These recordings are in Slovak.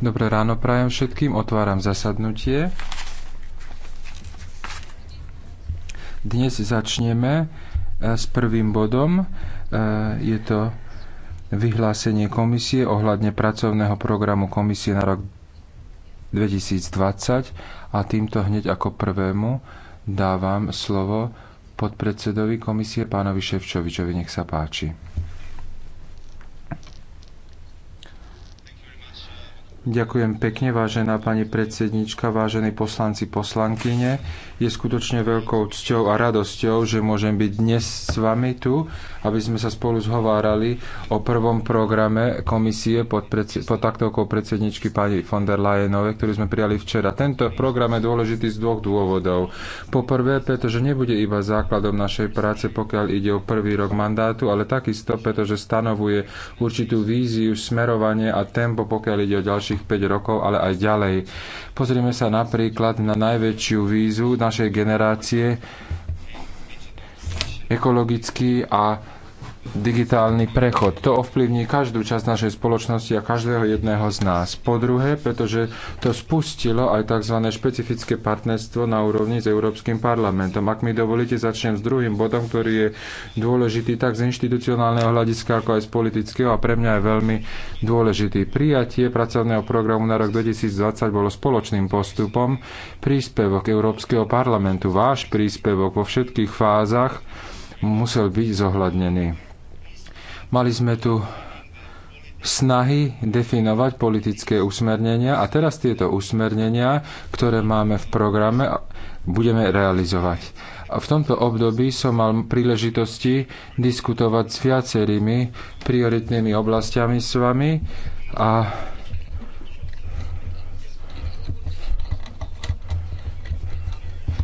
Dobré ráno prajem všetkým, otváram zasadnutie. Dnes začneme eh, s prvým bodom. Eh, je to vyhlásenie komisie ohľadne pracovného programu komisie na rok 2020 a týmto hneď ako prvému dávam slovo podpredsedovi komisie pánovi Ševčovičovi. Nech sa páči. Ďakujem pekne, vážená pani predsednička, vážení poslanci, poslankyne. Je skutočne veľkou cťou a radosťou, že môžem byť dnes s vami tu, aby sme sa spolu zhovárali o prvom programe komisie pod, predse- pod taktovkou predsedničky pani von der Leyenovej, ktorý sme prijali včera. Tento program je dôležitý z dvoch dôvodov. Poprvé, pretože nebude iba základom našej práce, pokiaľ ide o prvý rok mandátu, ale takisto, pretože stanovuje určitú víziu, smerovanie a tempo, pokiaľ ide o ďalší najbližších 5 rokov, ale aj ďalej. Pozrieme sa napríklad na najväčšiu vízu našej generácie, ekologický a digitálny prechod. To ovplyvní každú časť našej spoločnosti a každého jedného z nás. Po druhé, pretože to spustilo aj tzv. špecifické partnerstvo na úrovni s Európskym parlamentom. Ak mi dovolíte, začnem s druhým bodom, ktorý je dôležitý tak z inštitucionálneho hľadiska, ako aj z politického a pre mňa je veľmi dôležitý. Prijatie pracovného programu na rok 2020 bolo spoločným postupom. Príspevok Európskeho parlamentu, váš príspevok vo všetkých fázach musel byť zohľadnený. Mali sme tu snahy definovať politické usmernenia a teraz tieto usmernenia, ktoré máme v programe, budeme realizovať. A v tomto období som mal príležitosti diskutovať s viacerými prioritnými oblastiami s vami a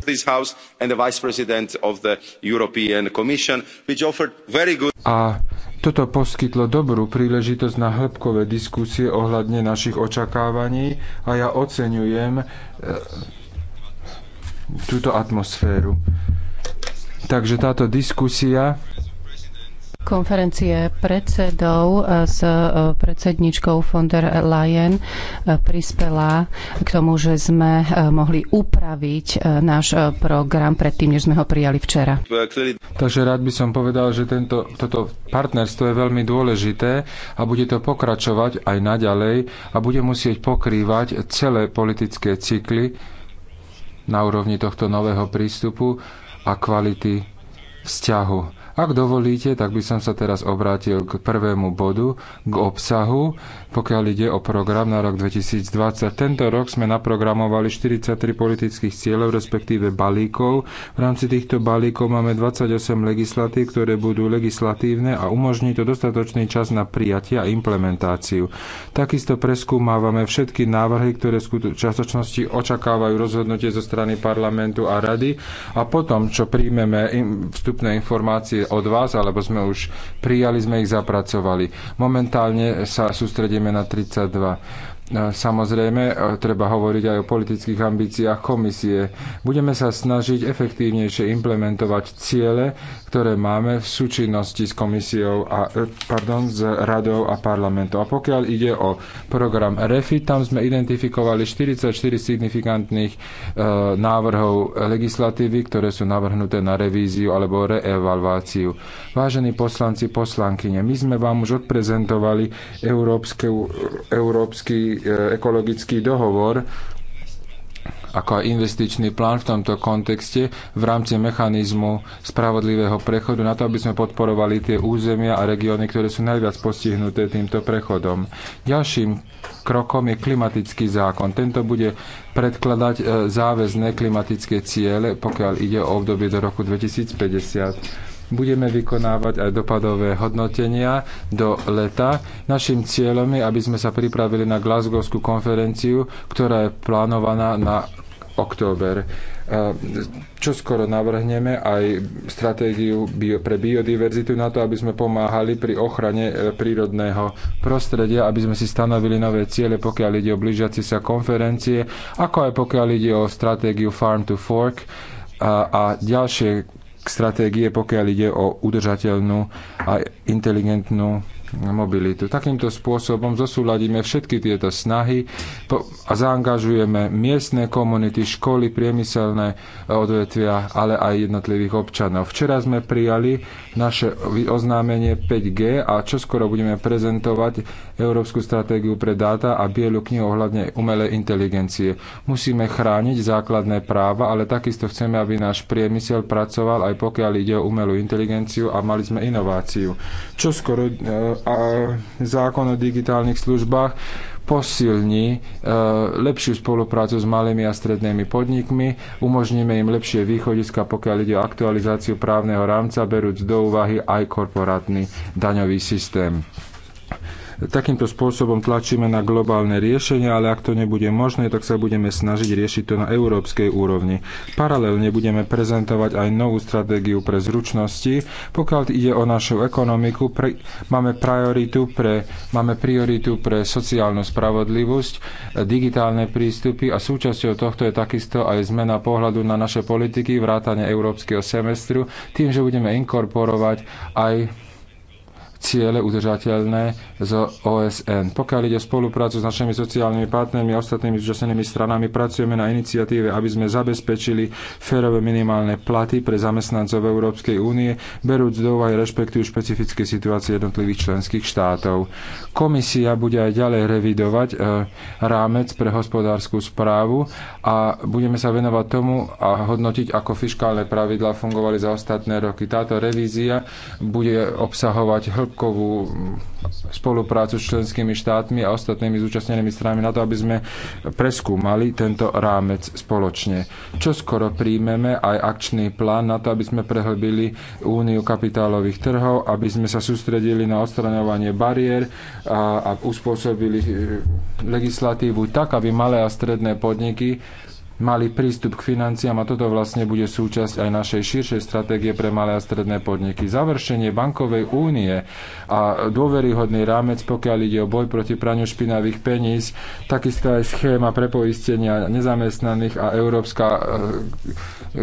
this house and the vice president of the European Commission, which offered very good... A toto poskytlo dobrú príležitosť na hĺbkové diskusie ohľadne našich očakávaní a ja oceňujem e, túto atmosféru. Takže táto diskusia Konferencie predsedov eh, s eh, predsedničkou von der Leyen eh, prispela k tomu, že sme mohli upraviť náš program predtým, než sme ho prijali včera. Takže rád by som povedal, že tento, toto partnerstvo je veľmi dôležité a bude to pokračovať aj naďalej a bude musieť pokrývať celé politické cykly na úrovni tohto nového prístupu a kvality vzťahu. Ak dovolíte, tak by som sa teraz obrátil k prvému bodu, k obsahu, pokiaľ ide o program na rok 2020. Tento rok sme naprogramovali 43 politických cieľov, respektíve balíkov. V rámci týchto balíkov máme 28 legislatív, ktoré budú legislatívne a umožní to dostatočný čas na prijatie a implementáciu. Takisto preskúmávame všetky návrhy, ktoré v skutočnosti očakávajú rozhodnutie zo strany parlamentu a rady a potom, čo príjmeme vstupné informácie od vás, alebo sme už prijali, sme ich zapracovali. Momentálne sa sústredíme na 32. Samozrejme, e, treba hovoriť aj o politických ambíciách komisie. Budeme sa snažiť efektívnejšie implementovať ciele, ktoré máme v súčinnosti s komisiou a, e, pardon, s radou a parlamentom. A pokiaľ ide o program REFI, tam sme identifikovali 44 signifikantných e, návrhov legislatívy, ktoré sú navrhnuté na revíziu alebo reevalváciu. Vážení poslanci, poslankyne, my sme vám už odprezentovali e, európsky, európsky E, ekologický dohovor, ako aj investičný plán v tomto kontexte v rámci mechanizmu spravodlivého prechodu na to, aby sme podporovali tie územia a regióny, ktoré sú najviac postihnuté týmto prechodom. Ďalším krokom je klimatický zákon. Tento bude predkladať e, záväzné klimatické ciele, pokiaľ ide o obdobie do roku 2050. Budeme vykonávať aj dopadové hodnotenia do leta. Našim cieľom je, aby sme sa pripravili na Glasgowskú konferenciu, ktorá je plánovaná na október. E, čo skoro navrhneme aj stratégiu bio, pre biodiverzitu na to, aby sme pomáhali pri ochrane e, prírodného prostredia, aby sme si stanovili nové ciele, pokiaľ ide o blížiaci sa konferencie, ako aj pokiaľ ide o stratégiu Farm to Fork a, a ďalšie stratégie, pokiaľ ide o udržateľnú a inteligentnú mobilitu. Takýmto spôsobom zosúladíme všetky tieto snahy a zaangažujeme miestne komunity, školy, priemyselné odvetvia, ale aj jednotlivých občanov. Včera sme prijali naše oznámenie 5G a čoskoro budeme prezentovať Európsku stratégiu pre dáta a bielu knihu ohľadne umelej inteligencie. Musíme chrániť základné práva, ale takisto chceme, aby náš priemysel pracoval aj pokiaľ ide o umelú inteligenciu a mali sme inováciu. Čo skoro e, zákon o digitálnych službách posilní e, lepšiu spoluprácu s malými a strednými podnikmi, umožníme im lepšie východiska, pokiaľ ide o aktualizáciu právneho rámca, berúc do úvahy aj korporátny daňový systém. Takýmto spôsobom tlačíme na globálne riešenia, ale ak to nebude možné, tak sa budeme snažiť riešiť to na európskej úrovni. Paralelne budeme prezentovať aj novú stratégiu pre zručnosti. Pokiaľ ide o našu ekonomiku, pre, máme, prioritu pre, máme prioritu pre sociálnu spravodlivosť, digitálne prístupy a súčasťou tohto je takisto aj zmena pohľadu na naše politiky, vrátane európskeho semestru, tým, že budeme inkorporovať aj ciele udržateľné z OSN. Pokiaľ ide o spoluprácu s našimi sociálnymi partnermi a ostatnými zúčastnenými stranami, pracujeme na iniciatíve, aby sme zabezpečili férové minimálne platy pre zamestnancov Európskej únie, berúc do úvahy rešpektujú špecifické situácie jednotlivých členských štátov. Komisia bude aj ďalej revidovať e, rámec pre hospodárskú správu a budeme sa venovať tomu a hodnotiť, ako fiskálne pravidlá fungovali za ostatné roky. Táto revízia bude obsahovať hĺbšie hĺbkovú mm, spoluprácu s členskými štátmi a ostatnými zúčastnenými stranami na to, aby sme preskúmali tento rámec spoločne. Čo skoro príjmeme aj akčný plán na to, aby sme prehlbili úniu kapitálových trhov, aby sme sa sústredili na odstraňovanie bariér a, a uspôsobili e, legislatívu tak, aby malé a stredné podniky mali prístup k financiám a toto vlastne bude súčasť aj našej širšej stratégie pre malé a stredné podniky. Završenie bankovej únie a dôveryhodný rámec, pokiaľ ide o boj proti praniu špinavých peníz, takisto aj schéma poistenia nezamestnaných a európska eh,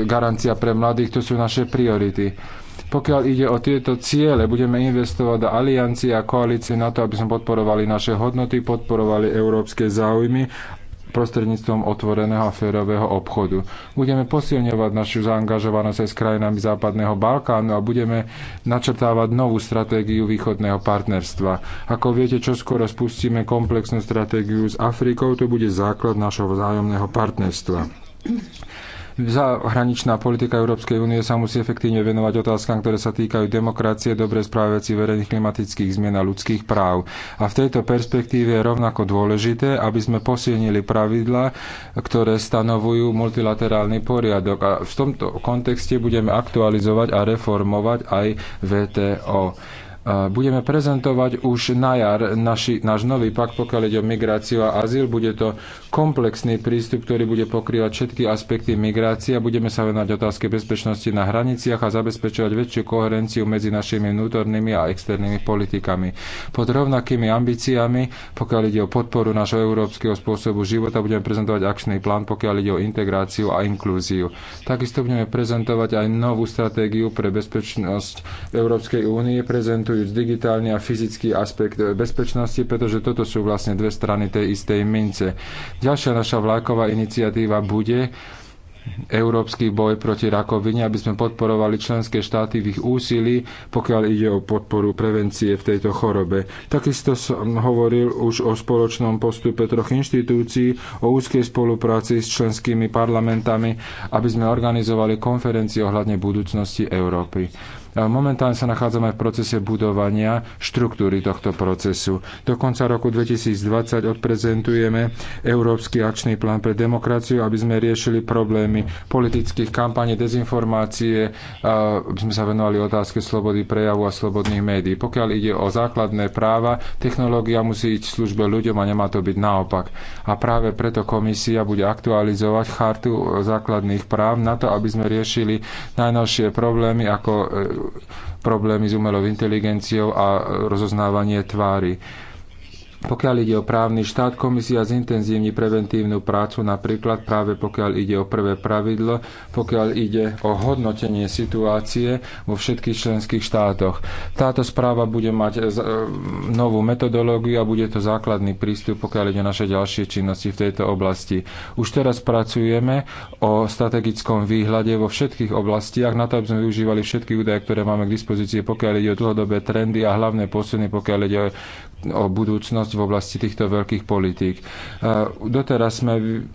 garancia pre mladých, to sú naše priority. Pokiaľ ide o tieto ciele, budeme investovať do aliancie a koalície na to, aby sme podporovali naše hodnoty, podporovali európske záujmy prostredníctvom otvoreného a férového obchodu. Budeme posilňovať našu zaangažovanosť aj s krajinami Západného Balkánu a budeme načrtávať novú stratégiu východného partnerstva. Ako viete, čo skoro spustíme komplexnú stratégiu s Afrikou, to bude základ našho vzájomného partnerstva. Zahraničná politika Európskej únie sa musí efektívne venovať otázkam, ktoré sa týkajú demokracie, dobrej správy veci verejných klimatických zmien a ľudských práv. A v tejto perspektíve je rovnako dôležité, aby sme posilnili pravidla, ktoré stanovujú multilaterálny poriadok. A v tomto kontexte budeme aktualizovať a reformovať aj VTO. Budeme prezentovať už na jar naši, náš nový pak, pokiaľ ide o migráciu a azyl. Bude to komplexný prístup, ktorý bude pokrývať všetky aspekty migrácie a budeme sa venovať otázke bezpečnosti na hraniciach a zabezpečovať väčšiu koherenciu medzi našimi vnútornými a externými politikami. Pod rovnakými ambíciami, pokiaľ ide o podporu nášho európskeho spôsobu života, budeme prezentovať akčný plán, pokiaľ ide o integráciu a inklúziu. Takisto budeme prezentovať aj novú stratégiu pre bezpečnosť Európskej únie. Prezentujú spájajúc digitálny a fyzický aspekt bezpečnosti, pretože toto sú vlastne dve strany tej istej mince. Ďalšia naša vláková iniciatíva bude európsky boj proti rakovine, aby sme podporovali členské štáty v ich úsilí, pokiaľ ide o podporu prevencie v tejto chorobe. Takisto som hovoril už o spoločnom postupe troch inštitúcií, o úzkej spolupráci s členskými parlamentami, aby sme organizovali konferencie ohľadne budúcnosti Európy. Momentálne sa nachádzame v procese budovania štruktúry tohto procesu. Do konca roku 2020 odprezentujeme Európsky akčný plán pre demokraciu, aby sme riešili problémy politických kampaní, dezinformácie, aby sme sa venovali otázke slobody prejavu a slobodných médií. Pokiaľ ide o základné práva, technológia musí ísť v službe ľuďom a nemá to byť naopak. A práve preto komisia bude aktualizovať chartu základných práv na to, aby sme riešili najnovšie problémy ako problémy s umelou inteligenciou a rozoznávanie tvári. Pokiaľ ide o právny štát, komisia zintenzívni preventívnu prácu, napríklad práve pokiaľ ide o prvé pravidlo, pokiaľ ide o hodnotenie situácie vo všetkých členských štátoch. Táto správa bude mať e, e, novú metodológiu a bude to základný prístup, pokiaľ ide o naše ďalšie činnosti v tejto oblasti. Už teraz pracujeme o strategickom výhľade vo všetkých oblastiach, na to, aby sme využívali všetky údaje, ktoré máme k dispozícii, pokiaľ ide o dlhodobé trendy a hlavné posuny, pokiaľ ide o o budúcnosť v oblasti týchto veľkých politík. E, doteraz sme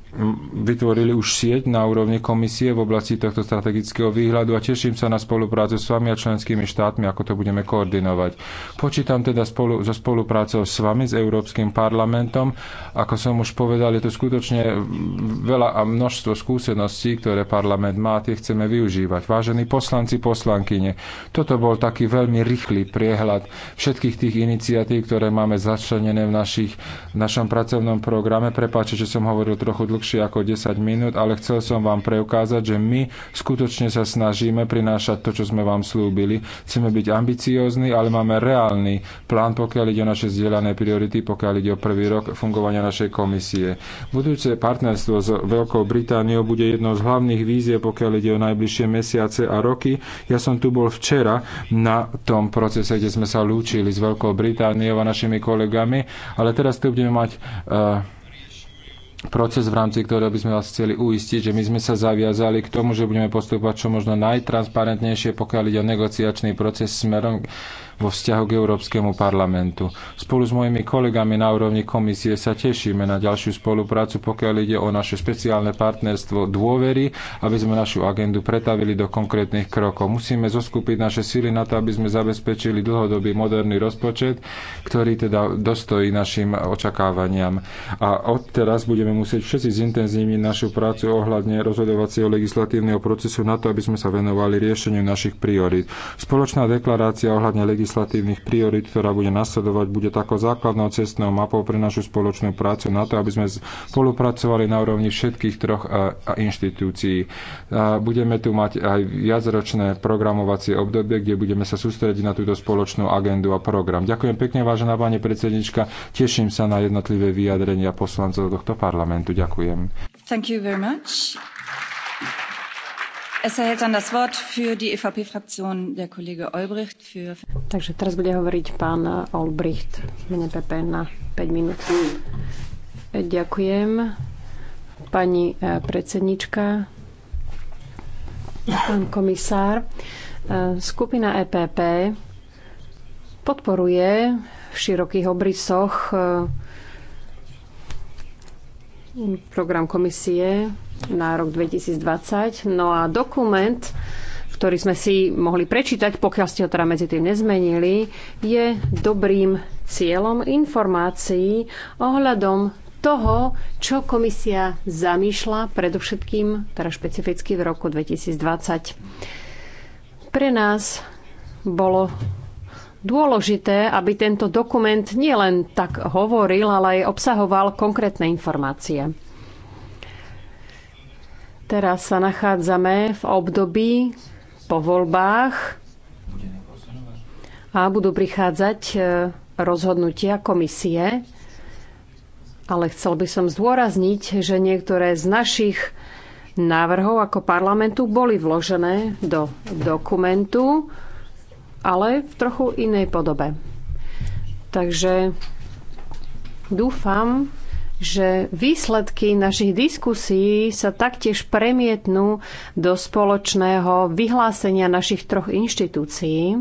vytvorili už sieť na úrovni komisie v oblasti tohto strategického výhľadu a teším sa na spoluprácu s vami a členskými štátmi, ako to budeme koordinovať. Počítam teda spolu, so spoluprácou s vami, s Európskym parlamentom. Ako som už povedal, je to skutočne veľa a množstvo skúseností, ktoré parlament má a tie chceme využívať. Vážení poslanci, poslankyne, toto bol taký veľmi rýchly priehľad všetkých tých iniciatív, ktoré máme začlenené v, našich, v našom pracovnom programe. Prepáčte, že som hovoril trochu dlhšie ako 10 minút, ale chcel som vám preukázať, že my skutočne sa snažíme prinášať to, čo sme vám slúbili. Chceme byť ambiciózni, ale máme reálny plán, pokiaľ ide o naše zdieľané priority, pokiaľ ide o prvý rok fungovania našej komisie. Budúce partnerstvo s Veľkou Britániou bude jednou z hlavných vízie, pokiaľ ide o najbližšie mesiace a roky. Ja som tu bol včera na tom procese, kde sme sa lúčili s Veľkou Britániou a naši našimi kolegami, ale teraz tu budeme mať eh, proces, v rámci ktorého by sme vás chceli uistiť, že my sme sa zaviazali k tomu, že budeme postupovať čo možno najtransparentnejšie, pokiaľ ide o negociačný proces smerom vo vzťahu k Európskemu parlamentu. Spolu s mojimi kolegami na úrovni komisie sa tešíme na ďalšiu spoluprácu, pokiaľ ide o naše špeciálne partnerstvo dôvery, aby sme našu agendu pretavili do konkrétnych krokov. Musíme zoskupiť naše síly na to, aby sme zabezpečili dlhodobý moderný rozpočet, ktorý teda dostojí našim očakávaniam. A odteraz budeme musieť všetci zintenzívniť našu prácu ohľadne rozhodovacieho legislatívneho procesu na to, aby sme sa venovali riešeniu našich priorít. Spoločná deklarácia ohľadne legislatívneho legislatívnych priorít, ktorá bude nasledovať, bude takou základnou cestnou mapou pre našu spoločnú prácu na to, aby sme spolupracovali na úrovni všetkých troch e, inštitúcií. E, budeme tu mať aj viacročné programovacie obdobie, kde budeme sa sústrediť na túto spoločnú agendu a program. Ďakujem pekne, vážená pani predsednička. Teším sa na jednotlivé vyjadrenia poslancov tohto parlamentu. Ďakujem. Thank you very much. E Takže teraz bude hovoriť pán e, Olbricht, mene PP na 5 minút. E, ďakujem. Pani predsednička, pán komisár, skupina EPP podporuje v širokých obrysoch program komisie na rok 2020. No a dokument, ktorý sme si mohli prečítať, pokiaľ ste ho teda medzi tým nezmenili, je dobrým cieľom informácií ohľadom toho, čo komisia zamýšľa, predovšetkým teda špecificky v roku 2020. Pre nás bolo dôležité, aby tento dokument nielen tak hovoril, ale aj obsahoval konkrétne informácie. Teraz sa nachádzame v období po voľbách a budú prichádzať e, rozhodnutia komisie, ale chcel by som zdôrazniť, že niektoré z našich návrhov ako parlamentu boli vložené do dokumentu, ale v trochu inej podobe. Takže dúfam, že výsledky našich diskusí sa taktiež premietnú do spoločného vyhlásenia našich troch inštitúcií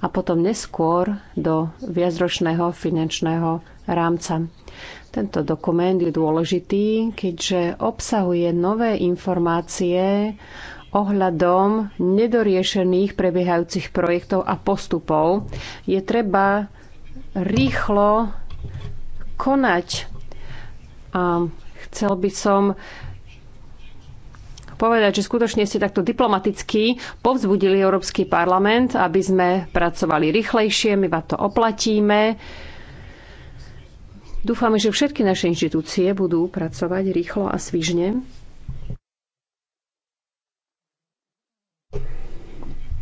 a potom neskôr do viacročného finančného rámca. Tento dokument je dôležitý, keďže obsahuje nové informácie ohľadom nedoriešených prebiehajúcich projektov a postupov. Je treba rýchlo konať. A chcel by som povedať, že skutočne ste takto diplomaticky povzbudili Európsky parlament, aby sme pracovali rýchlejšie, my vám to oplatíme. Dúfame, že všetky naše inštitúcie budú pracovať rýchlo a svižne.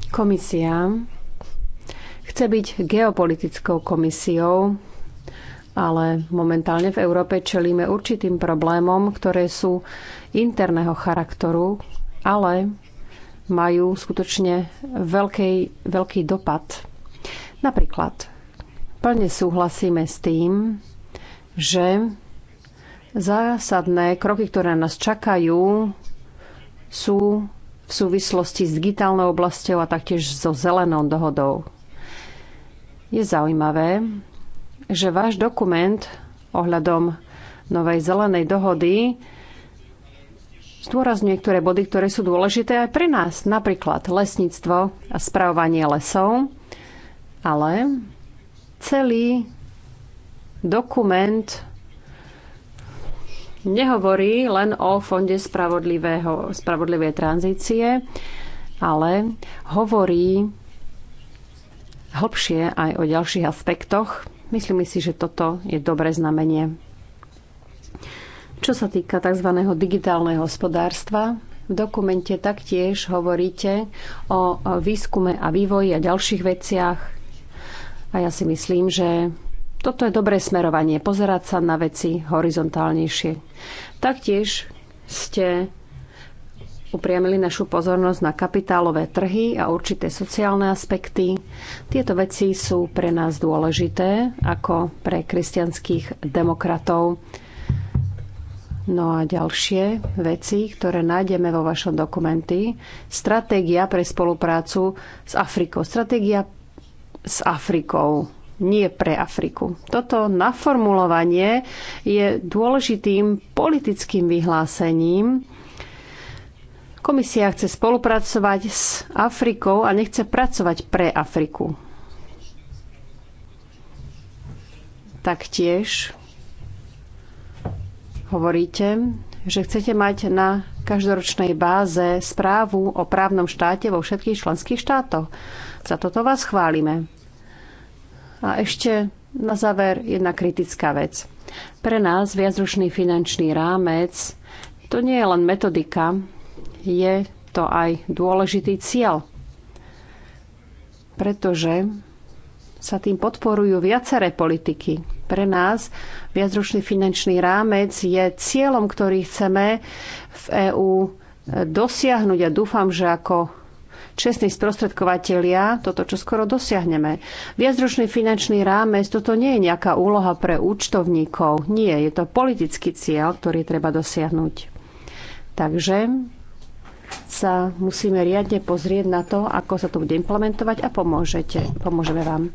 Komisia chce byť geopolitickou komisiou, ale momentálne v Európe čelíme určitým problémom, ktoré sú interného charakteru, ale majú skutočne veľký, veľký dopad. Napríklad, plne súhlasíme s tým, že zásadné kroky, ktoré nás čakajú, sú v súvislosti s digitálnou oblasťou a taktiež so zelenou dohodou. Je zaujímavé, že váš dokument ohľadom novej zelenej dohody zdôrazňuje niektoré body, ktoré sú dôležité aj pre nás, napríklad lesníctvo a spravovanie lesov, ale celý dokument nehovorí len o Fonde spravodlivého, spravodlivej tranzície, ale hovorí hlbšie aj o ďalších aspektoch. Myslím si, že toto je dobré znamenie. Čo sa týka tzv. digitálneho hospodárstva, v dokumente taktiež hovoríte o výskume a vývoji a ďalších veciach. A ja si myslím, že toto je dobré smerovanie, pozerať sa na veci horizontálnejšie. Taktiež ste upriamili našu pozornosť na kapitálové trhy a určité sociálne aspekty. Tieto veci sú pre nás dôležité, ako pre kresťanských demokratov. No a ďalšie veci, ktoré nájdeme vo vašom dokumenty. Stratégia pre spoluprácu s Afrikou. Stratégia s Afrikou nie pre Afriku. Toto naformulovanie je dôležitým politickým vyhlásením. Komisia chce spolupracovať s Afrikou a nechce pracovať pre Afriku. Taktiež hovoríte, že chcete mať na každoročnej báze správu o právnom štáte vo všetkých členských štátoch. Za toto vás chválime. A ešte na záver jedna kritická vec. Pre nás viacročný finančný rámec to nie je len metodika, je to aj dôležitý cieľ, pretože sa tým podporujú viaceré politiky. Pre nás viacročný finančný rámec je cieľom, ktorý chceme v EÚ dosiahnuť a dúfam, že ako čestní sprostredkovateľia toto čo skoro dosiahneme. Viacročný finančný rámec toto nie je nejaká úloha pre účtovníkov. Nie, je to politický cieľ, ktorý treba dosiahnuť. Takže sa musíme riadne pozrieť na to, ako sa to bude implementovať a pomôžete. Pomôžeme vám.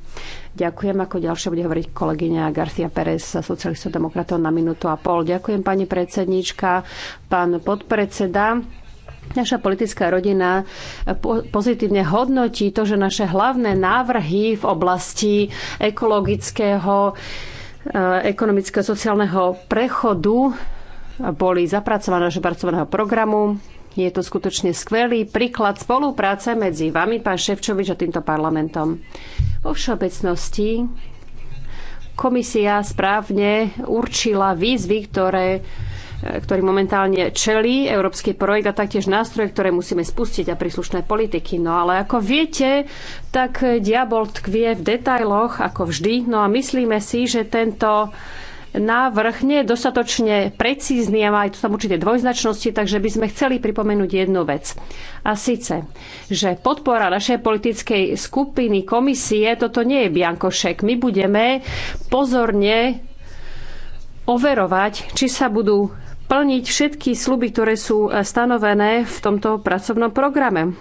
Ďakujem. Ako ďalšie bude hovoriť kolegyňa Garcia Pérez sa socialistov demokratov na minútu a pol. Ďakujem pani predsednička, pán podpredseda. Naša politická rodina pozitívne hodnotí to, že naše hlavné návrhy v oblasti ekologického, eh, ekonomického, sociálneho prechodu boli zapracované do pracovného programu. Je to skutočne skvelý príklad spolupráce medzi vami, pán Ševčovič, a týmto parlamentom. Vo všeobecnosti komisia správne určila výzvy, ktoré ktorý momentálne čelí, európsky projekt a taktiež nástroje, ktoré musíme spustiť a príslušné politiky. No ale ako viete, tak diabol tkvie v detailoch, ako vždy. No a myslíme si, že tento návrh nie je dostatočne precízny a má aj tu tam určité dvojznačnosti, takže by sme chceli pripomenúť jednu vec. A síce, že podpora našej politickej skupiny, komisie, toto nie je biankošek. My budeme pozorne overovať, či sa budú plniť všetky sluby, ktoré sú e, stanovené v tomto pracovnom programe.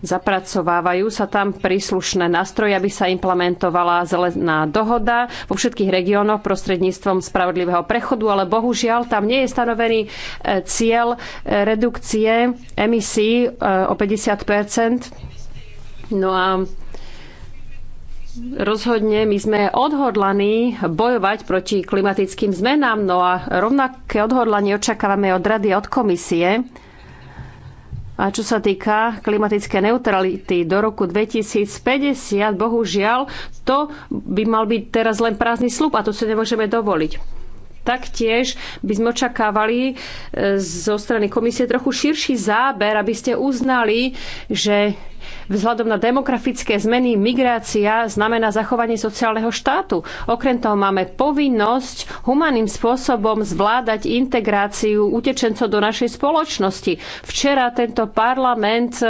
Zapracovávajú sa tam príslušné nástroje, aby sa implementovala zelená dohoda vo všetkých regiónoch prostredníctvom spravodlivého prechodu, ale bohužiaľ tam nie je stanovený e, cieľ e, redukcie emisí o 50 No a Rozhodne my sme odhodlaní bojovať proti klimatickým zmenám, no a rovnaké odhodlanie očakávame od rady a od komisie. A čo sa týka klimatické neutrality do roku 2050, bohužiaľ, to by mal byť teraz len prázdny slub a to si nemôžeme dovoliť. Taktiež by sme očakávali e, zo strany komisie trochu širší záber, aby ste uznali, že Vzhľadom na demografické zmeny migrácia znamená zachovanie sociálneho štátu. Okrem toho máme povinnosť humaným spôsobom zvládať integráciu utečencov do našej spoločnosti. Včera tento parlament e, e,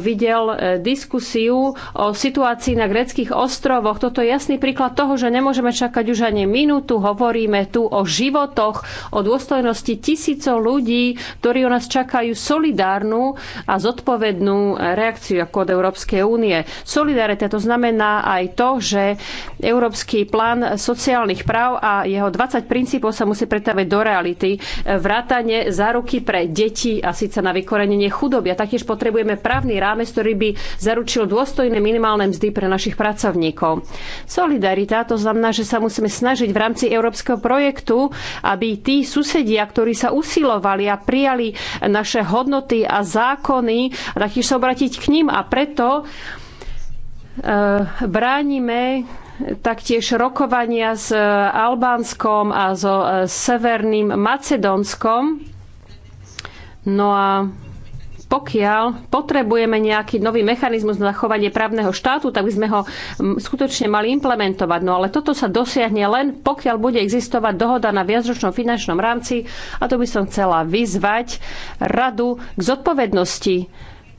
videl e, diskusiu o situácii na greckých ostrovoch. Toto je jasný príklad toho, že nemôžeme čakať už ani minútu. Hovoríme tu o životoch, o dôstojnosti tisícov ľudí, ktorí u nás čakajú solidárnu a zodpovednú reakciu reakciu ako od Európskej únie. Solidarita to znamená aj to, že Európsky plán sociálnych práv a jeho 20 princípov sa musí pretaviť do reality. Vrátanie záruky pre deti a síce na vykorenenie chudoby. A taktiež potrebujeme právny rámec, ktorý by zaručil dôstojné minimálne mzdy pre našich pracovníkov. Solidarita to znamená, že sa musíme snažiť v rámci európskeho projektu, aby tí susedia, ktorí sa usilovali a prijali naše hodnoty a zákony, a taktiež sa obratiť k ním a preto eh, bránime taktiež rokovania s eh, Albánskom a so eh, Severným Macedónskom. No a pokiaľ potrebujeme nejaký nový mechanizmus na zachovanie právneho štátu, tak by sme ho mm, skutočne mali implementovať. No ale toto sa dosiahne len, pokiaľ bude existovať dohoda na viacročnom finančnom rámci a to by som chcela vyzvať radu k zodpovednosti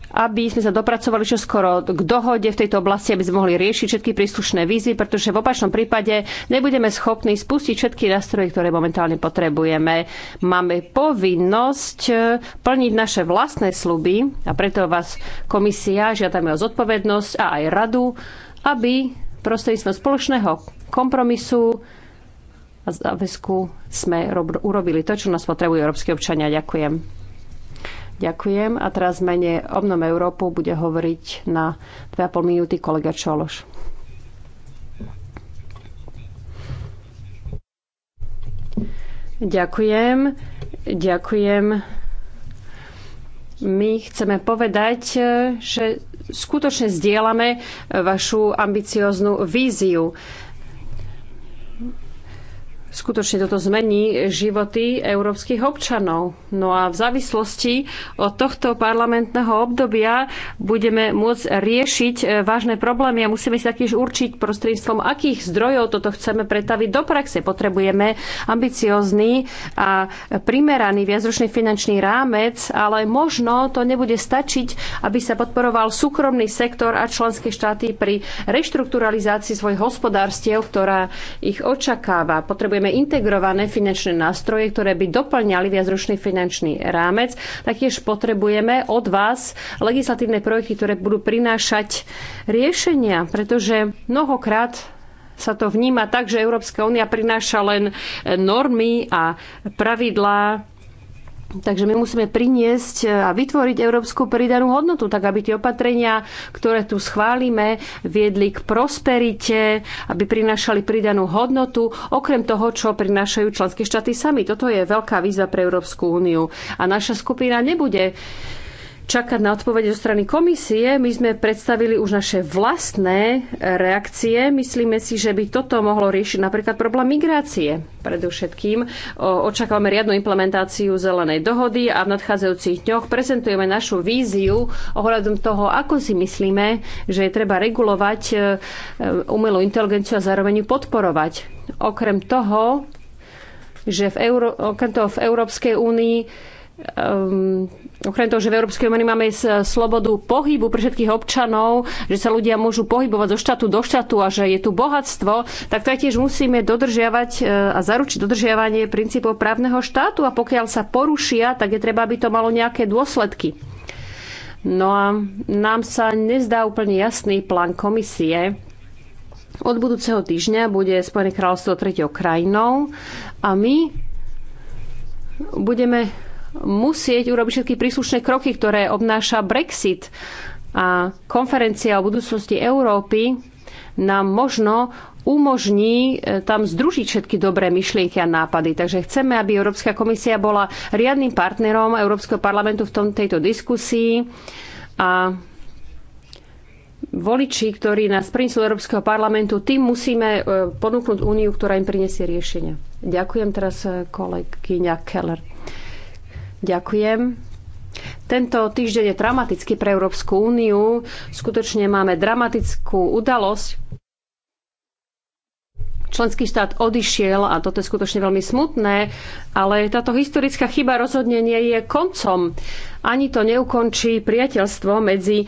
aby sme sa dopracovali čo skoro k dohode v tejto oblasti, aby sme mohli riešiť všetky príslušné výzvy, pretože v opačnom prípade nebudeme schopní spustiť všetky nástroje, ktoré momentálne potrebujeme. Máme povinnosť e, plniť naše vlastné sluby a preto vás komisia žiadame o zodpovednosť a aj radu, aby prostredníctvom spoločného kompromisu a záväzku sme urobili to, čo nás potrebujú európske občania. Ďakujem. Ďakujem. A teraz mene Obnom Európu bude hovoriť na 2,5 minúty kolega Čološ. Ďakujem. Ďakujem. My chceme povedať, že skutočne zdieľame vašu ambicioznú víziu skutočne toto zmení životy európskych občanov. No a v závislosti od tohto parlamentného obdobia budeme môcť riešiť e, vážne problémy a musíme si taktiež určiť prostredníctvom akých zdrojov toto chceme pretaviť do praxe. Potrebujeme ambiciózny a primeraný viacročný finančný rámec, ale možno to nebude stačiť, aby sa podporoval súkromný sektor a členské štáty pri reštrukturalizácii svojich hospodárstiev, ktorá ich očakáva. Potrebujeme potrebujeme integrované finančné nástroje, ktoré by doplňali viacročný finančný rámec. Taktiež potrebujeme od vás legislatívne projekty, ktoré budú prinášať riešenia, pretože mnohokrát sa to vníma tak, že Európska únia prináša len normy a pravidlá Takže my musíme priniesť e, a vytvoriť európsku pridanú hodnotu, tak aby tie opatrenia, ktoré tu schválime, viedli k prosperite, aby prinášali pridanú hodnotu, okrem toho, čo prinášajú členské štáty sami. Toto je veľká výzva pre Európsku úniu. A naša skupina nebude čakať na odpovede zo strany komisie. My sme predstavili už naše vlastné reakcie. Myslíme si, že by toto mohlo riešiť napríklad problém migrácie. Predovšetkým očakávame riadnu implementáciu zelenej dohody a v nadchádzajúcich dňoch prezentujeme našu víziu ohľadom toho, ako si myslíme, že je treba regulovať e, e, umelú inteligenciu a zároveň ju podporovať. Okrem toho, že v, Euró- okrem toho v Európskej únii um, Okrem toho, že v Európskej únii máme slobodu pohybu pre všetkých občanov, že sa ľudia môžu pohybovať zo štátu do štátu a že je tu bohatstvo, tak taktiež musíme dodržiavať e, a zaručiť dodržiavanie princípov právneho štátu a pokiaľ sa porušia, tak je treba, aby to malo nejaké dôsledky. No a nám sa nezdá úplne jasný plán komisie, od budúceho týždňa bude Spojené kráľovstvo tretiou krajinou a my budeme musieť urobiť všetky príslušné kroky, ktoré obnáša Brexit. A konferencia o budúcnosti Európy nám možno umožní e, tam združiť všetky dobré myšlienky a nápady. Takže chceme, aby Európska komisia bola riadnym partnerom Európskeho parlamentu v tom, tejto diskusii a voliči, ktorí nás prinesú Európskeho parlamentu, tým musíme e, ponúknuť úniu, ktorá im prinesie riešenia. Ďakujem teraz e, kolegyňa Keller. Ďakujem. Tento týždeň je dramatický pre Európsku úniu. Skutočne máme dramatickú udalosť, členský štát odišiel a toto je skutočne veľmi smutné, ale táto historická chyba rozhodne nie je koncom. Ani to neukončí priateľstvo medzi e,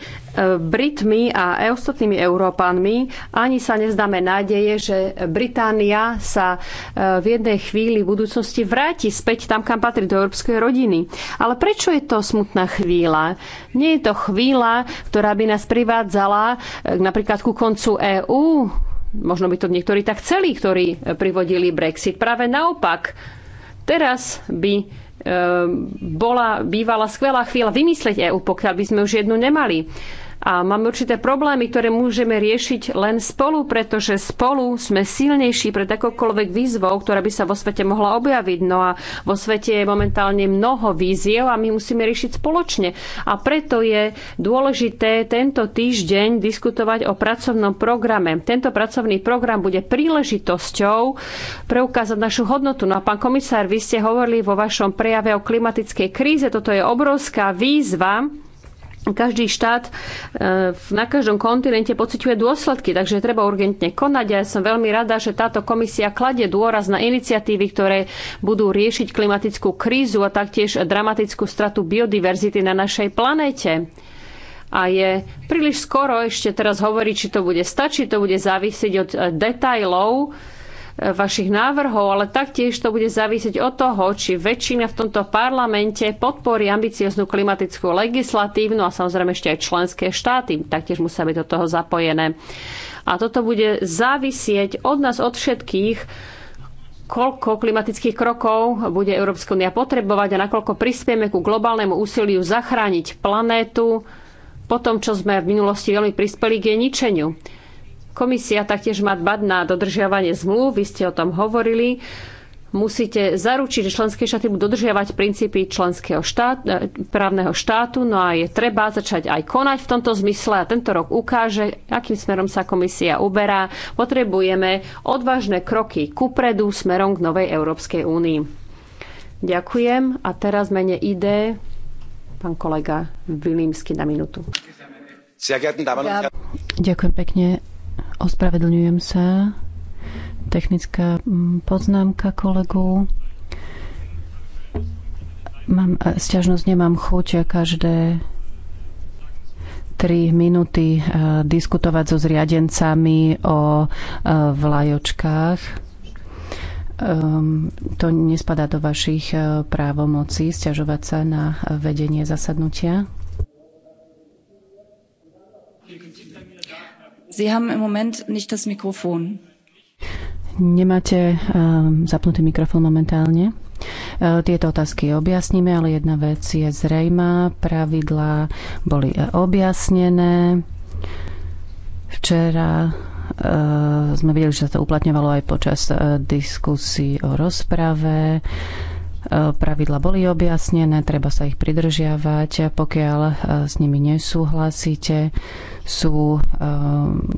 Britmi a ostatnými Európanmi. Ani sa nezdáme nádeje, že Británia sa e, v jednej chvíli v budúcnosti vráti späť tam, kam patrí do európskej rodiny. Ale prečo je to smutná chvíľa? Nie je to chvíľa, ktorá by nás privádzala e, napríklad ku koncu EÚ, Možno by to niektorí tak chceli, ktorí e, privodili Brexit. Práve naopak, teraz by e, bola bývala skvelá chvíľa vymyslieť EU, pokiaľ by sme už jednu nemali. A máme určité problémy, ktoré môžeme riešiť len spolu, pretože spolu sme silnejší pred akokoľvek výzvou, ktorá by sa vo svete mohla objaviť. No a vo svete je momentálne mnoho víziev a my musíme riešiť spoločne. A preto je dôležité tento týždeň diskutovať o pracovnom programe. Tento pracovný program bude príležitosťou preukázať našu hodnotu. No a pán komisár, vy ste hovorili vo vašom prejave o klimatickej kríze. Toto je obrovská výzva každý štát e, na každom kontinente pociťuje dôsledky, takže treba urgentne konať. Ja som veľmi rada, že táto komisia kladie dôraz na iniciatívy, ktoré budú riešiť klimatickú krízu a taktiež dramatickú stratu biodiverzity na našej planéte. A je príliš skoro ešte teraz hovoriť, či to bude stačiť, to bude závisieť od e, detajlov vašich návrhov, ale taktiež to bude závisieť od toho, či väčšina v tomto parlamente podporí ambicioznú klimatickú legislatívnu a samozrejme ešte aj členské štáty taktiež musia byť do toho zapojené. A toto bude závisieť od nás, od všetkých, koľko klimatických krokov bude Európska únia potrebovať a nakoľko prispieme ku globálnemu úsiliu zachrániť planétu po tom, čo sme v minulosti veľmi prispeli k jej ničeniu. Komisia taktiež má dbať na dodržiavanie zmluv, vy ste o tom hovorili. Musíte zaručiť, že členské štáty budú dodržiavať princípy členského štátu, e, právneho štátu, no a je treba začať aj konať v tomto zmysle a tento rok ukáže, akým smerom sa komisia uberá. Potrebujeme odvážne kroky kupredu smerom k novej Európskej únii. Ďakujem a teraz mene ide pán kolega Vilímsky na minútu. Ďakujem pekne. Ospravedlňujem sa. Technická mm, poznámka kolegu. Mám, e, sťažnosť nemám chuť a každé 3 minúty e, diskutovať so zriadencami o e, vlajočkách. Ehm, to nespadá do vašich právomocí stiažovať sa na vedenie zasadnutia. Sie haben im Moment nicht das Mikrofon. Nemáte um, zapnutý mikrofón momentálne. E, tieto otázky objasníme, ale jedna vec je zrejmá. Pravidlá boli e, objasnené. Včera uh, sme videli, že sa to uplatňovalo aj počas uh, diskusí o rozprave. Uh, pravidla boli objasnené, treba sa ich pridržiavať, pokiaľ uh, s nimi nesúhlasíte. Uh, sú eh,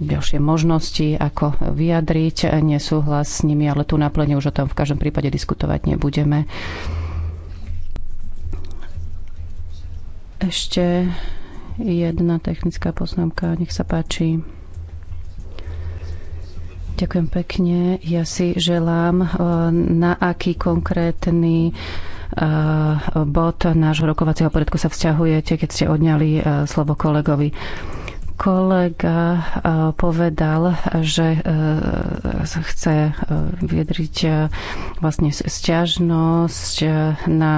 ďalšie možnosti, ako vyjadriť nesúhlas s nimi, ale tu na plene už o tom v každom prípade diskutovať nebudeme. Ešte jedna technická poznámka, nech sa páči. Ďakujem pekne. Ja si želám, eh, na aký konkrétny eh, bod nášho rokovacieho poriadku sa vzťahujete, keď ste odňali slovo kolegovi kolega e, povedal, že e, chce e, vyjadriť vlastne sťažnosť na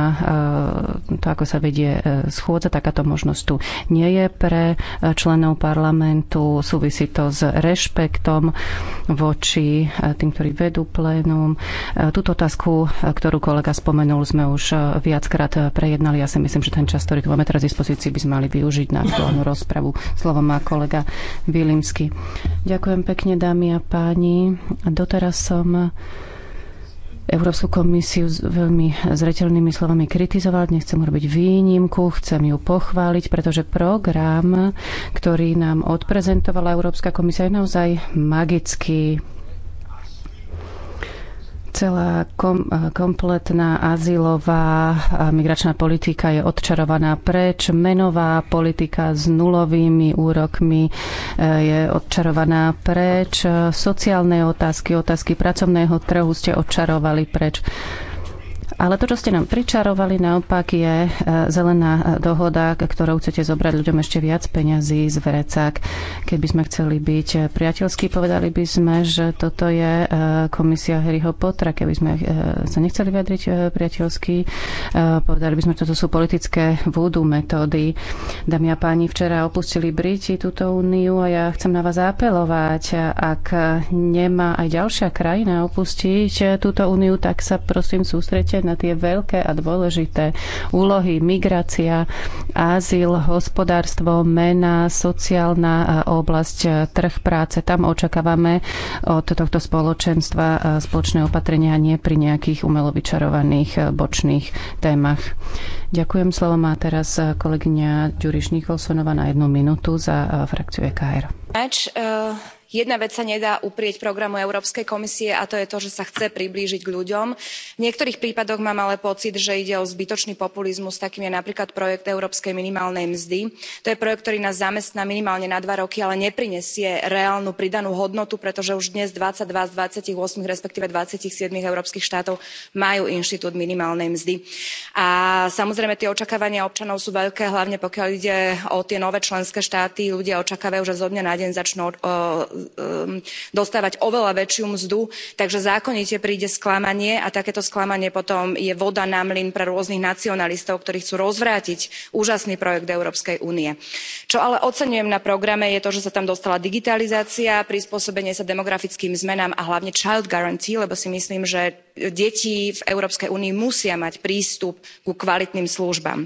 to, ako sa vedie schôdza. Takáto možnosť tu nie je pre členov parlamentu. Súvisí to s rešpektom voči tým, ktorí vedú plénum. Túto otázku, ktorú kolega spomenul, sme už viackrát prejednali. Ja si myslím, že ten čas, ktorý tu máme teraz v dispozícii, by sme mali využiť na aktuálnu rozpravu. Slovo má kolega kolega Vilimsky. Ďakujem pekne, dámy a páni. Doteraz som Európsku komisiu s veľmi zretelnými slovami kritizoval. Nechcem robiť výnimku, chcem ju pochváliť, pretože program, ktorý nám odprezentovala Európska komisia, je naozaj magický Celá kom, eh, kompletná azylová eh, migračná politika je odčarovaná preč. Menová politika s nulovými úrokmi eh, je odčarovaná preč. Sociálne otázky, otázky pracovného trhu ste odčarovali preč. Ale to, čo ste nám pričarovali, naopak je e, zelená e, dohoda, ktorou chcete zobrať ľuďom ešte viac peňazí z vrecák. Keby sme chceli byť e, priateľskí, povedali by sme, že toto je komisia Harryho Pottera. Keby sme sa nechceli vyjadriť priateľsky, povedali by sme, že toto sú politické vúdu metódy. Dámy a páni, včera opustili Briti túto úniu a ja chcem na vás apelovať, ak nemá aj ďalšia krajina opustiť túto úniu, tak sa prosím sústrete na tie veľké a dôležité úlohy migrácia, azyl, hospodárstvo, mena, sociálna oblasť, e, trh práce. Tam očakávame od tohto spoločenstva e, spoločné opatrenia, nie pri nejakých umelo vyčarovaných e, bočných témach. Ďakujem, slovo má teraz kolegyňa Ďuriš Nikolsonová na jednu minútu za frakciu EKR. Much, uh jedna vec sa nedá uprieť programu európskej komisie a to je to že sa chce priblížiť k ľuďom. v niektorých prípadoch mám ale pocit že ide o zbytočný populizmus takým je napríklad projekt európskej minimálnej mzdy to je projekt ktorý nás zamestná minimálne na dva roky ale neprinesie reálnu pridanú hodnotu pretože už dnes twenty two z twenty eight respektíve twenty seven európskych štátov majú inštitút minimálnej mzdy. a samozrejme tie očakávania občanov sú veľké hlavne pokiaľ ide o tie nové členské štáty ľudia očakávajú že zo dňa na deň začnú Um, dostávať oveľa väčšiu mzdu takže zákonite príde sklamanie a takéto sklamanie potom je voda na mlyn pre rôznych nacionalistov ktorí chcú rozvrátiť úžasný projekt európskej únie. čo ale oceňujem na programe je to že sa tam dostala digitalizácia prispôsobenie sa demografickým zmenám a hlavne child guarantee lebo si myslím že deti v európskej únii musia mať prístup ku kvalitným službám.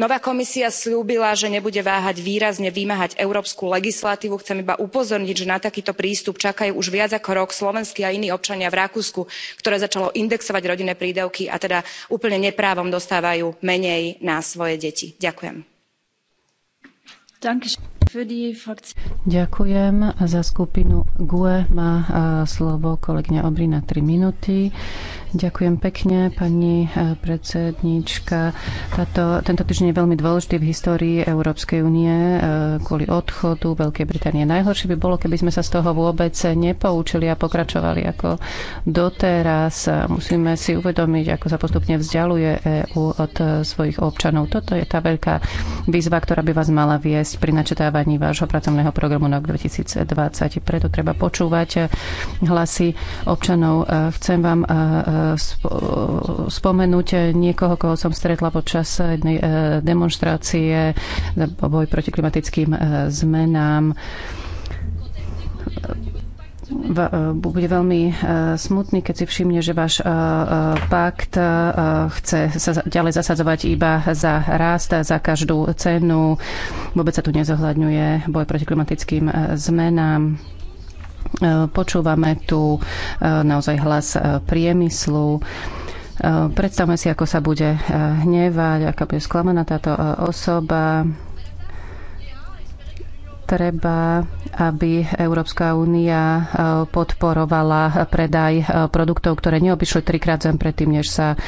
nová komisia sľúbila že nebude váhať výrazne vymáhať európsku legislatívu chcem iba upozorniť že takýto prístup čakajú už viac ako rok slovenskí a iní občania v rakúsku ktoré začalo indexovať rodinné prídavky a teda úplne neprávom dostávajú menej na svoje deti. ďakujem. Ďakujem. Za skupinu GUE má slovo kolegyňa na 3 minúty. Ďakujem pekne, pani eh, predsednička. Tato, tento týždeň je veľmi dôležitý v histórii Európskej únie eh, kvôli odchodu Veľkej Británie. Najhoršie by bolo, keby sme sa z toho vôbec nepoučili a pokračovali ako doteraz. Musíme si uvedomiť, ako sa postupne vzdialuje EÚ od svojich občanov. Toto je tá veľká výzva, ktorá by vás mala viesť pri načetávaní vášho pracovného programu na rok 2020. Preto treba počúvať hlasy občanov. Eh, chcem vám spomenúť niekoho, koho som stretla počas jednej e, demonstrácie o boj proti klimatickým e, zmenám e, bude veľmi smutný, keď si všimne, že váš pakt chce sa ďalej zasadzovať iba za rast, za každú cenu. Vôbec sa tu nezohľadňuje boj proti klimatickým zmenám. E, počúvame tu e, naozaj hlas e, priemyslu. Predstavme si, ako sa bude hnevať, aká bude sklamaná táto osoba treba, aby Európska únia podporovala predaj produktov, ktoré neobyšli trikrát zem predtým, než sa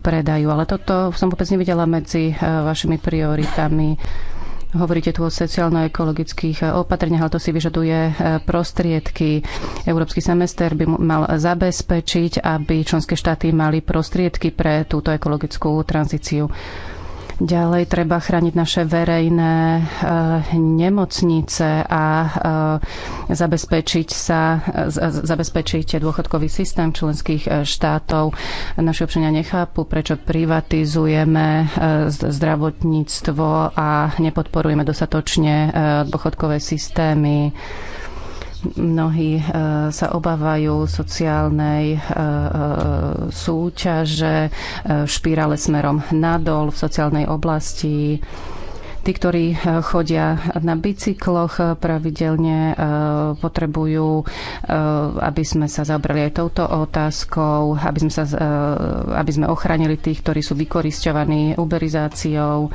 predajú. Ale toto som vôbec nevidela medzi vašimi prioritami. Hovoríte tu o sociálno-ekologických opatreniach, ale to si vyžaduje e, prostriedky. Európsky semester by mal zabezpečiť, aby členské štáty mali prostriedky pre túto ekologickú tranzíciu. Ďalej treba chrániť naše verejné eh, nemocnice a eh, zabezpečiť sa, zabezpečiť dôchodkový systém členských eh, štátov. Naši občania nechápu, prečo privatizujeme zdravotníctvo a nepodporujeme dostatočne dôchodkové systémy. Mnohí e, sa obávajú sociálnej e, e, súťaže, špirále smerom nadol v sociálnej oblasti. Tí, ktorí chodia na bicykloch pravidelne, potrebujú, aby sme sa zaobrali aj touto otázkou, aby sme, sa, aby sme ochránili tých, ktorí sú vykoristovaní uberizáciou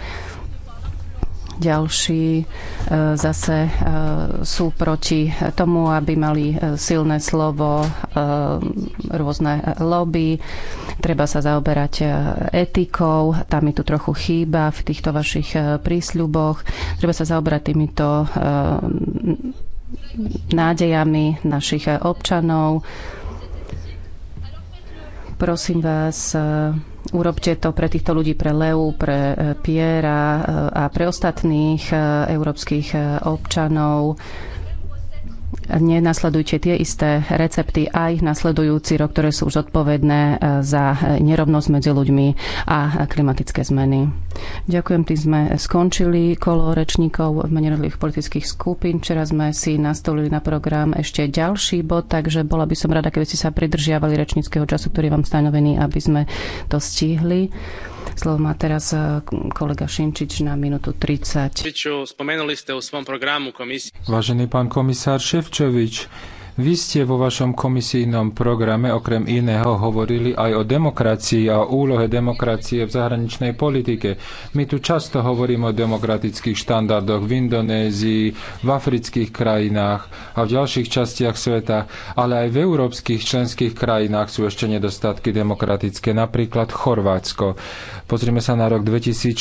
ďalší zase sú proti tomu, aby mali silné slovo rôzne lobby. Treba sa zaoberať etikou, tam mi tu trochu chýba v týchto vašich prísľuboch. Treba sa zaoberať týmito nádejami našich občanov Prosím vás, e, urobte to pre týchto ľudí, pre Leu, pre e, Piera e, a pre ostatných európskych občanov nenasledujte tie isté recepty aj nasledujúci rok, ktoré sú už odpovedné e, za e, nerovnosť medzi ľuďmi a klimatické zmeny. Ďakujem, tým sme skončili kolo rečníkov v menerových politických skupín. Včera sme si nastolili na program ešte ďalší bod, takže bola by som rada, keby ste sa pridržiavali rečníckého času, ktorý je vám stanovený, aby sme to stihli. Slovo má teraz e, kolega Šinčič na minútu 30. Spomenuli ste o svojom programu komisie. Vážený pán komisár Ševč, Ševčovič, vy ste vo vašom komisijnom programe okrem iného hovorili aj o demokracii a o úlohe demokracie v zahraničnej politike. My tu často hovoríme o demokratických štandardoch v Indonézii, v afrických krajinách a v ďalších častiach sveta, ale aj v európskych členských krajinách sú ešte nedostatky demokratické, napríklad Chorvátsko. Pozrime sa na rok 2014.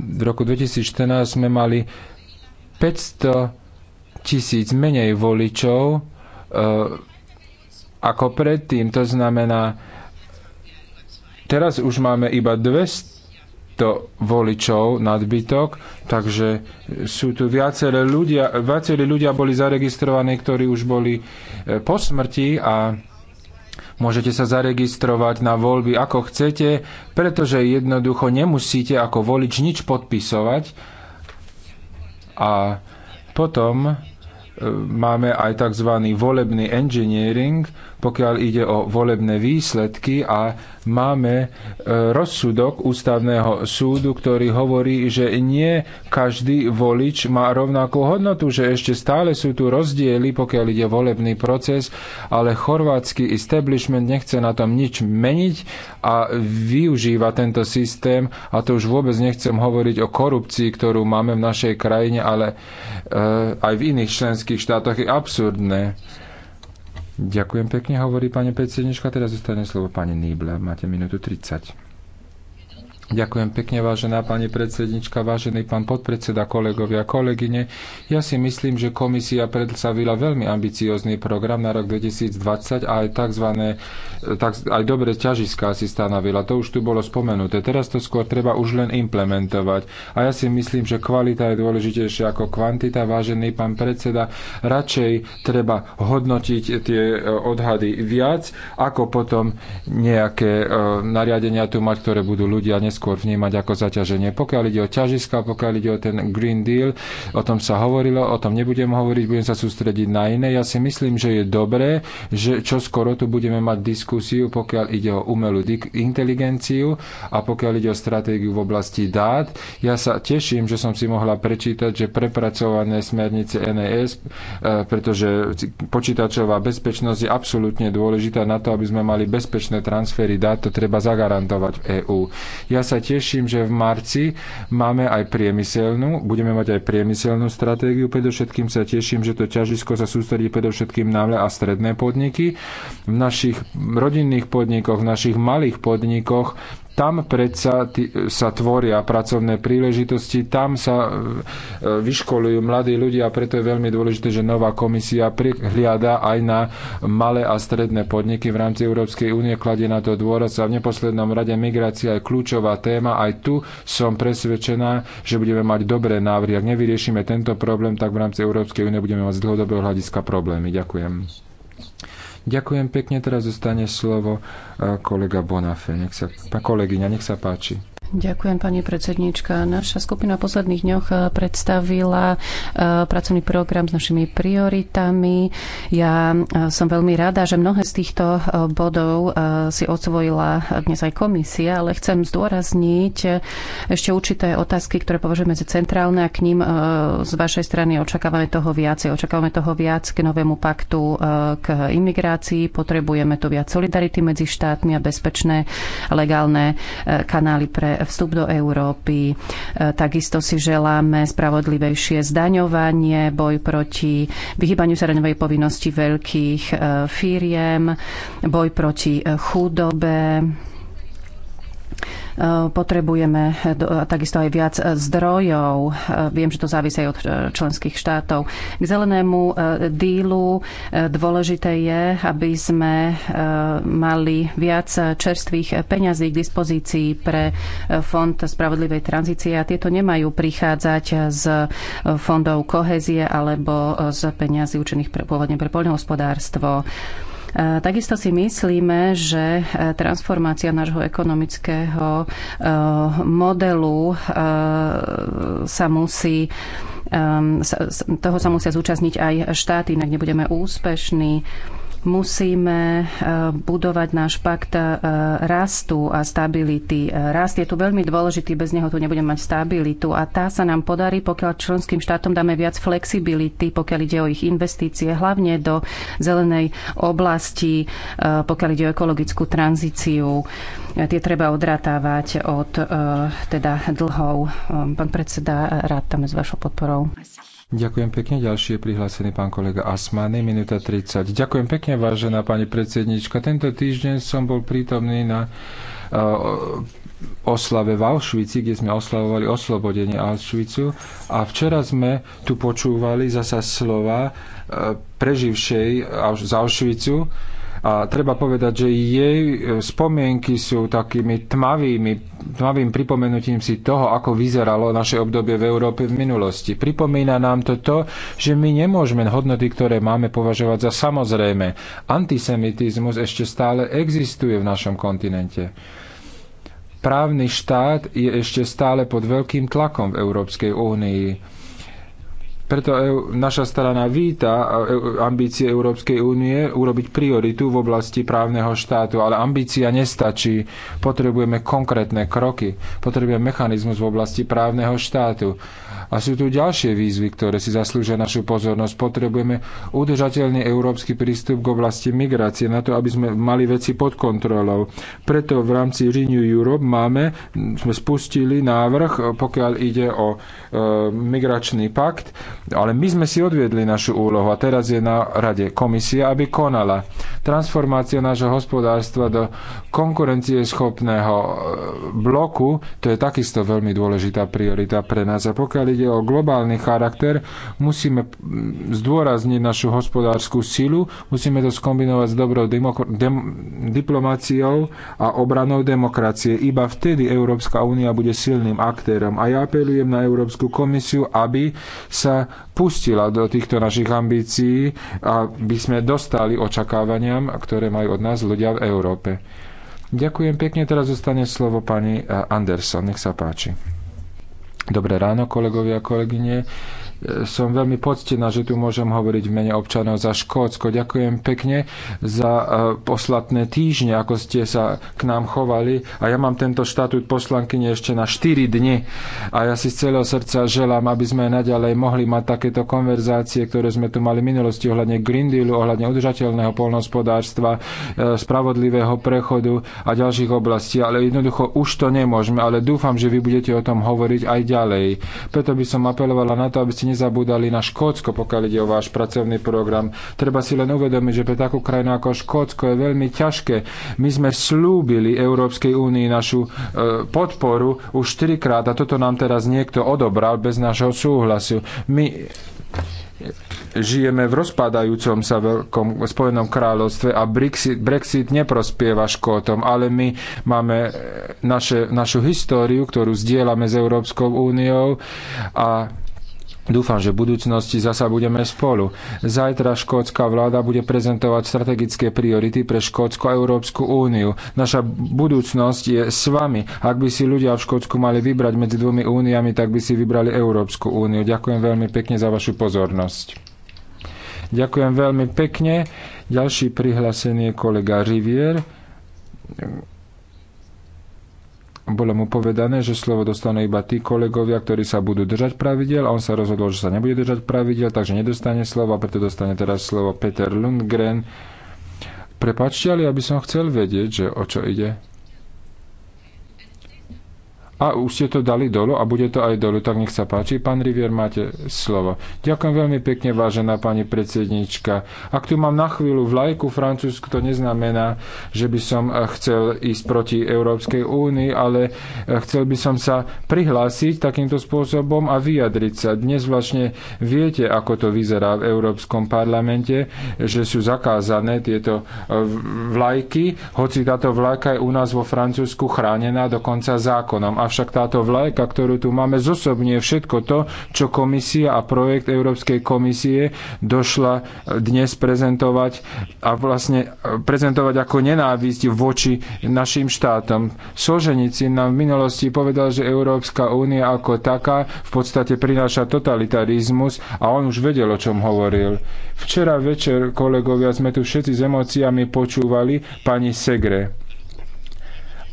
V roku 2014 sme mali 500 tisíc menej voličov e, ako predtým. To znamená, teraz už máme iba 200 voličov nadbytok, takže sú tu viaceré ľudia, viaceré ľudia boli zaregistrovaní, ktorí už boli e, po smrti a môžete sa zaregistrovať na voľby ako chcete, pretože jednoducho nemusíte ako volič nič podpisovať a potom Máme aj tzv. volebný engineering, pokiaľ ide o volebné výsledky a máme e, rozsudok ústavného súdu, ktorý hovorí, že nie každý volič má rovnakú hodnotu, že ešte stále sú tu rozdiely, pokiaľ ide volebný proces, ale chorvátsky establishment nechce na tom nič meniť a využíva tento systém a to už vôbec nechcem hovoriť o korupcii, ktorú máme v našej krajine, ale e, aj v iných členských štátoch je absurdné. Ďakujem pekne, hovorí pani predsednička. Teraz zostane slovo pani Nýble. Máte minútu 30. Ďakujem pekne, vážená pani predsednička, vážený pán podpredseda, kolegovia kolegyne. Ja si myslím, že komisia predstavila veľmi ambiciózny program na rok 2020 a aj tzv. Tak, aj dobre ťažiská si stanovila. To už tu bolo spomenuté. Teraz to skôr treba už len implementovať. A ja si myslím, že kvalita je dôležitejšia ako kvantita, vážený pán predseda. Radšej treba hodnotiť tie e, odhady viac, ako potom nejaké e, nariadenia tu mať, ktoré budú ľudia neskôr skôr vnímať ako zaťaženie. Pokiaľ ide o ťažiska, pokiaľ ide o ten Green Deal, o tom sa hovorilo, o tom nebudem hovoriť, budem sa sústrediť na iné. Ja si myslím, že je dobré, že čo skoro tu budeme mať diskusiu, pokiaľ ide o umelú inteligenciu a pokiaľ ide o stratégiu v oblasti dát. Ja sa teším, že som si mohla prečítať, že prepracované smernice NES, e, pretože počítačová bezpečnosť je absolútne dôležitá na to, aby sme mali bezpečné transfery dát, to treba zagarantovať v EÚ. Ja sa teším, že v marci máme aj priemyselnú, budeme mať aj priemyselnú stratégiu. Predovšetkým sa teším, že to ťažisko sa sústredí predovšetkým na a stredné podniky. V našich rodinných podnikoch, v našich malých podnikoch tam predsa sa tvoria pracovné príležitosti, tam sa e, e, vyškolujú mladí ľudia a preto je veľmi dôležité, že nová komisia prihliada aj na malé a stredné podniky v rámci Európskej únie, kladie na to dôraz a v neposlednom rade migrácia je kľúčová téma. Aj tu som presvedčená, že budeme mať dobré návrhy. Ak nevyriešime tento problém, tak v rámci Európskej únie budeme mať z dlhodobého hľadiska problémy. Ďakujem. Ďakujem pekne, teraz zostane slovo eh, kolega Bonafé. Nech sa, kolegyňa, nech sa páči. Ďakujem, pani predsednička. Naša skupina v posledných dňoch eh, predstavila eh, pracovný program s našimi prioritami. Ja eh, som veľmi rada, že mnohé z týchto bodov si osvojila dnes aj komisia, ale chcem zdôrazniť ešte určité otázky, ktoré považujeme za centrálne a k ním z vašej strany očakávame toho viac. Očakávame toho viac k novému paktu k imigrácii. Potrebujeme tu viac solidarity medzi štátmi a bezpečné legálne kanály pre vstup do Európy. E, takisto si želáme spravodlivejšie zdaňovanie, boj proti vyhýbaniu sa daňovej povinnosti veľkých e, firiem, boj proti e, chudobe, Potrebujeme takisto aj viac zdrojov. Viem, že to závisí aj od e, členských štátov. K zelenému e, dílu e, dôležité je, aby sme mali viac čerstvých peňazí k dispozícii pre Fond spravodlivej tranzície a tieto nemajú prichádzať z fondov kohezie alebo z peňazí určených pôvodne pre poľnohospodárstvo. E, takisto si myslíme, že e, transformácia nášho ekonomického e, modelu sa musí toho sa musia zúčastniť aj štáty, inak nebudeme úspešní musíme e, budovať náš pakt e, rastu a stability. E, rast je tu veľmi dôležitý, bez neho tu nebudeme mať stabilitu a tá sa nám podarí, pokiaľ členským štátom dáme viac flexibility, pokiaľ ide o ich investície, hlavne do zelenej oblasti, pokiaľ ide o ekologickú tranzíciu. Tie treba odratávať od teda dlhov. Pán predseda, rád tam s vašou podporou. Ďakujem pekne. Ďalší je prihlásený pán kolega Asmany, minúta 30. Ďakujem pekne, vážená pani predsednička. Tento týždeň som bol prítomný na uh, oslave v Auschwitzi, kde sme oslavovali oslobodenie Auschwitzu a včera sme tu počúvali zasa slova uh, preživšej z Auschwitzu, a treba povedať, že jej e, spomienky sú takými tmavými, tmavým pripomenutím si toho, ako vyzeralo naše obdobie v Európe v minulosti. Pripomína nám to to, že my nemôžeme hodnoty, ktoré máme považovať za samozrejme. Antisemitizmus ešte stále existuje v našom kontinente. Právny štát je ešte stále pod veľkým tlakom v Európskej únii preto naša strana víta e, ambície Európskej únie urobiť prioritu v oblasti právneho štátu, ale ambícia nestačí. Potrebujeme konkrétne kroky, potrebujeme mechanizmus v oblasti právneho štátu a sú tu ďalšie výzvy, ktoré si zaslúžia našu pozornosť. Potrebujeme udržateľný európsky prístup k oblasti migrácie, na to, aby sme mali veci pod kontrolou. Preto v rámci Renew Europe máme, sme spustili návrh, pokiaľ ide o e, migračný pakt, ale my sme si odviedli našu úlohu a teraz je na rade komisia, aby konala. Transformácia nášho hospodárstva do konkurencieschopného e, bloku, to je takisto veľmi dôležitá priorita pre nás. A pokiaľ ide ide o globálny charakter, musíme zdôrazniť našu hospodárskú silu, musíme to skombinovať s dobrou diplomáciou a obranou demokracie. Iba vtedy Európska únia bude silným aktérom. A ja apelujem na Európsku komisiu, aby sa pustila do týchto našich ambícií, aby sme dostali očakávaniam, ktoré majú od nás ľudia v Európe. Ďakujem pekne, teraz zostane slovo pani eh, Anderson. Nech sa páči. Dobré ráno, kolegovia a kolegyne som veľmi poctená, že tu môžem hovoriť v mene občanov za Škótsko. Ďakujem pekne za e, poslatné týždne, ako ste sa k nám chovali. A ja mám tento štatút poslankyne ešte na 4 dni. A ja si z celého srdca želám, aby sme naďalej mohli mať takéto konverzácie, ktoré sme tu mali v minulosti ohľadne Green Dealu, ohľadne udržateľného polnospodárstva, e, spravodlivého prechodu a ďalších oblastí. Ale jednoducho už to nemôžeme. Ale dúfam, že vy budete o tom hovoriť aj ďalej. Preto by som apelovala na to, aby ste nezabúdali na Škótsko, pokiaľ ide o váš pracovný program. Treba si len uvedomiť, že pre takú krajinu ako Škótsko je veľmi ťažké. My sme slúbili Európskej únii našu e, podporu už trikrát a toto nám teraz niekto odobral bez nášho súhlasu. My žijeme v rozpadajúcom sa veľkom Spojenom kráľovstve a Brexit, Brexit neprospieva Škótom, ale my máme e, naše, našu históriu, ktorú zdieľame s Európskou úniou a Dúfam, že v budúcnosti zasa budeme spolu. Zajtra škótska vláda bude prezentovať strategické priority pre Škótsko a Európsku úniu. Naša budúcnosť je s vami. Ak by si ľudia v Škótsku mali vybrať medzi dvomi úniami, tak by si vybrali Európsku úniu. Ďakujem veľmi pekne za vašu pozornosť. Ďakujem veľmi pekne. Ďalší prihlásenie je kolega Rivier bolo mu povedané, že slovo dostanú iba tí kolegovia, ktorí sa budú držať pravidel a on sa rozhodol, že sa nebude držať pravidel, takže nedostane slovo a preto dostane teraz slovo Peter Lundgren. Prepačte, ale ja by som chcel vedieť, že o čo ide. A už ste to dali dolu a bude to aj dolu, tak nech sa páči. Pán Rivier, máte slovo. Ďakujem veľmi pekne, vážená pani predsednička. Ak tu mám na chvíľu vlajku Francúzsku, to neznamená, že by som eh, chcel ísť proti Európskej únii, ale eh, chcel by som sa prihlásiť takýmto spôsobom a vyjadriť sa. Dnes vlastne viete, ako to vyzerá v Európskom parlamente, že sú zakázané tieto eh, vlajky, hoci táto vlajka je u nás vo Francúzsku chránená dokonca zákonom. A Avšak táto vlajka, ktorú tu máme, zosobňuje všetko to, čo komisia a projekt Európskej komisie došla eh, dnes prezentovať a vlastne eh, prezentovať ako nenávisť voči našim štátom. Složenici nám v minulosti povedal, že Európska únia ako taká v podstate prináša totalitarizmus a on už vedel, o čom hovoril. Včera večer, kolegovia, sme tu všetci s emóciami počúvali pani Segre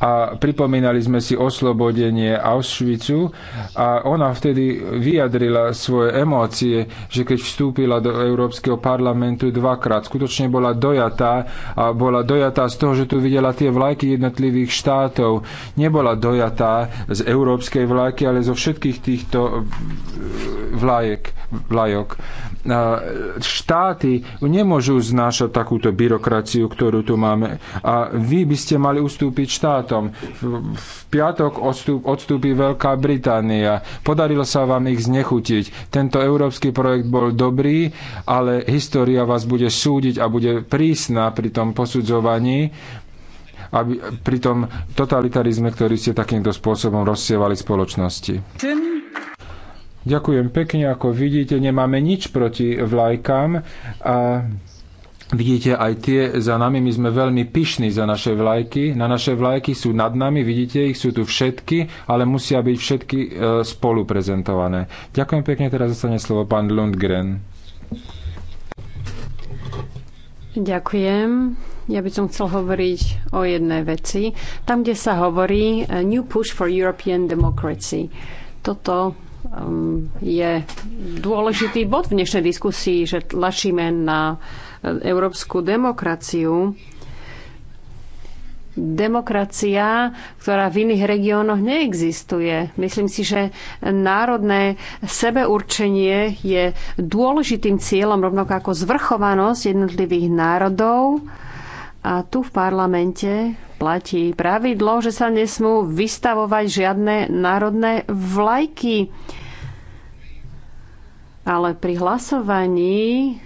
a pripomínali sme si oslobodenie Auschwitzu a ona vtedy vyjadrila svoje emócie, že keď vstúpila do Európskeho parlamentu dvakrát, skutočne bola dojatá a bola dojatá z toho, že tu videla tie vlajky jednotlivých štátov. Nebola dojatá z európskej vlajky, ale zo všetkých týchto eh, vlajek, vlajok štáty nemôžu znášať takúto byrokraciu, ktorú tu máme. A vy by ste mali ustúpiť štátom. V piatok odstúp, odstúpi Veľká Británia. Podarilo sa vám ich znechutiť. Tento európsky projekt bol dobrý, ale história vás bude súdiť a bude prísna pri tom posudzovaní aby, pri tom totalitarizme, ktorý ste takýmto spôsobom rozsievali spoločnosti. Ďakujem pekne, ako vidíte, nemáme nič proti vlajkám a Vidíte aj tie za nami, my sme veľmi pyšní za naše vlajky. Na naše vlajky sú nad nami, vidíte ich, sú tu všetky, ale musia byť všetky e, spolu prezentované. Ďakujem pekne, teraz zostane slovo pán Lundgren. Ďakujem. Ja by som chcel hovoriť o jednej veci. Tam, kde sa hovorí e, New Push for European Democracy. Toto Um, je dôležitý bod v dnešnej diskusii, že tlačíme na e, európsku demokraciu. Demokracia, ktorá v iných regiónoch neexistuje. Myslím si, že národné sebeurčenie je dôležitým cieľom, rovnako ako zvrchovanosť jednotlivých národov a tu v parlamente platí pravidlo, že sa nesmú vystavovať žiadne národné vlajky. Ale pri hlasovaní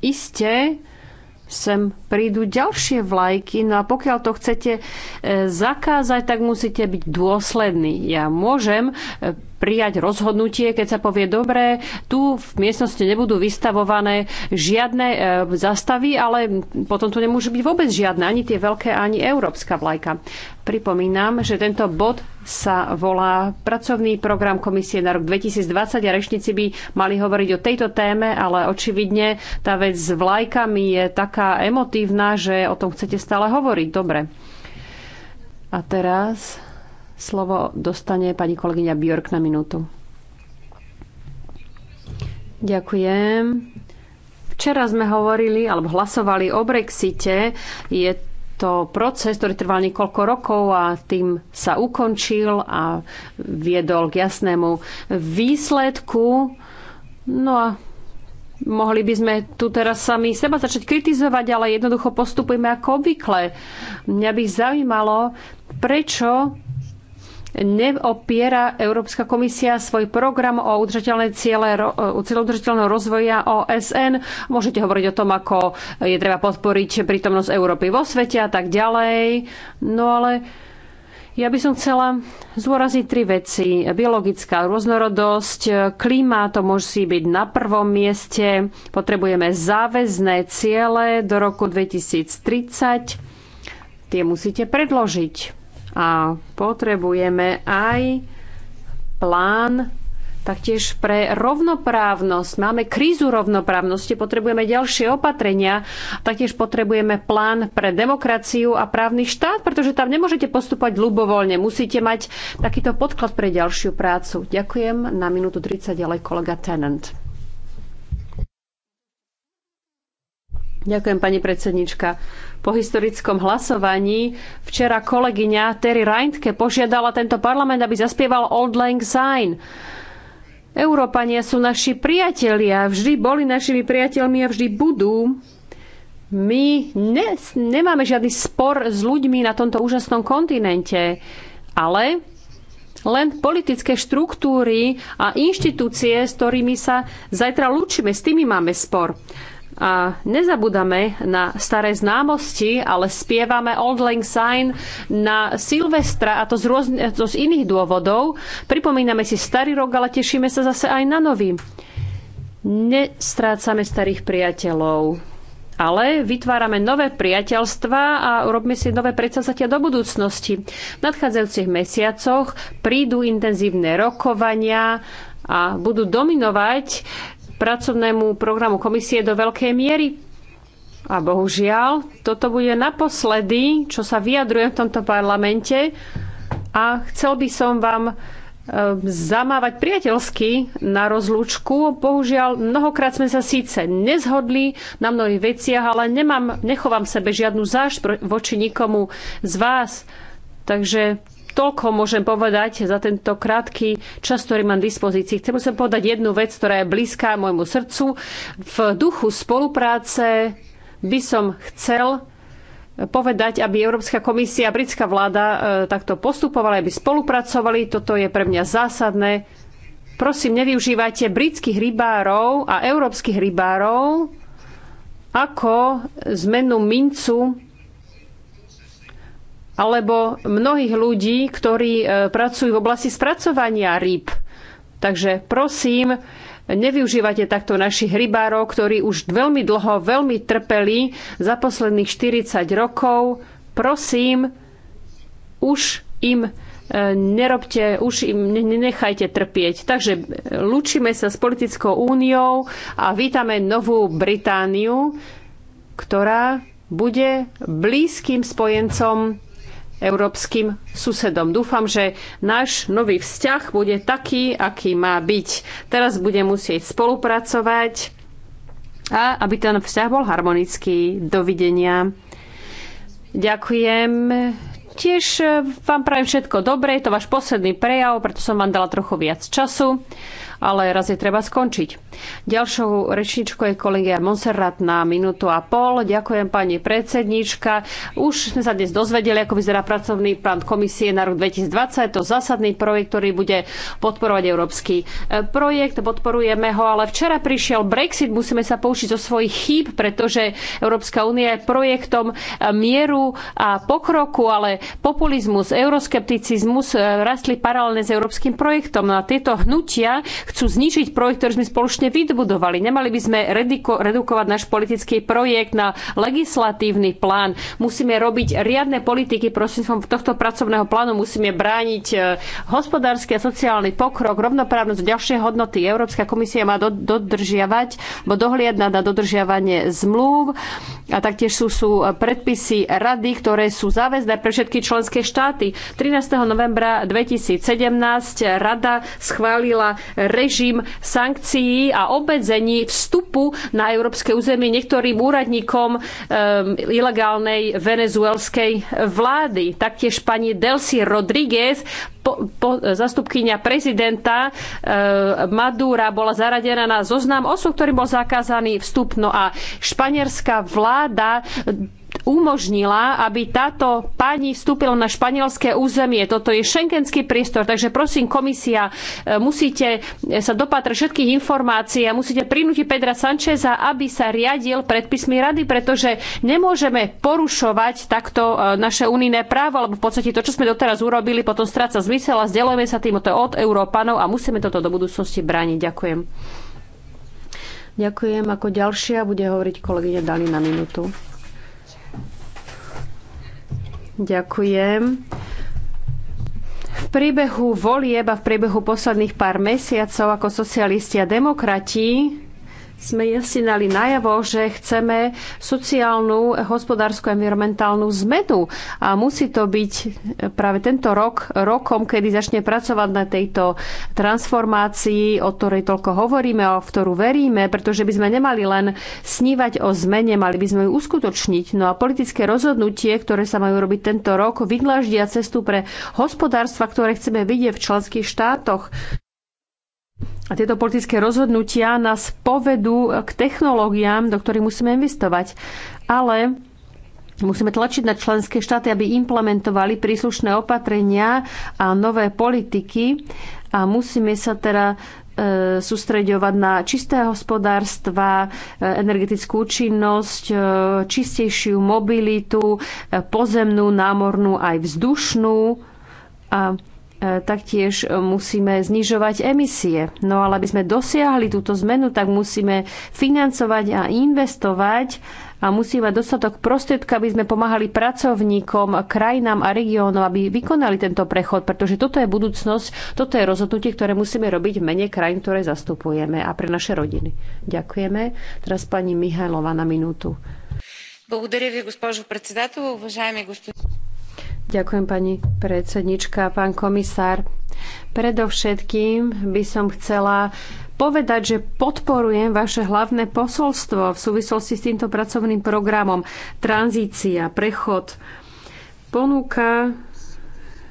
iste sem prídu ďalšie vlajky. No a pokiaľ to chcete e, zakázať, tak musíte byť dôslední. Ja môžem e, prijať rozhodnutie, keď sa povie dobre, tu v miestnosti nebudú vystavované žiadne e, zastavy, ale potom tu nemôžu byť vôbec žiadne, ani tie veľké, ani európska vlajka. Pripomínam, že tento bod sa volá Pracovný program komisie na rok 2020 a rečníci by mali hovoriť o tejto téme, ale očividne tá vec s vlajkami je taká emotívna, že o tom chcete stále hovoriť. Dobre. A teraz Slovo dostane pani kolegyňa Bjork na minútu. Ďakujem. Včera sme hovorili alebo hlasovali o Brexite. Je to proces, ktorý trval niekoľko rokov a tým sa ukončil a viedol k jasnému výsledku. No a mohli by sme tu teraz sami seba začať kritizovať, ale jednoducho postupujeme ako obvykle. Mňa by zaujímalo, prečo neopiera Európska komisia svoj program o udržateľné ciele, o cieľ udržateľného rozvoja OSN. Môžete hovoriť o tom, ako je treba podporiť prítomnosť Európy vo svete a tak ďalej. No ale ja by som chcela zúraziť tri veci. Biologická rôznorodosť, klíma, to musí byť na prvom mieste. Potrebujeme záväzné ciele do roku 2030. Tie musíte predložiť a potrebujeme aj plán taktiež pre rovnoprávnosť. Máme krízu rovnoprávnosti, potrebujeme ďalšie opatrenia, taktiež potrebujeme plán pre demokraciu a právny štát, pretože tam nemôžete postupovať ľubovoľne. Musíte mať takýto podklad pre ďalšiu prácu. Ďakujem. Na minútu 30 ďalej kolega Tenant. Ďakujem, pani predsednička po historickom hlasovaní. Včera kolegyňa Terry Reintke požiadala tento parlament, aby zaspieval Old Lang Syne. Európania sú naši priatelia, vždy boli našimi priateľmi a vždy budú. My ne, nemáme žiadny spor s ľuďmi na tomto úžasnom kontinente, ale len politické štruktúry a inštitúcie, s ktorými sa zajtra lúčime, s tými máme spor a nezabudame na staré známosti, ale spievame Old Lang Syne na Silvestra a to z, rôz, to z iných dôvodov. Pripomíname si starý rok, ale tešíme sa zase aj na nový. Nestrácame starých priateľov, ale vytvárame nové priateľstva a robíme si nové predsazatia do budúcnosti. V nadchádzajúcich mesiacoch prídu intenzívne rokovania, a budú dominovať pracovnému programu komisie do veľkej miery. A bohužiaľ, toto bude naposledy, čo sa vyjadruje v tomto parlamente. A chcel by som vám e, zamávať priateľsky na rozlúčku. Bohužiaľ, mnohokrát sme sa síce nezhodli na mnohých veciach, ale nemám, nechovám sebe žiadnu zášť voči nikomu z vás. Takže Toľko môžem povedať za tento krátky čas, ktorý mám v dispozícii. Chcem sa povedať jednu vec, ktorá je blízka môjmu srdcu. V duchu spolupráce by som chcel povedať, aby Európska komisia a britská vláda e, takto postupovali, aby spolupracovali. Toto je pre mňa zásadné. Prosím, nevyužívajte britských rybárov a európskych rybárov ako zmenu mincu alebo mnohých ľudí, ktorí e, pracujú v oblasti spracovania rýb. Takže prosím, nevyužívate takto našich rybárov, ktorí už veľmi dlho, veľmi trpeli za posledných 40 rokov. Prosím, už im e, nerobte, už im nenechajte trpieť. Takže e, lúčime sa s politickou úniou a vítame novú Britániu, ktorá bude blízkym spojencom európskym susedom. Dúfam, že náš nový vzťah bude taký, aký má byť. Teraz bude musieť spolupracovať a aby ten vzťah bol harmonický. Dovidenia. Ďakujem. Tiež eh, vám prajem všetko dobré, je to váš posledný prejav, preto som vám dala trochu viac času ale raz je treba skončiť. Ďalšou rečničkou je kolegia Monserrat na minútu a pol. Ďakujem pani predsednička. Už sme sa dnes dozvedeli, ako vyzerá pracovný plán komisie na rok 2020. To zásadný projekt, ktorý bude podporovať európsky e, projekt. Podporujeme ho, ale včera prišiel Brexit. Musíme sa poučiť zo svojich chýb, pretože Európska únia je projektom e, mieru a pokroku, ale populizmus, euroskepticizmus e, rastli paralelne s európskym projektom. No a tieto hnutia chcú zničiť projekt, ktorý sme spoločne vybudovali. Nemali by sme rediko, redukovať náš politický projekt na legislatívny plán. Musíme robiť riadne politiky prostredníctvom tohto pracovného plánu. Musíme brániť e, hospodársky a sociálny pokrok, rovnoprávnosť ďalšie hodnoty. Európska komisia má do, dodržiavať, bo dohliadať na dodržiavanie zmluv a taktiež sú, sú predpisy rady, ktoré sú záväzné pre všetky členské štáty. 13. novembra 2017 rada schválila režim sankcií a obmedzení vstupu na európske územie niektorým úradníkom um, ilegálnej venezuelskej vlády. Taktiež pani Delcy Rodriguez po, po, zastupkynia prezidenta e, Madura bola zaradená na zoznam osôb, ktorým bol zakázaný vstup. No a španielská vláda umožnila, aby táto pani vstúpila na španielské územie. Toto je šengenský priestor, takže prosím komisia, e, musíte sa dopatrať všetkých informácií a musíte prinútiť Pedra Sancheza, aby sa riadil predpismi rady, pretože nemôžeme porušovať takto e, naše unijné právo, lebo v podstate to, čo sme doteraz urobili, potom stráca zmysel a zdelujeme sa týmto od Európanov a musíme toto do budúcnosti brániť. Ďakujem. Ďakujem. Ako ďalšia bude hovoriť kolegyňa Dali na minútu. Ďakujem. V priebehu volieb a v priebehu posledných pár mesiacov ako socialisti a demokrati sme jasne dali najavo, že chceme sociálnu, hospodárskú, environmentálnu zmenu. A musí to byť práve tento rok rokom, kedy začne pracovať na tejto transformácii, o ktorej toľko hovoríme, a o ktorú veríme, pretože by sme nemali len snívať o zmene, mali by sme ju uskutočniť. No a politické rozhodnutie, ktoré sa majú robiť tento rok, vydlaždia cestu pre hospodárstva, ktoré chceme vidieť v členských štátoch. A tieto politické rozhodnutia nás povedú k technológiám, do ktorých musíme investovať. Ale musíme tlačiť na členské štáty, aby implementovali príslušné opatrenia a nové politiky. A musíme sa teda e, sústreďovať na čisté hospodárstva, e, energetickú účinnosť, e, čistejšiu mobilitu, pozemnú, námornú aj vzdušnú. A E, taktiež e, musíme znižovať emisie. No ale aby sme dosiahli túto zmenu, tak musíme financovať a investovať a musíme mať dostatok prostriedka, aby sme pomáhali pracovníkom, krajinám a regiónom, aby vykonali tento prechod, pretože toto je budúcnosť, toto je rozhodnutie, ktoré musíme robiť v mene krajín, ktoré zastupujeme a pre naše rodiny. Ďakujeme. Teraz pani Mihajlova na minútu. Благодаря ви, госпожо председател. Уважаеми господин Ďakujem pani predsednička, pán komisár. Predovšetkým by som chcela povedať, že podporujem vaše hlavné posolstvo v súvislosti s týmto pracovným programom. Tranzícia, prechod ponúka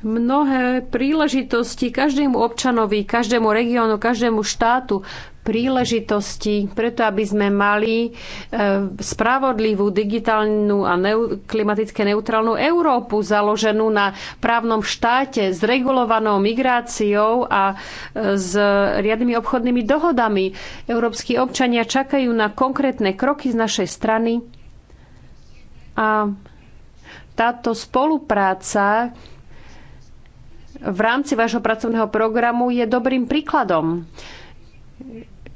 mnohé príležitosti každému občanovi, každému regiónu, každému štátu príležitosti, preto aby sme mali e, spravodlivú digitálnu a neu, klimatické neutrálnu Európu založenú na právnom štáte s regulovanou migráciou a e, s riadnymi obchodnými dohodami. Európsky občania čakajú na konkrétne kroky z našej strany a táto spolupráca v rámci vášho pracovného programu je dobrým príkladom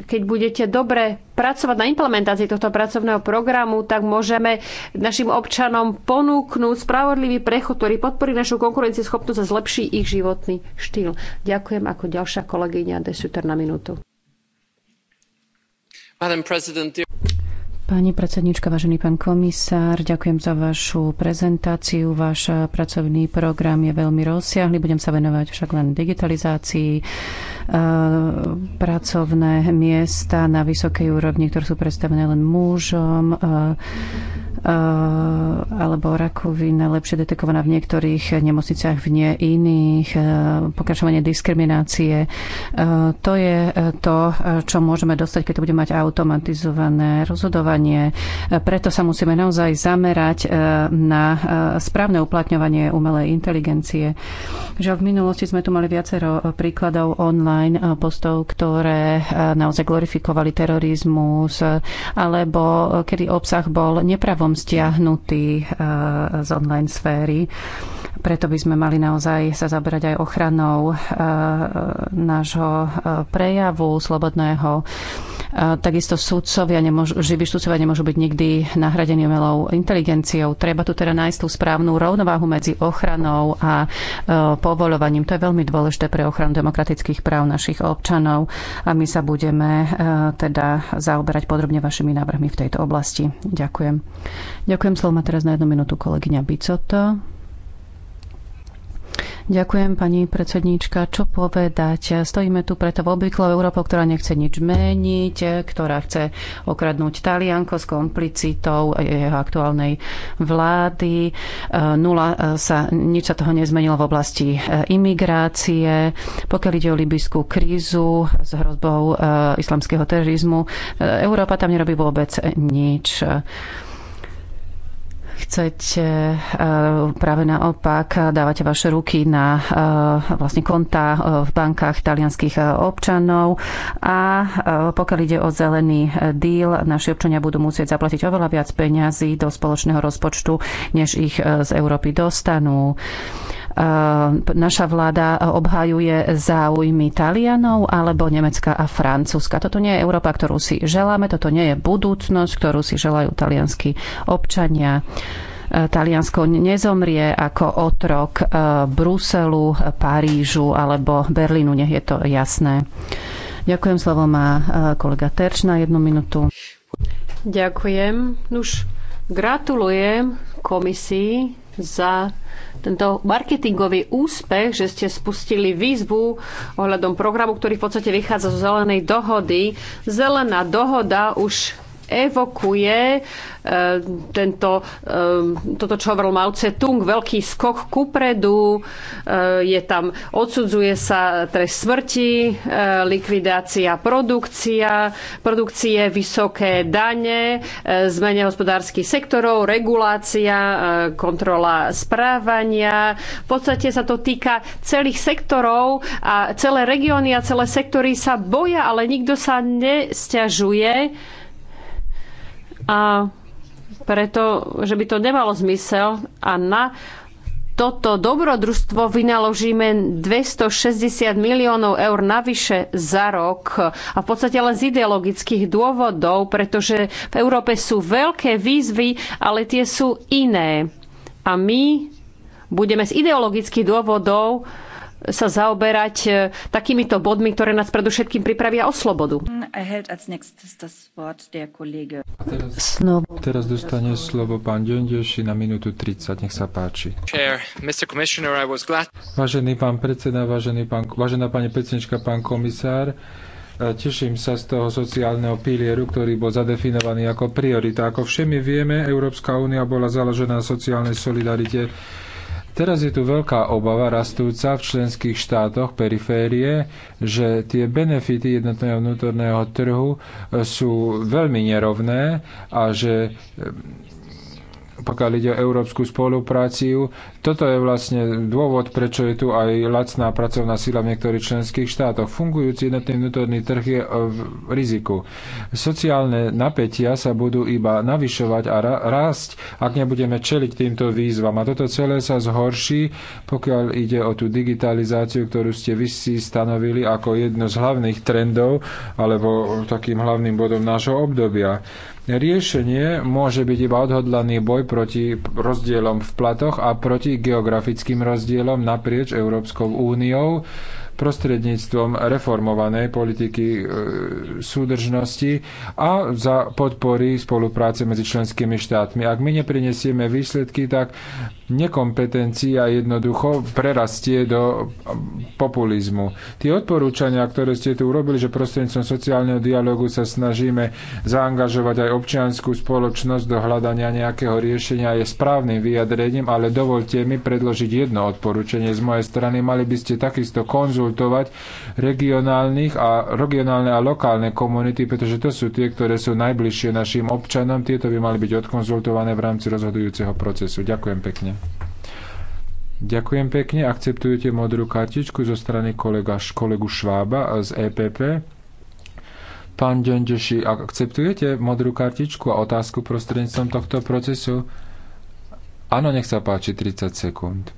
keď budete dobre pracovať na implementácii tohto pracovného programu, tak môžeme našim občanom ponúknuť spravodlivý prechod, ktorý podporí našu konkurencieschopnosť a zlepší ich životný štýl. Ďakujem ako ďalšia kolegyňa Desuter na minútu. Pani predsednička, vážený pán komisár, ďakujem za vašu prezentáciu. Váš pracovný program je veľmi rozsiahly, budem sa venovať však len digitalizácii Eh, pracovné miesta na vysokej úrovni, ktoré sú predstavené len mužom eh, eh, alebo rakovina lepšie detekovaná v niektorých nemocniciach, v nie iných, pokračovanie diskriminácie. To je to, čo môžeme dostať, keď to bude mať automatizované rozhodovanie. Preto sa musíme naozaj zamerať na správne uplatňovanie umelej inteligencie. Že v minulosti sme tu mali viacero príkladov online online eh, postov, ktoré eh, naozaj glorifikovali terorizmus, eh, alebo kedy obsah bol nepravom stiahnutý z online sféry. Preto by sme mali naozaj sa zaberať aj ochranou e, nášho e, prejavu slobodného. E, takisto sudcovia nemôžu, živí sudcovia nemôžu byť nikdy nahradení umelou inteligenciou. Treba tu teda nájsť tú správnu rovnováhu medzi ochranou a povolovaním. To je veľmi dôležité pre ochranu demokratických práv našich občanov a my sa budeme teda zaoberať podrobne vašimi návrhmi v tejto oblasti. Ďakujem. Ďakujem slovo má teraz na jednu minútu kolegyňa Bicoto. Ďakujem, pani predsedníčka. Čo povedať? Stojíme tu preto v obvyklou Európou, ktorá nechce nič meniť, ktorá chce okradnúť Talianko s komplicitou jeho aktuálnej vlády. E, nula e, sa, nič sa toho nezmenilo v oblasti e, imigrácie. Pokiaľ ide o libyskú krízu s hrozbou islamského terorizmu, Európa tam nerobí vôbec nič chcete eh, práve naopak eh, dávať vaše ruky na eh, vlastne konta v bankách talianských občanov a pokiaľ ide o zelený díl, naši občania budú musieť zaplatiť oveľa viac peňazí do spoločného rozpočtu, než ich z Európy dostanú. Ehm, naša vláda obhajuje záujmy Talianov alebo Nemecka a Francúzska. Toto nie je Európa, ktorú si želáme, toto nie je budúcnosť, ktorú si želajú talianskí občania. E, Taliansko nezomrie ako otrok e, Bruselu, Parížu alebo Berlínu, nech je to jasné. Ďakujem, slovo má e, kolega Terč na jednu minútu. Ďakujem. Nuž, gratulujem komisii za tento marketingový úspech, že ste spustili výzvu ohľadom programu, ktorý v podstate vychádza zo zelenej dohody. Zelená dohoda už evokuje e, tento, e, toto, čo hovoril Mao Tse-tung, veľký skok kupredu, e, je tam, odsudzuje sa trest smrti, likvidácia produkcia, produkcie, vysoké dane, zmene hospodárskych sektorov, regulácia, kontrola správania. V podstate sa to týka celých sektorov a celé regióny a celé sektory sa boja, ale nikto sa nesťažuje a preto, že by to nemalo zmysel a na toto dobrodružstvo vynaložíme 260 miliónov eur navyše za rok a v podstate len z ideologických dôvodov, pretože v Európe sú veľké výzvy, ale tie sú iné. A my budeme z ideologických dôvodov sa zaoberať e, takýmito bodmi, ktoré nás predovšetkým pripravia o slobodu. Teraz dostane slovo pán Ďondieši na minútu 30. Nech sa páči. Vážený pán predseda, vážený pán, vážená pani predsednička, pán komisár, e, Teším sa z toho sociálneho pilieru, ktorý bol zadefinovaný ako priorita. Ako všemi vieme, Európska únia bola založená na sociálnej solidarite Teraz je tu veľká obava rastúca v členských štátoch periférie, že tie benefity jednotného vnútorného trhu eh, sú veľmi nerovné a že eh, pokiaľ ide o európsku spolupráciu. Toto je vlastne dôvod, prečo je tu aj lacná pracovná sila v niektorých členských štátoch. Fungujúci jednotný vnútorný trh je v riziku. Sociálne napätia sa budú iba navyšovať a rásť, ak nebudeme čeliť týmto výzvam. A toto celé sa zhorší, pokiaľ ide o tú digitalizáciu, ktorú ste vy si stanovili ako jedno z hlavných trendov alebo takým hlavným bodom nášho obdobia. Riešenie môže byť iba odhodlaný boj proti rozdielom v platoch a proti geografickým rozdielom naprieč Európskou úniou prostredníctvom reformovanej politiky e, súdržnosti a za podpory spolupráce medzi členskými štátmi. Ak my neprinesieme výsledky, tak nekompetencia jednoducho prerastie do populizmu. Tie odporúčania, ktoré ste tu urobili, že prostredníctvom sociálneho dialogu sa snažíme zaangažovať aj občianskú spoločnosť do hľadania nejakého riešenia, je správnym vyjadrením, ale dovolte mi predložiť jedno odporúčanie z mojej strany. Mali by ste takisto konzult konzultovať regionálnych a regionálne a lokálne komunity, pretože to sú tie, ktoré sú najbližšie našim občanom. Tieto by mali byť odkonzultované v rámci rozhodujúceho procesu. Ďakujem pekne. Ďakujem pekne. Akceptujete modrú kartičku zo strany kolega, kolegu Švába z EPP? Pán Ďondeši, akceptujete modrú kartičku a otázku prostredníctvom tohto procesu? Áno, nech sa páči, 30 sekúnd.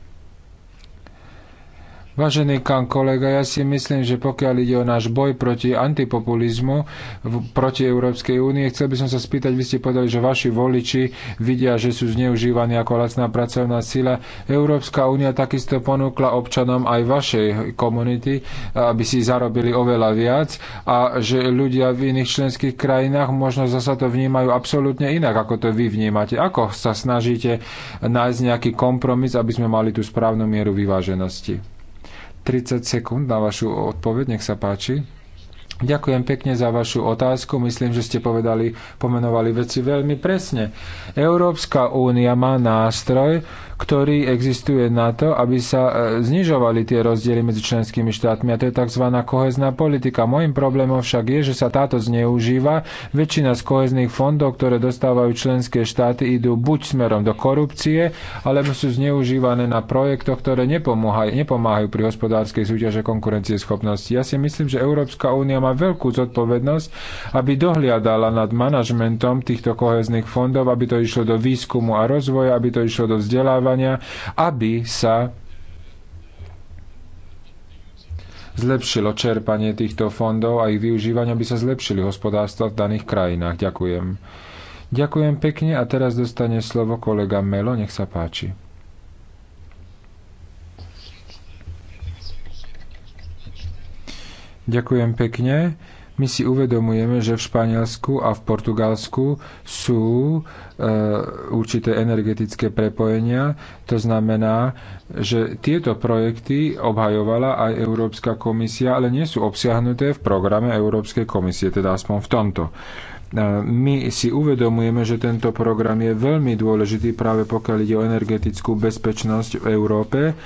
Vážený pán kolega, ja si myslím, že pokiaľ ide o náš boj proti antipopulizmu, v, proti Európskej únie, chcel by som sa spýtať, vy ste povedali, že vaši voliči vidia, že sú zneužívaní ako lacná pracovná sila. Európska únia takisto ponúkla občanom aj vašej komunity, aby si zarobili oveľa viac a že ľudia v iných členských krajinách možno zasa to vnímajú absolútne inak, ako to vy vnímate. Ako sa snažíte nájsť nejaký kompromis, aby sme mali tú správnu mieru vyváženosti? 30 sekúnd na vašu odpoveď, nech sa páči. Ďakujem pekne za vašu otázku. Myslím, že ste povedali, pomenovali veci veľmi presne. Európska únia má nástroj, ktorý existuje na to, aby sa e, znižovali tie rozdiely medzi členskými štátmi. A to je tzv. kohezná politika. Mojím problémom však je, že sa táto zneužíva. Väčšina z kohezných fondov, ktoré dostávajú členské štáty, idú buď smerom do korupcie, alebo sú zneužívané na projektoch, ktoré nepomáhajú, nepomáhajú pri hospodárskej súťaže konkurencieschopnosti. Ja si myslím, že Európska únia má veľkú zodpovednosť, aby dohliadala nad manažmentom týchto kohezných fondov, aby to išlo do výskumu a rozvoja, aby to išlo do vzdelávania vzdelávania, aby sa zlepšilo čerpanie týchto fondov a ich využívanie, aby sa zlepšili hospodárstva v daných krajinách. Ďakujem. Ďakujem pekne a teraz dostane slovo kolega Melo, nech sa páči. Ďakujem pekne. My si uvedomujeme, že v Španielsku a v Portugalsku sú e, určité energetické prepojenia. To znamená, že tieto projekty obhajovala aj Európska komisia, ale nie sú obsiahnuté v programe Európskej komisie, teda aspoň v tomto e, my si uvedomujeme, že tento program je veľmi dôležitý práve pokiaľ ide o energetickú bezpečnosť v Európe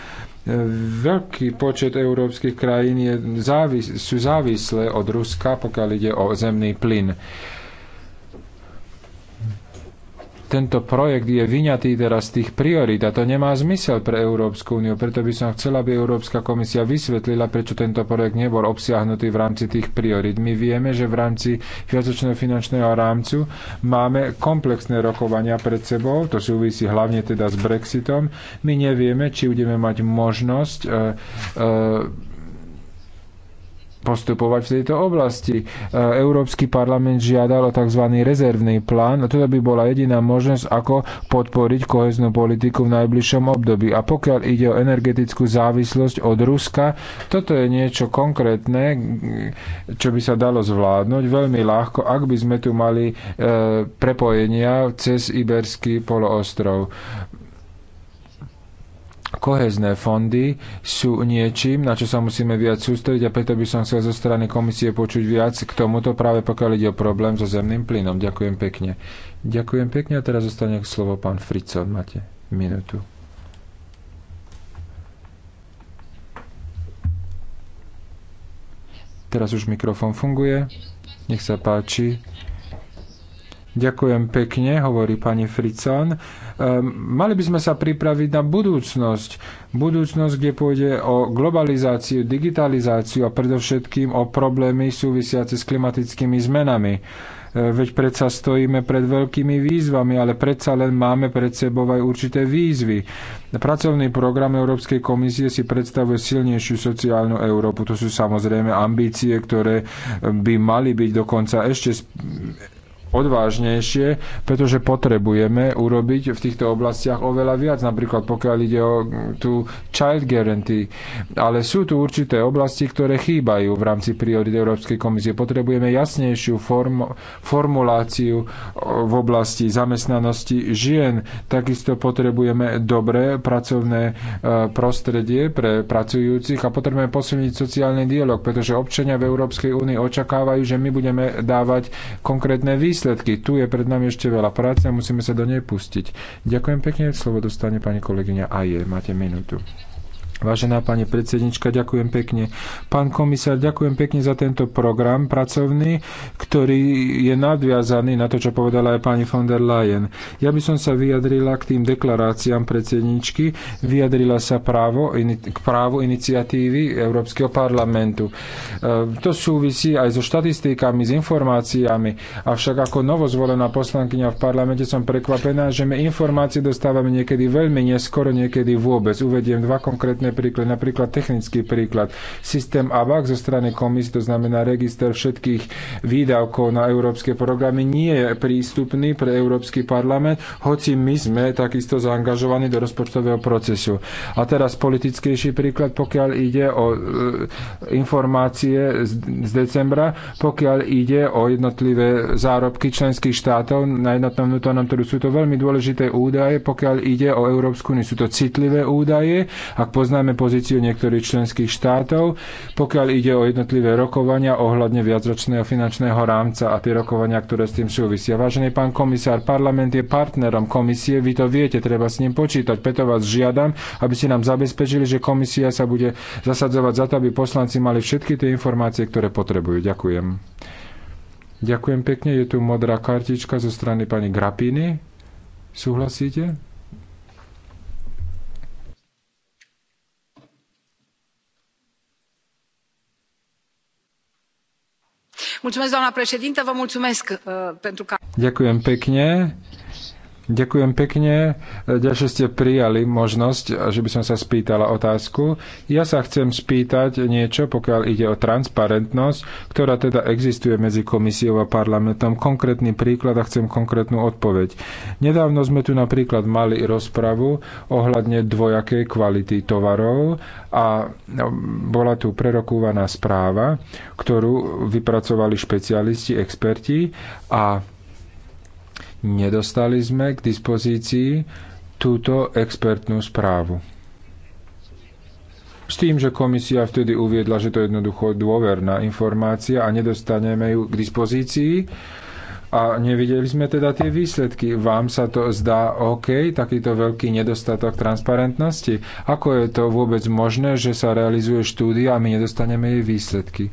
Veľký počet európskych krajín je závis- sú závislé od Ruska, pokiaľ ide o zemný plyn tento projekt je vyňatý teraz z tých priorít a to nemá zmysel pre Európsku úniu. Preto by som chcela, aby Európska komisia vysvetlila, prečo tento projekt nebol obsiahnutý v rámci tých priorít. My vieme, že v rámci viacočného finančného rámcu máme komplexné rokovania pred sebou, to súvisí hlavne teda s Brexitom. My nevieme, či budeme mať možnosť uh, uh, postupovať v tejto oblasti. E, Európsky parlament žiadal o tzv. rezervný plán a toto by bola jediná možnosť, ako podporiť koheznú politiku v najbližšom období. A pokiaľ ide o energetickú závislosť od Ruska, toto je niečo konkrétne, čo by sa dalo zvládnuť veľmi ľahko, ak by sme tu mali e, prepojenia cez Iberský poloostrov kohezné fondy sú niečím, na čo sa musíme viac sústrediť a preto by som chcel zo strany komisie počuť viac k tomuto práve pokiaľ ide o problém so zemným plynom. Ďakujem pekne. Ďakujem pekne a teraz zostane slovo pán Frico. Máte minútu. Teraz už mikrofón funguje. Nech sa páči. Ďakujem pekne, hovorí pani Fricon. Ehm, mali by sme sa pripraviť na budúcnosť. Budúcnosť, kde pôjde o globalizáciu, digitalizáciu a predovšetkým o problémy súvisiace s klimatickými zmenami ehm, veď predsa stojíme pred veľkými výzvami, ale predsa len máme pred sebou aj určité výzvy. Pracovný program Európskej komisie si predstavuje silnejšiu sociálnu Európu. To sú samozrejme ambície, ktoré by mali byť dokonca ešte odvážnejšie, pretože potrebujeme urobiť v týchto oblastiach oveľa viac, napríklad pokiaľ ide o tú child guarantee. Ale sú tu určité oblasti, ktoré chýbajú v rámci priorit Európskej komisie. Potrebujeme jasnejšiu form, formuláciu v oblasti zamestnanosti žien. Takisto potrebujeme dobré pracovné e, prostredie pre pracujúcich a potrebujeme posilniť sociálny dialog, pretože občania v Európskej únii očakávajú, že my budeme dávať konkrétne výsledky výsledky. Tu je pred nami ešte veľa práce a musíme sa do nej pustiť. Ďakujem pekne, slovo dostane pani kolegyňa Aje. Máte minútu. Vážená pani predsednička, ďakujem pekne. Pán komisár, ďakujem pekne za tento program pracovný, ktorý je nadviazaný na to, čo povedala aj pani von der Leyen. Ja by som sa vyjadrila k tým deklaráciám predsedničky, vyjadrila sa právo, k právu iniciatívy Európskeho parlamentu. E, to súvisí aj so štatistikami, s informáciami, avšak ako novozvolená poslankyňa v parlamente som prekvapená, že my informácie dostávame niekedy veľmi neskoro, niekedy vôbec. Uvediem dva konkrétne konkrétne príklady, napríklad technický príklad. Systém ABAC zo strany komisie, to znamená register všetkých výdavkov na európske programy, nie je prístupný pre Európsky parlament, hoci my sme takisto zaangažovaní do rozpočtového procesu. A teraz politickejší príklad, pokiaľ ide o e, informácie z, z decembra, pokiaľ ide o jednotlivé zárobky členských štátov na jednotnom vnútornom trhu. Sú to veľmi dôležité údaje, pokiaľ ide o Európsku úniu. Sú to citlivé údaje. Ak poznáme poznáme pozíciu niektorých členských štátov, pokiaľ ide o jednotlivé rokovania ohľadne viacročného finančného rámca a tie rokovania, ktoré s tým súvisia. Vážený pán komisár, parlament je partnerom komisie, vy to viete, treba s ním počítať, preto vás žiadam, aby ste nám zabezpečili, že komisia sa bude zasadzovať za to, aby poslanci mali všetky tie informácie, ktoré potrebujú. Ďakujem. Ďakujem pekne. Je tu modrá kartička zo strany pani Grapiny. Súhlasíte? Uh, Ďakujem pekne. Ďakujem pekne. Ďalšie ste prijali možnosť, že by som sa spýtala otázku. Ja sa chcem spýtať niečo, pokiaľ ide o transparentnosť, ktorá teda existuje medzi komisiou a parlamentom. Konkrétny príklad a chcem konkrétnu odpoveď. Nedávno sme tu napríklad mali rozpravu ohľadne dvojakej kvality tovarov a no, bola tu prerokúvaná správa, ktorú vypracovali špecialisti, experti a Nedostali sme k dispozícii túto expertnú správu. S tým, že komisia vtedy uviedla, že to je jednoducho dôverná informácia a nedostaneme ju k dispozícii a nevideli sme teda tie výsledky. Vám sa to zdá OK, takýto veľký nedostatok transparentnosti? Ako je to vôbec možné, že sa realizuje štúdia a my nedostaneme jej výsledky?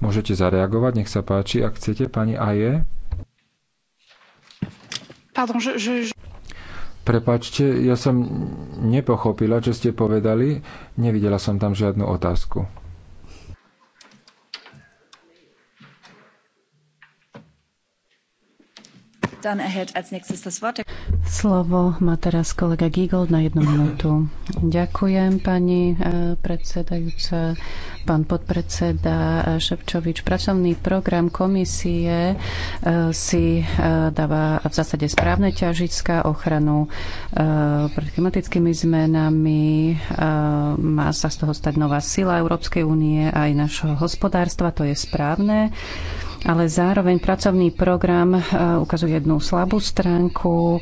Môžete zareagovať, nech sa páči, ak chcete, pani Aje. Pardon, je, je, je... Prepačte, ja som nepochopila, čo ste povedali. Nevidela som tam žiadnu otázku. Slovo má teraz kolega Giegel na jednu minútu. Ďakujem, pani eh, predsedajúca, pán podpredseda eh, Ševčovič. Pracovný program komisie eh, si dáva v zásade správne ťažiska, ochranu pred klimatickými zmenami. Má sa z toho stať nová sila Európskej únie aj našho hospodárstva, to je správne ale zároveň pracovný program e, ukazuje jednu slabú stránku,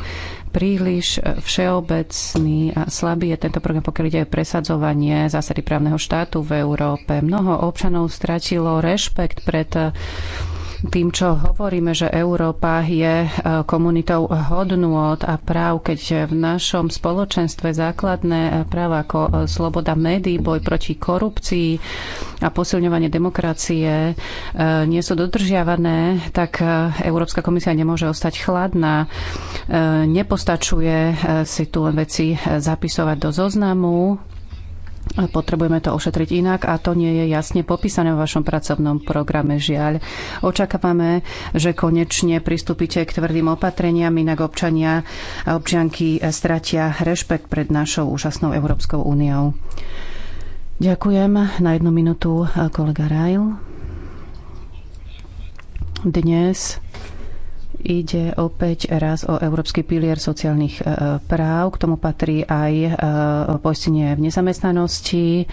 príliš e, všeobecný a slabý je tento program, pokiaľ ide o presadzovanie zásady právneho štátu v Európe. Mnoho občanov stratilo rešpekt pred e, tým, čo hovoríme, že Európa je e, komunitou hodnôt a práv, keď v našom spoločenstve základné e, práva ako e, sloboda médií, boj proti korupcii a posilňovanie demokracie nie sú dodržiavané, tak Európska komisia nemôže ostať chladná. Nepostačuje si tu len veci zapisovať do zoznamu, Potrebujeme to ošetriť inak a to nie je jasne popísané v vašom pracovnom programe, žiaľ. Očakávame, že konečne pristúpite k tvrdým opatreniam, inak občania a občianky stratia rešpekt pred našou úžasnou Európskou úniou. Ďakujem. Na jednu minútu eh, kolega Rajl. Dnes Ide opäť raz o Európsky pilier sociálnych e, práv. K tomu patrí aj e, poistenie v nezamestnanosti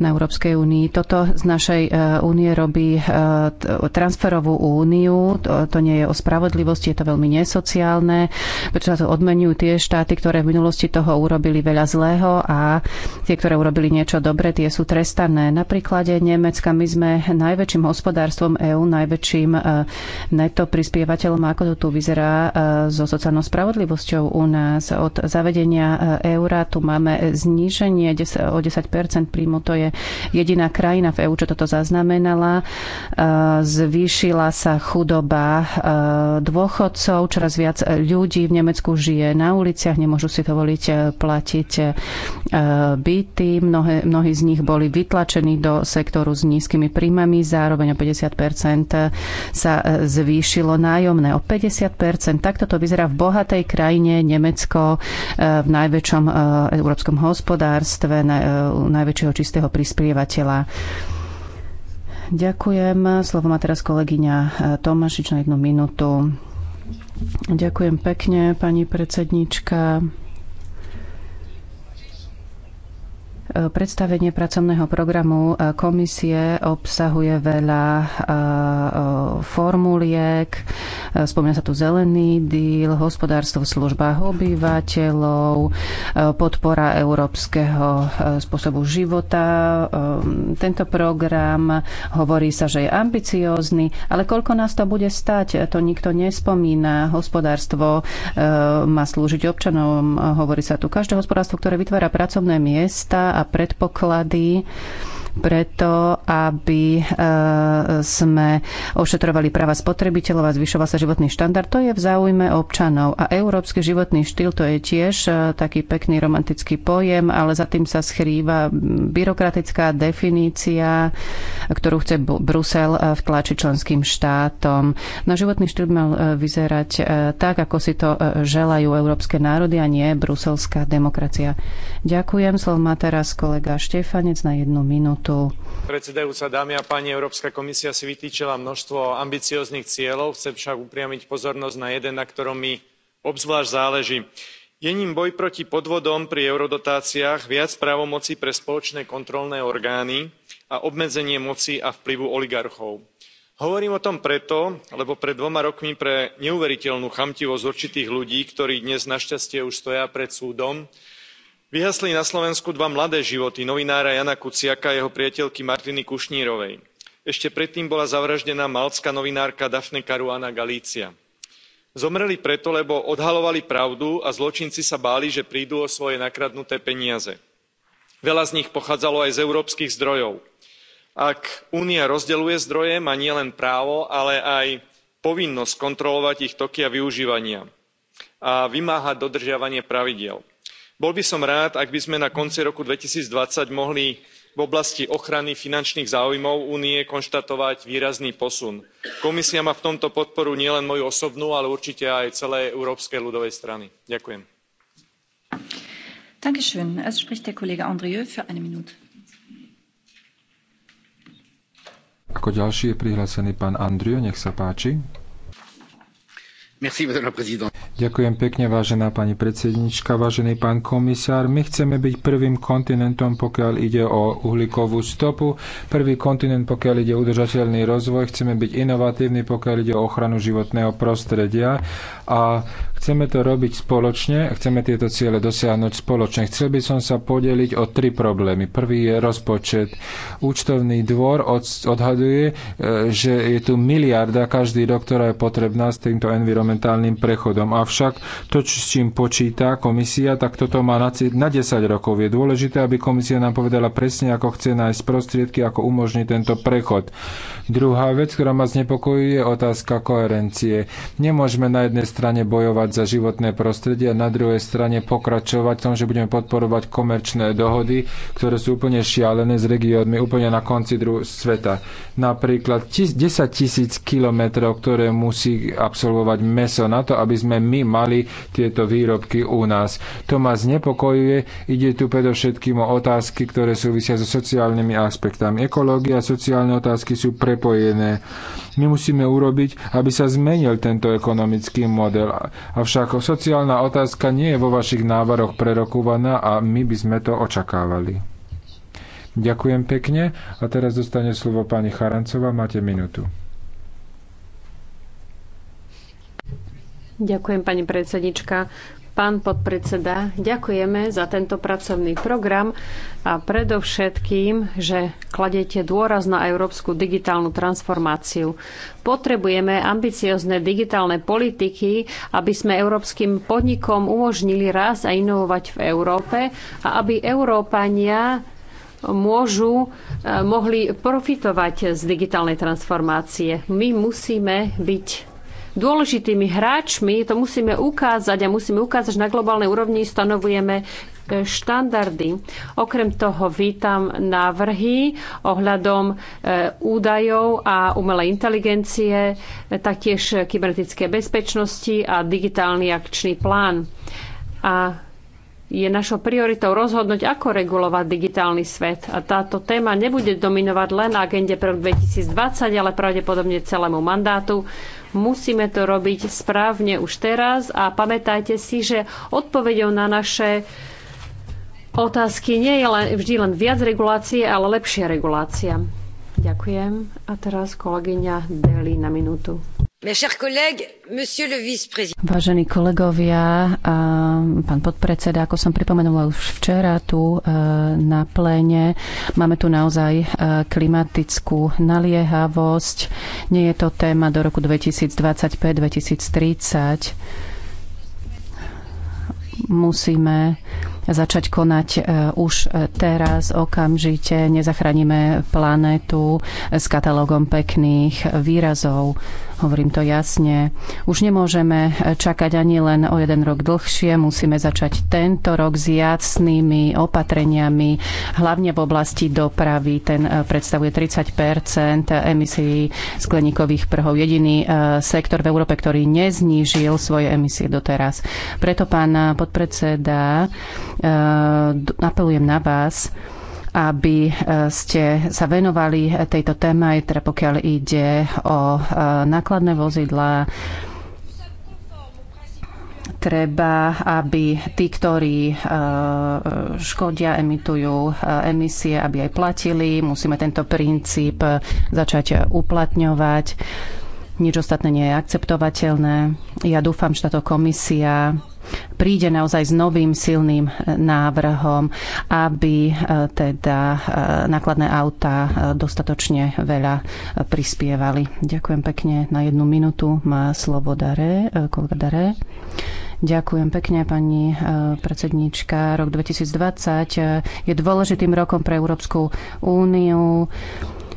na Európskej únii. Toto z našej e, únie robí e, transferovú úniu. To, to nie je o spravodlivosti, je to veľmi nesociálne, pretože sa to odmenujú tie štáty, ktoré v minulosti toho urobili veľa zlého a tie, ktoré urobili niečo dobre, tie sú trestané. Na príklade Nemecka my sme najväčším hospodárstvom EÚ, najväčším e, neto prispievateľom, ako to tu vyzerá so sociálnou spravodlivosťou u nás. Od zavedenia eura tu máme zníženie o 10 príjmu, to je je jediná krajina v EÚ, čo toto zaznamenala. E, zvýšila sa chudoba e, dôchodcov, čoraz viac ľudí v Nemecku žije na uliciach, nemôžu si dovoliť e, platiť byty. Mnohé, mnohí z nich boli vytlačení do sektoru s nízkymi príjmami, zároveň o 50 sa zvýšilo nájomné o 50 Takto to vyzerá v bohatej krajine Nemecko v najväčšom európskom hospodárstve, najväčšieho čistého prispievateľa. Ďakujem. Slovo má teraz kolegyňa e, Tomášič na jednu minútu. Ďakujem pekne, pani predsednička. Predstavenie pracovného programu e, komisie obsahuje veľa e, formuliek. E, spomína sa tu zelený díl, hospodárstvo v službách obyvateľov, podpora európskeho spôsobu života. Tento program hovorí sa, že je ambiciózny, ale koľko nás to bude stať, to nikto nespomína. Hospodárstvo má slúžiť občanom, hovorí sa tu. Každé hospodárstvo, ktoré vytvára pracovné miesta a predpoklady preto, aby e, sme ošetrovali práva spotrebiteľov a zvyšoval sa životný štandard. To je v záujme občanov. A európsky životný štýl to je tiež e, taký pekný romantický pojem, ale za tým sa schrýva byrokratická definícia, ktorú chce Brusel e, vtlačiť členským štátom. No životný štýl mal vyzerať tak, ako si to želajú európske národy a nie bruselská demokracia. Ďakujem. Slovo má teraz kolega Štefanec na jednu minútu. Predsedajúca dámy a páni, Európska komisia si vytýčila množstvo ambicióznych cieľov, chcem však upriamiť pozornosť na jeden, na ktorom mi obzvlášť záleží. Je ním boj proti podvodom pri eurodotáciách, viac právomocí pre spoločné kontrolné orgány a obmedzenie moci a vplyvu oligarchov. Hovorím o tom preto, lebo pred dvoma rokmi pre neuveriteľnú chamtivosť určitých ľudí, ktorí dnes našťastie už stoja pred súdom, vyhasli na slovensku dva mladé životy novinára jána kuciaka a jeho priateľky martiny kušnírovej. ešte predtým bola zavraždená maltská novinárka daphne caruana galizia. zomreli preto lebo odhaľovali pravdu a zločinci sa báli že prídu o svoje nakradnuté peniaze. veľa z nich pochádzalo aj z európskych zdrojov. ak únia rozdeľuje zdroje má nielen právo ale aj povinnosť kontrolovať ich toky a využívania a vymáhať dodržiavanie pravidiel bol by som rád ak by sme na konci roku two thousand and twenty mohli v oblasti ochrany finančných záujmov únie konštatovať výrazný posun. komisia má v tomto podporu nielen moju osobnú ale určite aj celej európskej ľudovej strany. ďakujem. ako ďalší je prihlásený pán andrieu nech sa páči. Ďakujem pekne, vážená pani predsednička, vážený pán komisár. My chceme byť prvým kontinentom, pokiaľ ide o uhlíkovú stopu, prvý kontinent, pokiaľ ide o udržateľný rozvoj, chceme byť inovatívni, pokiaľ ide o ochranu životného prostredia a Chceme to robiť spoločne, chceme tieto ciele dosiahnuť spoločne. Chcel by som sa podeliť o tri problémy. Prvý je rozpočet. Účtovný dvor od, odhaduje, e, že je tu miliarda každý rok, ktorá je potrebná s týmto environmentálnym prechodom. Avšak to, s čím počíta komisia, tak toto má na 10 rokov. Je dôležité, aby komisia nám povedala presne, ako chce nájsť prostriedky, ako umožní tento prechod. Druhá vec, ktorá ma znepokojuje, je otázka koherencie. Nemôžeme na jednej strane bojovať za životné prostredie a na druhej strane pokračovať v tom, že budeme podporovať komerčné dohody, ktoré sú úplne šialené s regiónmi úplne na konci druh sveta. Napríklad 10 tisíc kilometrov, ktoré musí absolvovať meso na to, aby sme my mali tieto výrobky u nás. To ma znepokojuje. Ide tu predovšetkým o otázky, ktoré súvisia so sociálnymi aspektami. Ekológia a sociálne otázky sú prepojené. My musíme urobiť, aby sa zmenil tento ekonomický model. A Avšak sociálna otázka nie je vo vašich návaroch prerokovaná a my by sme to očakávali. Ďakujem pekne a teraz dostane slovo pani Charancová. Máte minútu. Ďakujem, pani predsednička. Pán podpredseda, ďakujeme za tento pracovný program a predovšetkým, že kladete dôraz na európsku digitálnu transformáciu. Potrebujeme ambiciozne digitálne politiky, aby sme európskym podnikom umožnili raz a inovovať v Európe a aby Európania môžu, eh, mohli profitovať z digitálnej transformácie. My musíme byť dôležitými hráčmi, to musíme ukázať a musíme ukázať, že na globálnej úrovni stanovujeme e, štandardy. Okrem toho vítam návrhy ohľadom e, údajov a umelej inteligencie, e, taktiež kybernetické bezpečnosti a digitálny akčný plán. A je našou prioritou rozhodnúť, ako regulovať digitálny svet. A táto téma nebude dominovať len agende pre 2020, ale pravdepodobne celému mandátu. Musíme to robiť správne už teraz a pamätajte si, že odpovedou na naše otázky nie je len, vždy len viac regulácie, ale lepšia regulácia. Ďakujem. A teraz kolegyňa Deli na minútu. Vážení kolegovia, pán podpredseda, ako som pripomenula už včera tu e, na pléne, máme tu naozaj e, klimatickú naliehavosť. Nie je to téma do roku 2025-2030. Musíme začať konať e, už e, teraz, okamžite. Nezachránime planétu e, s katalógom pekných výrazov. Hovorím to jasne. Už nemôžeme čakať ani len o jeden rok dlhšie. Musíme začať tento rok s jasnými opatreniami, hlavne v oblasti dopravy. Ten predstavuje 30 emisí skleníkových prhov. Jediný sektor v Európe, ktorý neznížil svoje emisie doteraz. Preto, pán podpredseda, E, apelujem na vás, aby e, ste sa venovali tejto téme, aj teda pokiaľ ide o e, nákladné vozidlá, treba, aby tí, ktorí škodia, emitujú emisie, aby aj platili. Musíme tento princíp začať uplatňovať nič ostatné nie je akceptovateľné. Ja dúfam, že táto komisia príde naozaj s novým silným e, návrhom, aby e, teda e, nákladné auta dostatočne veľa prispievali. Ďakujem pekne. Na jednu minútu má slovo Dare, kolega Dare. Ďakujem pekne, pani predsednička. Rok 2020 je dôležitým rokom pre Európsku úniu.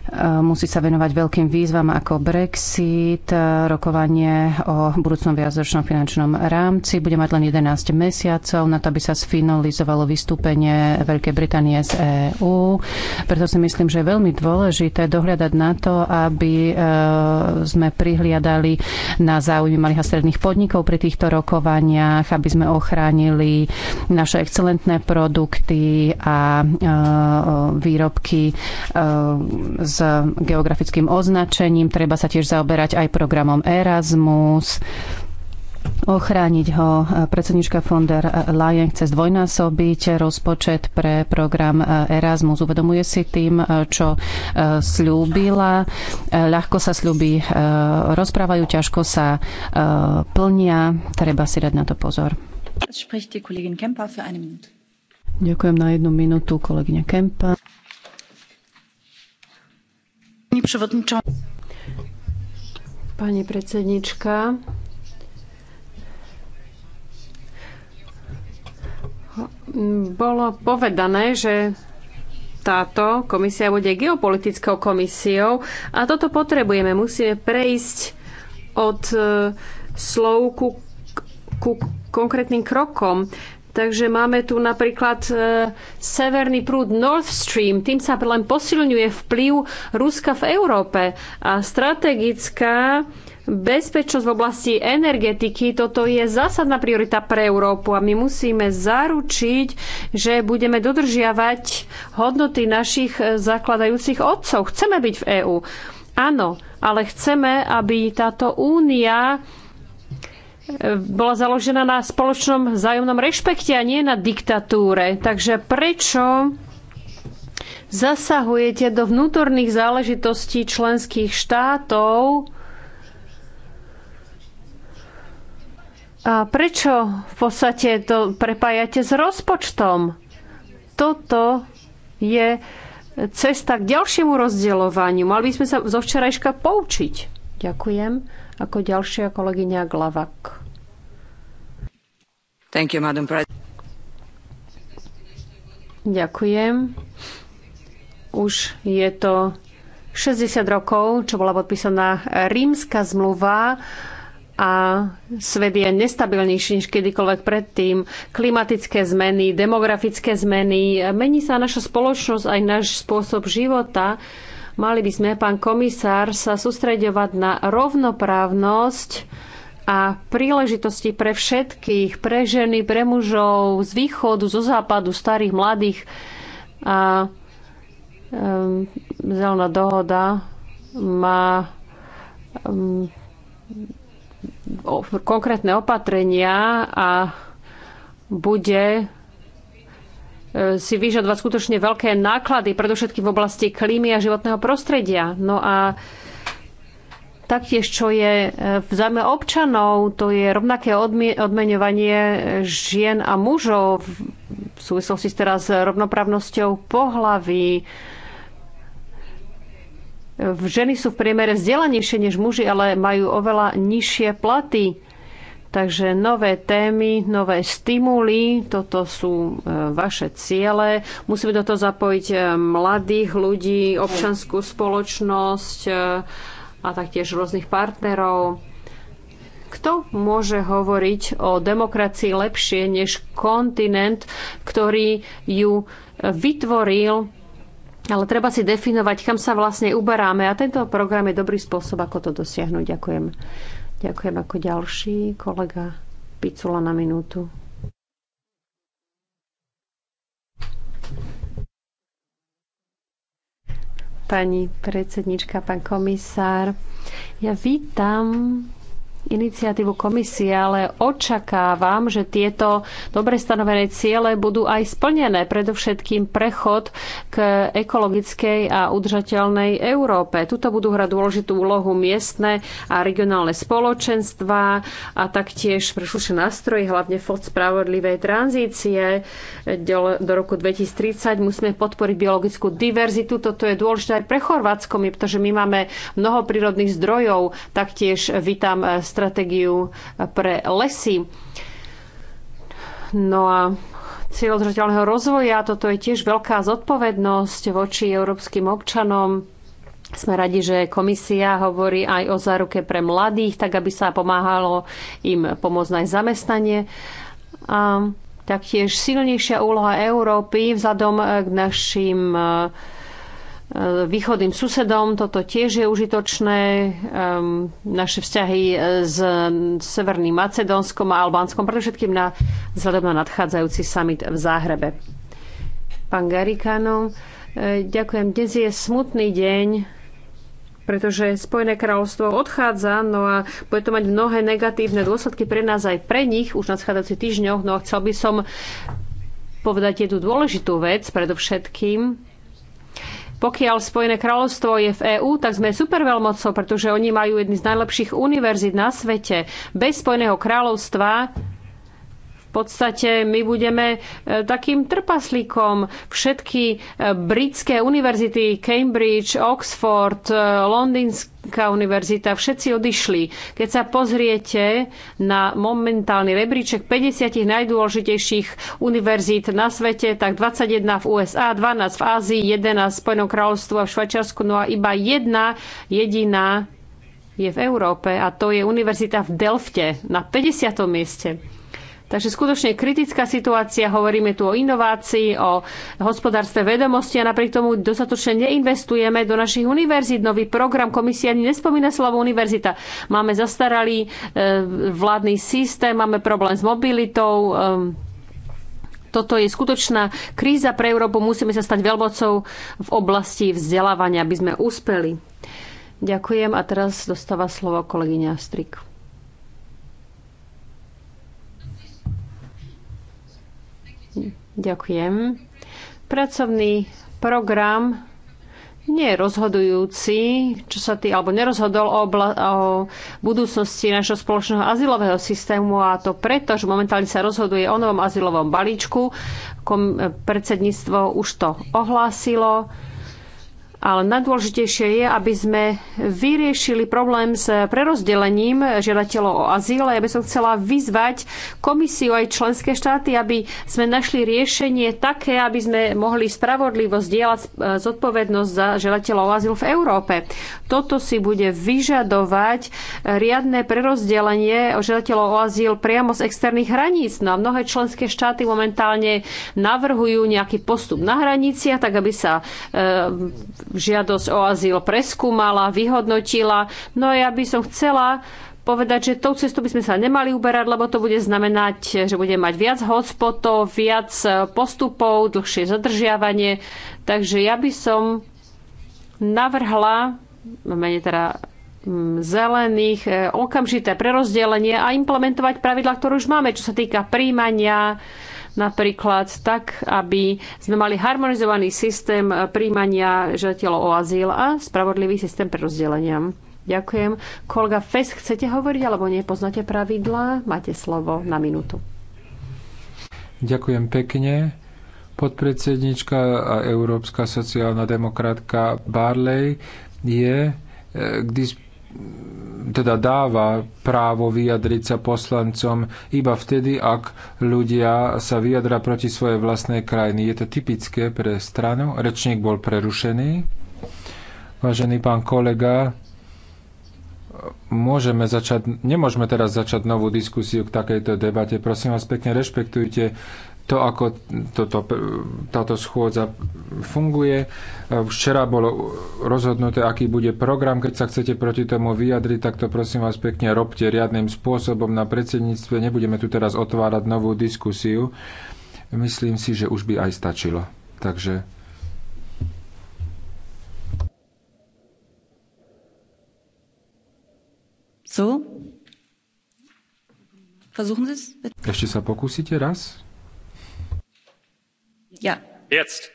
Eh, musí sa venovať veľkým výzvam ako Brexit, eh, rokovanie o budúcnom viacročnom finančnom rámci. Bude mať len 11 mesiacov na to, aby sa sfinalizovalo vystúpenie Veľkej Británie z EÚ. Preto si myslím, že je veľmi dôležité dohľadať na to, aby eh, sme prihliadali na záujmy malých a stredných podnikov pri týchto rokovaniach, aby sme ochránili naše excelentné produkty a výrobky z s geografickým označením. Treba sa tiež zaoberať aj programom Erasmus ochrániť ho. Predsednička von der Leyen chce zdvojnásobiť rozpočet pre program Erasmus. Uvedomuje si tým, čo e, slúbila. E, ľahko sa slúby e, rozprávajú, ťažko sa plnia. Treba si dať na to pozor. Ďakujem na jednu minútu kolegyňa Kempa. Pani predsednička, bolo povedané, že táto komisia bude geopolitickou komisiou a toto potrebujeme. Musíme prejsť od e, slov ku, ku konkrétnym krokom. Takže máme tu napríklad e, severný prúd Nord Stream, tým sa len posilňuje vplyv Ruska v Európe a strategická bezpečnosť v oblasti energetiky, toto je zásadná priorita pre Európu a my musíme zaručiť, že budeme dodržiavať hodnoty našich e, zakladajúcich otcov. Chceme byť v EÚ. Áno, ale chceme, aby táto únia bola založená na spoločnom vzájomnom rešpekte a nie na diktatúre. Takže prečo zasahujete do vnútorných záležitostí členských štátov? A prečo v podstate to prepájate s rozpočtom? Toto je cesta k ďalšiemu rozdeľovaniu. Mali by sme sa zo včerajška poučiť. Ďakujem. Ako ďalšia kolegyňa Glavak. Thank you, Madam Ďakujem. Už je to 60 rokov, čo bola podpísaná rímska zmluva a svet je nestabilnejší než kedykoľvek predtým. Klimatické zmeny, demografické zmeny, mení sa naša spoločnosť aj náš spôsob života. Mali by sme, pán komisár, sa sústreďovať na rovnoprávnosť a príležitosti pre všetkých, pre ženy, pre mužov z východu, zo západu, starých, mladých. A um, zelená dohoda má um, konkrétne opatrenia a bude E, si vyžadovať skutočne veľké náklady, predovšetkým v oblasti klímy a životného prostredia. No a taktiež, čo je e, v zájme občanov, to je rovnaké odmeňovanie žien a mužov v súvislosti teraz s rovnoprávnosťou pohlaví. E, ženy sú v priemere vzdelanejšie než muži, ale majú oveľa nižšie platy. Takže nové témy, nové stimuly, toto sú e, vaše ciele. Musíme do toho zapojiť e, mladých ľudí, občanskú spoločnosť e, a taktiež rôznych partnerov. Kto môže hovoriť o demokracii lepšie než kontinent, ktorý ju vytvoril ale treba si definovať, kam sa vlastne uberáme a tento program je dobrý spôsob, ako to dosiahnuť. Ďakujem. Ďakujem ako ďalší kolega Picula na minútu. Pani predsednička, pán komisár, ja vítam iniciatívu komisie, ale očakávam, že tieto dobre stanovené ciele budú aj splnené, predovšetkým prechod k ekologickej a udržateľnej Európe. Tuto budú hrať dôležitú úlohu miestne a regionálne spoločenstva a taktiež príslušné nástroje, hlavne fond spravodlivej tranzície. Do roku 2030 musíme podporiť biologickú diverzitu. Toto je dôležité aj pre Chorvátsko, pretože my máme mnoho prírodných zdrojov. Taktiež vítam stratégiu pre lesy. No a cieľ udržateľného rozvoja, toto je tiež veľká zodpovednosť voči európskym občanom. Sme radi, že komisia hovorí aj o záruke pre mladých, tak aby sa pomáhalo im pomôcť aj zamestnanie. A taktiež silnejšia úloha Európy vzhľadom k našim E, východným susedom. Toto tiež je užitočné. Naše vzťahy e, s Severným Macedónskom a Albánskom, predovšetkým na vzhľadom na nadchádzajúci summit v Záhrebe. Pán Garikano, e, ďakujem. Dnes je smutný deň pretože Spojené kráľovstvo odchádza, no a bude to mať mnohé negatívne dôsledky pre nás aj pre nich už na schádzajúcich týždňoch. No a chcel by som povedať jednu dôležitú vec predovšetkým pokiaľ Spojené kráľovstvo je v EÚ, tak sme superveľmocou, pretože oni majú jedny z najlepších univerzít na svete. Bez Spojeného kráľovstva podstate my budeme e, takým trpaslíkom. Všetky e, britské univerzity, Cambridge, Oxford, e, Londýnsk, univerzita, všetci odišli. Keď sa pozriete na momentálny rebríček 50 najdôležitejších univerzít na svete, tak 21 v USA, 12 v Ázii, 11 v Spojenom kráľovstvu a v Švajčiarsku, no a iba jedna jediná je v Európe a to je univerzita v Delfte na 50. mieste. Takže skutočne kritická situácia, hovoríme tu o inovácii, o hospodárstve vedomosti a napriek tomu dostatočne neinvestujeme do našich univerzít. Nový program komisia ani nespomína slovo univerzita. Máme zastaralý e, vládny systém, máme problém s mobilitou, e, toto je skutočná kríza pre Európu. Musíme sa stať veľmocou v oblasti vzdelávania, aby sme uspeli. Ďakujem a teraz dostáva slovo kolegyňa Strik. Ďakujem. Pracovný program nie je rozhodujúci, čo sa tý, alebo nerozhodol o, obla, o budúcnosti našho spoločného azylového systému a to preto, že momentálne sa rozhoduje o novom azylovom balíčku. Kom, predsedníctvo už to ohlásilo ale najdôležitejšie je, aby sme vyriešili problém s prerozdelením žiadateľov o azyl. Ja by som chcela vyzvať komisiu aj členské štáty, aby sme našli riešenie také, aby sme mohli spravodlivo zdieľať eh, zodpovednosť za žiadateľov o azyl v Európe. Toto si bude vyžadovať eh, riadne prerozdelenie žiadateľov o azyl priamo z externých hraníc. No a mnohé členské štáty momentálne navrhujú nejaký postup na hraniciach, tak aby sa e, žiadosť o azyl preskúmala, vyhodnotila. No a ja by som chcela povedať, že tou cestou by sme sa nemali uberať, lebo to bude znamenať, že bude mať viac hotspotov, viac postupov, dlhšie zadržiavanie. Takže ja by som navrhla, mene teda mm, zelených, e, okamžité prerozdelenie a implementovať pravidla, ktoré už máme, čo sa týka príjmania, napríklad tak, aby sme mali harmonizovaný systém príjmania žiateľov o azyl a spravodlivý systém prerozdelenia. Ďakujem. Kolega Fes, chcete hovoriť alebo nepoznáte pravidlá? Máte slovo na minútu. Ďakujem pekne. Podpredsednička a európska sociálna demokratka Barley je eh, k dispozícii teda dáva právo vyjadriť sa poslancom iba vtedy, ak ľudia sa vyjadra proti svojej vlastnej krajiny. Je to typické pre stranu. Rečník bol prerušený. Vážený pán kolega, môžeme začať, nemôžeme teraz začať novú diskusiu k takejto debate. Prosím vás pekne, rešpektujte to, ako toto, táto schôdza funguje. E, včera bolo rozhodnuté, aký bude program. Keď sa chcete proti tomu vyjadriť, tak to prosím vás pekne robte riadnym spôsobom na predsedníctve. Nebudeme tu teraz otvárať novú diskusiu. Myslím si, že už by aj stačilo. Takže Versuchen Sie es? Ešte sa pokúsite raz? Ja. Jetzt.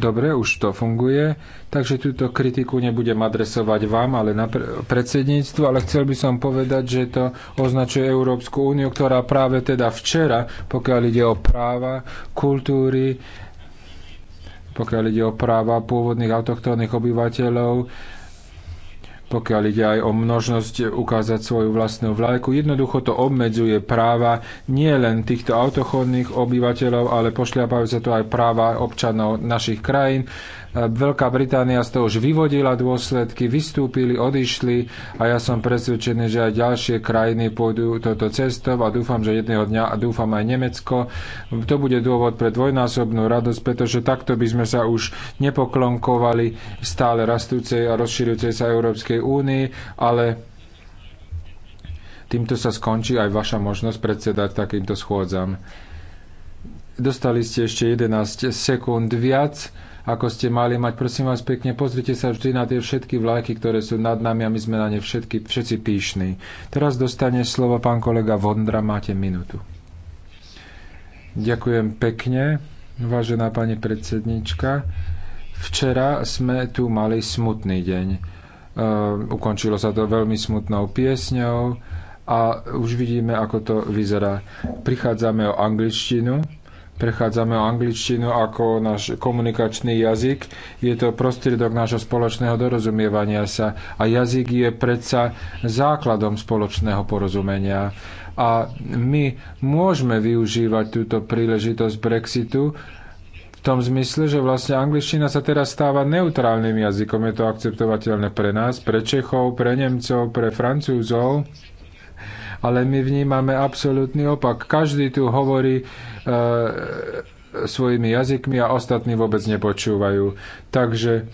Dobre, už to funguje, takže túto kritiku nebudem adresovať vám, ale na predsedníctvu, ale chcel by som povedať, že to označuje Európsku úniu, ktorá práve teda včera, pokiaľ ide o práva, kultúry, pokiaľ ide o práva pôvodných autochtónnych obyvateľov, pokiaľ ide aj o množnosť ukázať svoju vlastnú vlajku. Jednoducho to obmedzuje práva nie len týchto autochodných obyvateľov, ale pošľapajú sa to aj práva občanov našich krajín, Veľká Británia z toho už vyvodila dôsledky, vystúpili, odišli a ja som presvedčený, že aj ďalšie krajiny pôjdu toto cestou a dúfam, že jedného dňa a dúfam aj Nemecko. To bude dôvod pre dvojnásobnú radosť, pretože takto by sme sa už nepoklonkovali stále rastúcej a rozširujúcej sa Európskej únii, ale Týmto sa skončí aj vaša možnosť predsedať takýmto schôdzam. Dostali ste ešte 11 sekúnd viac ako ste mali mať. Prosím vás pekne, pozrite sa vždy na tie všetky vlajky, ktoré sú nad nami a my sme na ne všetky, všetci píšni. Teraz dostane slovo pán kolega Vondra, máte minútu. Ďakujem pekne, vážená pani predsednička. Včera sme tu mali smutný deň. Uh, ukončilo sa to veľmi smutnou piesňou a už vidíme, ako to vyzerá. Prichádzame o angličtinu prechádzame o angličtinu ako náš komunikačný jazyk. Je to prostriedok nášho spoločného dorozumievania sa a jazyk je predsa základom spoločného porozumenia. A my môžeme využívať túto príležitosť Brexitu, v tom zmysle, že vlastne angličtina sa teraz stáva neutrálnym jazykom. Je to akceptovateľné pre nás, pre Čechov, pre Nemcov, pre Francúzov ale my vnímame absolútny opak. Každý tu hovorí e, svojimi jazykmi a ostatní vôbec nepočúvajú. Takže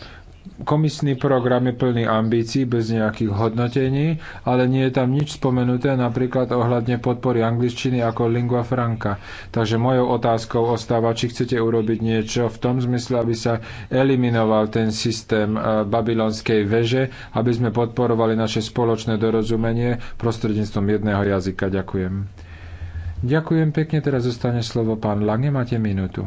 Komisný program je plný ambícií bez nejakých hodnotení, ale nie je tam nič spomenuté napríklad ohľadne podpory angličtiny ako lingua franca. Takže mojou otázkou ostáva, či chcete urobiť niečo v tom zmysle, aby sa eliminoval ten systém e, babylonskej veže, aby sme podporovali naše spoločné dorozumenie prostredníctvom jedného jazyka. Ďakujem. Ďakujem pekne, teraz zostane slovo pán Lange, máte minútu.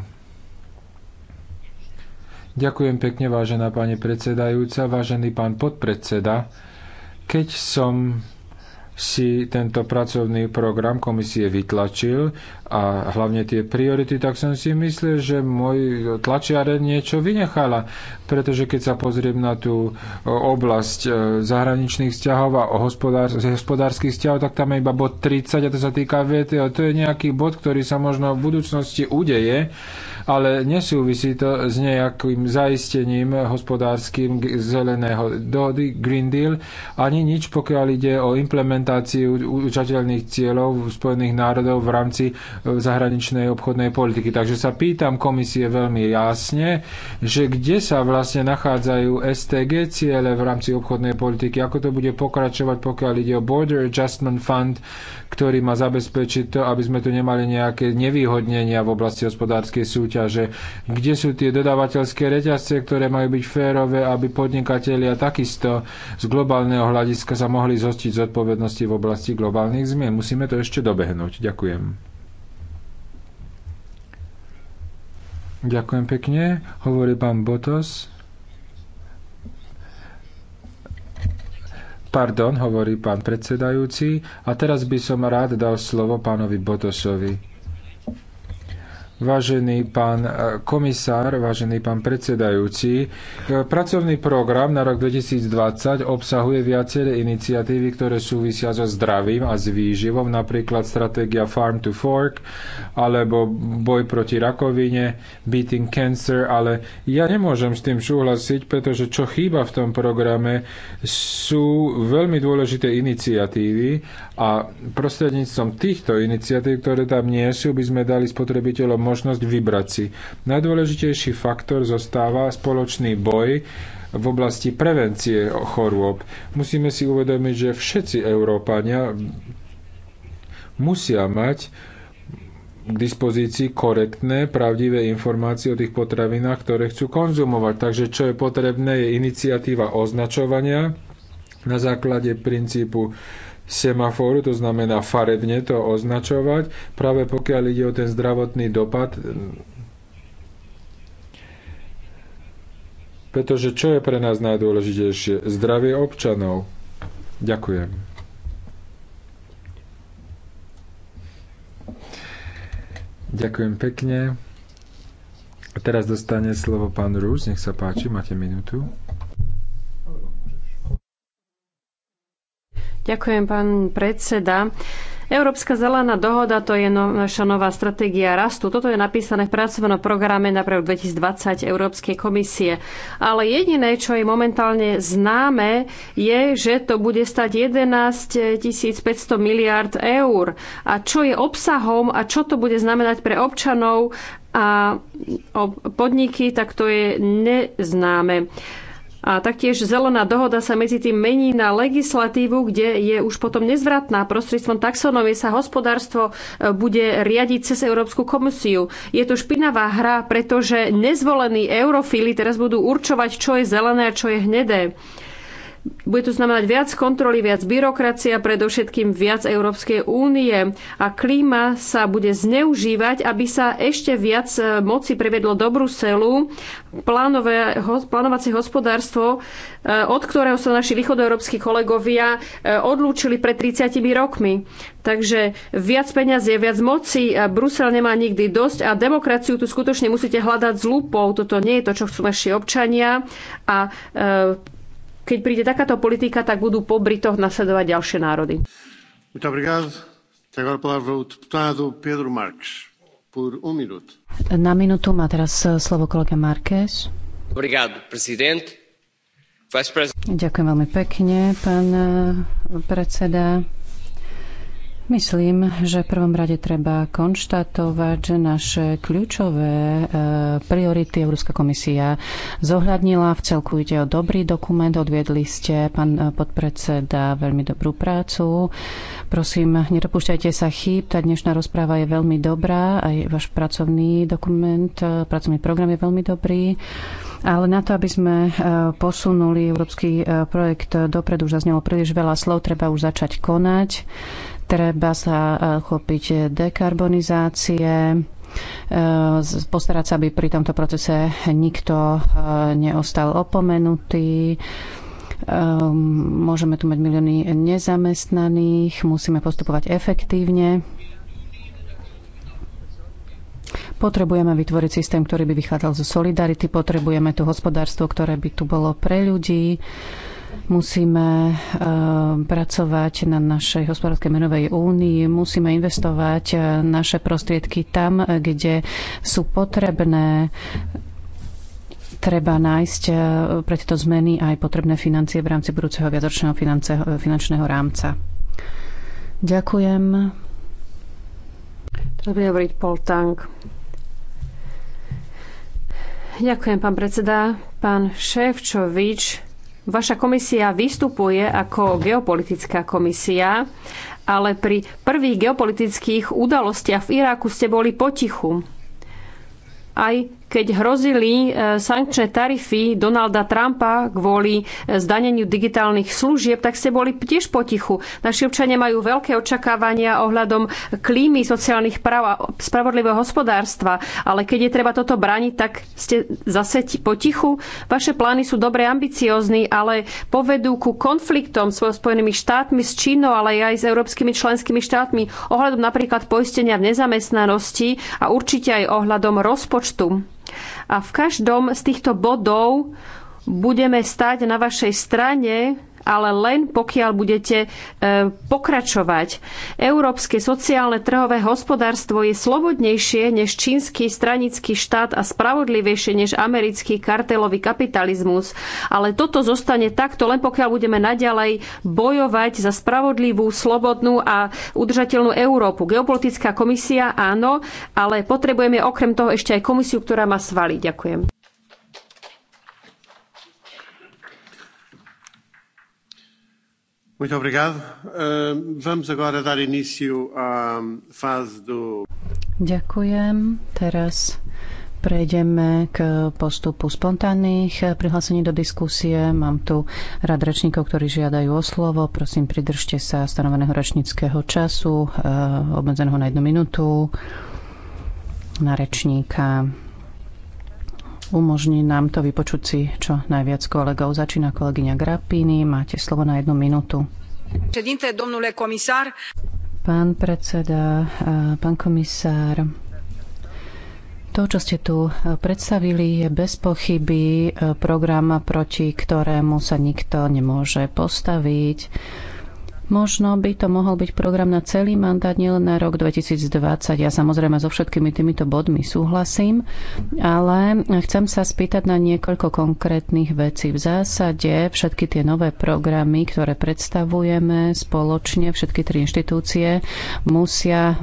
Ďakujem pekne, vážená pani predsedajúca, vážený pán podpredseda. Keď som si tento pracovný program komisie vytlačil a hlavne tie priority, tak som si myslel, že môj tlačiareň niečo vynechala, pretože keď sa pozriem na tú e, oblasť e, zahraničných vzťahov a hospodár, hospodárskych vzťahov, tak tam je iba bod 30 a to sa týka VTO. To je nejaký bod, ktorý sa možno v budúcnosti udeje ale nesúvisí to s nejakým zaistením hospodárskym zeleného dohody Green Deal, ani nič, pokiaľ ide o implementáciu učateľných cieľov Spojených národov v rámci e, zahraničnej obchodnej politiky. Takže sa pýtam komisie veľmi jasne, že kde sa vlastne nachádzajú STG ciele v rámci obchodnej politiky, ako to bude pokračovať, pokiaľ ide o Border Adjustment Fund, ktorý má zabezpečiť to, aby sme tu nemali nejaké nevýhodnenia v oblasti hospodárskej súťaže súťaže. Kde sú tie dodávateľské reťazce, ktoré majú byť férové, aby podnikatelia takisto z globálneho hľadiska sa mohli zhostiť zodpovednosti v oblasti globálnych zmien? Musíme to ešte dobehnúť. Ďakujem. Ďakujem pekne. Hovorí pán Botos. Pardon, hovorí pán predsedajúci. A teraz by som rád dal slovo pánovi Botosovi. Vážený pán e, komisár, vážený pán predsedajúci, e, pracovný program na rok 2020 obsahuje viaceré iniciatívy, ktoré súvisia so zdravím a s výživom, napríklad stratégia Farm to Fork alebo boj proti rakovine, beating cancer, ale ja nemôžem s tým súhlasiť, pretože čo chýba v tom programe sú veľmi dôležité iniciatívy a prostredníctvom týchto iniciatív, ktoré tam nie sú, by sme dali spotrebiteľom možnosť vybrať si. Najdôležitejší faktor zostáva spoločný boj v oblasti prevencie chorôb. Musíme si uvedomiť, že všetci Európania musia mať k dispozícii korektné, pravdivé informácie o tých potravinách, ktoré chcú konzumovať. Takže čo je potrebné, je iniciatíva označovania na základe princípu semaforu, to znamená farebne to označovať, práve pokiaľ ide o ten zdravotný dopad. Pretože čo je pre nás najdôležitejšie? Zdravie občanov. Ďakujem. Ďakujem pekne. A teraz dostane slovo pán Rus, nech sa páči, máte minútu. Ďakujem, pán predseda. Európska zelená dohoda to je no- naša nová stratégia rastu. Toto je napísané v pracovnom programe na 2020 Európskej komisie. Ale jediné, čo je momentálne známe, je, že to bude stať 11 500 miliard eur. A čo je obsahom a čo to bude znamenať pre občanov a podniky, tak to je neznáme. A taktiež zelená dohoda sa medzi tým mení na legislatívu, kde je už potom nezvratná. Prostredstvom taxonomie sa hospodárstvo e, bude riadiť cez Európsku komisiu. Je to špinavá hra, pretože nezvolení eurofíli teraz budú určovať, čo je zelené a čo je hnedé. Bude to znamenať viac kontroly, viac byrokracia, predovšetkým viac Európskej únie a klíma sa bude zneužívať, aby sa ešte viac e, moci prevedlo do Bruselu, plánové, plánovacie hospodárstvo, e, od ktorého sa naši východoeurópsky kolegovia e, odlúčili pred 30 rokmi. Takže viac peňazí je viac moci, Brusel nemá nikdy dosť a demokraciu tu skutočne musíte hľadať z lúpou. Toto nie je to, čo chcú naši občania a keď príde takáto politika, tak budú po Britoch nasledovať ďalšie národy. Um Na minútu má teraz eh, slovo kolega Marquez. Ďakujem veľmi pekne, pán eh, predseda. Myslím, že v prvom rade treba konštatovať, že naše kľúčové e, priority Európska komisia zohľadnila. V celku ide o dobrý dokument, odviedli ste, pán e, podpredseda, veľmi dobrú prácu. Prosím, nedopúšťajte sa chýb, tá dnešná rozpráva je veľmi dobrá, aj váš pracovný dokument, e, pracovný program je veľmi dobrý. Ale na to, aby sme posunuli európsky projekt dopredu, už zaznelo príliš veľa slov, treba už začať konať. Treba sa e, chopiť dekarbonizácie, e, postarať sa, aby pri tomto procese nikto e, neostal opomenutý. Môžeme tu mať milióny nezamestnaných, musíme postupovať efektívne. Potrebujeme vytvoriť systém, ktorý by vychádzal zo solidarity, potrebujeme tu hospodárstvo, ktoré by tu bolo pre ľudí musíme ehm, pracovať na našej hospodárskej menovej únii, musíme investovať e, naše prostriedky tam, kde sú potrebné. Treba nájsť e, pre tieto zmeny aj potrebné financie v rámci budúceho viacročného finančného rámca. Ďakujem. Teraz bude hovoriť Paul Tank. Ďakujem, pán predseda. Pán Ševčovič Vaša komisia vystupuje ako geopolitická komisia, ale pri prvých geopolitických udalostiach v Iráku ste boli potichu. Aj keď hrozili e, sankčné tarify Donalda Trumpa kvôli e, zdaneniu digitálnych služieb, tak ste boli tiež potichu. Naši občania majú veľké očakávania ohľadom klímy, sociálnych práv a spravodlivého hospodárstva, ale keď je treba toto braniť, tak ste zase potichu. Vaše plány sú dobre ambiciózny, ale povedú ku konfliktom s Spojenými štátmi, s Čínou, ale aj s európskymi členskými štátmi ohľadom napríklad poistenia v nezamestnanosti a určite aj ohľadom rozpočtu. A v každom z týchto bodov budeme stať na vašej strane ale len pokiaľ budete e, pokračovať. Európske sociálne trhové hospodárstvo je slobodnejšie než čínsky stranický štát a spravodlivejšie než americký kartelový kapitalizmus. Ale toto zostane takto len pokiaľ budeme naďalej bojovať za spravodlivú, slobodnú a udržateľnú Európu. Geopolitická komisia áno, ale potrebujeme okrem toho ešte aj komisiu, ktorá má svaly. Ďakujem. Muito obrigado. Uh, vamos agora dar início à fase do... Ďakujem. Teraz prejdeme k postupu spontánnych prihlásení do diskusie. Mám tu rad rečníkov, ktorí žiadajú o slovo. Prosím, pridržte sa stanoveného rečníckého času, eh, obmedzeného na jednu minútu na rečníka. Umožní nám to vypočuť si čo najviac kolegov. Začína kolegyňa Grappini. Máte slovo na jednu minútu. Pán predseda, pán komisár, to, čo ste tu predstavili, je bez pochyby program, proti ktorému sa nikto nemôže postaviť Možno by to mohol byť program na celý mandát, nielen na rok 2020. Ja samozrejme so všetkými týmito bodmi súhlasím, ale chcem sa spýtať na niekoľko konkrétnych vecí. V zásade všetky tie nové programy, ktoré predstavujeme spoločne, všetky tri inštitúcie musia e,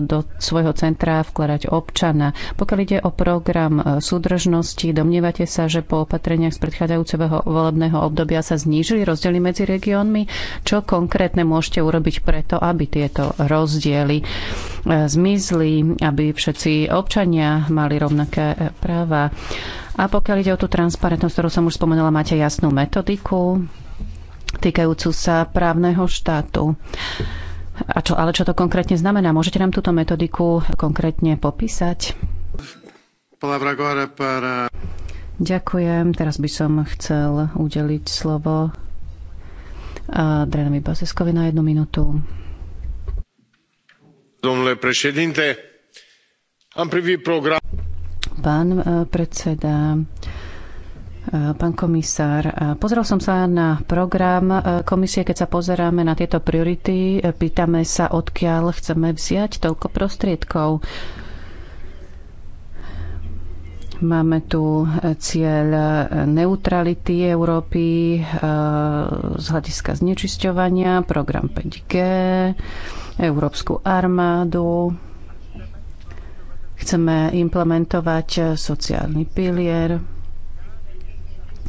do svojho centra vkladať občana. Pokiaľ ide o program e, súdržnosti, domnievate sa, že po opatreniach z predchádzajúceho volebného obdobia sa znížili rozdiely medzi regiónmi? Čo konkrétne konkrétne môžete urobiť preto, aby tieto rozdiely e, zmizli, aby všetci občania mali rovnaké e, práva. A pokiaľ ide o tú transparentnosť, ktorú som už spomenula, máte jasnú metodiku týkajúcu sa právneho štátu. A čo, ale čo to konkrétne znamená? Môžete nám túto metodiku konkrétne popísať? Ďakujem. Teraz by som chcel udeliť slovo Drenovi Baseskovi na jednu minútu. Domnule președinte, am privit program... Pán e, predseda, e, Pán komisár, e, pozrel som sa na program komisie, keď sa pozeráme na tieto priority, pýtame sa, odkiaľ chceme vziať toľko prostriedkov. Máme tu e, cieľ e, neutrality Európy e, z hľadiska znečisťovania, program 5G, Európsku armádu. Chceme implementovať sociálny pilier.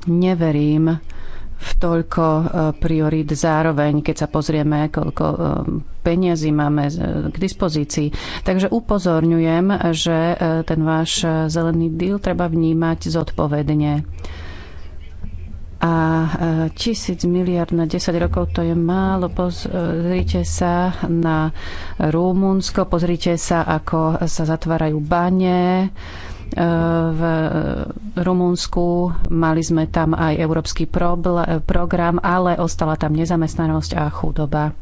Neverím, v toľko e, priorít zároveň, keď sa pozrieme, koľko e, peniazy máme e, k dispozícii. Takže upozorňujem, že ten váš zelený deal treba vnímať zodpovedne. A tisíc miliard na 10 rokov to je málo. Pozrite sa na Rumunsko, pozrite sa, ako sa zatvárajú bane, v Rumunsku, mali sme tam aj európsky program, ale ostala tam nezamestnanosť a chudoba.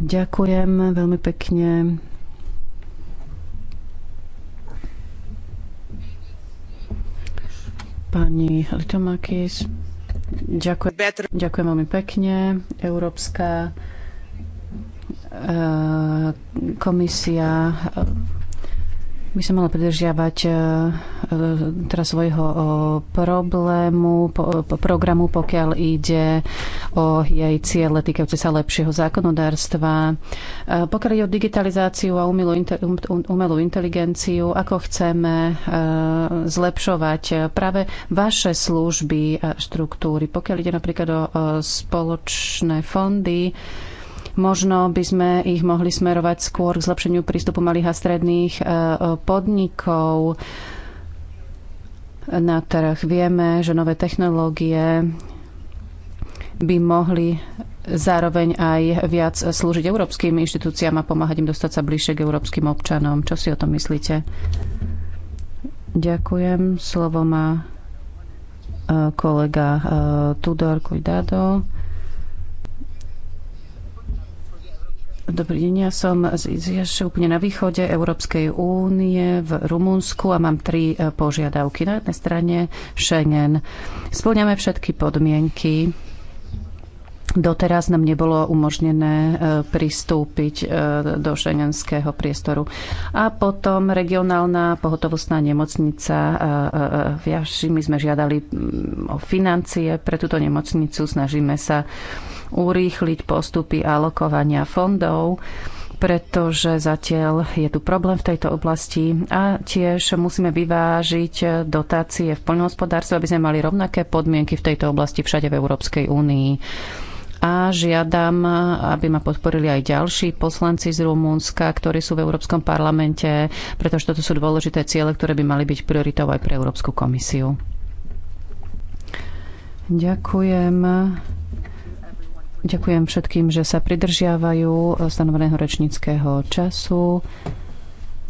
Ďakujem veľmi pekne. Pani Litomakis, ďakujem, ďakujem veľmi pekne. Európska eh, komisia by sa mala pridržiavať e, e, teraz svojho e, problému, programu, pokiaľ ide o jej ciele týkajúce sa lepšieho zákonodárstva. Pokiaľ ide o digitalizáciu a umelú, um, um, umelú inteligenciu, ako chceme zlepšovať práve vaše služby a štruktúry. Pokiaľ ide napríklad o spoločné fondy, Možno by sme ich mohli smerovať skôr k zlepšeniu prístupu malých a stredných e, podnikov na trh. Vieme, že nové technológie by mohli zároveň aj viac slúžiť európskym inštitúciám a pomáhať im dostať sa bližšie k európskym občanom. Čo si o tom myslíte? Ďakujem. Slovo má e, kolega e, Tudor Kujdado. Dobrý deň, ja som z, z, úplne na východe Európskej únie v Rumunsku a mám tri e, požiadavky. Na jednej strane Schengen. Splňame všetky podmienky Doteraz nám nebolo umožnené e, pristúpiť e, do šengenského priestoru. A potom regionálna pohotovostná nemocnica. E, my sme žiadali o financie pre túto nemocnicu. Snažíme sa urýchliť postupy alokovania fondov pretože zatiaľ je tu problém v tejto oblasti a tiež musíme vyvážiť dotácie v poľnohospodárstve, aby sme mali rovnaké podmienky v tejto oblasti všade v Európskej únii a žiadam, aby ma podporili aj ďalší poslanci z Rumúnska, ktorí sú v Európskom parlamente, pretože toto sú dôležité ciele, ktoré by mali byť prioritou aj pre Európsku komisiu. Ďakujem. Ďakujem všetkým, že sa pridržiavajú stanoveného rečníckého času.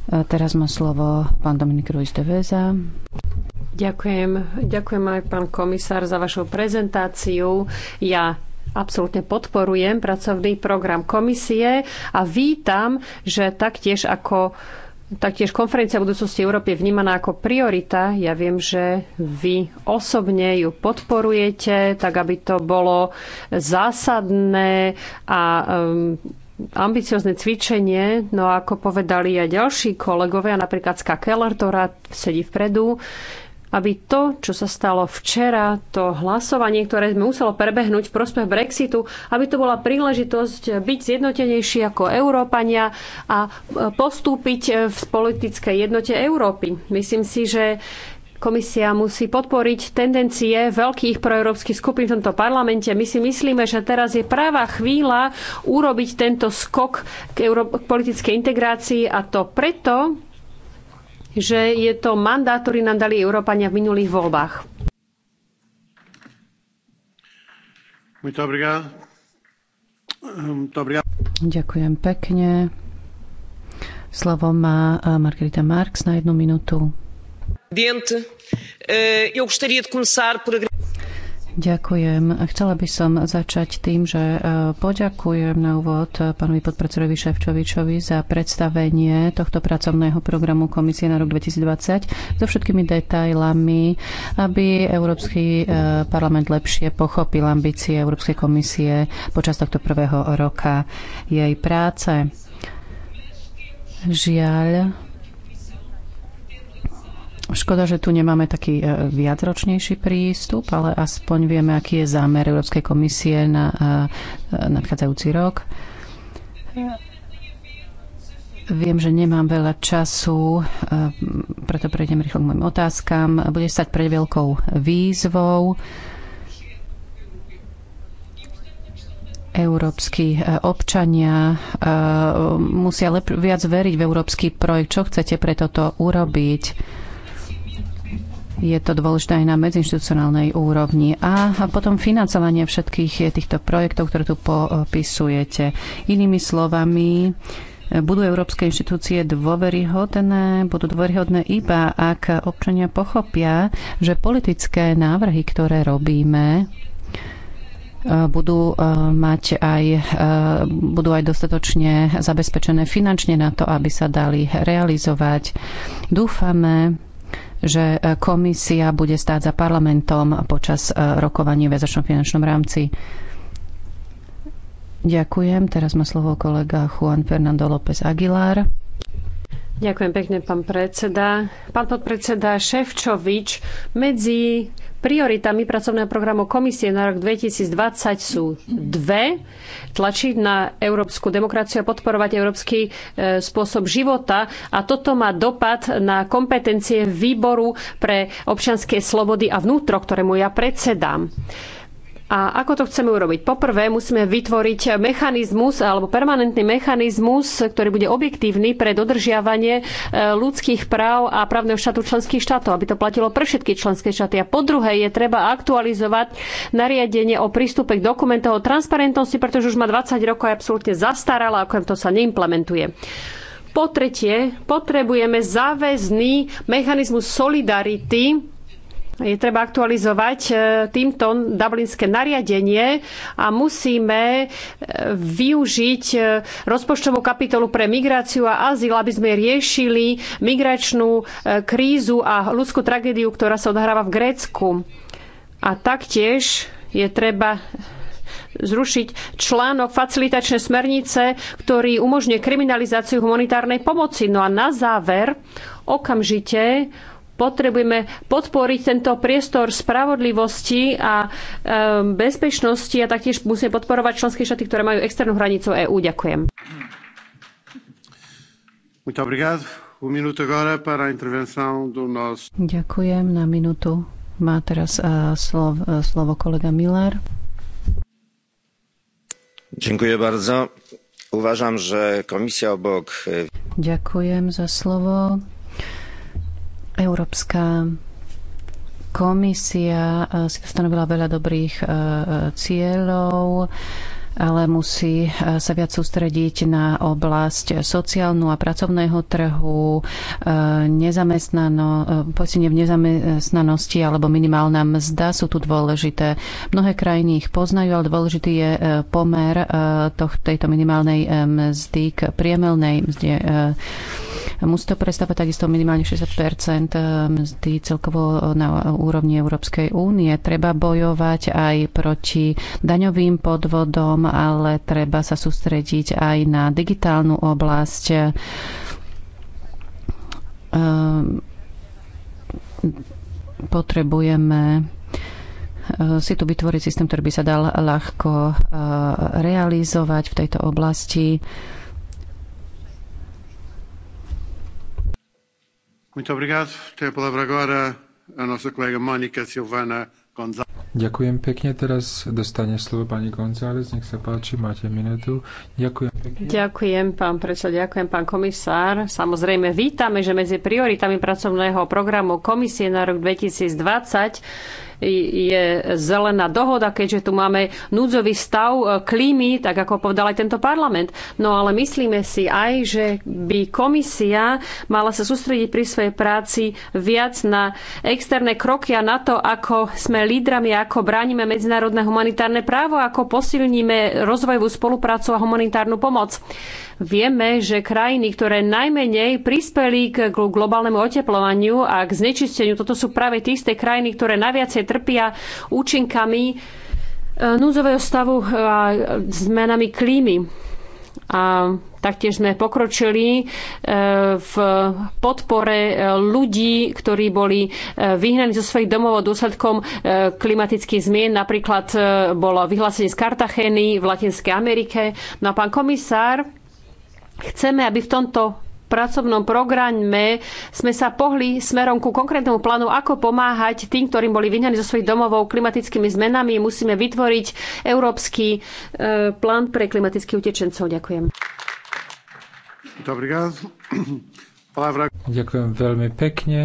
Teraz má slovo pán Dominik Ruiz de Veza. Ďakujem. Ďakujem aj pán komisár za vašu prezentáciu. Ja absolútne podporujem pracovný program komisie a vítam, že taktiež ako Taktiež konferencia budúcnosti Európy je vnímaná ako priorita. Ja viem, že vy osobne ju podporujete, tak aby to bolo zásadné a um, ambiciozne cvičenie, no ako povedali aj ďalší kolegovia, napríklad Ska Keller, ktorá sedí vpredu, aby to, čo sa stalo včera, to hlasovanie, ktoré sme muselo prebehnúť v prospech Brexitu, aby to bola príležitosť byť zjednotenejší ako Európania a postúpiť v politickej jednote Európy. Myslím si, že Komisia musí podporiť tendencie veľkých proeurópskych skupín v tomto parlamente. My si myslíme, že teraz je práva chvíľa urobiť tento skok k, k politickej integrácii a to preto, že je to mandát, ktorý nám dali Európania v minulých voľbách. Ďakujem pekne. Slovo má eh, Margarita Marx na jednu minútu. Ďakujem. Chcela by som začať tým, že e, poďakujem na úvod e, pánovi podpredsedovi Ševčovičovi za predstavenie tohto pracovného programu Komisie na rok 2020 so všetkými detailami, aby Európsky e, parlament lepšie pochopil ambície Európskej komisie počas tohto prvého roka jej práce. Žiaľ, Škoda, že tu nemáme taký e, viacročnejší prístup, ale aspoň vieme, aký je zámer Európskej komisie na e, e, nadchádzajúci rok. Viem, že nemám veľa času, preto prejdem rýchlo k mojim otázkam. Bude stať pred veľkou výzvou. európsky občania musia lep- viac veriť v európsky projekt. Čo chcete pre toto urobiť? je to dôležité aj na medzinstitucionálnej úrovni. A potom financovanie všetkých týchto projektov, ktoré tu popisujete. Inými slovami, budú európske inštitúcie dôveryhodné, budú dôveryhodné iba, ak občania pochopia, že politické návrhy, ktoré robíme, e, budú e, mať aj, e, budú aj dostatočne zabezpečené finančne na to, aby sa dali realizovať. Dúfame, že e, komisia bude stáť za parlamentom počas e, rokovania v väzačnom finančnom rámci. Ďakujem. Teraz má slovo kolega Juan Fernando López Aguilar. Ďakujem pekne, pán predseda. Pán podpredseda Ševčovič medzi Prioritami pracovného programu komisie na rok 2020 sú dve. Tlačiť na európsku demokraciu a podporovať európsky e, spôsob života. A toto má dopad na kompetencie výboru pre občianske slobody a vnútro, ktorému ja predsedám. A ako to chceme urobiť? Poprvé musíme vytvoriť mechanizmus alebo permanentný mechanizmus, ktorý bude objektívny pre dodržiavanie e, ľudských práv a právneho štátu členských štátov, aby to platilo pre všetky členské štáty. A po druhé je treba aktualizovať nariadenie o prístupe k dokumentov o transparentnosti, pretože už má 20 rokov a absolútne zastarala, ako to sa neimplementuje. Po tretie, potrebujeme záväzný mechanizmus solidarity je treba aktualizovať e, týmto dublinské nariadenie a musíme e, využiť e, rozpočtovú kapitolu pre migráciu a azyl, aby sme riešili migračnú krízu a ľudskú tragédiu, ktorá sa odhráva v Grécku. A taktiež je treba zrušiť článok facilitačnej smernice, ktorý umožňuje kriminalizáciu humanitárnej pomoci. No a na záver okamžite potrebujeme podporiť tento priestor spravodlivosti a e, bezpečnosti a taktiež musíme podporovať členské štáty, ktoré majú externú hranicu EÚ. Ďakujem. Um Ďakujem na minútu. Má teraz e, slovo, e, slovo kolega Miller. Dziękuję bardzo. Uważam, że komisja obok... Ďakujem za slovo. Európska komisia eh, si stanovila veľa dobrých eh, cieľov, ale musí eh, sa viac sústrediť na oblasť sociálnu a pracovného trhu, nezamestnano, posilne v nezamestnanosti alebo minimálna mzda sú tu dôležité. Mnohé krajiny ich poznajú, ale dôležitý je pomer tejto minimálnej mzdy k priemelnej mzde Musí to predstavať takisto minimálne 60 eh, mzdy celkovo eh, na úrovni Európskej únie. Treba bojovať aj proti daňovým podvodom, ale treba sa sústrediť aj na digitálnu oblasť. Eh, potrebujeme si tu vytvoriť systém, ktorý by sa dal ľahko realizovať v tejto oblasti. Ďakujem pekne. Teraz dostane slovo pani González. Nech sa páči, máte minútu. Ďakujem pekne. Ďakujem, pán predseda, ďakujem, pán komisár. Samozrejme, vítame, že medzi prioritami pracovného programu komisie na rok 2020 je zelená dohoda, keďže tu máme núdzový stav e, klímy, tak ako povedal aj tento parlament. No ale myslíme si aj, že by komisia mala sa sústrediť pri svojej práci viac na externé kroky a na to, ako sme lídrami, ako bránime medzinárodné humanitárne právo, ako posilníme rozvojovú spoluprácu a humanitárnu pomoc. Vieme, že krajiny, ktoré najmenej prispeli k globálnemu oteplovaniu a k znečisteniu, toto sú práve tie isté krajiny, ktoré najviacej trpia účinkami e, núzového stavu a zmenami klímy. A taktiež sme pokročili e, v podpore e, ľudí, ktorí boli vyhnaní zo svojich domov dôsledkom klimatických zmien. Napríklad bolo vyhlásenie z Kartachény v Latinskej Amerike. No a pán komisár, Chceme, aby v tomto pracovnom programe sme sa pohli smerom ku konkrétnemu plánu, ako pomáhať tým, ktorým boli vyňaní zo svojich domovov klimatickými zmenami. Musíme vytvoriť európsky e, plán pre klimatických utečencov. Ďakujem. Ďakujem veľmi pekne.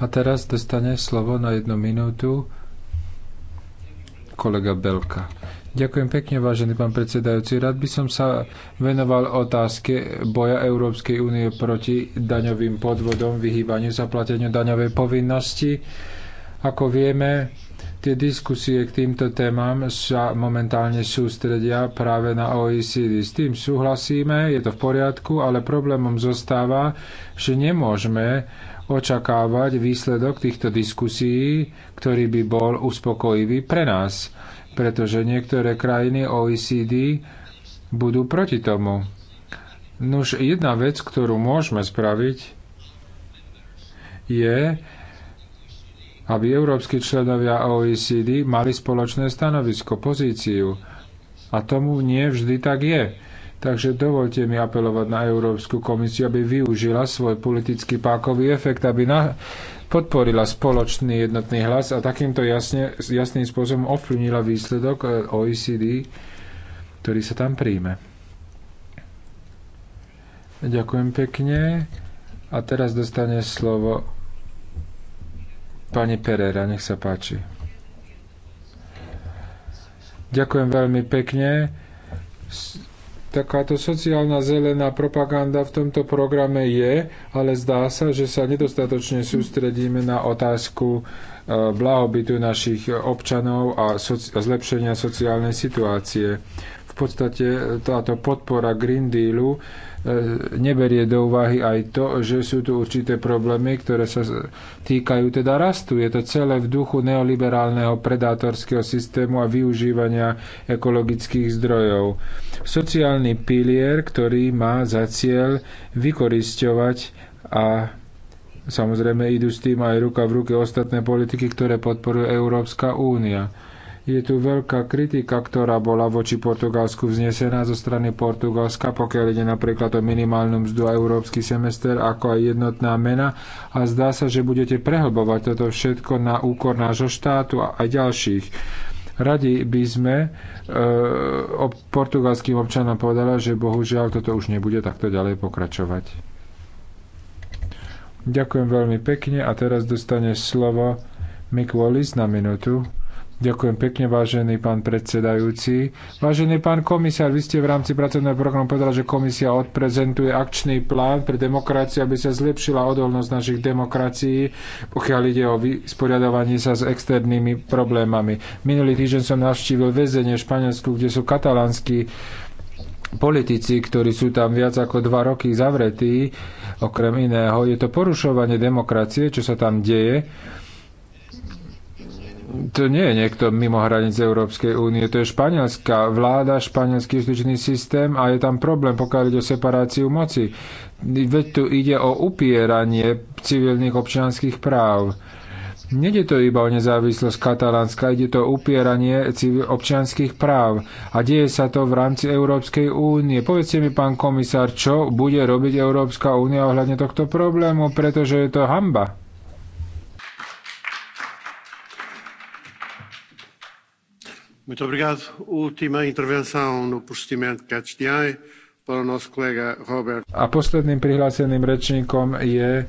A teraz dostane slovo na jednu minútu kolega Belka. Ďakujem pekne, vážený pán predsedajúci. Rád by som sa venoval otázke boja Európskej únie proti daňovým podvodom, vyhýbaniu zaplateniu daňovej povinnosti. Ako vieme, tie diskusie k týmto témam sa momentálne sústredia práve na OECD. S tým súhlasíme, je to v poriadku, ale problémom zostáva, že nemôžeme očakávať výsledok týchto diskusí, ktorý by bol uspokojivý pre nás, pretože niektoré krajiny OECD budú proti tomu. Nuž jedna vec, ktorú môžeme spraviť, je, aby európsky členovia OECD mali spoločné stanovisko, pozíciu. A tomu nie vždy tak je. Takže dovolte mi apelovať na Európsku komisiu, aby využila svoj politický pákový efekt, aby na, podporila spoločný jednotný hlas a takýmto jasne, jasným spôsobom ovplyvnila výsledok e, OECD, ktorý sa tam príjme. Ďakujem pekne. A teraz dostane slovo pani Pereira. Nech sa páči. Ďakujem veľmi pekne Takáto sociálna zelená propaganda v tomto programe je, ale zdá sa, že sa nedostatočne sústredíme na otázku e, blahobytu našich občanov a, zlepšenia sociálnej situácie. V podstate e, táto podpora Green Dealu E, neberie do úvahy aj to, že sú tu určité problémy, ktoré sa týkajú teda rastu. Je to celé v duchu neoliberálneho predátorského systému a využívania ekologických zdrojov. Sociálny pilier, ktorý má za cieľ vykoristovať a samozrejme idú s tým aj ruka v ruke ostatné politiky, ktoré podporuje Európska únia. Je tu veľká kritika, ktorá bola voči Portugalsku vznesená zo strany Portugalska, pokiaľ ide napríklad o minimálnu mzdu a európsky semester, ako aj jednotná mena. A zdá sa, že budete prehlbovať toto všetko na úkor nášho štátu a aj ďalších. Radi by sme e, o portugalským občanom povedala, že bohužiaľ toto už nebude takto ďalej pokračovať. Ďakujem veľmi pekne a teraz dostane slovo Mick Wallis na minútu. Ďakujem pekne, vážený pán predsedajúci. Vážený pán komisár, vy ste v rámci pracovného programu povedali, že komisia odprezentuje akčný plán pre demokraciu, aby sa zlepšila odolnosť našich demokracií, pokiaľ ide o vysporiadovanie sa s externými problémami. Minulý týždeň som navštívil väzenie v Španielsku, kde sú katalánsky politici, ktorí sú tam viac ako dva roky zavretí, okrem iného, je to porušovanie demokracie, čo sa tam deje to nie je niekto mimo hranic Európskej únie, to je španielská vláda, španielský justičný systém a je tam problém, pokiaľ ide o separáciu moci. Veď tu ide o upieranie civilných občianských práv. Nede to iba o nezávislosť Katalánska, ide to o upieranie občianských práv a deje sa to v rámci Európskej únie. Povedzte mi, pán komisár, čo bude robiť Európska únia ohľadne tohto problému, pretože je to hamba. Muito obrigado. Última intervenção no procedimento Catch the para o nosso colega Robert. A posledným prihláseným rečníkom je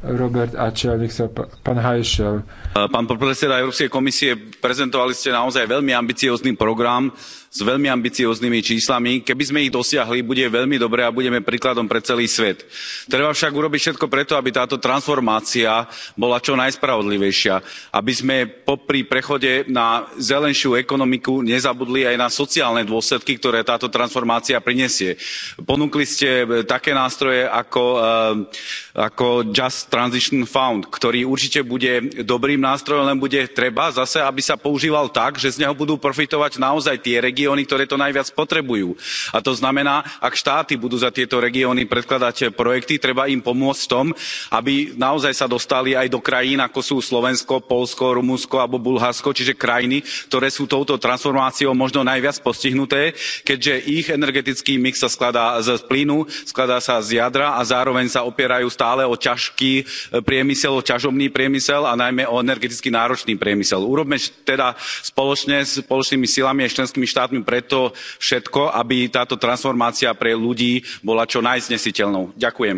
Robert Ačel, nech sa pán Hajšel. Pán podpredseda Európskej komisie, prezentovali ste naozaj veľmi ambiciózny program s veľmi ambicióznymi číslami keby sme ich dosiahli bude veľmi dobre a budeme príkladom pre celý svet. treba však urobiť všetko preto aby táto transformácia bola čo najspravodlivejšia aby sme popri prechode na zelenšiu ekonomiku nezabudli aj na sociálne dôsledky ktoré táto transformácia prinesie. ponúkli ste také nástroje ako eh, ako just transition fund ktorý určite bude dobrým nástrojom len bude treba zase aby sa používal tak že z neho budú profitovať naozaj tie regióny ktoré to najviac potrebujú a to znamená ak štáty budú za tieto regióny predkladať projekty treba im pomôcť v tom aby naozaj sa dostali aj do krajín ako sú slovensko poľsko rumunsko alebo bulharsko čiže krajiny ktoré sú touto transformáciou možno najviac postihnuté keďže ich energetický mix sa skladá z plynu skladá sa z jadra a zároveň sa opierajú stále o ťažký e, priemysel o ťažobný priemysel a najmä o energeticky náročný priemysel. urobme teda spoločne spoločnými silami aj s členskými štátmi robím preto všetko aby táto transformácia pre ľudí bola čo najznesiteľnejšia. ďakujem.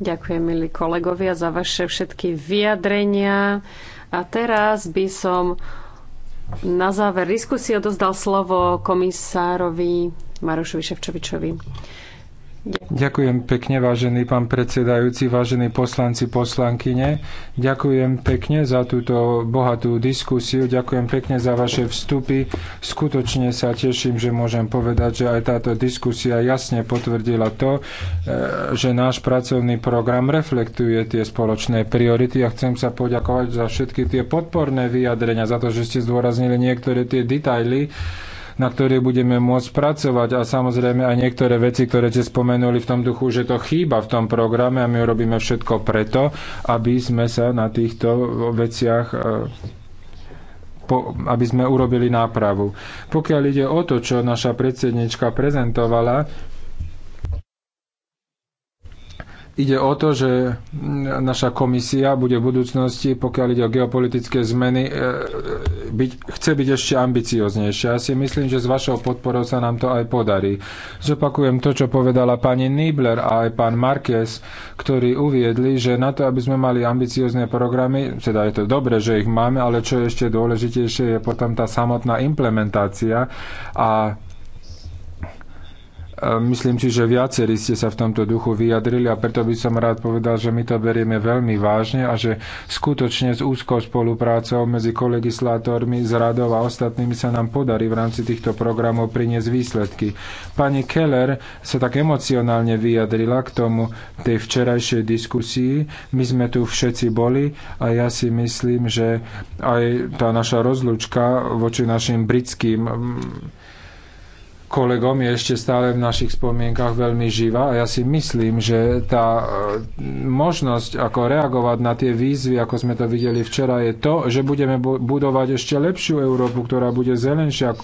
ďakujem milí kolegovia za vaše všetky vyjadrenia a teraz by som na záver diskusie odozdal slovo komisárovi Marošovi Ševčovičovi. Ďakujem pekne, vážený pán predsedajúci, vážení poslanci, poslankyne. Ďakujem pekne za túto bohatú diskusiu, ďakujem pekne za vaše vstupy. Skutočne sa teším, že môžem povedať, že aj táto diskusia jasne potvrdila to, e, že náš pracovný program reflektuje tie spoločné priority a ja chcem sa poďakovať za všetky tie podporné vyjadrenia, za to, že ste zdôraznili niektoré tie detaily, na ktorých budeme môcť pracovať a samozrejme aj niektoré veci, ktoré ste spomenuli v tom duchu, že to chýba v tom programe a my robíme všetko preto, aby sme sa na týchto veciach e, po, aby sme urobili nápravu. Pokiaľ ide o to, čo naša predsednička prezentovala, Ide o to, že naša komisia bude v budúcnosti, pokiaľ ide o geopolitické zmeny, e, byť, chce byť ešte ambicioznejšia. Ja si myslím, že s vašou podporou sa nám to aj podarí. Zopakujem to, čo povedala pani Nibler a aj pán Marquez, ktorí uviedli, že na to, aby sme mali ambiciozne programy, teda je to dobre, že ich máme, ale čo je ešte dôležitejšie, je potom tá samotná implementácia a Myslím si, že viacerí ste sa v tomto duchu vyjadrili a preto by som rád povedal, že my to berieme veľmi vážne a že skutočne s úzkou spoluprácou medzi kolegislátormi z radov a ostatnými sa nám podarí v rámci týchto programov priniesť výsledky. Pani Keller sa tak emocionálne vyjadrila k tomu tej včerajšej diskusii. My sme tu všetci boli a ja si myslím, že aj tá naša rozlučka voči našim britským kolegom je ešte stále v našich spomienkach veľmi živá a ja si myslím, že tá e, možnosť, ako reagovať na tie výzvy, ako sme to videli včera, je to, že budeme budovať ešte lepšiu Európu, ktorá bude zelenšia,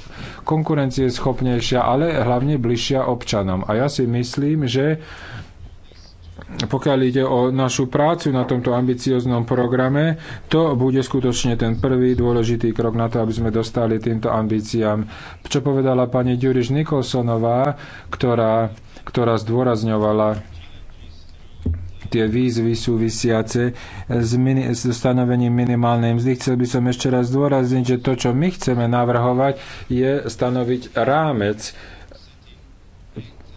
konkurencieschopnejšia, ale hlavne bližšia občanom. A ja si myslím, že pokiaľ ide o našu prácu na tomto ambicioznom programe, to bude skutočne ten prvý dôležitý krok na to, aby sme dostali týmto ambíciám. Čo povedala pani Ďuriš Nikolsonová, ktorá, ktorá zdôrazňovala tie výzvy súvisiace s, mini- s stanovením minimálnej mzdy. Chcel by som ešte raz zdôrazniť, že to, čo my chceme navrhovať, je stanoviť rámec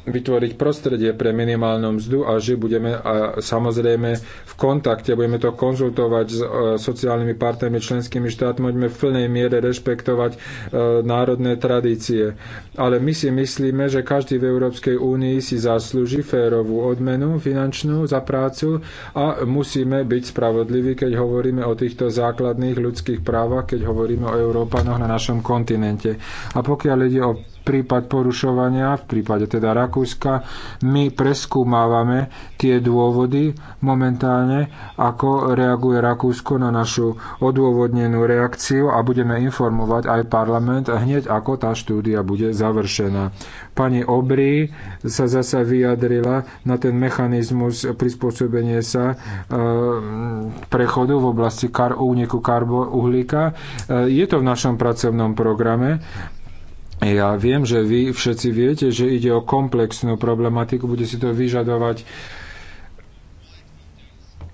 vytvoriť prostredie pre minimálnu mzdu a že budeme a samozrejme v kontakte, budeme to konzultovať s e, sociálnymi partnermi, členskými štátmi, budeme v plnej miere rešpektovať e, národné tradície. Ale my si myslíme, že každý v Európskej únii si zaslúži férovú odmenu finančnú za prácu a musíme byť spravodliví, keď hovoríme o týchto základných ľudských právach, keď hovoríme o Európanoch na našom kontinente. A pokiaľ ide o prípad porušovania, v prípade teda Rakúska, my preskúmávame tie dôvody momentálne, ako reaguje Rakúsko na našu odôvodnenú reakciu a budeme informovať aj parlament hneď ako tá štúdia bude završená. Pani Obry sa zasa vyjadrila na ten mechanizmus prispôsobenie sa e, prechodu v oblasti kar, úniku karbo, uhlíka. E, je to v našom pracovnom programe ja viem, že vy všetci viete, že ide o komplexnú problematiku, bude si to vyžadovať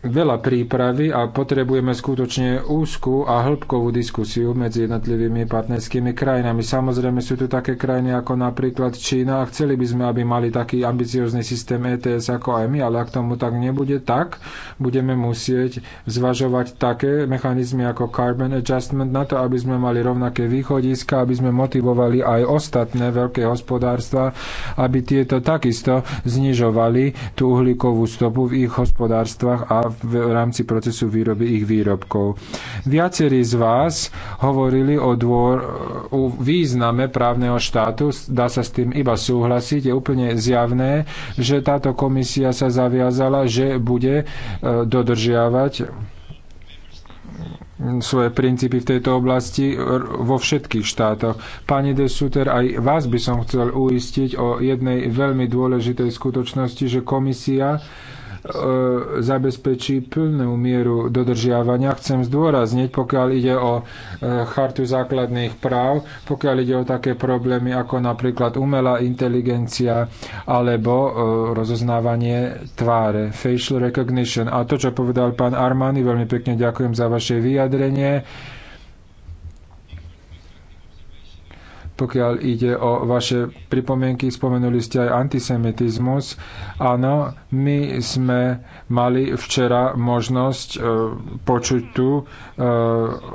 veľa prípravy a potrebujeme skutočne úzkú a hĺbkovú diskusiu medzi jednotlivými partnerskými krajinami. Samozrejme sú tu také krajiny ako napríklad Čína a chceli by sme, aby mali taký ambiciózny systém ETS ako aj my, ale ak tomu tak nebude, tak budeme musieť zvažovať také mechanizmy ako carbon adjustment na to, aby sme mali rovnaké východiska, aby sme motivovali aj ostatné veľké hospodárstva, aby tieto takisto znižovali tú uhlíkovú stopu v ich hospodárstvach a v rámci procesu výroby ich výrobkov. Viacerí z vás hovorili o, dôr, o význame právneho štátu, dá sa s tým iba súhlasiť, je úplne zjavné, že táto komisia sa zaviazala, že bude e, dodržiavať svoje princípy v tejto oblasti vo všetkých štátoch. Pani de Suter, aj vás by som chcel uistiť o jednej veľmi dôležitej skutočnosti, že komisia E, zabezpečí plnú mieru dodržiavania. Chcem zdôrazniť, pokiaľ ide o e, chartu základných práv, pokiaľ ide o také problémy ako napríklad umelá inteligencia alebo e, rozoznávanie tváre, facial recognition. A to, čo povedal pán Armani, veľmi pekne ďakujem za vaše vyjadrenie. Pokiaľ ide o vaše pripomienky, spomenuli ste aj antisemitizmus. Áno, my sme mali včera možnosť e, počuť tú e,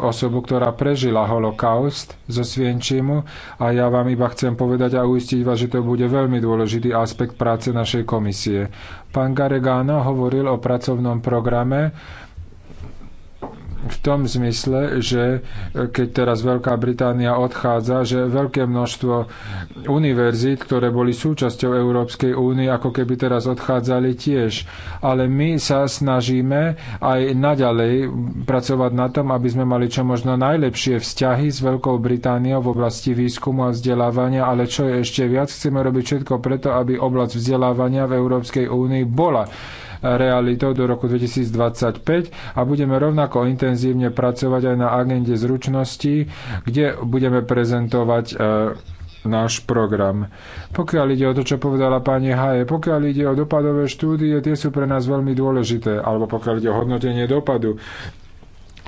osobu, ktorá prežila holokaust zo Svienčimu a ja vám iba chcem povedať a uistiť vás, že to bude veľmi dôležitý aspekt práce našej komisie. Pán Garegano hovoril o pracovnom programe, v tom zmysle, že keď teraz Veľká Británia odchádza, že veľké množstvo univerzít, ktoré boli súčasťou Európskej únie, ako keby teraz odchádzali tiež. Ale my sa snažíme aj naďalej pracovať na tom, aby sme mali čo možno najlepšie vzťahy s Veľkou Britániou v oblasti výskumu a vzdelávania, ale čo je ešte viac, chceme robiť všetko preto, aby oblasť vzdelávania v Európskej únii bola realitou do roku 2025 a budeme rovnako intenzívne pracovať aj na agende zručností, kde budeme prezentovať e, náš program. Pokiaľ ide o to, čo povedala pani Haje, pokiaľ ide o dopadové štúdie, tie sú pre nás veľmi dôležité, alebo pokiaľ ide o hodnotenie dopadu,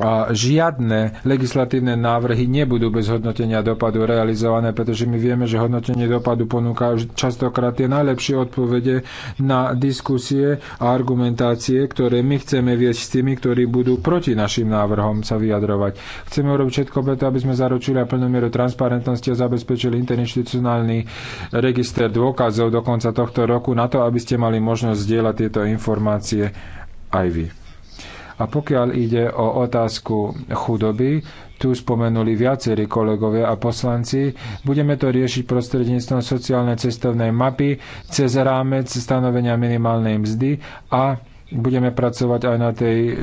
a žiadne legislatívne návrhy nebudú bez hodnotenia dopadu realizované, pretože my vieme, že hodnotenie dopadu ponúka častokrát tie najlepšie odpovede na diskusie a argumentácie, ktoré my chceme viesť s tými, ktorí budú proti našim návrhom sa vyjadrovať. Chceme urobiť všetko preto, aby sme zaručili a plnú mieru transparentnosti a zabezpečili interinstitucionálny register dôkazov do konca tohto roku na to, aby ste mali možnosť zdieľať tieto informácie aj vy. A pokiaľ ide o otázku chudoby, tu spomenuli viacerí kolegovia a poslanci, budeme to riešiť prostredníctvom sociálnej cestovnej mapy cez rámec stanovenia minimálnej mzdy a budeme pracovať aj na tej e,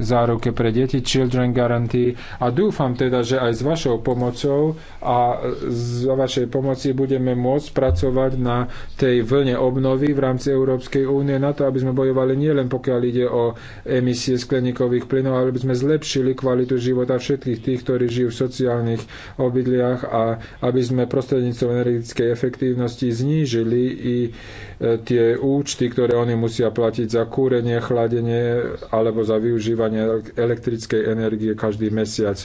záruke pre deti, Children Guarantee. A dúfam teda, že aj s vašou pomocou a z vašej pomoci budeme môcť pracovať na tej vlne obnovy v rámci Európskej únie na to, aby sme bojovali nielen pokiaľ ide o emisie skleníkových plynov, ale aby sme zlepšili kvalitu života všetkých tých, ktorí žijú v sociálnych obydliach a aby sme prostredníctvom energetickej efektívnosti znížili i tie účty, ktoré oni musia platiť za kúrenie, chladenie alebo za využívanie elektrickej energie každý mesiac.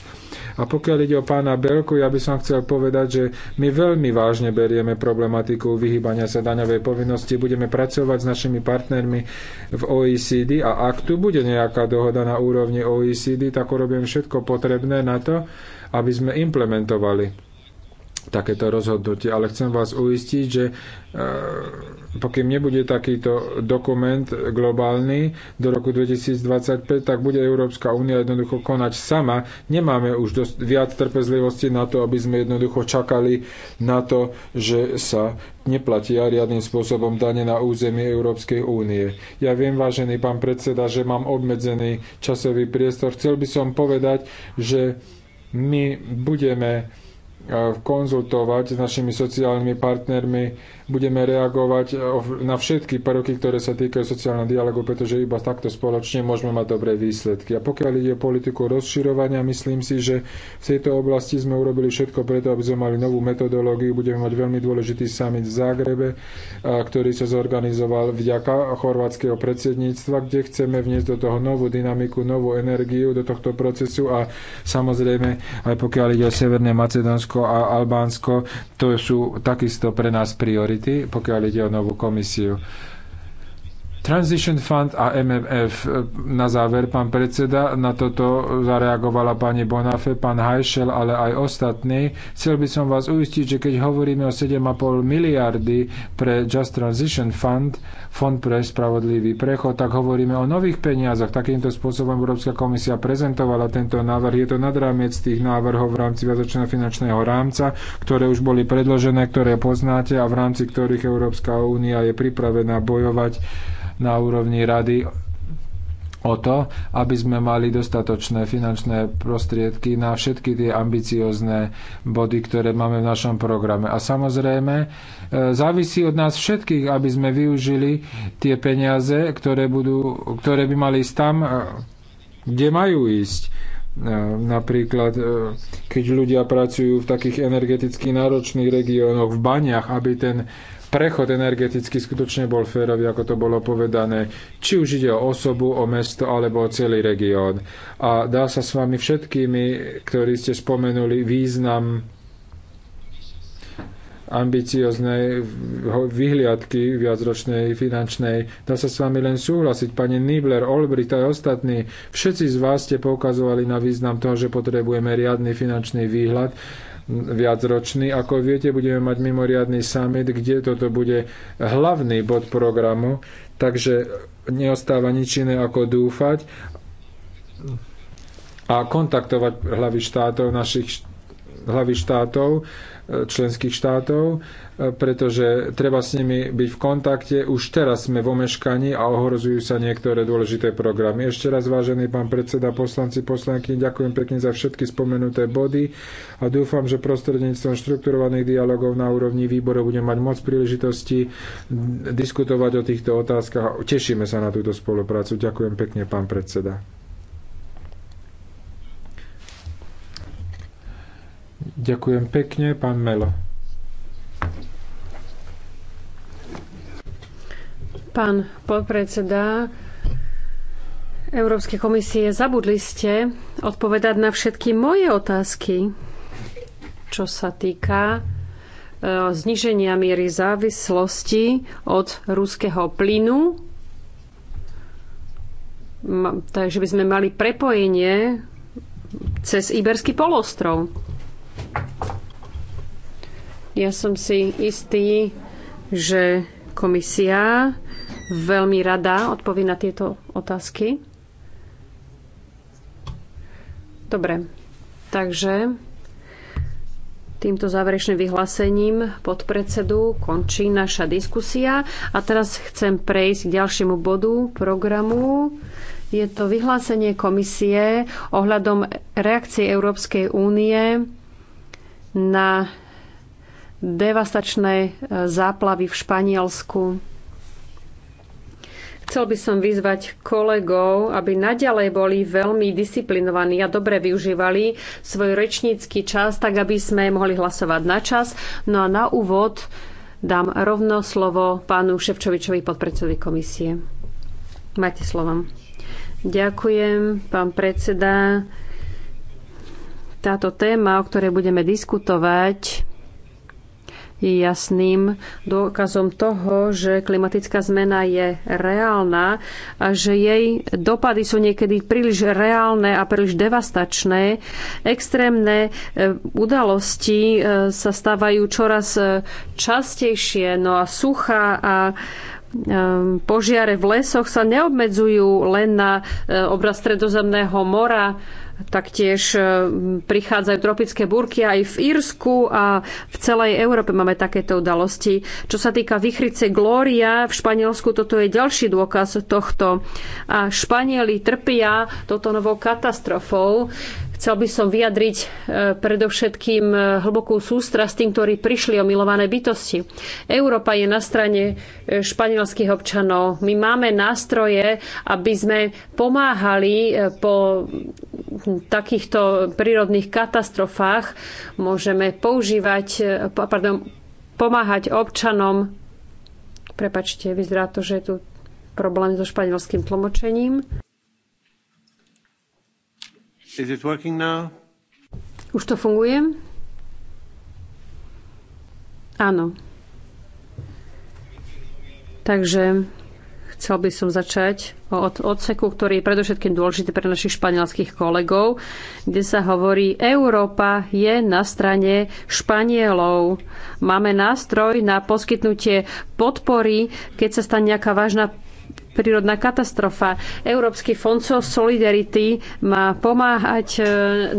A pokiaľ ide o pána Belku, ja by som chcel povedať, že my veľmi vážne berieme problematiku vyhýbania sa daňovej povinnosti. Budeme pracovať s našimi partnermi v OECD a ak tu bude nejaká dohoda na úrovni OECD, tak urobím všetko potrebné na to, aby sme implementovali takéto rozhodnutie. Ale chcem vás uistiť, že e, pokým nebude takýto dokument globálny do roku 2025, tak bude Európska únia jednoducho konať sama. Nemáme už dosť, viac trpezlivosti na to, aby sme jednoducho čakali na to, že sa neplatia riadnym spôsobom dane na územie Európskej únie. Ja viem, vážený pán predseda, že mám obmedzený časový priestor. Chcel by som povedať, že my budeme konzultovať s našimi sociálnymi partnermi budeme reagovať eh, na všetky prvky, ktoré sa týkajú sociálneho dialogu, pretože iba takto spoločne môžeme mať dobré výsledky. A pokiaľ ide o politiku rozširovania, myslím si, že v tejto oblasti sme urobili všetko preto, aby sme mali novú metodológiu. Budeme mať veľmi dôležitý summit v Zagrebe, eh, ktorý sa zorganizoval vďaka chorvátskeho predsedníctva, kde chceme vniesť do toho novú dynamiku, novú energiu do tohto procesu a samozrejme aj pokiaľ ide o Severné Macedónsko a Albánsko, to sú takisto pre nás priority priority, pokiaľ ide o novú komisiu. Transition Fund a MMF. Na záver, pán predseda, na toto zareagovala pani Bonafé, pán Hajšel, ale aj ostatní. Chcel by som vás uistiť, že keď hovoríme o 7,5 miliardy pre Just Transition Fund, Fond pre spravodlivý prechod, tak hovoríme o nových peniazoch. Takýmto spôsobom Európska komisia prezentovala tento návrh. Je to nad rámec tých návrhov v rámci viacočného finančného rámca, ktoré už boli predložené, ktoré poznáte a v rámci ktorých Európska únia je pripravená bojovať na úrovni rady o to, aby sme mali dostatočné finančné prostriedky na všetky tie ambiciozne body, ktoré máme v našom programe. A samozrejme, e, závisí od nás všetkých, aby sme využili tie peniaze, ktoré, budú, ktoré by mali ísť tam, e, kde majú ísť. E, napríklad, keď ľudia pracujú v takých energeticky náročných regiónoch, v baniach, aby ten prechod energeticky skutočne bol férový, ako to bolo povedané, či už ide o osobu, o mesto alebo o celý región. A dá sa s vami všetkými, ktorí ste spomenuli, význam ambicioznej vyhliadky viacročnej finančnej. Dá sa s vami len súhlasiť. Pani Nibler, Olbrit aj ostatní, všetci z vás ste poukazovali na význam toho, že potrebujeme riadny finančný výhľad viacročný. Ako viete, budeme mať mimoriadný summit, kde toto bude hlavný bod programu, takže neostáva nič iné ako dúfať a kontaktovať hlavy štátov, našich hlavy štátov, eh, členských štátov pretože treba s nimi byť v kontakte. Už teraz sme v omeškaní a ohrozujú sa niektoré dôležité programy. Ešte raz, vážený pán predseda, poslanci, poslanky, ďakujem pekne za všetky spomenuté body a dúfam, že prostredníctvom štrukturovaných dialogov na úrovni výboru budem mať moc príležitosti diskutovať o týchto otázkach. Tešíme sa na túto spoluprácu. Ďakujem pekne, pán predseda. Ďakujem pekne, pán Melo. Pán podpredseda Európskej komisie, zabudli ste odpovedať na všetky moje otázky, čo sa týka e, zniženia miery závislosti od ruského plynu. Takže by sme mali prepojenie cez Iberský polostrov. Ja som si istý, že komisia veľmi rada odpovie na tieto otázky. Dobre, takže týmto záverečným vyhlásením podpredsedu končí naša diskusia. A teraz chcem prejsť k ďalšiemu bodu programu. Je to vyhlásenie komisie ohľadom reakcie Európskej únie na devastačné e, záplavy v Španielsku. Chcel by som vyzvať kolegov, aby naďalej boli veľmi disciplinovaní a dobre využívali svoj rečnícky čas, tak aby sme mohli hlasovať na čas. No a na úvod dám rovno slovo pánu Ševčovičovi, podpredsedovi komisie. Máte slovo. Ďakujem, pán predseda. Táto téma, o ktorej budeme diskutovať, jasným dôkazom toho, že klimatická zmena je reálna a že jej dopady sú niekedy príliš reálne a príliš devastačné. Extrémne e, udalosti e, sa stávajú čoraz e, častejšie, no a sucha a požiare v lesoch sa neobmedzujú len na obraz Stredozemného mora, Taktiež e, prichádzajú tropické búrky aj v Írsku a v celej Európe máme takéto udalosti. Čo sa týka vychrice Glória, v Španielsku toto je ďalší dôkaz tohto. A Španieli trpia toto novou katastrofou. Chcel by som vyjadriť e, predovšetkým e, hlbokú sústrasť tým, ktorí prišli o milované bytosti. Európa je na strane e, španielských občanov. My máme nástroje, aby sme pomáhali po takýchto prírodných katastrofách. Môžeme používať, pardon, pomáhať občanom. Prepačte, vyzerá to, že je tu problém so španielským tlmočením. Is it working now? Už to funguje? Áno. Takže chcel by som začať od odseku, ktorý je predovšetkým dôležitý pre našich španielských kolegov, kde sa hovorí, Európa je na strane Španielov. Máme nástroj na poskytnutie podpory, keď sa stane nejaká vážna prírodná katastrofa. Európsky fond Solidarity má pomáhať e,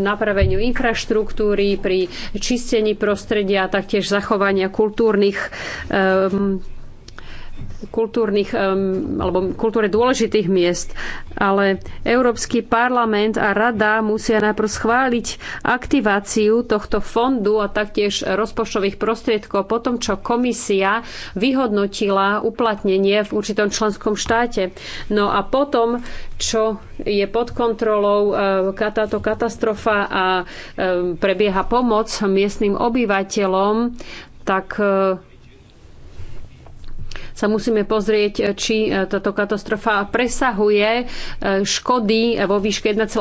napraveniu infraštruktúry pri čistení prostredia a taktiež zachovania kultúrnych um, kultúrnych alebo kultúre dôležitých miest. Ale Európsky parlament a rada musia najprv schváliť aktiváciu tohto fondu a taktiež rozpočtových prostriedkov po tom, čo komisia vyhodnotila uplatnenie v určitom členskom štáte. No a potom, čo je pod kontrolou táto katastrofa a prebieha pomoc miestnym obyvateľom, tak sa musíme pozrieť, či e, táto katastrofa presahuje e, škody e, vo výške 1,5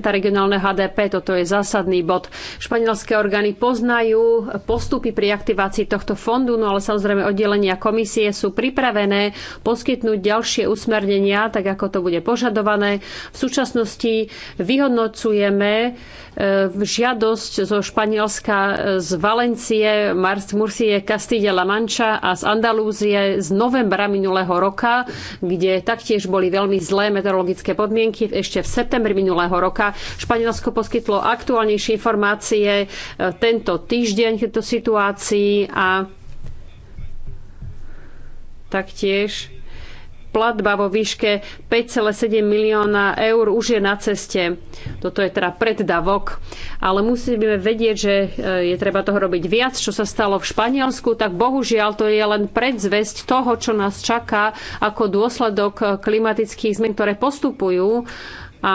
regionálneho HDP. Toto je zásadný bod. Španielské orgány poznajú postupy pri aktivácii tohto fondu, no ale samozrejme oddelenia komisie sú pripravené poskytnúť ďalšie usmernenia, tak ako to bude požadované. V súčasnosti vyhodnocujeme E, žiadosť zo Španielska, e, z Valencie, Mars Murcie, Castilla La Mancha a z Andalúzie z novembra minulého roka, kde taktiež boli veľmi zlé meteorologické podmienky. Ešte v septembri minulého roka Španielsko poskytlo aktuálnejšie informácie e, tento týždeň tejto situácii a taktiež platba vo výške 5,7 milióna eur už je na ceste. Toto je teda preddavok. Ale musíme vedieť, že e, je treba toho robiť viac, čo sa stalo v Španielsku, tak bohužiaľ to je len predzvesť toho, čo nás čaká ako dôsledok klimatických zmen, ktoré postupujú. A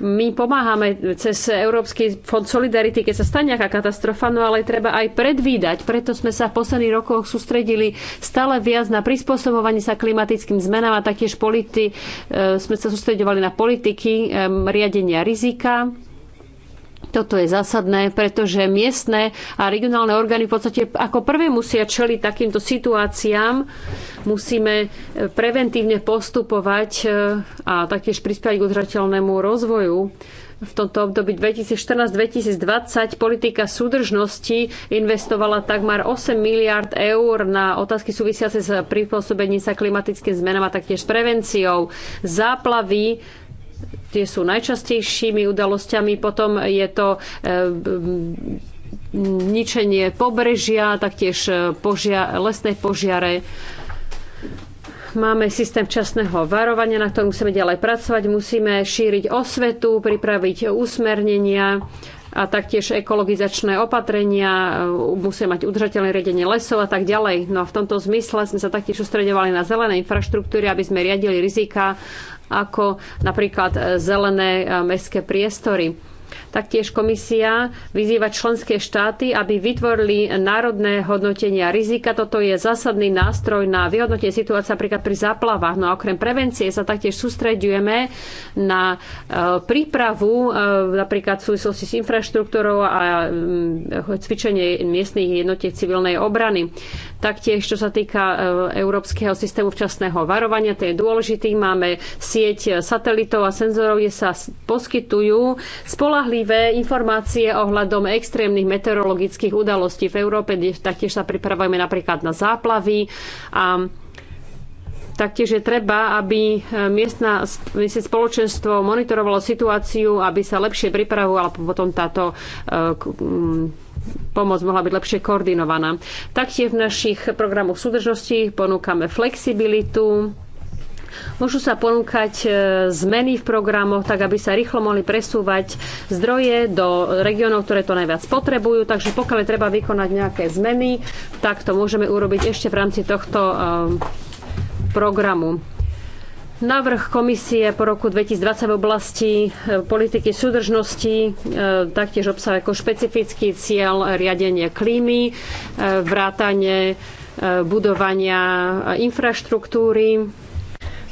my pomáhame cez Európsky fond Solidarity, keď sa stane nejaká katastrofa, no ale treba aj predvídať. Preto sme sa v posledných rokoch sústredili stále viac na prispôsobovanie sa klimatickým zmenám a taktiež politi- e, sme sa sústredovali na politiky e, riadenia rizika toto je zásadné, pretože miestne a regionálne orgány v podstate ako prvé musia čeliť takýmto situáciám. Musíme e, preventívne postupovať e, a taktiež prispievať k udržateľnému rozvoju v tomto období 2014-2020 politika súdržnosti investovala takmer 8 miliard eur na otázky súvisiace s pripôsobením sa klimatickým zmenám a taktiež prevenciou. Záplavy tie sú najčastejšími udalosťami. Potom je to e, ničenie pobrežia, taktiež e, požia, lesné požiare. Máme systém časného varovania, na ktorom musíme ďalej pracovať. Musíme šíriť osvetu, pripraviť usmernenia a taktiež ekologizačné opatrenia, e, musia mať udržateľné riadenie lesov a tak ďalej. No a v tomto zmysle sme sa taktiež ustredovali na zelené infraštruktúry, aby sme riadili rizika ako napríklad e, zelené e, mestské priestory. Taktiež komisia vyzýva členské štáty, aby vytvorili národné hodnotenia rizika. Toto je zásadný nástroj na vyhodnotenie situácie napríklad pri záplavách. No a okrem prevencie sa taktiež sústredujeme na e, prípravu e, napríklad v súvislosti s infraštruktúrou a mm, e, cvičenie miestnych jednotiek civilnej obrany. Taktiež, čo sa týka Európskeho systému včasného varovania, to je dôležitý. Máme sieť satelitov a senzorov, kde sa poskytujú spolahlivé citlivé informácie ohľadom extrémnych meteorologických udalostí v Európe. Taktiež sa pripravujeme napríklad na záplavy a Taktiež je treba, aby miestna, miestne spoločenstvo monitorovalo situáciu, aby sa lepšie a potom táto e, pomoc mohla byť lepšie koordinovaná. Taktiež v našich programoch súdržnosti ponúkame flexibilitu, Môžu sa ponúkať e, zmeny v programoch, tak aby sa rýchlo mohli presúvať zdroje do regiónov, ktoré to najviac potrebujú. Takže pokiaľ treba vykonať nejaké zmeny, tak to môžeme urobiť ešte v rámci tohto e, programu. Návrh komisie po roku 2020 v oblasti e, politiky súdržnosti taktiež obsahuje ako špecifický cieľ riadenie klímy, vrátanie budovania infraštruktúry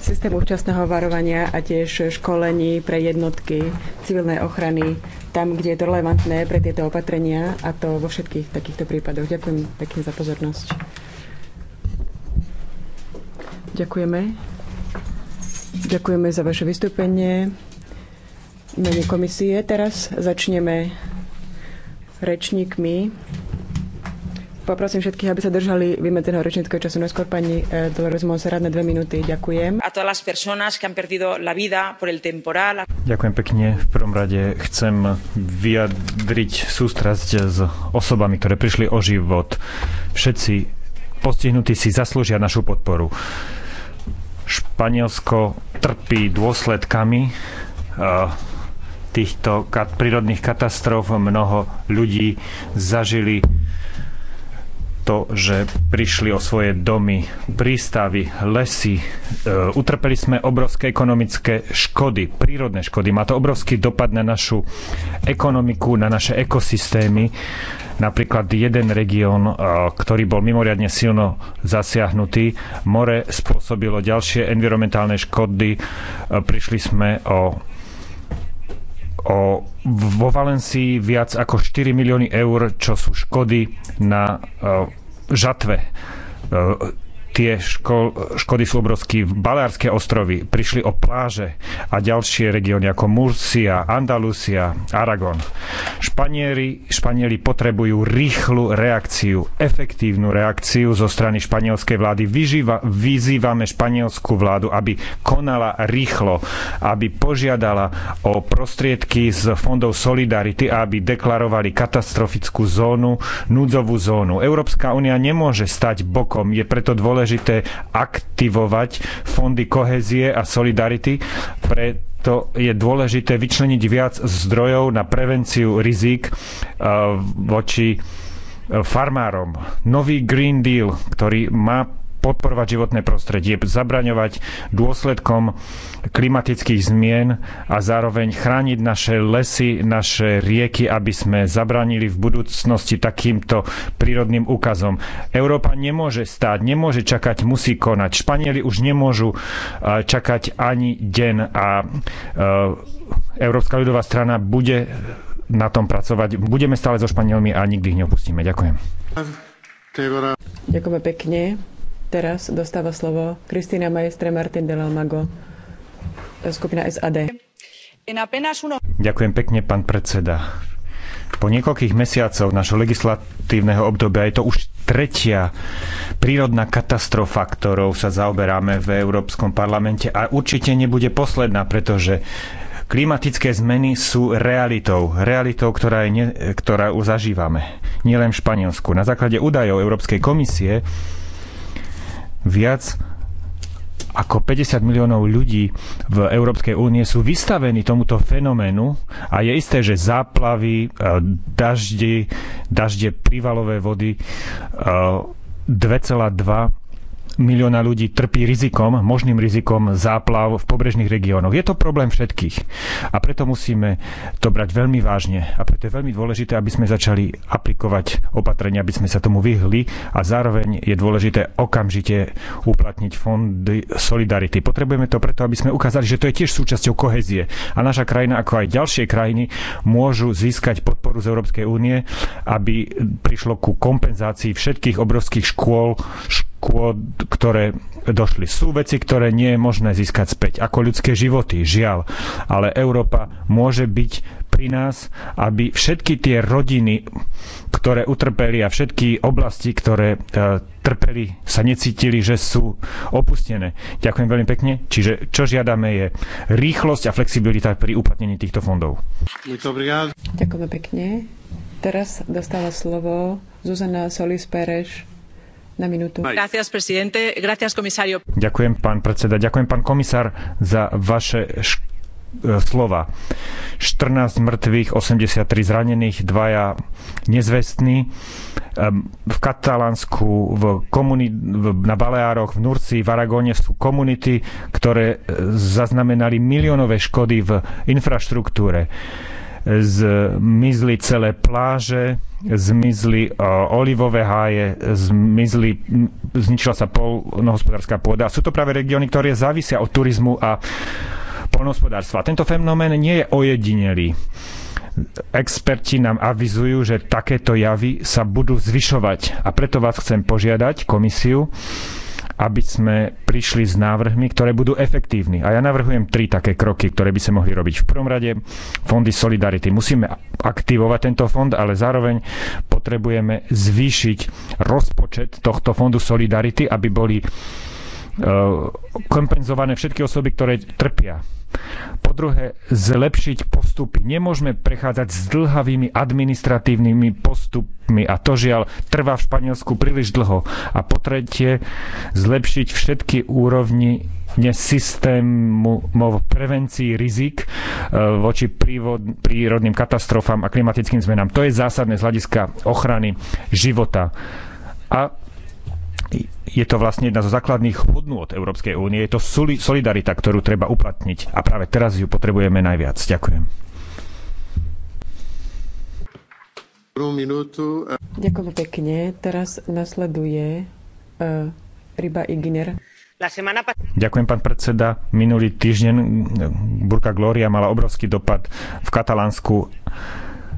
systému včasného varovania a tiež školení pre jednotky civilnej ochrany tam, kde je to relevantné pre tieto opatrenia a to vo všetkých takýchto prípadoch. Ďakujem pekne za pozornosť. Ďakujeme. Ďakujeme za vaše vystúpenie. Mene komisie teraz začneme rečníkmi. Poprosím všetkých, aby sa držali vymedzeného rečníckého času. Neskôr pani e, Dolores Monserrat na dve minúty. Ďakujem. A todas las personas que han perdido la vida por el temporal. Ďakujem pekne. V prvom rade chcem vyjadriť sústrasť s osobami, ktoré prišli o život. Všetci postihnutí si zaslúžia našu podporu. Španielsko trpí dôsledkami e, týchto prírodných katastrof. Mnoho ľudí zažili to, že prišli o svoje domy, prístavy, lesy. E, utrpeli sme obrovské ekonomické škody, prírodné škody. Má to obrovský dopad na našu ekonomiku, na naše ekosystémy. Napríklad jeden región, e, ktorý bol mimoriadne silno zasiahnutý, more spôsobilo ďalšie environmentálne škody. E, prišli sme o o, vo Valencii viac ako 4 milióny eur, čo sú škody na o, žatve Tie ško- škody sú obrovské. Balárske ostrovy prišli o pláže a ďalšie regióny ako Murcia, Andalusia, Aragon. Španieli, Španieli potrebujú rýchlu reakciu, efektívnu reakciu zo strany španielskej vlády. Vyžíva, vyzývame španielskú vládu, aby konala rýchlo, aby požiadala o prostriedky z fondov Solidarity, aby deklarovali katastrofickú zónu, núdzovú zónu. Európska únia nemôže stať bokom, je preto dôležité dôležité aktivovať fondy kohezie a solidarity, preto je dôležité vyčleniť viac zdrojov na prevenciu rizik e, voči e, farmárom. Nový Green Deal, ktorý má podporovať životné prostredie, zabraňovať dôsledkom klimatických zmien a zároveň chrániť naše lesy, naše rieky, aby sme zabránili v budúcnosti takýmto prírodným úkazom. Európa nemôže stáť, nemôže čakať, musí konať. Španieli už nemôžu e, čakať ani deň a e, Európska ľudová strana bude na tom pracovať. Budeme stále so Španielmi a nikdy ich neopustíme. Ďakujem. Ďakujeme pekne. Teraz dostáva slovo Kristýna Majestre Martin de Mago, skupina SAD. Ďakujem pekne, pán predseda. Po niekoľkých mesiacoch našho legislatívneho obdobia je to už tretia prírodná katastrofa, ktorou sa zaoberáme v Európskom parlamente a určite nebude posledná, pretože Klimatické zmeny sú realitou. Realitou, ktorá, je ne, ktorá zažívame. Nielen v Španielsku. Na základe údajov Európskej komisie viac ako 50 miliónov ľudí v Európskej únie sú vystavení tomuto fenoménu a je isté, že záplavy, e, dažde, dažde privalové vody 2,2 e, milióna ľudí trpí rizikom, možným rizikom záplav v pobrežných regiónoch. Je to problém všetkých a preto musíme to brať veľmi vážne a preto je veľmi dôležité, aby sme začali aplikovať opatrenia, aby sme sa tomu vyhli a zároveň je dôležité okamžite uplatniť fondy Solidarity. Potrebujeme to preto, aby sme ukázali, že to je tiež súčasťou kohezie a naša krajina, ako aj ďalšie krajiny, môžu získať podporu z Európskej únie, aby prišlo ku kompenzácii všetkých obrovských škôl, škôl ktoré došli. Sú veci, ktoré nie je možné získať späť, ako ľudské životy, žiaľ. Ale Európa môže byť pri nás, aby všetky tie rodiny, ktoré utrpeli a všetky oblasti, ktoré e, trpeli, sa necítili, že sú opustené. Ďakujem veľmi pekne. Čiže čo žiadame je rýchlosť a flexibilita pri uplatnení týchto fondov. Ďakujem pekne. Teraz dostáva slovo Zuzana Solis-Pereš na minútu. Ďakujem, pán predseda. Ďakujem, pán komisár, za vaše e, slova. 14 mŕtvych, 83 zranených, dvaja nezvestní. V Katalánsku, v komuni- na Baleároch, v Nurci, v Aragóne sú komunity, ktoré e, zaznamenali miliónové škody v infraštruktúre zmizli celé pláže, zmizli e, olivové háje, zmizli, zničila sa polnohospodárska pôda. Sú to práve regióny, ktoré závisia od turizmu a polnohospodárstva. Tento fenomén nie je ojedinelý. Experti nám avizujú, že takéto javy sa budú zvyšovať a preto vás chcem požiadať, komisiu, aby sme prišli s návrhmi, ktoré budú efektívne. A ja navrhujem tri také kroky, ktoré by sa mohli robiť. V prvom rade fondy Solidarity. Musíme aktivovať tento fond, ale zároveň potrebujeme zvýšiť rozpočet tohto fondu Solidarity, aby boli E, kompenzované všetky osoby, ktoré trpia. Po druhé, zlepšiť postupy. Nemôžeme prechádzať s dlhavými administratívnymi postupmi a to žiaľ trvá v Španielsku príliš dlho. A po tretie, zlepšiť všetky úrovni v prevencii rizik e, voči prírodným katastrofám a klimatickým zmenám. To je zásadné z hľadiska ochrany života. A je to vlastne jedna zo základných hodnôt Európskej únie. Je to solidarita, ktorú treba uplatniť a práve teraz ju potrebujeme najviac. Ďakujem. Ďakujem pekne. Teraz nasleduje uh, Ryba Iginer. Ďakujem, pán predseda. Minulý týždeň Burka Gloria mala obrovský dopad v Katalánsku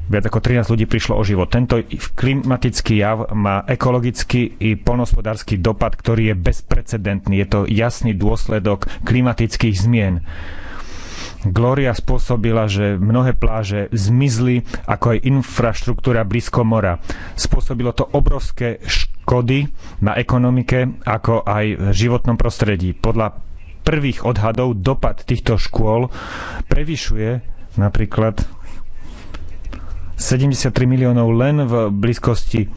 Viac ako 13 ľudí prišlo o život. Tento klimatický jav má ekologický i polnospodársky dopad, ktorý je bezprecedentný. Je to jasný dôsledok klimatických zmien. Gloria spôsobila, že mnohé pláže zmizli, ako aj infraštruktúra blízko mora. Spôsobilo to obrovské škody na ekonomike, ako aj v životnom prostredí. Podľa prvých odhadov dopad týchto škôl prevyšuje napríklad 73 miliónov len v blízkosti e,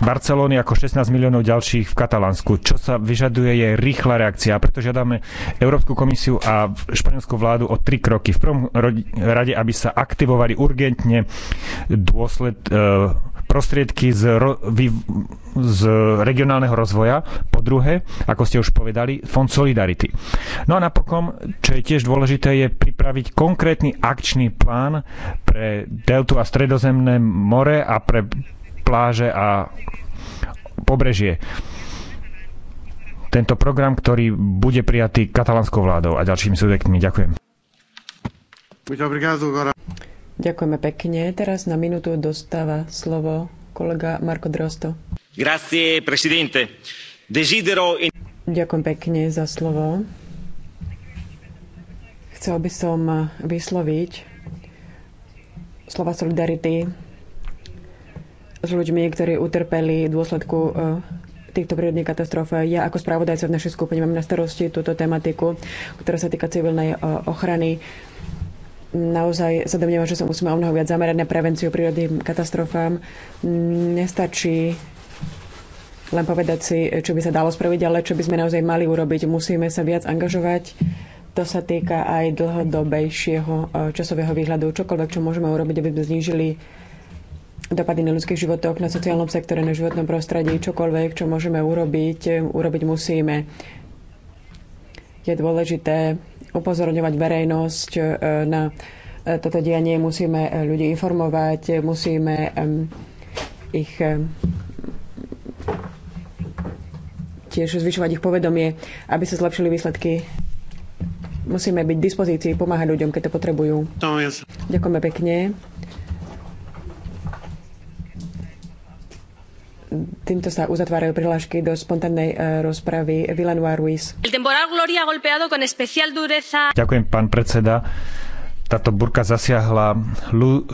Barcelóny ako 16 miliónov ďalších v Katalánsku. Čo sa vyžaduje je rýchla reakcia a preto žiadame Európsku komisiu a španielskú vládu o tri kroky. V prvom rade, aby sa aktivovali urgentne dôsled, uh, prostriedky z, ro, vy, z regionálneho rozvoja, po druhé, ako ste už povedali, Fond Solidarity. No a napokon, čo je tiež dôležité, je pripraviť konkrétny akčný plán pre deltu a stredozemné more a pre pláže a pobrežie tento program, ktorý bude prijatý katalánskou vládou a ďalšími subjektmi. Ďakujem. Ďakujeme pekne. Teraz na minútu dostáva slovo kolega Marko Drosto. Grazie, presidente. Desidero... Ďakujem pekne za slovo. Chcel by som vysloviť slova solidarity s ľuďmi, ktorí utrpeli v dôsledku e, týchto prírodných katastrof. Ja ako spravodajca v našej skupine mám na starosti túto tematiku, ktorá sa týka civilnej e, ochrany naozaj sa domnievam, že sa musíme o mnoho viac zamerať na prevenciu prírodným katastrofám. Nestačí len povedať si, čo by sa dalo spraviť, ale čo by sme naozaj mali urobiť. Musíme sa viac angažovať. To sa týka aj dlhodobejšieho eh, časového výhľadu. Čokoľvek, čo môžeme urobiť, aby sme znížili dopady na ľudských životoch, na sociálnom sektore, na životnom prostredí, čokoľvek, čo môžeme urobiť, eh, urobiť musíme. Je dôležité upozorňovať verejnosť e, na e, toto dianie, musíme e, ľudí informovať, musíme ich tiež zvyšovať ich povedomie, aby sa zlepšili výsledky. Musíme byť v dispozícii, pomáhať ľuďom, keď to potrebujú. Ďakujeme pekne. Týmto sa uzatvárajú prihlášky do spontánnej e, rozpravy Villanueva Ruiz. Ďakujem, pán predseda. Táto burka zasiahla Lu-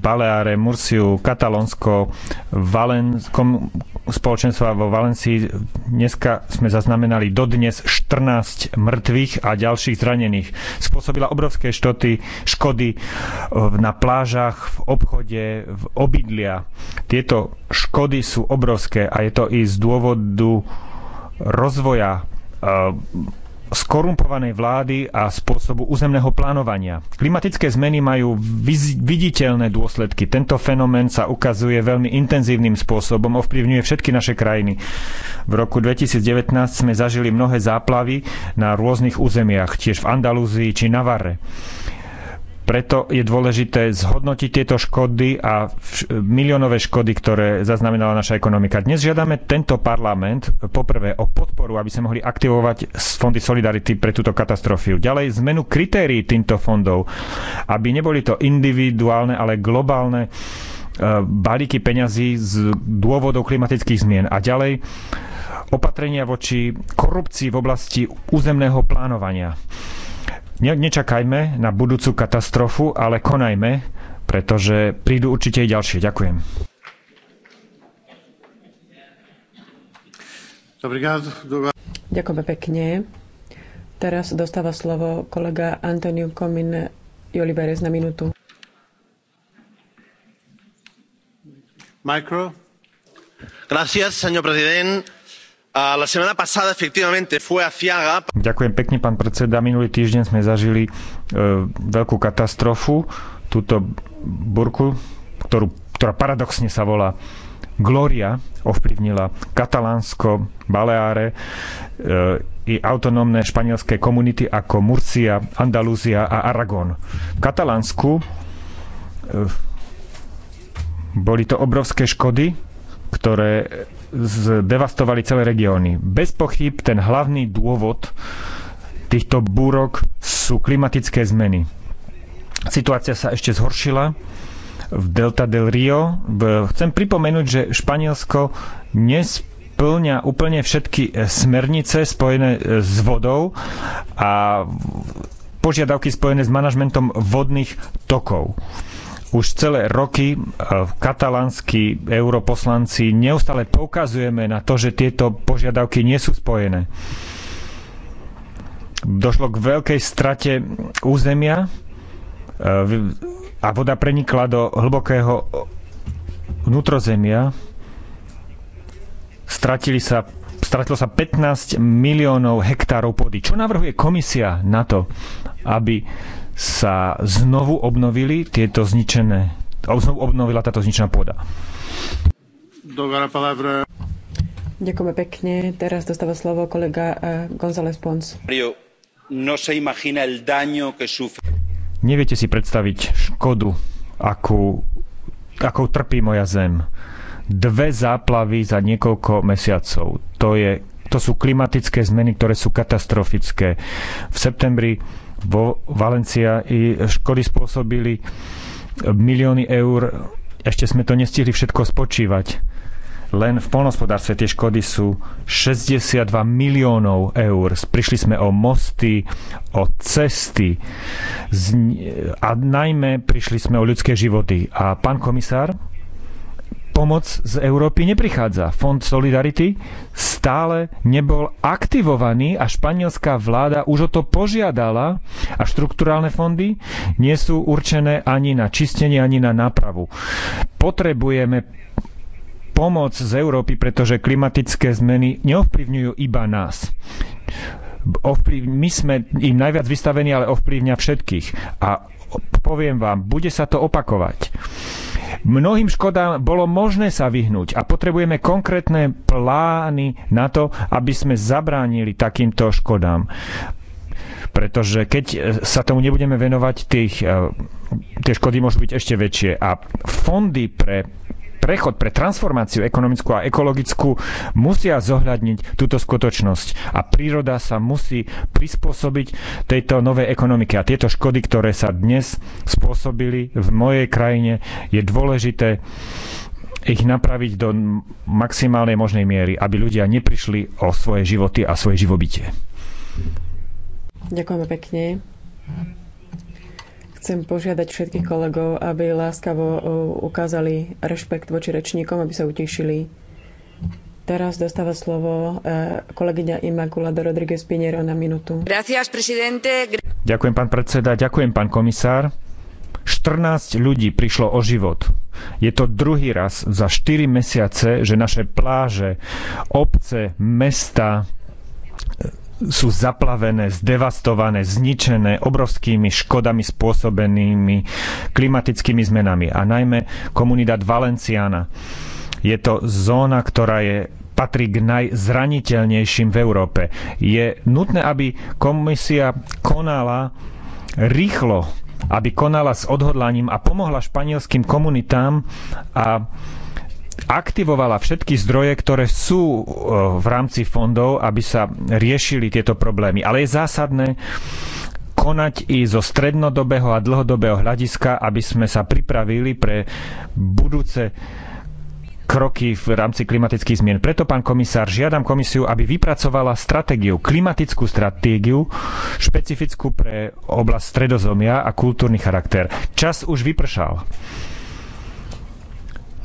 Baleare, Mursiu, Katalonsko, Valen- Kom- spoločenstva vo Valencii. Dneska sme zaznamenali dodnes 14 mŕtvych a ďalších zranených. Spôsobila obrovské štoty, škody eh, na plážach, v obchode, v obydlia. Tieto škody sú obrovské a je to i z dôvodu rozvoja eh, skorumpovanej vlády a spôsobu územného plánovania. Klimatické zmeny majú viditeľné dôsledky. Tento fenomén sa ukazuje veľmi intenzívnym spôsobom, ovplyvňuje všetky naše krajiny. V roku 2019 sme zažili mnohé záplavy na rôznych územiach, tiež v Andalúzii či Navarre. Preto je dôležité zhodnotiť tieto škody a miliónové škody, ktoré zaznamenala naša ekonomika. Dnes žiadame tento parlament poprvé o podporu, aby sa mohli aktivovať fondy Solidarity pre túto katastrofiu. Ďalej zmenu kritérií týmto fondov, aby neboli to individuálne, ale globálne e, balíky peňazí z dôvodov klimatických zmien. A ďalej opatrenia voči korupcii v oblasti územného plánovania Ne, nečakajme na budúcu katastrofu, ale konajme, pretože prídu určite aj ďalšie. Ďakujem. Ďakujem pekne. Teraz dostáva slovo kolega Antoniu Komin Joliberes na minútu. Micro. Gracias, señor presidente la semana pasada efectivamente fue aciaga. Ďakujem pekne, pán predseda. Minulý týždeň sme zažili e, veľkú katastrofu, túto burku, ktorú, ktorá paradoxne sa volá Gloria, ovplyvnila Katalánsko, Baleáre, e, i autonómne španielské komunity ako Murcia, Andalúzia a Aragón. V Katalánsku e, boli to obrovské škody, ktoré zdevastovali celé regióny. Bez pochyb ten hlavný dôvod týchto búrok sú klimatické zmeny. Situácia sa ešte zhoršila v Delta del Rio. Chcem pripomenúť, že Španielsko nesplňa úplne všetky smernice spojené e, s vodou a požiadavky spojené s manažmentom vodných tokov. Už celé roky e, katalánsky europoslanci neustále poukazujeme na to, že tieto požiadavky nie sú spojené. Došlo k veľkej strate územia e, a voda prenikla do hlbokého vnútrozemia. Stratili sa stratilo sa 15 miliónov hektárov pôdy. Čo navrhuje komisia na to, aby sa znovu obnovili tieto zničené, znovu obnovila táto zničená pôda. Ďakujeme pekne. Teraz dostáva slovo kolega eh, González Pons. No Neviete si predstaviť škodu, akú, akou trpí moja zem. Dve záplavy za niekoľko mesiacov. To, je, to sú klimatické zmeny, ktoré sú katastrofické. V septembri vo Valencia i škody spôsobili milióny eur. Ešte sme to nestihli všetko spočívať. Len v polnospodárstve tie škody sú 62 miliónov eur. Prišli sme o mosty, o cesty a najmä prišli sme o ľudské životy. A pán komisár, pomoc z Európy neprichádza. Fond Solidarity stále nebol aktivovaný a španielská vláda už o to požiadala a štrukturálne fondy nie sú určené ani na čistenie, ani na nápravu. Potrebujeme pomoc z Európy, pretože klimatické zmeny neovplyvňujú iba nás my sme im najviac vystavení, ale ovplyvňa všetkých. A poviem vám, bude sa to opakovať. Mnohým škodám bolo možné sa vyhnúť a potrebujeme konkrétne plány na to, aby sme zabránili takýmto škodám pretože keď e, sa tomu nebudeme venovať, tých, e, tie škody môžu byť ešte väčšie. A fondy pre prechod, pre transformáciu ekonomickú a ekologickú musia zohľadniť túto skutočnosť a príroda sa musí prispôsobiť tejto novej ekonomike. A tieto škody, ktoré sa dnes spôsobili v mojej krajine, je dôležité ich napraviť do maximálnej možnej miery, aby ľudia neprišli o svoje životy a svoje živobytie. Ďakujeme pekne. Chcem požiadať všetkých kolegov, aby láskavo uh, ukázali rešpekt voči rečníkom, aby sa utišili. Teraz dostáva slovo uh, kolegyňa Immaculada Rodriguez Pinero na minútu. Gracias, presidente. Ďakujem, pán predseda, ďakujem, pán komisár. 14 ľudí prišlo o život. Je to druhý raz za 4 mesiace, že naše pláže, obce, mesta sú zaplavené, zdevastované, zničené obrovskými škodami spôsobenými klimatickými zmenami a najmä komunidad Valenciana. Je to zóna, ktorá je patrí k najzraniteľnejším v Európe. Je nutné, aby komisia konala rýchlo, aby konala s odhodlaním a pomohla španielským komunitám a aktivovala všetky zdroje, ktoré sú e, v rámci fondov, aby sa riešili tieto problémy. Ale je zásadné konať i zo strednodobého a dlhodobého hľadiska, aby sme sa pripravili pre budúce kroky v rámci klimatických zmien. Preto, pán komisár, žiadam komisiu, aby vypracovala stratégiu, klimatickú stratégiu, špecifickú pre oblasť stredozomia a kultúrny charakter. Čas už vypršal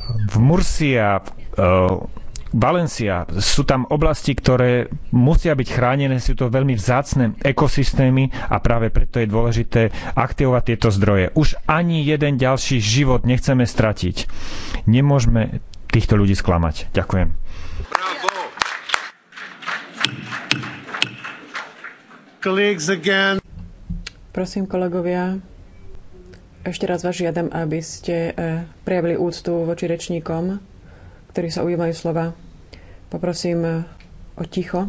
v Mursia, eh, Valencia, sú tam oblasti, ktoré musia byť chránené, sú to veľmi vzácne ekosystémy a práve preto je dôležité aktivovať tieto zdroje. Už ani jeden ďalší život nechceme stratiť. Nemôžeme týchto ľudí sklamať. Ďakujem. Bravo. Prosím, kolegovia, ešte raz vás žiadam, aby ste e, prejavili úctu voči rečníkom, ktorí sa ujímajú slova. Poprosím e, o ticho.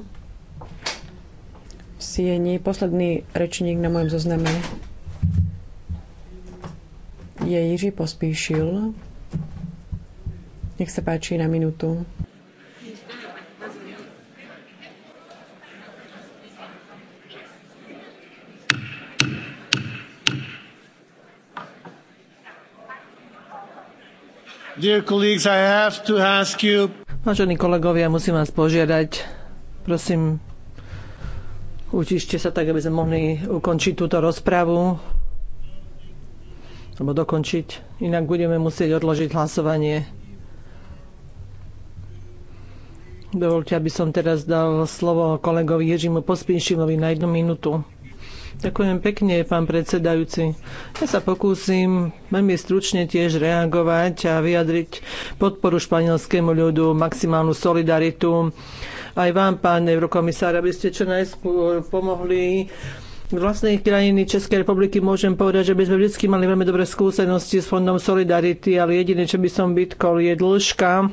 Sieni, posledný rečník na mojom zozname je Jiří Pospíšil. Nech sa páči na minútu. Dear colleagues, I have to ask you... Vážení kolegovia, musím vás požiadať, prosím, utište sa tak, aby sme mohli ukončiť túto rozpravu alebo dokončiť. Inak budeme musieť odložiť hlasovanie. Dovolte, aby som teraz dal slovo kolegovi Ježimu Pospíšilovi na jednu minútu. Ďakujem pekne, pán predsedajúci. Ja sa pokúsim veľmi stručne tiež reagovať a vyjadriť podporu španielskému ľudu, maximálnu solidaritu. Aj vám, pán eurokomisár, aby ste čo najskôr pomohli vlastnej krajiny Českej republiky môžem povedať, že by sme vždy mali veľmi dobré skúsenosti s Fondom Solidarity, ale jediné, čo by som vytkol, je dĺžka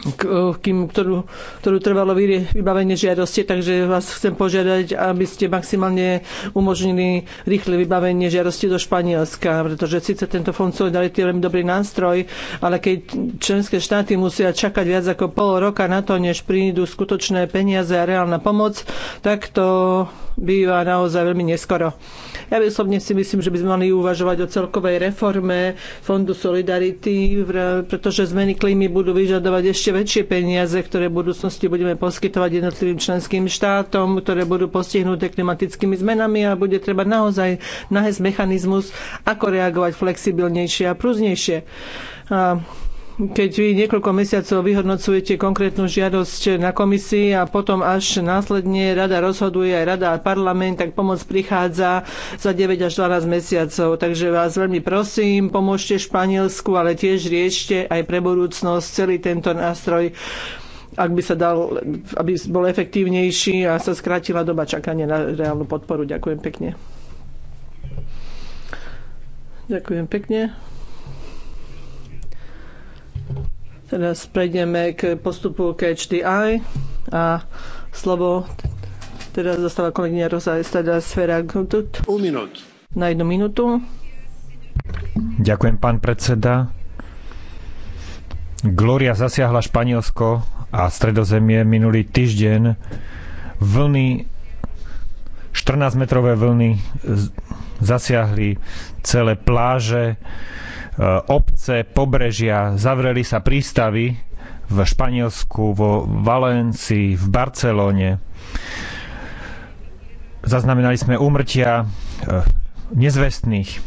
Eh, kým, ktorú, ktorú trvalo vybavenie žiadosti, takže vás chcem požiadať, aby ste maximálne umožnili rýchle vybavenie žiadosti do Španielska, pretože síce tento fond solidarity je veľmi dobrý nástroj, ale keď členské štáty musia čakať viac ako pol roka na to, než prídu skutočné peniaze a reálna pomoc, tak to býva naozaj veľmi neskoro. Ja by osobne si myslím, že by sme mali uvažovať o celkovej reforme Fondu Solidarity, pretože zmeny klímy budú vyžadovať ešte ešte väčšie peniaze, ktoré v budúcnosti budeme poskytovať jednotlivým členským štátom, ktoré budú postihnuté klimatickými zmenami a bude treba naozaj nájsť mechanizmus, ako reagovať flexibilnejšie a prúznejšie. A keď vy niekoľko mesiacov vyhodnocujete konkrétnu žiadosť na komisii a potom až následne rada rozhoduje aj rada a parlament, tak pomoc prichádza za 9 až 12 mesiacov. Takže vás veľmi prosím, pomôžte Španielsku, ale tiež riešte aj pre budúcnosť celý tento nástroj ak by sa dal, aby bol efektívnejší a sa skrátila doba čakania na reálnu podporu. Ďakujem pekne. Ďakujem pekne. Teraz prejdeme k postupu KHDI a slovo teraz dostáva kolegyňa Rosa Estada Sfera Gutut. Na jednu minútu. Ďakujem, pán predseda. Gloria zasiahla Španielsko a stredozemie minulý týždeň. Vlny, 14-metrové vlny zasiahli celé pláže E, obce, pobrežia, zavreli sa prístavy v Španielsku, vo Valencii, v Barcelone. Zaznamenali sme úmrtia e, nezvestných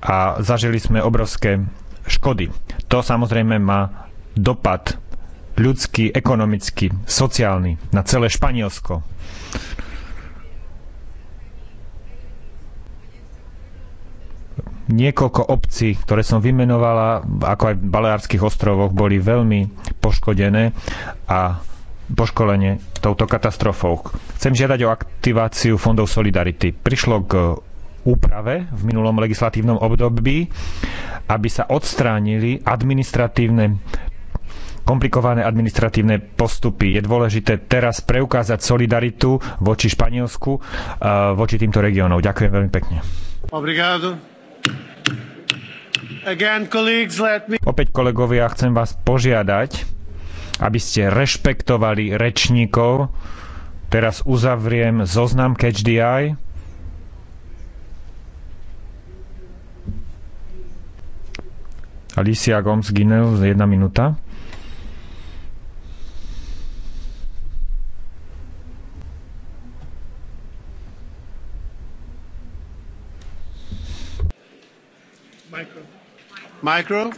a zažili sme obrovské škody. To samozrejme má dopad ľudský, ekonomický, sociálny na celé Španielsko Niekoľko obcí, ktoré som vymenovala, ako aj v Baleárskych ostrovoch, boli veľmi poškodené a poškolenie touto katastrofou. Chcem žiadať o aktiváciu fondov Solidarity. Prišlo k úprave v minulom legislatívnom období, aby sa odstránili administratívne komplikované administratívne postupy. Je dôležité teraz preukázať solidaritu voči Španielsku, eh, voči týmto regiónom. Ďakujem veľmi pekne. Obrigado. Opäť kolegovia, chcem vás požiadať, aby ste rešpektovali rečníkov. Teraz uzavriem zoznam Catch the Eye. Alicia Gomes-Ginel, jedna minúta. Micro.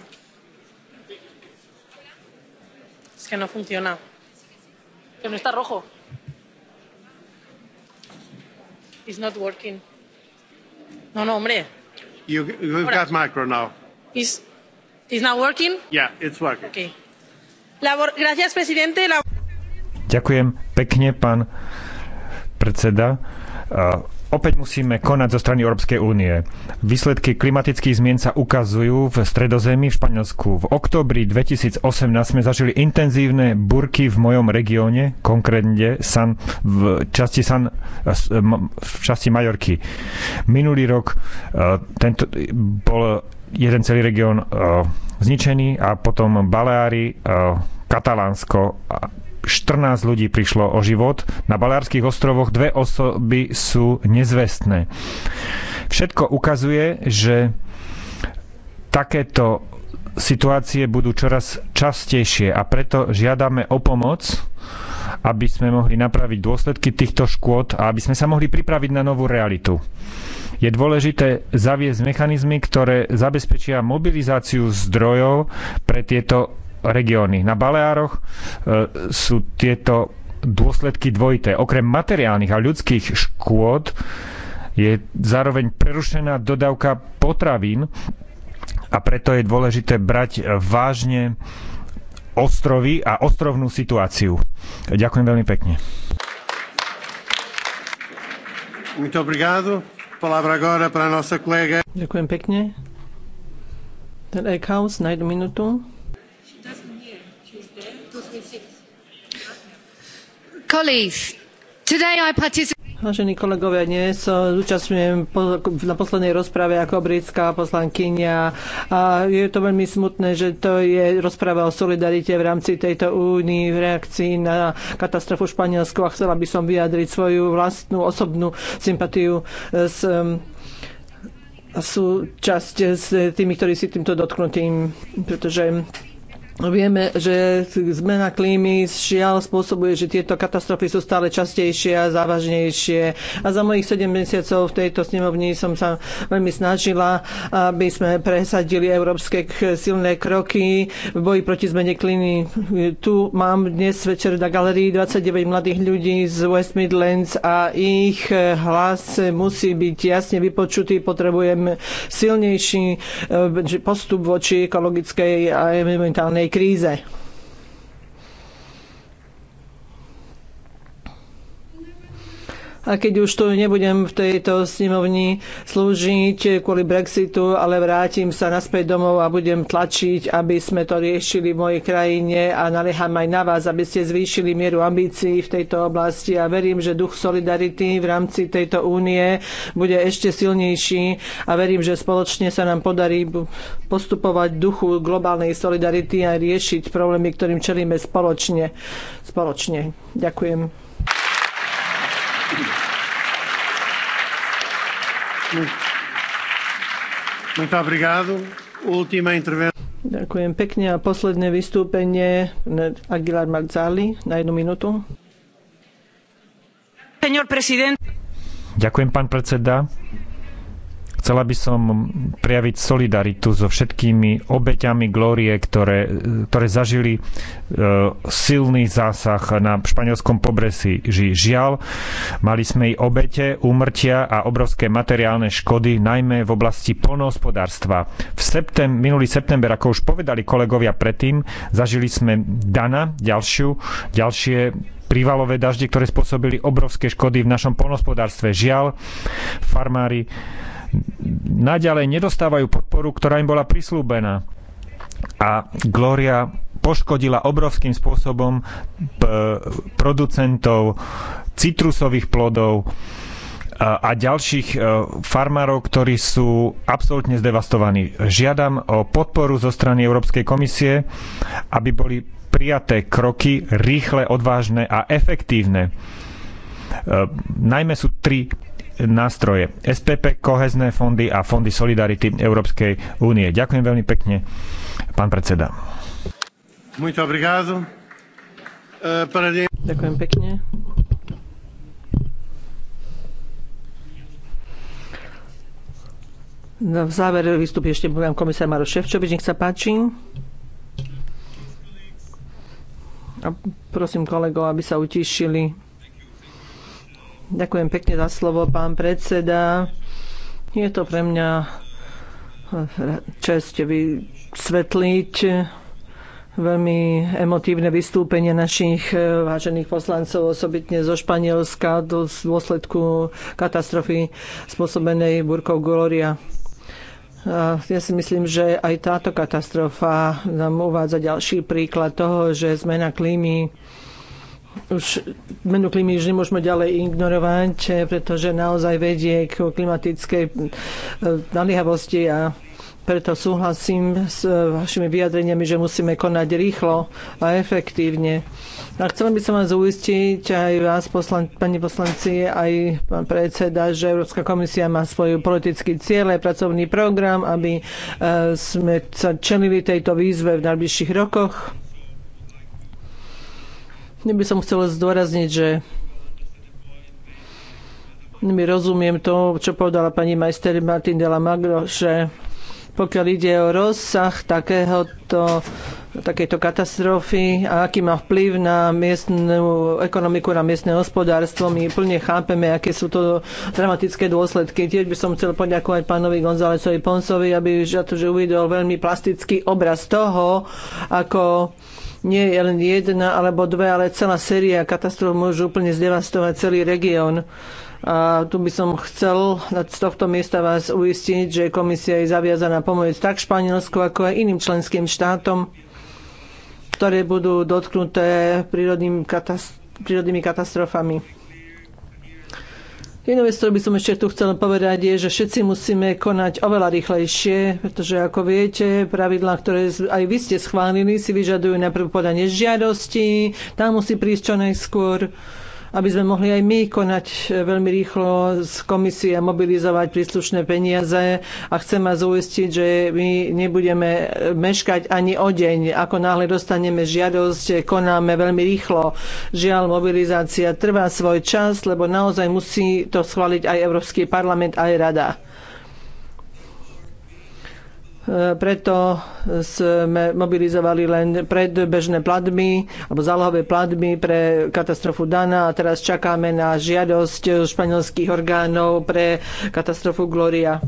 Es que no funciona. Que no está rojo. It's not working. No, no, hombre. You, you've Ahora. got micro now. Is, is not working? Yeah, it's working. Okay. Labor, gracias, presidente. La... Ďakujem pekne, pán predseda. Uh, opäť musíme konať zo strany Európskej únie. Výsledky klimatických zmien sa ukazujú v stredozemí v Španielsku. V oktobri 2018 sme zažili intenzívne burky v mojom regióne, konkrétne San, v, časti San, v časti Majorky. Minulý rok e, tento, bol jeden celý región e, zničený a potom Baleári, e, Katalánsko 14 ľudí prišlo o život. Na Balárských ostrovoch dve osoby sú nezvestné. Všetko ukazuje, že takéto situácie budú čoraz častejšie a preto žiadame o pomoc, aby sme mohli napraviť dôsledky týchto škôd a aby sme sa mohli pripraviť na novú realitu. Je dôležité zaviesť mechanizmy, ktoré zabezpečia mobilizáciu zdrojov pre tieto regióny. Na Baleároch e, sú tieto dôsledky dvojité. Okrem materiálnych a ľudských škôd je zároveň prerušená dodávka potravín a preto je dôležité brať vážne ostrovy a ostrovnú situáciu. Ďakujem veľmi pekne. Ďakujem pekne. Ten Eckhaus na jednu minútu. Vážení kolegovia, dnes zúčastňujem na poslednej rozprave ako britská poslankyňa a je to veľmi smutné, že to je rozpráva o solidarite v rámci tejto únii v reakcii na katastrofu Španielsku a chcela by som vyjadriť svoju vlastnú osobnú sympatiu s súčasť s tými, ktorí si týmto dotknutým, pretože Vieme, že zmena klímy žiaľ spôsobuje, že tieto katastrofy sú stále častejšie a závažnejšie. A za mojich 7 mesiacov v tejto snemovni som sa veľmi snažila, aby sme presadili európske silné kroky v boji proti zmene klímy. Tu mám dnes večer na galerii 29 mladých ľudí z West Midlands a ich hlas musí byť jasne vypočutý. Potrebujem silnejší eh, postup voči ekologickej a environmentálnej kríze. a keď už tu nebudem v tejto snemovni slúžiť kvôli Brexitu, ale vrátim sa naspäť domov a budem tlačiť, aby sme to riešili v mojej krajine a nalieham aj na vás, aby ste zvýšili mieru ambícií v tejto oblasti a verím, že duch solidarity v rámci tejto únie bude ešte silnejší a verím, že spoločne sa nám podarí postupovať duchu globálnej solidarity a riešiť problémy, ktorým čelíme spoločne. spoločne. Ďakujem. Ďakujem pekne a posledné vystúpenie Aguilar Marzali na jednu minútu. Ďakujem, pán predseda. Chcela by som prejaviť solidaritu so všetkými obeťami glórie, ktoré, ktoré zažili e, silný zásah na španielskom pobresi. Ži, žiaľ, mali sme i obete, úmrtia a obrovské materiálne škody, najmä v oblasti polnohospodárstva. V septem, minulý september, ako už povedali kolegovia predtým, zažili sme Dana, ďalšiu, ďalšie prívalové dažde, ktoré spôsobili obrovské škody v našom polnohospodárstve. Žiaľ, farmári naďalej nedostávajú podporu, ktorá im bola prislúbená. A Gloria poškodila obrovským spôsobom e, producentov citrusových plodov e, a ďalších e, farmárov, ktorí sú absolútne zdevastovaní. Žiadam o podporu zo strany Európskej komisie, aby boli prijaté kroky rýchle, odvážne a efektívne. Najmä sú tri nástroje SPP, kohezné fondy a fondy Solidarity Európskej únie. Ďakujem veľmi pekne, pán predseda. Muito obrigado. Eh, Ďakujem pekne. No, v záver vystupí ešte pán komisár Maroš Ševčovič, nech sa páči. A prosím kolegov, aby sa utišili. Ďakujem pekne za slovo, pán predseda. Je to pre mňa eh, čest vysvetliť veľmi emotívne vystúpenie našich eh, vážených poslancov, osobitne zo Španielska, do dôsledku katastrofy spôsobenej burkou Gloria. Eh, ja si myslím, že aj táto katastrofa nám uvádza ďalší príklad toho, že zmena klímy už menu klímy už nemôžeme ďalej ignorovať, pretože naozaj vedie k klimatickej e, naliehavosti a preto súhlasím s e, vašimi vyjadreniami, že musíme konať rýchlo a efektívne. A chcela by som vás uistiť, aj vás, poslan- pani poslanci, aj pán predseda, že Európska komisia má svoj politický cieľ, a pracovný program, aby e, sme sa čelili tejto výzve v najbližších rokoch ja by som chcela zdôrazniť, že my rozumiem to, čo povedala pani majster Martin de la Magro, že pokiaľ ide o rozsah takéhoto, takéto katastrofy a aký má vplyv na miestnú ekonomiku, na miestne hospodárstvo. My plne chápeme, aké sú to dramatické dôsledky. Tiež by som chcel poďakovať pánovi Gonzálecovi Ponsovi, aby za že uvidel veľmi plastický obraz toho, ako nie je len jedna alebo dve, ale celá séria katastrof môže úplne zdevastovať celý región. A tu by som chcel z tohto miesta vás uistiť, že komisia je zaviazaná pomôcť tak Španielsku, ako aj iným členským štátom, ktoré budú dotknuté prírodnými katastrofami. Jednou vec, ktorú by som ešte tu chcela povedať, je, že všetci musíme konať oveľa rýchlejšie, pretože ako viete, pravidlá, ktoré aj vy ste schválili, si vyžadujú najprv podanie žiadosti, tam musí prísť čo najskôr aby sme mohli aj my konať e, veľmi rýchlo z komisie a mobilizovať príslušné peniaze. A chcem vás uistiť, že my nebudeme e, meškať ani o deň. Ako náhle dostaneme žiadosť, konáme veľmi rýchlo. Žiaľ, mobilizácia trvá svoj čas, lebo naozaj musí to schváliť aj Európsky parlament, aj Rada. E, preto sme mobilizovali len predbežné platby alebo zálohové platby pre katastrofu Dana a teraz čakáme na žiadosť španielských orgánov pre katastrofu Gloria.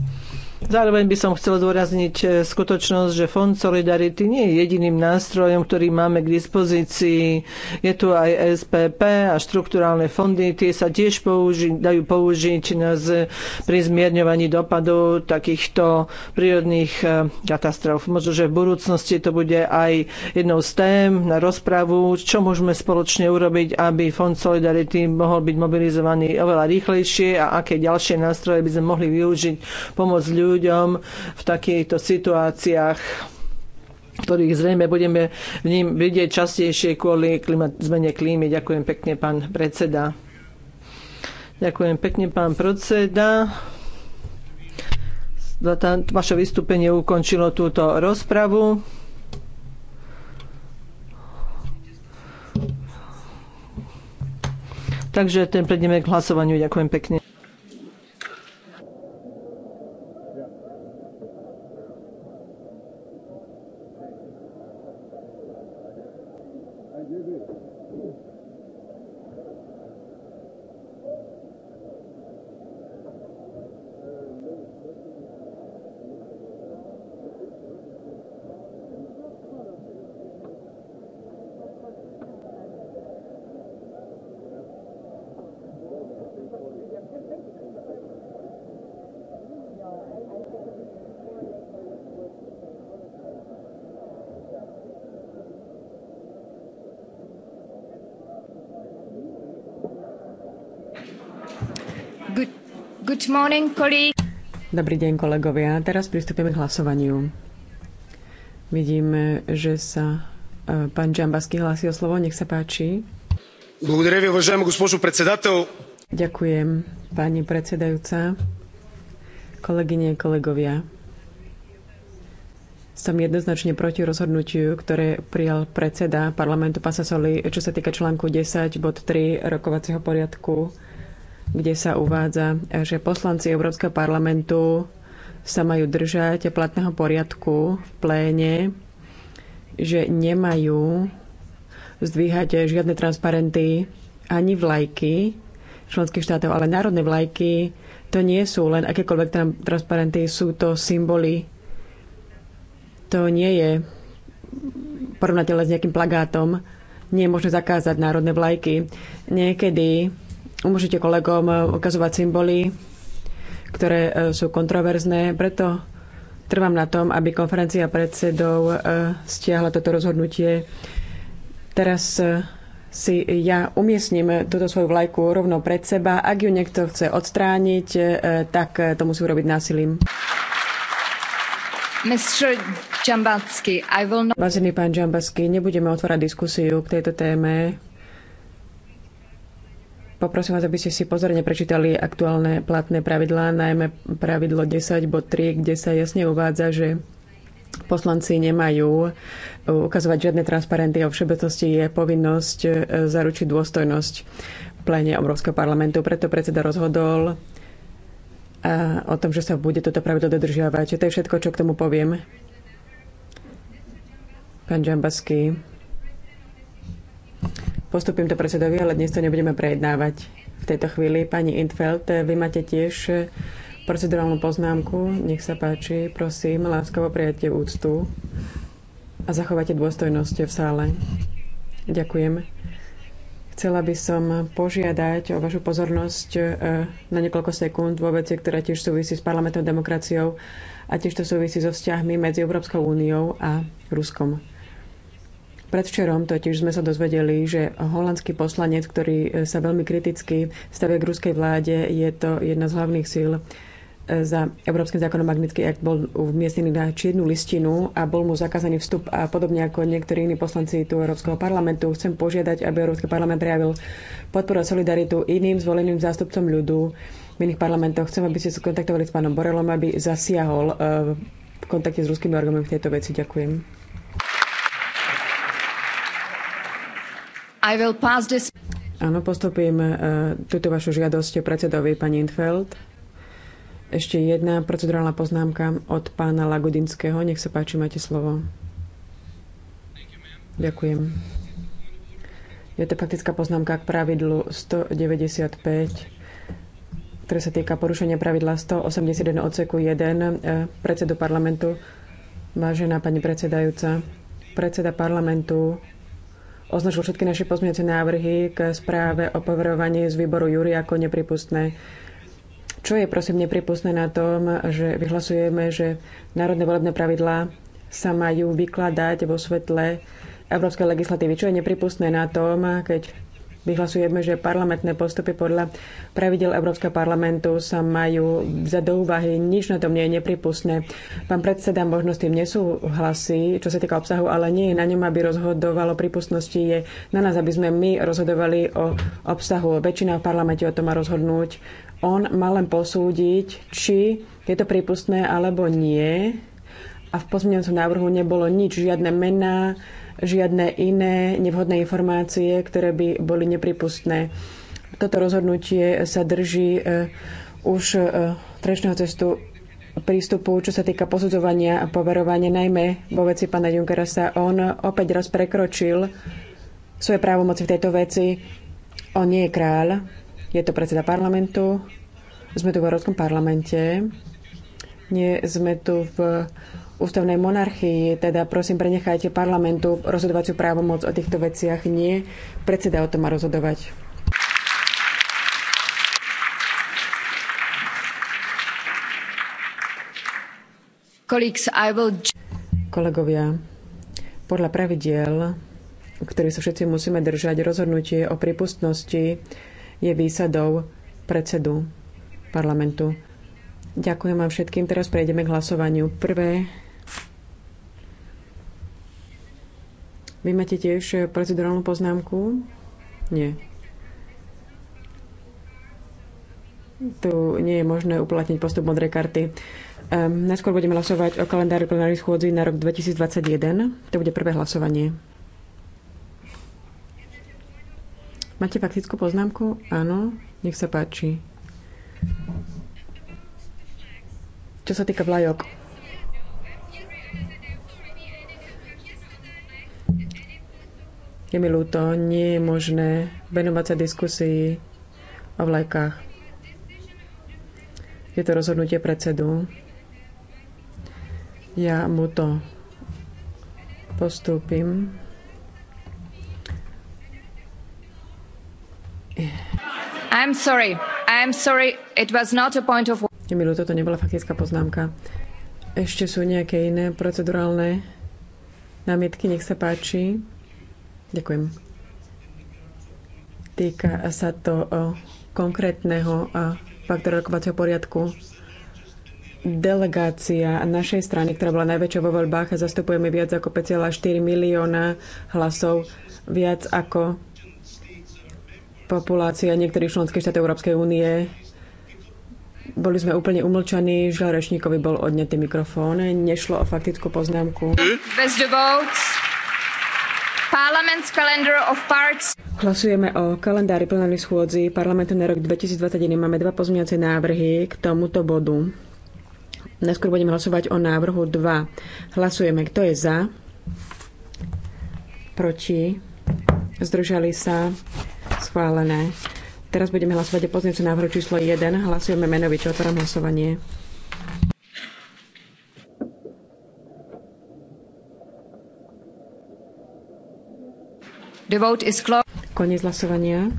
Zároveň by som chcel zdôrazniť eh, skutočnosť, že Fond Solidarity nie je jediným nástrojom, ktorý máme k dispozícii. Je tu aj SPP a štruktúrálne fondy. Tie sa tiež použi- dajú použiť na z- pri zmierňovaní dopadov takýchto prírodných eh, katastrof. Možno, že v budúcnosti to bude aj jednou z tém na rozpravu, čo môžeme spoločne urobiť, aby Fond Solidarity mohol byť mobilizovaný oveľa rýchlejšie a aké ďalšie nástroje by sme mohli využiť pomôcť ľuďom ľuďom v takýchto situáciách ktorých zrejme budeme v ním vidieť častejšie kvôli klimat, zmene klímy. Ďakujem pekne, pán predseda. Ďakujem pekne, pán predseda vaše vystúpenie ukončilo túto rozpravu. Takže ten prejdeme k hlasovaniu. Ďakujem pekne. Good morning, colleague. Dobrý deň, kolegovia. Teraz pristúpime k hlasovaniu. Vidím, že sa e, pán Džambasky hlási o slovo. Nech sa páči. Ďakujem, pani predsedajúca. Kolegyne, kolegovia. Som jednoznačne proti rozhodnutiu, ktoré prijal predseda parlamentu Pasasoli, čo sa týka článku 10 bod 3 rokovacieho poriadku kde sa uvádza, že poslanci Európskeho parlamentu sa majú držať platného poriadku v pléne, že nemajú zdvíhať žiadne transparenty ani vlajky členských štátov, ale národné vlajky to nie sú len akékoľvek transparenty, sú to symboly. To nie je porovnateľné s nejakým plagátom. Nie je možné zakázať národné vlajky. Niekedy umožnite kolegom eh, ukazovať symboly, ktoré eh, sú kontroverzné. Preto trvám na tom, aby konferencia predsedov eh, stiahla toto rozhodnutie. Teraz si ja umiestním túto svoju vlajku rovno pred seba. Ak ju niekto chce odstrániť, tak to musí urobiť násilím. Vážený pán Džambasky, nebudeme otvárať diskusiu k tejto téme. Poprosím vás, aby ste si pozorne prečítali aktuálne platné pravidlá, najmä pravidlo 10.3, kde sa jasne uvádza, že poslanci nemajú e, ukazovať žiadne transparenty a všeobecnosti je povinnosť e, zaručiť dôstojnosť pléne Európskeho parlamentu. Preto predseda rozhodol e, o tom, že sa bude toto pravidlo dodržiavať. To je všetko, čo k tomu poviem. Pán Džambaský. Postupím to predsedovi, ale dnes to nebudeme prejednávať. V tejto chvíli, pani Intfeld, vy máte tiež eh, procedurálnu poznámku. Nech sa páči, prosím, láskavo prijatie úctu a zachovate dôstojnosť v sále. Ďakujem. Chcela by som požiadať o vašu pozornosť eh, na niekoľko sekúnd vo veci, ktorá tiež súvisí s parlamentom demokraciou a tiež to súvisí so vzťahmi medzi Európskou úniou a Ruskom. Predvčerom totiž sme sa dozvedeli, že holandský poslanec, ktorý e, sa veľmi kriticky stavia k ruskej vláde, je to jedna z hlavných síl e, za Európskym zákonom Magnitsky Act bol umiestnený na čiernu listinu a bol mu zakázaný vstup a podobne ako niektorí iní poslanci tu Európskeho parlamentu. Chcem požiadať, aby Európsky parlament prejavil podporu a solidaritu iným zvoleným zástupcom ľudu v iných parlamentoch. Chcem, aby ste sa kontaktovali s pánom Borelom, aby zasiahol e, v kontakte s ruskými orgánmi v tejto veci. Ďakujem. I will pass this... Áno, postupím uh, túto vašu žiadosť predsedovi pani Infeld. Ešte jedna procedurálna poznámka od pána Lagudinského. Nech sa páči, máte slovo. Ďakujem. Je to faktická poznámka k pravidlu 195, ktoré sa týka porušenia pravidla 181 odseku 1 e, predsedu parlamentu. Vážená pani predsedajúca, predseda parlamentu označil všetky naše pozmeňujúce návrhy k správe o poverovaní z výboru Júri ako nepripustné. Čo je prosím nepripustné na tom, že vyhlasujeme, že národné volebné pravidlá sa majú vykladať vo svetle európskej legislatívy? Čo je nepripustné na tom, keď vyhlasujeme, že parlamentné postupy podľa pravidel Európskeho parlamentu sa majú za do úvahy. Nič na tom nie je nepripustné. Pán predseda možno s tým nesúhlasí, čo sa týka obsahu, ale nie je na ňom, aby rozhodovalo prípustnosti. Je na nás, aby sme my rozhodovali o obsahu. Väčšina v parlamente o tom má rozhodnúť. On má len posúdiť, či je to prípustné alebo nie. A v pozmeňujúcom návrhu nebolo nič, žiadne mená, žiadne iné nevhodné informácie, ktoré by boli nepripustné. Toto rozhodnutie sa drží e, už e, trešného cestu prístupu, čo sa týka posudzovania a poverovania, najmä vo veci pána Junkera sa on opäť raz prekročil svoje právomoci v tejto veci. On nie je kráľ, je to predseda parlamentu, sme tu v Európskom parlamente, nie sme tu v ústavnej monarchii, teda prosím, prenechajte parlamentu rozhodovaciu právomoc o týchto veciach. Nie, predseda o tom má rozhodovať. Kolegovia, podľa pravidiel, ktorých sa všetci musíme držať, rozhodnutie o prípustnosti je výsadou predsedu parlamentu. Ďakujem vám všetkým. Teraz prejdeme k hlasovaniu. Prvé Vy máte tiež eh, procedurálnu poznámku? Nie. Tu nie je možné uplatniť postup modrej karty. Um, najskôr budeme hlasovať o kalendári plenárnych schôdzi na rok 2021. To bude prvé hlasovanie. Máte faktickú poznámku? Áno, nech sa páči. Čo sa týka vlajok, Je mi ľúto, nie je možné venovať sa diskusii o vlajkách. Je to rozhodnutie predsedu. Ja mu to postúpim. I'm sorry. I'm sorry. It was not a point of... Je mi ľúto, to nebola faktická poznámka. Ešte sú nejaké iné procedurálne námietky, nech sa páči. Ďakujem. Týka sa to konkrétneho faktora rokovacieho poriadku. Delegácia našej strany, ktorá bola najväčšia vo voľbách, a zastupujeme viac ako 5,4 milióna hlasov, viac ako populácia niektorých členských štátov Európskej únie. Boli sme úplne umlčaní, žiaľ rečníkovi bol odňatý mikrofón, nešlo o faktickú poznámku. Bez Hlasujeme o kalendári plenárnej schôdzi parlamentu na rok 2021. Máme dva pozmeňovacie návrhy k tomuto bodu. Najskôr budeme hlasovať o návrhu 2. Hlasujeme, kto je za, proti, zdržali sa, schválené. Teraz budeme hlasovať o pozmeňovacom návrhu číslo 1. Hlasujeme menovite, otváram hlasovanie. The vote is closed. hlasovania.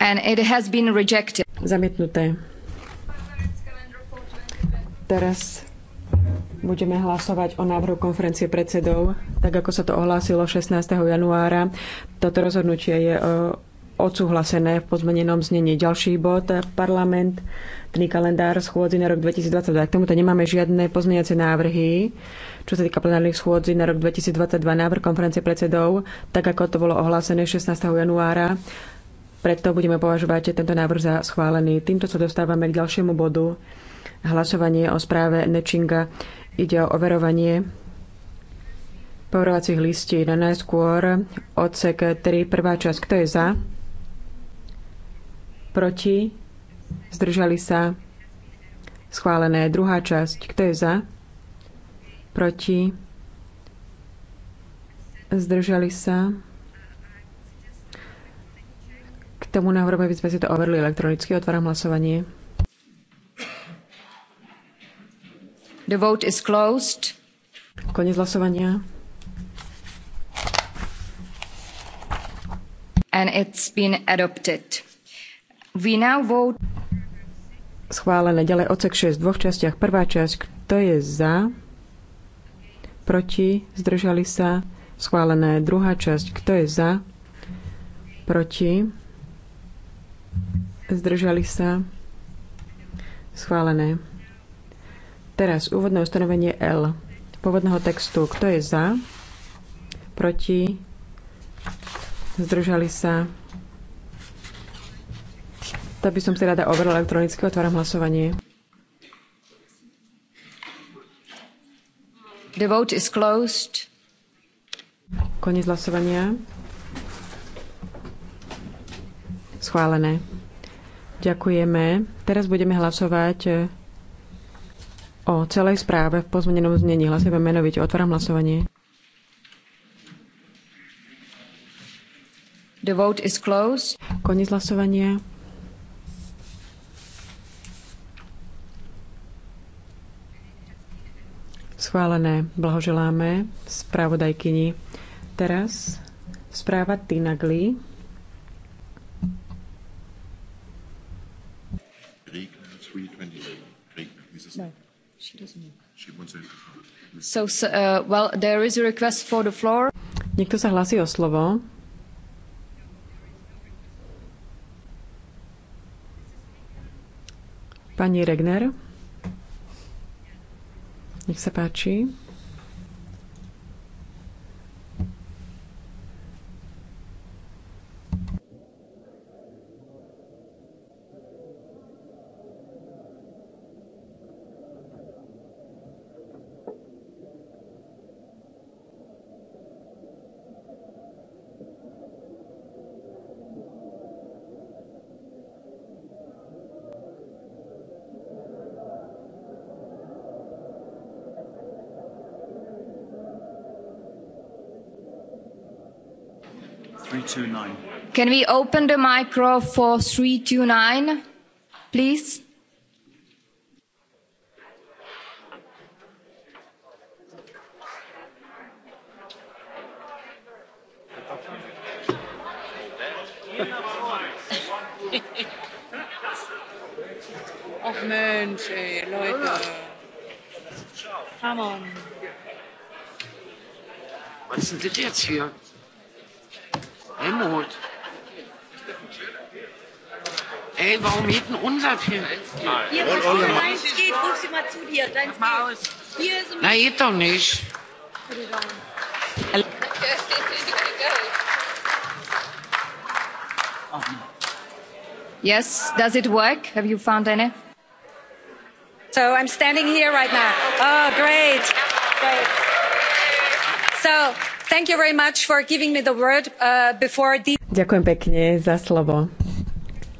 And it has been rejected. Zamietnuté. Teraz budeme hlasovať o návrhu konferencie predsedov, tak ako sa to ohlásilo 16. januára. Toto rozhodnutie je e, odsúhlasené v pozmenenom znení. Ďalší bod, parlament, tný kalendár schôdzi na rok 2022. K tomuto nemáme žiadne pozmeniace návrhy, čo sa týka plenárnych schôdzi na rok 2022, návrh konferencie predsedov, tak ako to bolo ohlásené 16. januára. Preto budeme považovať tento návrh za schválený. Týmto sa dostávame k ďalšiemu bodu. Hlasovanie o správe Nečinga ide o overovanie poverovacích listí. Na Najskôr odsek 3, prvá časť. Kto je za? proti, zdržali sa, schválené. Druhá časť, kto je za, proti, zdržali sa. K tomu návrhu by sme si to overili elektronicky. Otváram hlasovanie. The vote is closed. Konec hlasovania. And it's been adopted. Schválené ďalej odsek 6 v dvoch častiach. Prvá časť, kto je za, proti, zdržali sa. Schválené druhá časť, kto je za, proti, zdržali sa. Schválené. Teraz úvodné ustanovenie L pôvodného textu. Kto je za, proti, zdržali sa. Tak by som si rada overil elektronicky. Otváram hlasovanie. The vote is closed. Koniec hlasovania. Schválené. Ďakujeme. Teraz budeme hlasovať e, o celej správe v pozmenenom znení. Hlasujeme menovite. Otváram hlasovanie. The vote is closed. Koniec hlasovania. Schválené. Blahoželáme správodajkyni. Teraz správa Tina No, So, So, uh, well, there is a request for the floor. Niekto sa hlasí o slovo. Pani Regner. Nech sa páči. 329. Can we open the micro for 329, please? Ach Mensch, ey, Leute. Come on. Was ist denn das jetzt hier? Helmut. Ey, warum geht denn unser Film? Hier, was oh, oh, meins geht, ruf sie mal zu dir. Dein mal aus. Hier ist Na, geht doch nicht. Yes, does it work? Have you found any? So I'm standing here right now. Oh, great. Great. So Uh, Ďakujem pekne za slovo.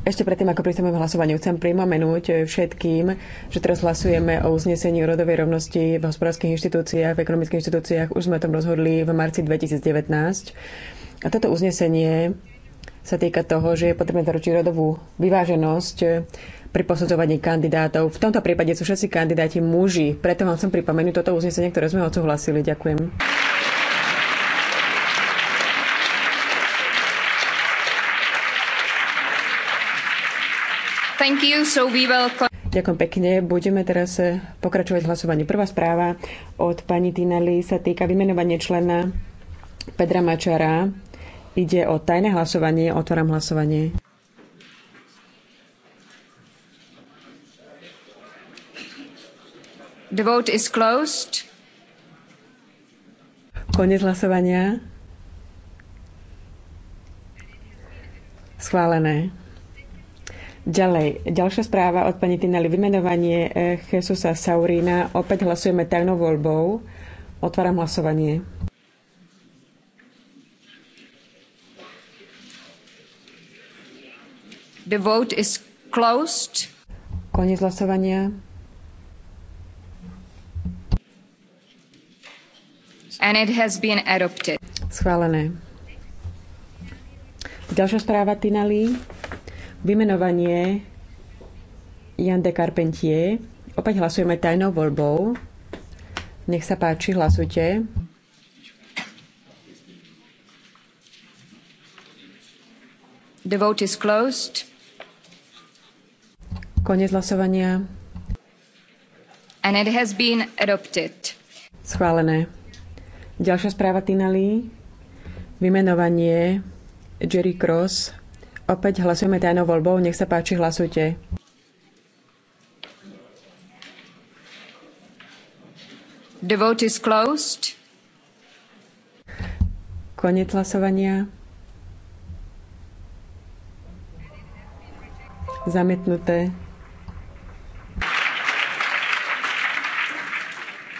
Ešte predtým, ako prístupujeme k hlasovaniu, chcem pripomenúť všetkým, že teraz hlasujeme o uznesení o rodovej rovnosti v hospodárskych inštitúciách, v ekonomických inštitúciách. Už sme o tom rozhodli v marci 2019. A toto uznesenie sa týka toho, že je potrebné zaručiť rodovú vyváženosť pri posudzovaní kandidátov. V tomto prípade sú všetci kandidáti muži. Preto vám chcem pripomenúť toto uznesenie, ktoré sme odsúhlasili. Ďakujem. Thank you, so we will... Ďakujem pekne. Budeme teraz eh, pokračovať v Prvá správa od pani Tina sa týka vymenovania člena Pedra Mačara. Ide o tajné hlasovanie. Otváram hlasovanie. The vote is closed. Konec hlasovania. Schválené. Ďalej, ďalšia správa od pani Tinali. Vymenovanie eh, Jesusa Saurína. Opäť hlasujeme tajnou voľbou. Otváram hlasovanie. The vote is closed. Koniec hlasovania. And it has been adopted. Schválené. Ďalšia správa Tinali Vymenovanie Jan de Carpentier. Opäť hlasujeme tajnou voľbou. Nech sa páči, hlasujte. The vote is closed. Konec hlasovania. And it has been adopted. Schválené. Ďalšia správa Tinali. Vymenovanie Jerry Cross Opäť hlasujeme tajnou voľbou. Nech sa páči, hlasujte. The vote is closed. Koniec hlasovania. Zamietnuté.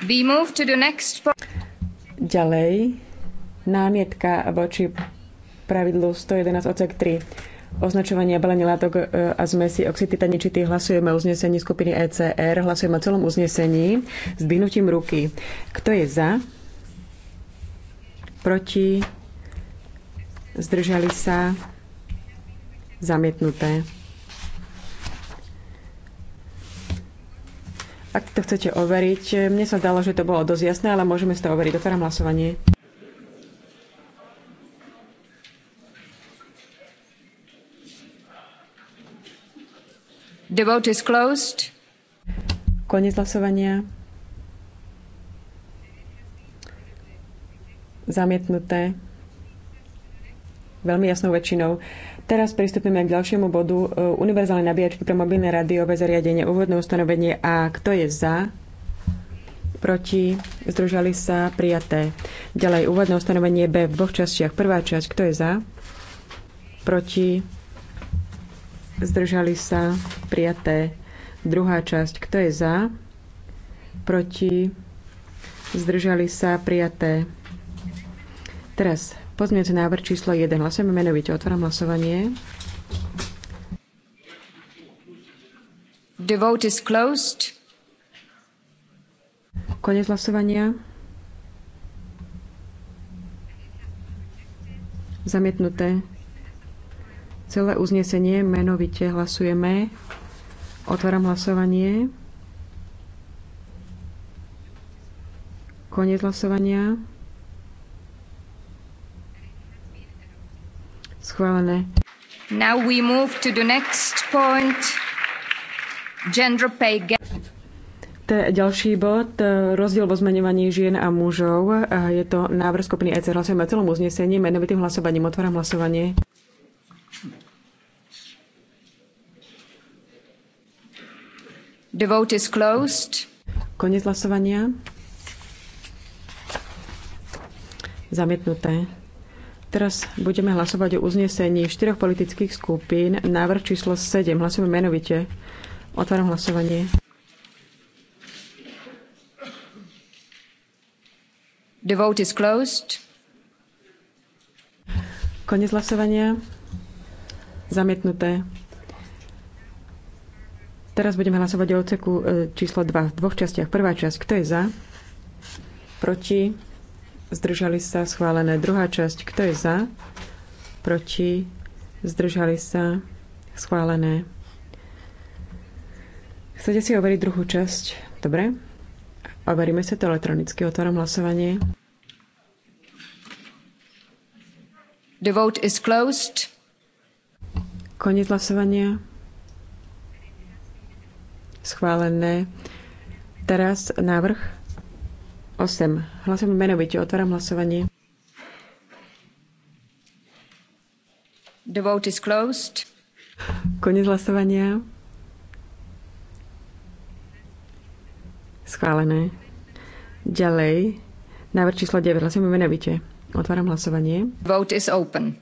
We move to the next... Ďalej. Námietka voči pravidlu 111 odsek 3 označovania balenia látok e, a zmesi oxytitaničitých hlasujeme o uznesení skupiny ECR. Hlasujeme o celom uznesení s dvihnutím ruky. Kto je za? Proti? Zdržali sa? Zamietnuté. Ak to chcete overiť, mne sa zdalo, že to bolo dosť jasné, ale môžeme si to overiť. Otváram hlasovanie. The vote is closed. hlasovania. Zamietnuté. Veľmi jasnou väčšinou. Teraz pristúpime k ďalšiemu bodu. E, univerzálne nabíjačky pre mobilné rádiové zariadenie, úvodné ustanovenie a kto je za? proti, zdržali sa, prijaté. Ďalej, úvodné ustanovenie B v dvoch častiach. Prvá časť, kto je za, proti, zdržali sa, prijaté. Druhá časť, kto je za, proti, zdržali sa, prijaté. Teraz pozmiete návrh číslo 1. Hlasujeme menovite. Otváram hlasovanie. The vote is closed. Konec hlasovania. Zamietnuté. Celé uznesenie menovite hlasujeme. Otváram hlasovanie. Koniec hlasovania. Schválené. Now we move to the next point. Gender pay gap. je ďalší bod, e, rozdiel vo zmenovaní žien a mužov. E, je to návrh skupiny EC. Hlasujeme o celom uznesení. Menovitým hlasovaním otváram hlasovanie. The vote is closed. Konec hlasovania. Zamietnuté. Teraz budeme hlasovať o uznesení štyroch politických skupín. Návrh číslo 7. Hlasujeme menovite. Otváram hlasovanie. The vote is closed. Konec hlasovania. Zamietnuté. Teraz budeme hlasovať o odseku e, číslo 2 v dvoch častiach. Prvá časť, kto je za? Proti? Zdržali sa schválené. Druhá časť, kto je za? Proti? Zdržali sa schválené. Chcete si overiť druhú časť? Dobre. Overíme sa to elektronicky. Otváram hlasovanie. The vote is closed. Koniec hlasovania. Schválené. Teraz návrh 8. Hlasujem menovite. Otváram hlasovanie. The vote is closed. Konec hlasovania. Schválené. Ďalej. Návrh číslo 9. Hlasujem menovite. Otváram hlasovanie. Vote is open.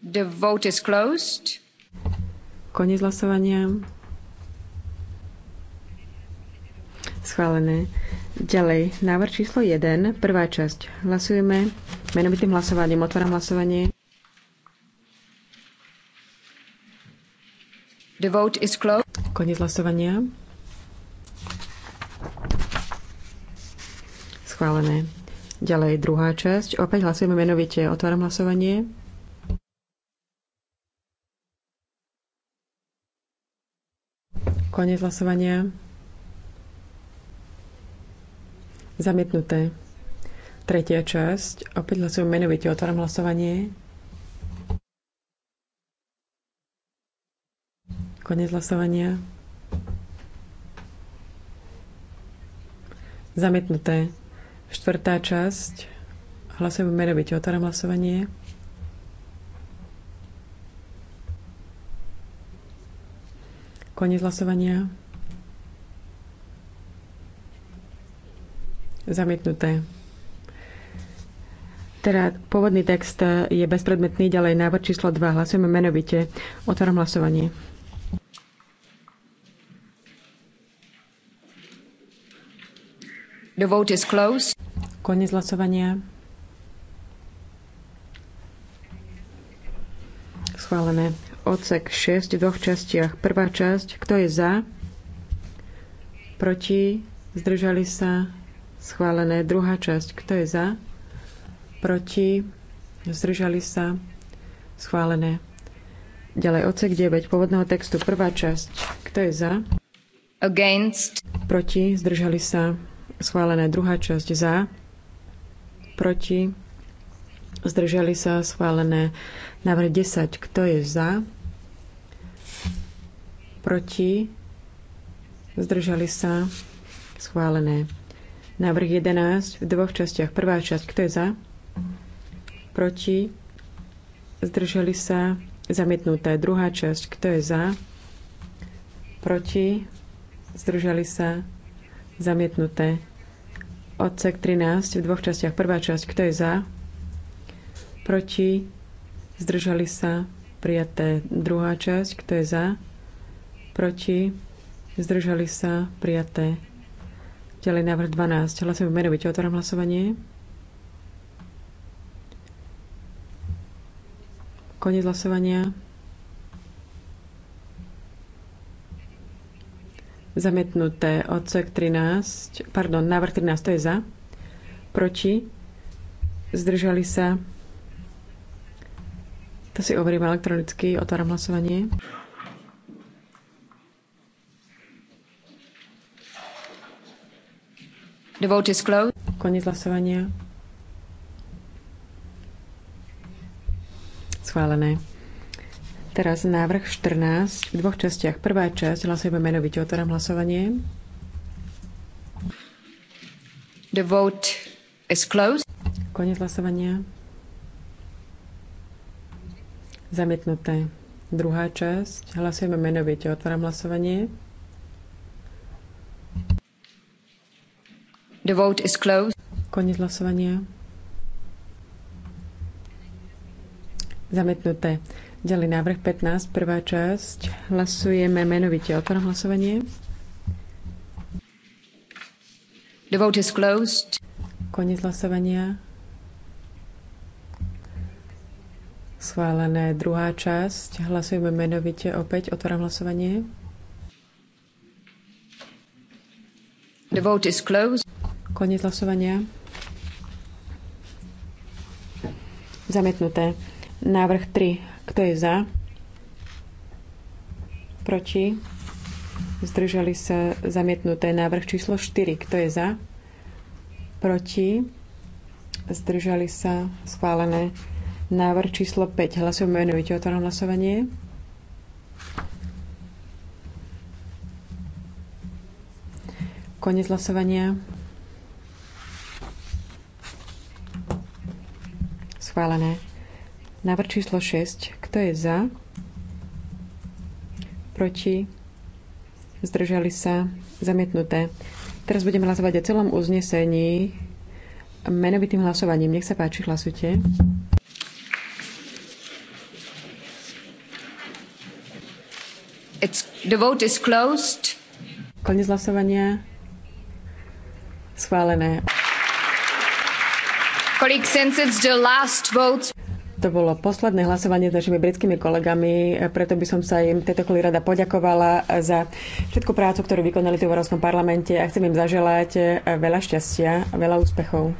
The vote is closed. Koniec hlasovania. Schválené. Ďalej, návrh číslo 1, prvá časť. Hlasujeme menovitým hlasovaním. Otváram hlasovanie. The vote is closed. Koniec hlasovania. Schválené. Ďalej, druhá časť. Opäť hlasujeme menovite. Otváram hlasovanie. Konec hlasovania. Zamietnuté. Tretia časť. Opäť hlasujem menovite. Otváram hlasovanie. Konec hlasovania. Zamietnuté. Štvrtá časť. Hlasujem menovite. Otváram hlasovanie. Koniec hlasovania. Zamietnuté. Teda pôvodný text je bezpredmetný, ďalej návrh číslo 2. Hlasujeme menovite. Otváram hlasovanie. The vote is closed. Konec hlasovania. Schválené odsek 6 v dvoch častiach. Prvá časť, kto je za, proti, zdržali sa, schválené. Druhá časť, kto je za, proti, zdržali sa, schválené. Ďalej odsek 9 pôvodného textu, prvá časť, kto je za, against, proti, zdržali sa, schválené. Druhá časť, za, proti, Zdržali sa schválené návrh 10. Kto je za? Proti? Zdržali sa schválené. Návrh 11 v dvoch častiach. Prvá časť. Kto je za? Proti? Zdržali sa zamietnuté. Druhá časť. Kto je za? Proti? Zdržali sa zamietnuté. Odsek 13 v dvoch častiach. Prvá časť. Kto je za? proti, zdržali sa prijaté. Druhá časť, kto je za, proti, zdržali sa prijaté. Ďalej návrh 12. Hlasujem menovite. Otváram hlasovanie. Koniec hlasovania. Zametnuté odsek 13, pardon, návrh 13, to je za. Proti. Zdržali sa to si overím elektronicky. Otváram hlasovanie. The vote is closed. Koniec hlasovania. Schválené. Teraz návrh 14 v dvoch častiach. Prvá časť, hlasujeme menovite, otváram hlasovanie. The vote is closed. Koniec hlasovania. Zamietnuté. Druhá časť. Hlasujeme menovite. Otváram hlasovanie. The vote is closed. Koniec hlasovania. Zamietnuté. Ďalej návrh 15, prvá časť. Hlasujeme menovite. Otváram hlasovanie. The vote is closed. Koniec hlasovania. Schválené druhá časť. Hlasujeme menovite opäť. Otváram hlasovanie. The vote is closed. Koniec hlasovania. Zamietnuté. Návrh 3. Kto je za? Proti? Zdržali sa zamietnuté. Návrh číslo 4. Kto je za? Proti? Zdržali sa schválené. Návrh číslo 5. Hlasujeme menovite. Otváram hlasovanie. Konec hlasovania. Schválené. Návrh číslo 6. Kto je za? Proti? Zdržali sa? Zamietnuté. Teraz budeme hlasovať o celom uznesení menovitým hlasovaním. Nech sa páči, hlasujte. It's, the vote is closed. Konec hlasovania. Schválené. Colleagues, since it's the last vote, to bolo posledné hlasovanie s našimi britskými kolegami, preto by som sa im tejto chvíli rada poďakovala za všetku prácu, ktorú vykonali tu v Európskom parlamente a chcem im zaželať veľa šťastia, a veľa úspechov.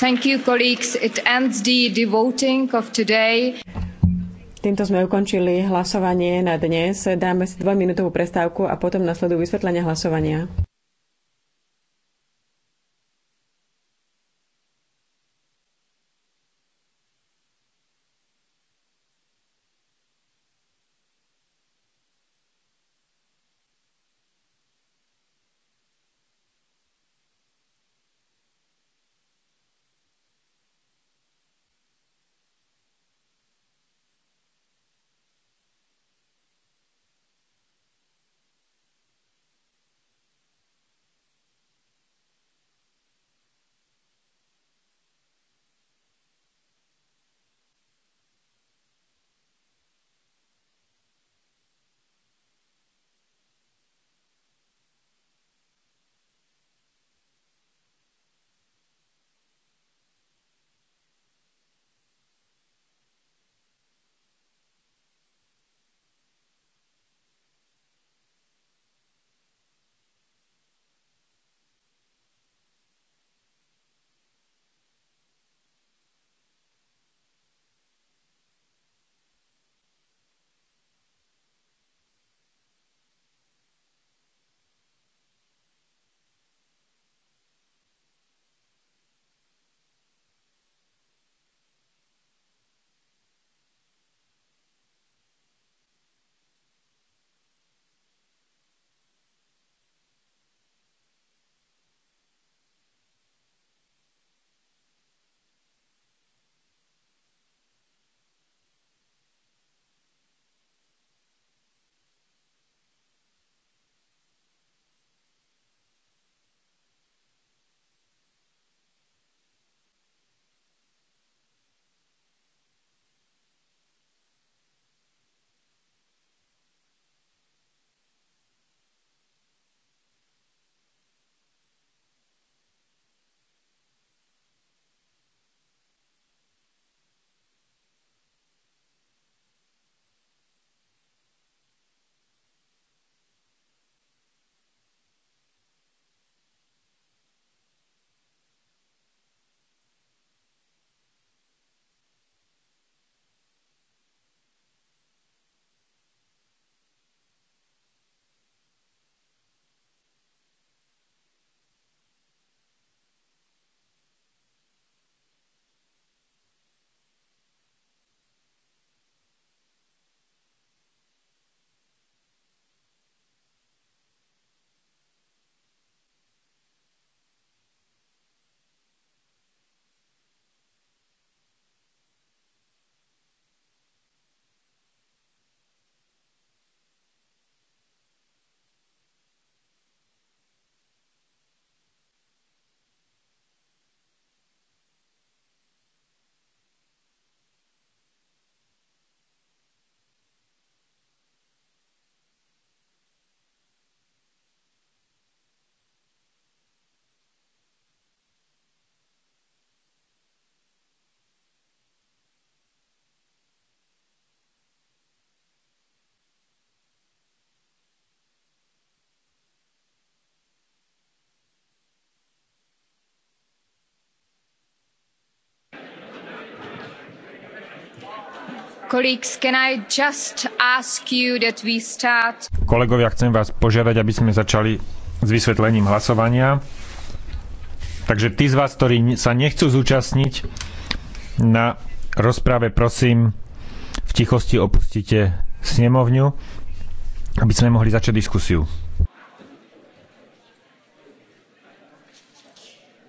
Thank you, colleagues. It ends the, the voting of today. Týmto sme ukončili hlasovanie na dnes. Dáme si dvojminútovú prestávku a potom nasledujú vysvetlenia hlasovania. Kolegovia, chcem vás požiadať, aby sme začali s vysvetlením hlasovania. Takže tí z vás, ktorí sa nechcú zúčastniť na rozprave, prosím, v tichosti opustite snemovňu, aby sme mohli začať diskusiu.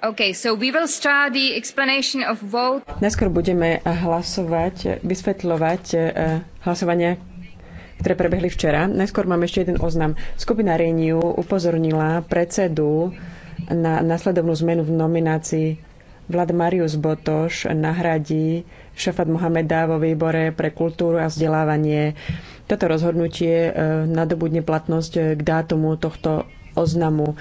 Okay, so Najskôr budeme eh, hlasovať, eh, vysvetľovať eh, hlasovania, ktoré prebehli včera. Najskôr mám ešte jeden oznam. Skupina Reniu upozornila predsedu na nasledovnú zmenu v nominácii Vlad Marius Botoš nahradí šafat Mohameda vo výbore pre kultúru a vzdelávanie. Toto rozhodnutie nadobudne platnosť k dátumu tohto oznamu.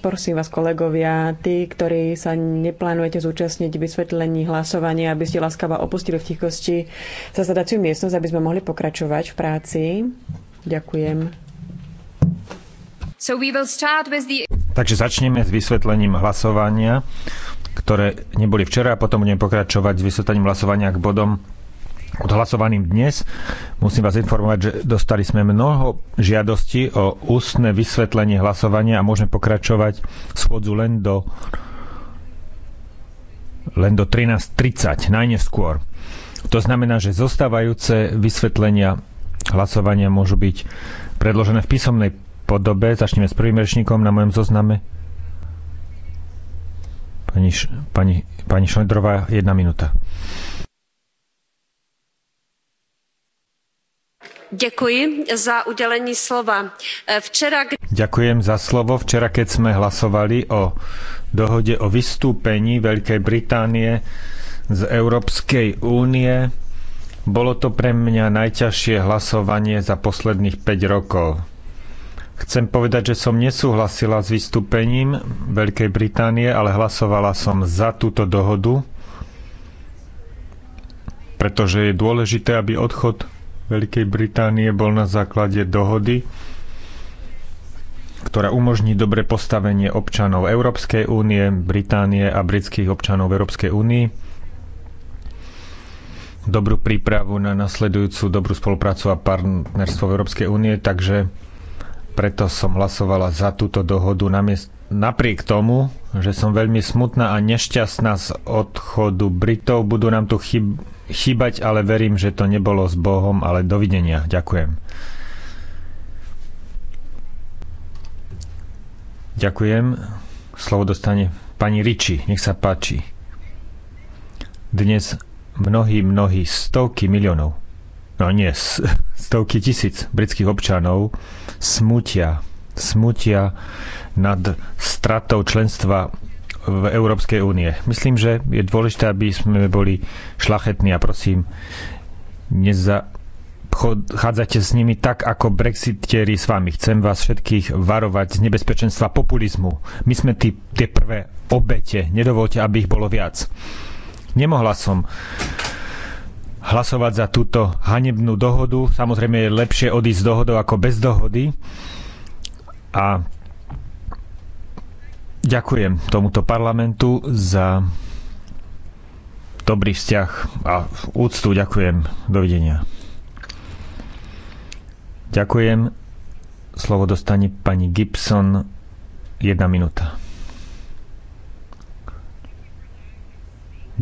Prosím vás, kolegovia, tí, ktorí sa neplánujete zúčastniť vysvetlení hlasovania, aby ste láskava opustili v tichosti zasadaciu miestnosť, aby sme mohli pokračovať v práci. Ďakujem. So we will start with the... Takže začneme s vysvetlením hlasovania, ktoré neboli včera a potom budeme pokračovať s vysvetlením hlasovania k bodom odhlasovaným dnes. Musím vás informovať, že dostali sme mnoho žiadostí o ústne vysvetlenie hlasovania a môžeme pokračovať schodzu len do len do 13.30, najneskôr. To znamená, že zostávajúce vysvetlenia hlasovania môžu byť predložené v písomnej podobe. Začneme s prvým rečníkom na mojom zozname. Pani, pani, pani Šlendrová, jedna minúta. Ďakujem za slovo. Včera, keď sme hlasovali o dohode o vystúpení Veľkej Británie z Európskej únie, bolo to pre mňa najťažšie hlasovanie za posledných 5 rokov. Chcem povedať, že som nesúhlasila s vystúpením Veľkej Británie, ale hlasovala som za túto dohodu, pretože je dôležité, aby odchod Veľkej Británie bol na základe dohody, ktorá umožní dobre postavenie občanov Európskej únie, Británie a britských občanov Európskej únii, dobrú prípravu na nasledujúcu dobrú spoluprácu a partnerstvo v Európskej únie, takže preto som hlasovala za túto dohodu namiest, napriek tomu, že som veľmi smutná a nešťastná z odchodu Britov, budú nám tu chyb, chýbať, ale verím, že to nebolo s Bohom, ale dovidenia. Ďakujem. Ďakujem. Slovo dostane pani Riči. Nech sa páči. Dnes mnohí, mnohí, stovky miliónov, no nie, stovky tisíc britských občanov smutia, smutia nad stratou členstva v Európskej únie. Myslím, že je dôležité, aby sme boli šlachetní a prosím, neza, s nimi tak, ako brexitieri s vami. Chcem vás všetkých varovať z nebezpečenstva populizmu. My sme tí, tie prvé obete. Nedovolte, aby ich bolo viac. Nemohla som hlasovať za túto hanebnú dohodu. Samozrejme je lepšie odísť z dohodou ako bez dohody. A Ďakujem tomuto parlamentu za dobrý vzťah a úctu ďakujem. Dovidenia. Ďakujem. Slovo dostane pani Gibson. Jedna minúta.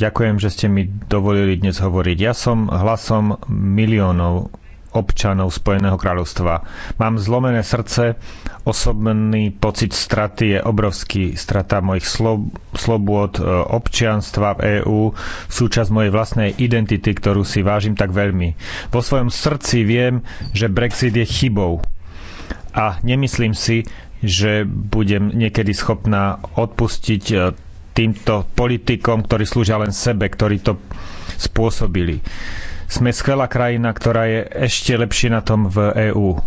Ďakujem, že ste mi dovolili dnes hovoriť. Ja som hlasom miliónov občanov Spojeného kráľovstva. Mám zlomené srdce, osobný pocit straty je obrovský. Strata mojich slob, slobôd, e, občianstva v EÚ, súčasť mojej vlastnej identity, ktorú si vážim tak veľmi. Vo svojom srdci viem, že Brexit je chybou. A nemyslím si, že budem niekedy schopná odpustiť e, týmto politikom, ktorí slúžia len sebe, ktorí to spôsobili. Sme skvelá krajina, ktorá je ešte lepšie na tom v EÚ.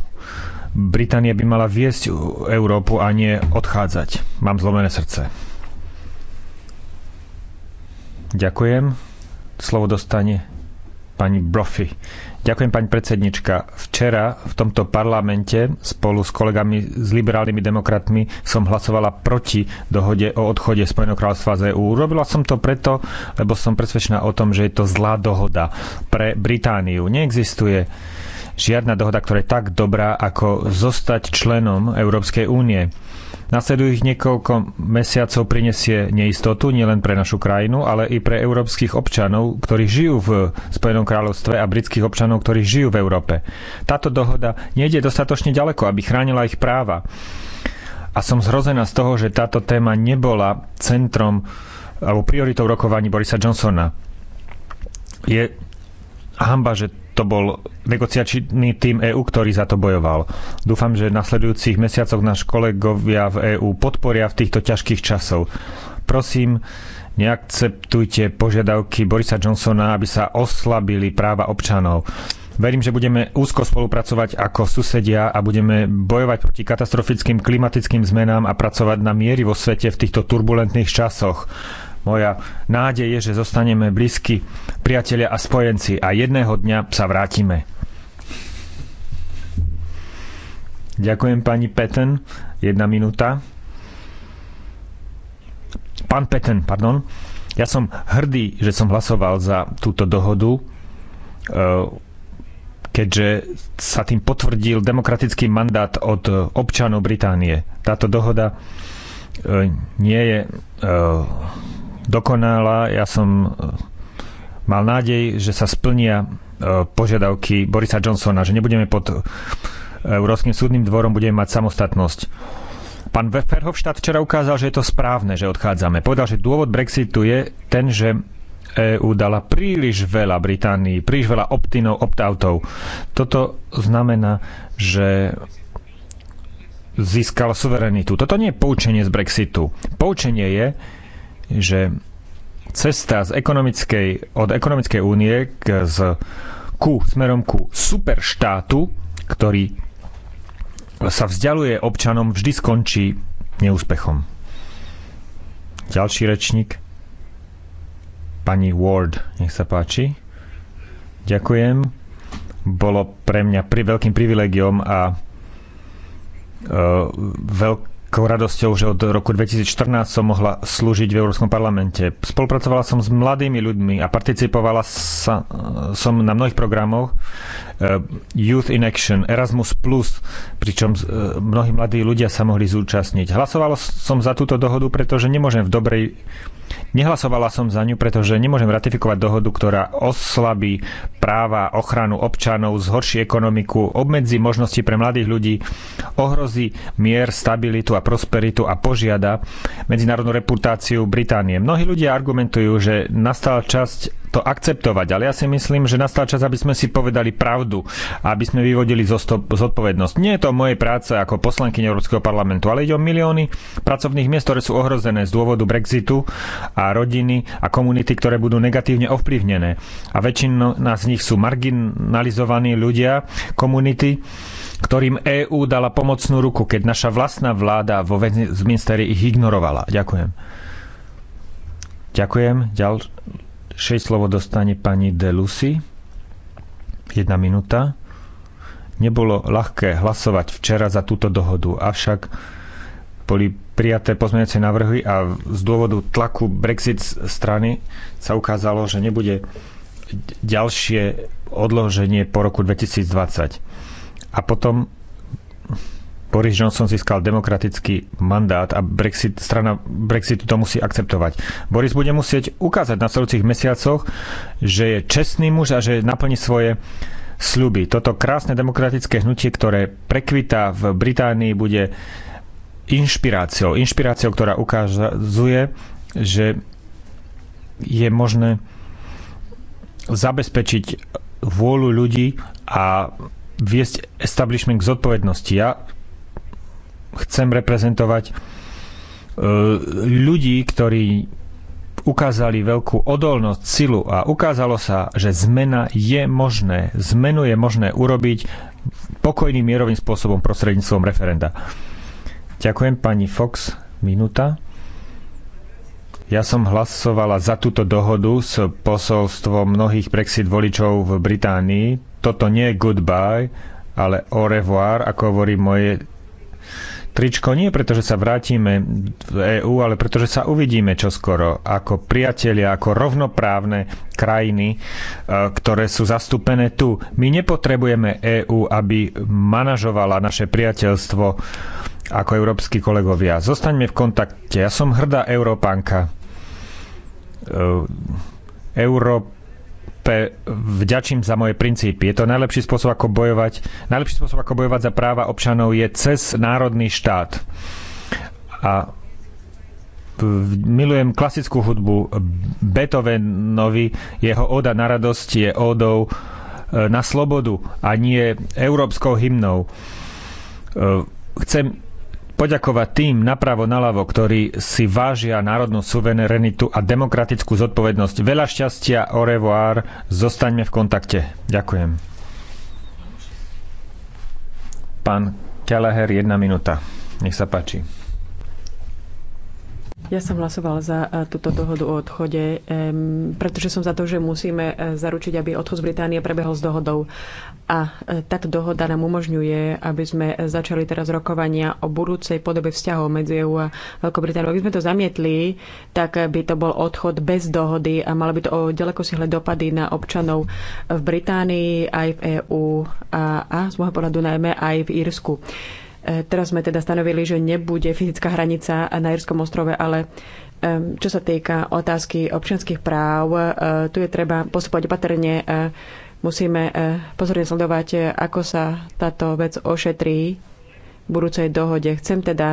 Británia by mala viesť Európu a nie odchádzať. Mám zlomené srdce. Ďakujem. Slovo dostane pani Brophy. Ďakujem, pani predsednička. Včera v tomto parlamente spolu s kolegami s liberálnymi demokratmi som hlasovala proti dohode o odchode Spojeného kráľovstva z EÚ. Urobila som to preto, lebo som presvedčená o tom, že je to zlá dohoda pre Britániu. Neexistuje žiadna dohoda, ktorá je tak dobrá, ako zostať členom Európskej únie. Nasledujúcich niekoľko mesiacov prinesie neistotu nielen pre našu krajinu, ale i pre európskych občanov, ktorí žijú v Spojenom kráľovstve a britských občanov, ktorí žijú v Európe. Táto dohoda nejde dostatočne ďaleko, aby chránila ich práva. A som zhrozená z toho, že táto téma nebola centrom alebo prioritou rokovaní Borisa Johnsona. Je hamba, že to bol negociačný tým EÚ, ktorý za to bojoval. Dúfam, že v nasledujúcich mesiacoch náš kolegovia v EÚ podporia v týchto ťažkých časov. Prosím, neakceptujte požiadavky Borisa Johnsona, aby sa oslabili práva občanov. Verím, že budeme úzko spolupracovať ako susedia a budeme bojovať proti katastrofickým klimatickým zmenám a pracovať na miery vo svete v týchto turbulentných časoch. Moja nádej je, že zostaneme blízki priatelia a spojenci a jedného dňa sa vrátime. Ďakujem pani Peten. Jedna minúta. Pán Peten, pardon. Ja som hrdý, že som hlasoval za túto dohodu, e, keďže sa tým potvrdil demokratický mandát od občanov Británie. Táto dohoda e, nie je e, dokonalá. Ja som e, mal nádej, že sa splnia e, požiadavky Borisa Johnsona, že nebudeme pod e, Európskym súdnym dvorom, budeme mať samostatnosť. Pán Verhofstadt včera ukázal, že je to správne, že odchádzame. Povedal, že dôvod Brexitu je ten, že EÚ dala príliš veľa Británii, príliš veľa optinov, opt-outov. Toto znamená, že získal suverenitu. Toto nie je poučenie z Brexitu. Poučenie je, že cesta z ekonomickej, od ekonomickej únie k, z, ku smerom ku superštátu, ktorý sa vzdialuje občanom, vždy skončí neúspechom. Ďalší rečník, pani Ward, nech sa páči. Ďakujem. Bolo pre mňa pri veľkým privilegiom a e, veľkým veľkou radosťou, že od roku 2014 som mohla slúžiť v Európskom parlamente. Spolupracovala som s mladými ľuďmi a participovala sa, eh, som na mnohých programoch eh, Youth in Action, Erasmus+, pričom eh, mnohí mladí ľudia sa mohli zúčastniť. Hlasovala som za túto dohodu, pretože nemôžem v dobrej Nehlasovala som za ňu, pretože nemôžem ratifikovať dohodu, ktorá oslabí práva, ochranu občanov, zhorší ekonomiku, obmedzí možnosti pre mladých ľudí, ohrozí mier, stabilitu a prosperitu a požiada medzinárodnú reputáciu Británie. Mnohí ľudia argumentujú, že nastala časť to akceptovať, ale ja si myslím, že nastal čas, aby sme si povedali pravdu a aby sme vyvodili zodpovednosť. Nie je to moje práce ako poslanky Európskeho parlamentu, ale ide o milióny pracovných miest, ktoré sú ohrozené z dôvodu Brexitu a rodiny a komunity, ktoré budú negatívne ovplyvnené. A väčšina z nich sú marginalizovaní ľudia, komunity, ktorým EÚ dala pomocnú ruku, keď naša vlastná vláda vo Westminsteri ich ignorovala. Ďakujem. Ďakujem. Ďalšie slovo dostane pani De Lucy. Jedna minúta. Nebolo ľahké hlasovať včera za túto dohodu, avšak boli prijaté pozmeňujúce návrhy a z dôvodu tlaku Brexit strany sa ukázalo, že nebude ďalšie odloženie po roku 2020. A potom Boris Johnson získal demokratický mandát a Brexit, strana Brexitu to musí akceptovať. Boris bude musieť ukázať na sledujúcich mesiacoch, že je čestný muž a že naplní svoje sľuby. Toto krásne demokratické hnutie, ktoré prekvita v Británii, bude inšpiráciou. Inšpiráciou, ktorá ukazuje, že je možné zabezpečiť vôľu ľudí a viesť establishment k zodpovednosti. Ja chcem reprezentovať e, ľudí, ktorí ukázali veľkú odolnosť, silu a ukázalo sa, že zmena je možné. Zmenu je možné urobiť pokojným mierovým spôsobom prostredníctvom referenda. Ďakujem pani Fox. Minúta. Ja som hlasovala za túto dohodu s posolstvom mnohých Brexit voličov v Británii toto nie je goodbye, ale au revoir, ako hovorí moje tričko, nie preto, že sa vrátime v EÚ, ale pretože sa uvidíme čoskoro ako priatelia, ako rovnoprávne krajiny, e, ktoré sú zastúpené tu. My nepotrebujeme EÚ, aby manažovala naše priateľstvo ako európsky kolegovia. Zostaňme v kontakte. Ja som hrdá Európanka. E, Európa Európe vďačím za moje princípy. Je to najlepší spôsob, ako bojovať. Najlepší spôsob, ako bojovať za práva občanov je cez národný štát. A milujem klasickú hudbu. Beethovenovi jeho oda na radosť je odou e, na slobodu a nie európskou hymnou. E, chcem poďakovať tým napravo nalavo, ktorí si vážia národnú suverenitu a demokratickú zodpovednosť. Veľa šťastia, au revoir, zostaňme v kontakte. Ďakujem. Pán Kelleher, jedna minúta. Nech sa páči. Ja som hlasovala za eh, túto dohodu o odchode, pretože som za to, že musíme eh, zaručiť, aby odchod z Británie prebehol s dohodou. A e, táto dohoda nám umožňuje, aby sme začali teraz rokovania o budúcej podobe vzťahov medzi EU a Veľkou Britániou. Ak sme to zamietli, tak by to bol odchod bez dohody a malo by to o ďaleko sihle dopady na občanov v Británii, aj v EÚ a, a z môjho pohľadu najmä aj v Írsku. E, teraz sme teda stanovili, že nebude fyzická hranica na Írskom ostrove, ale čo sa týka otázky občianských práv, e, tu je treba postupovať opatrne Musíme e, pozorne sledovať, e, ako sa táto vec ošetrí v budúcej dohode. Chcem teda,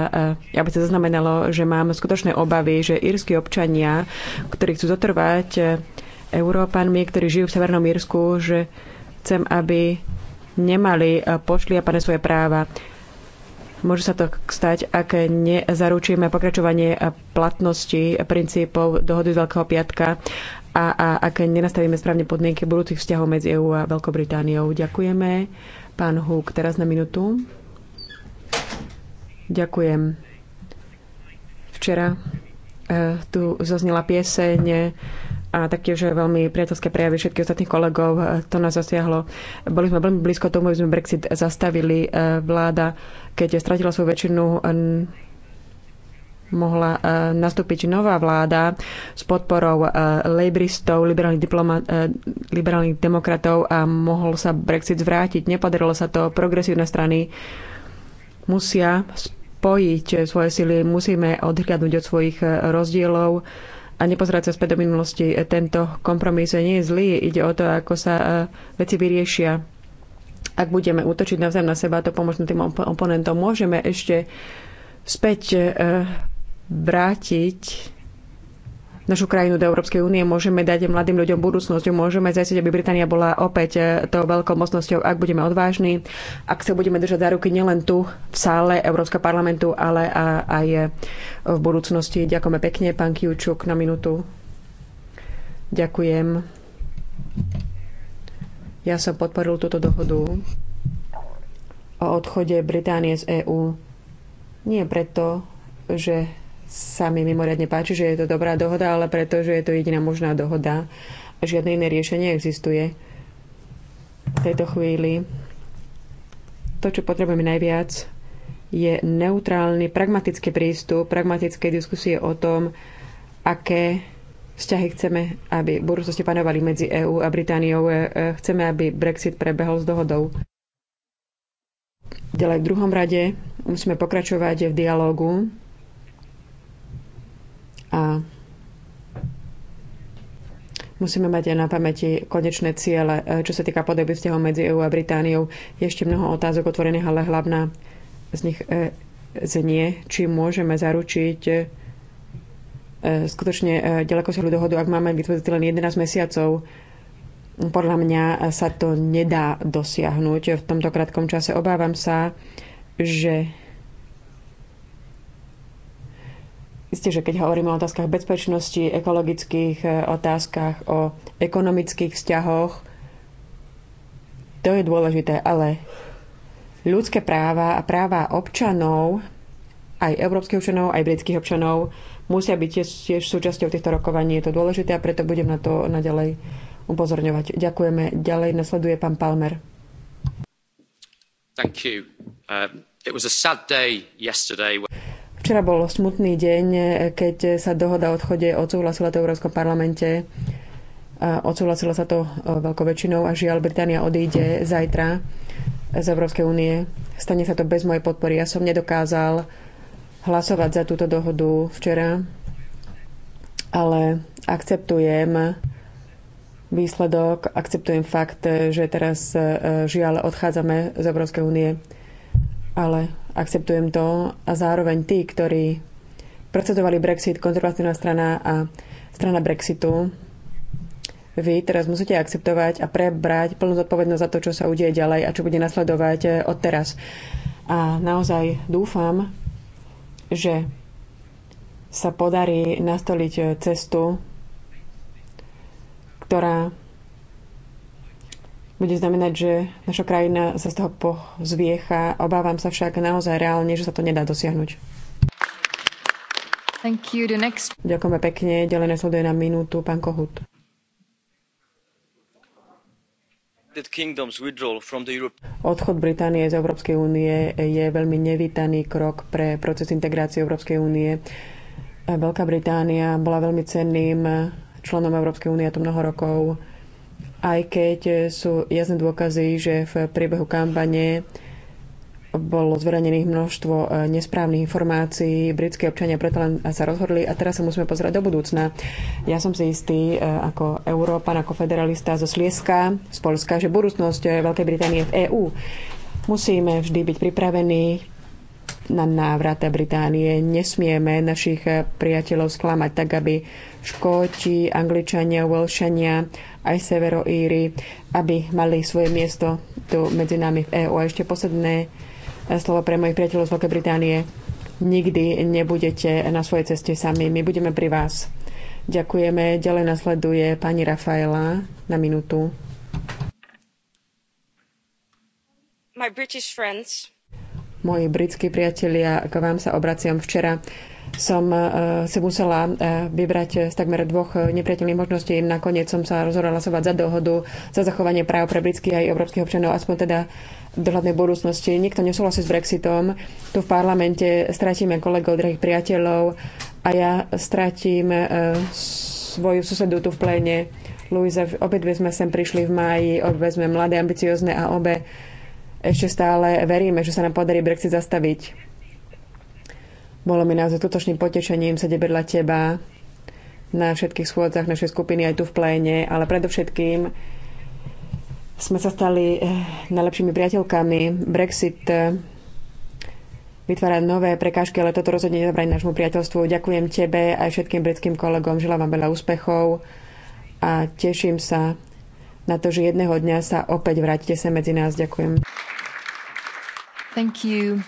e, aby sa zaznamenalo, že mám skutočné obavy, že írsky občania, ktorí chcú zotrvať Európanmi, ktorí žijú v Severnom Írsku, že chcem, aby nemali pošliapané svoje práva. Môže sa to stať, ak nezaručíme pokračovanie platnosti princípov dohody z Veľkého piatka a, a ak nenastavíme správne podmienky budúcich vzťahov medzi EÚ a Veľkou Britániou. Ďakujeme. Pán Húk, teraz na minutu. Ďakujem. Včera uh, tu zaznela pieseň a taktiež veľmi priateľské prejavy všetkých ostatných kolegov. E, to nás zasiahlo. Boli sme veľmi blízko tomu, aby sme Brexit zastavili. E, vláda, keď stratila svoju väčšinu, mohla e, nastúpiť nová vláda s podporou e, lejbristov, liberálnych, e, liberálnych demokratov a mohol sa Brexit zvrátiť. Nepodarilo sa to. Progresívne strany musia spojiť svoje sily, musíme odhľadnúť od svojich rozdielov a nepozerať sa späť do minulosti. Tento kompromis nie je zlý, ide o to, ako sa veci vyriešia ak budeme útočiť navzájom na seba, to pomôžeme tým oponentom. Môžeme ešte späť vrátiť našu krajinu do Európskej únie, môžeme dať mladým ľuďom budúcnosť, môžeme zajistiť, aby Británia bola opäť e, tou veľkou mocnosťou, ak budeme odvážni, ak sa budeme držať za ruky nielen tu v sále Európskeho parlamentu, ale aj v budúcnosti. Ďakujeme pekne, pán Kiučuk, na minútu. Ďakujem. Ja som podporil túto dohodu o odchode Británie z EÚ. Nie preto, že sa mi mimoriadne páči, že je to dobrá dohoda, ale pretože je to jediná možná dohoda. Žiadne iné riešenie existuje v tejto chvíli. To, čo potrebujeme najviac, je neutrálny, pragmatický prístup, pragmatické diskusie o tom, aké vzťahy chceme, aby v budúcnosti panovali medzi EÚ a Britániou. E, e, chceme, aby Brexit prebehol s dohodou. Ďalej v druhom rade musíme pokračovať v dialogu a musíme mať aj na pamäti konečné ciele, e, čo sa týka podoby vzťahov medzi EU a Britániou. Je ešte mnoho otázok otvorených, ale hlavná z nich e, znie, či môžeme zaručiť e, skutočne ďaleko si dohodu, ak máme vytvoriť len 11 mesiacov. Podľa mňa sa to nedá dosiahnuť v tomto krátkom čase. Obávam sa, že Isté, že keď hovoríme o otázkach bezpečnosti, ekologických e, otázkach, o ekonomických vzťahoch, to je dôležité, ale ľudské práva a práva občanov, aj európskych občanov, aj britských občanov, musia byť tiež, tiež súčasťou týchto rokovaní. Je to dôležité a preto budem na to naďalej upozorňovať. Ďakujeme. Ďalej nasleduje pán Palmer. Thank you. Um, it was a sad day yesterday. When... Včera bol smutný deň, keď sa dohoda o odchode odsúhlasila to v Európskom parlamente. Odsúhlasila sa to e, veľkou väčšinou a žiaľ, Británia odíde zajtra z Európskej únie. Stane sa to bez mojej podpory. Ja som nedokázal hlasovať za túto dohodu včera, ale akceptujem výsledok, akceptujem fakt, že teraz e, žiaľ odchádzame z Európskej únie ale akceptujem to a zároveň tí, ktorí procedovali Brexit, konzervatívna strana a strana Brexitu, vy teraz musíte akceptovať a prebrať plnú zodpovednosť za to, čo sa udeje ďalej a čo bude nasledovať eh, od teraz. A naozaj dúfam, že sa podarí nastoliť eh, cestu, ktorá bude znamenať, že naša krajina sa z toho pozviecha. Obávam sa však naozaj reálne, že sa to nedá dosiahnuť. Thank you. The next... Ďakujeme pekne. Ďalej nasleduje na minútu pán Kohut. Odchod Británie z Európskej únie je veľmi nevítaný krok pre proces integrácie Európskej únie. Veľká Británia bola veľmi cenným členom Európskej únie to mnoho rokov aj keď sú jasné dôkazy, že v priebehu kampane bolo zverejnených množstvo e, nesprávnych informácií, britskí občania preto len sa rozhodli a teraz sa musíme pozerať do budúcna. Ja som si istý e, ako Európan, ako federalista zo Slieska, z Polska, že budúcnosť e, Veľkej Británie v EÚ musíme vždy byť pripravení na návrat Británie. Nesmieme našich priateľov sklamať tak, aby Škóti, Angličania, Welšania aj Severoíry, aby mali svoje miesto tu medzi nami v EÚ. A ešte posledné e, slovo pre mojich priateľov z Veľkej Británie. Nikdy nebudete na svojej ceste sami. My budeme pri vás. Ďakujeme. Ďalej nasleduje pani Rafaela na minútu. My British friends. Moji britskí priatelia, k vám sa obraciam včera som e, si musela e, vybrať z takmer dvoch e, nepriateľných možností. Nakoniec som sa rozhodla hlasovať za dohodu, za zachovanie práv pre britských aj európskych občanov, aspoň teda do hľadnej budúcnosti. Nikto nesúhlasí s Brexitom. Tu v parlamente stratíme kolegov, drahých priateľov a ja stratím svoju susedu tu v pléne. Luisa, obidve sme sem prišli v máji, obe sme mladé, ambiciozne a obe ešte stále veríme, že sa nám podarí Brexit zastaviť bolo mi naozaj skutočným potešením sedieť vedľa teba na všetkých schôdzach našej skupiny aj tu v pléne, ale predovšetkým sme sa stali eh, najlepšími priateľkami. Brexit eh, vytvára nové prekážky, ale toto rozhodne nezabraní nášmu priateľstvu. Ďakujem tebe aj všetkým britským kolegom. Želám vám veľa úspechov a teším sa na to, že jedného dňa sa opäť vrátite sa medzi nás. Ďakujem. Thank you,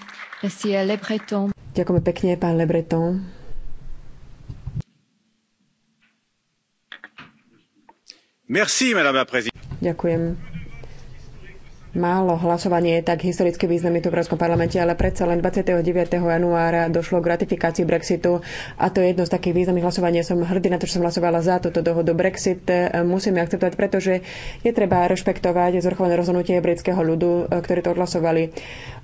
Le Breton. Ďakujeme pekne, pán Lebreton. Merci, madame la présidente. Ďakujem málo hlasovanie je tak historicky významné tu v Európskom parlamente, ale predsa len 29. januára došlo k ratifikácii Brexitu a to je jedno z takých významných hlasovaní. Som hrdý na to, že som hlasovala za túto dohodu. Brexit e, musíme akceptovať, pretože je treba rešpektovať zvrchované rozhodnutie britského ľudu, e, ktorí to odhlasovali.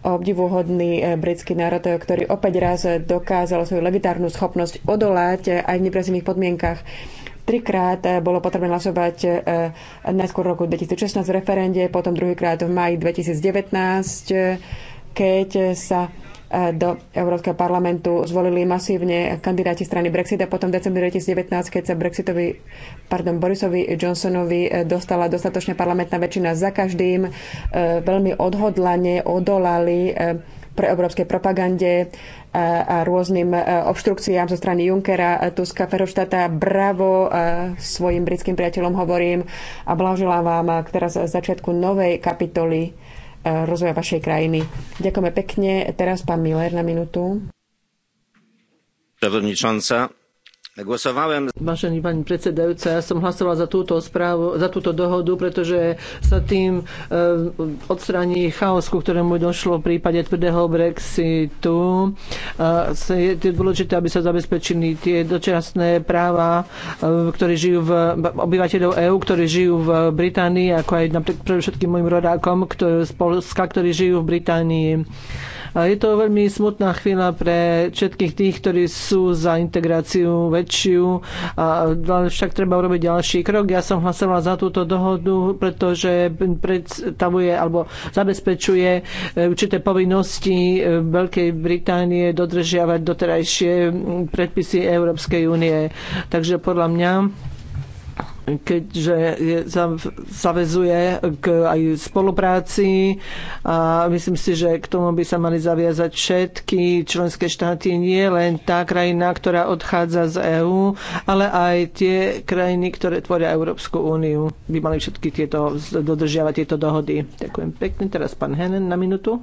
Obdivuhodný e, britský národ, ktorý opäť raz dokázal svoju levitárnu schopnosť odolať aj v nepresivých podmienkach. Trikrát eh, bolo potrebné hlasovať eh, eh, najskôr v roku 2016 v referende, potom druhýkrát v maji 2019, keď sa do Európskeho parlamentu zvolili masívne kandidáti strany Brexit a potom v decembri 2019, keď sa Brexitovi, pardon, Borisovi Johnsonovi dostala dostatočná parlamentná väčšina za každým, veľmi odhodlane odolali pre európskej propagande a rôznym e, obštrukciám zo strany Junkera, e, Tuska, Ferroštata. Bravo e, svojim britským priateľom hovorím a blahoželám vám k teraz začiatku novej kapitoly rozvoja vašej krajiny. Ďakujeme pekne. Teraz pán Miller na minútu. Przewodnicząca, Vážený pani predsedajúca, ja som hlasovala za túto správu, za túto dohodu, pretože sa tým eh, odstraní chaos, ku ktorému došlo v prípade tvrdého Brexitu. Eh, je dôležité, aby sa zabezpečili tie dočasné práva, eh, ktorí žijú v obyvateľov EÚ, ktorí žijú v Británii, ako aj napríklad pre všetkým mojim rodákom, ktorý, z Polska, ktorí žijú v Británii. Je to veľmi smutná chvíľa pre všetkých tých, ktorí sú za integráciu väčšiu, a však treba urobiť ďalší krok. Ja som hlasovala za túto dohodu, pretože predstavuje alebo zabezpečuje e, určité povinnosti e, Veľkej Británie dodržiavať doterajšie predpisy Európskej únie. Takže podľa mňa keďže zavezuje k aj spolupráci a myslím si, že k tomu by sa mali zaviazať všetky členské štáty, nie len tá krajina, ktorá odchádza z EÚ, ale aj tie krajiny, ktoré tvoria Európsku úniu, by mali všetky tieto, dodržiavať tieto dohody. Ďakujem pekne. Teraz pán Henen na minútu.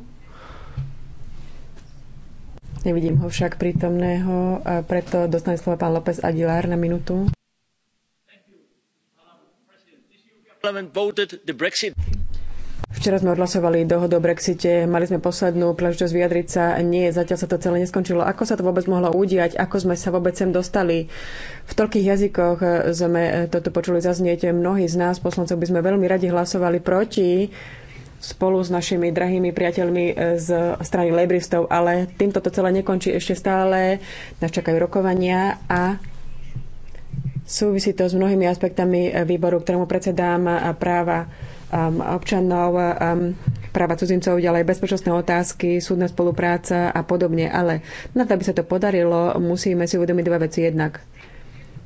Nevidím ho však prítomného, preto dostane slovo pán López Aguilar na minútu. Včera sme odhlasovali dohodu o Brexite, mali sme poslednú príležitosť vyjadriť sa. Nie, zatiaľ sa to celé neskončilo. Ako sa to vôbec mohlo udiať? Ako sme sa vôbec sem dostali? V toľkých jazykoch sme toto počuli zaznieť. Mnohí z nás, poslancov, by sme veľmi radi hlasovali proti spolu s našimi drahými priateľmi z strany Lejbristov, ale týmto to celé nekončí ešte stále. Nás čakajú rokovania a Súvisí to s mnohými aspektami e, výboru, ktorému predsedám a práva občanov, práva cudzincov, ďalej bezpečnostné otázky, súdna spolupráca a podobne. Ale na to, aby sa to podarilo, musíme si uvedomiť dva veci jednak.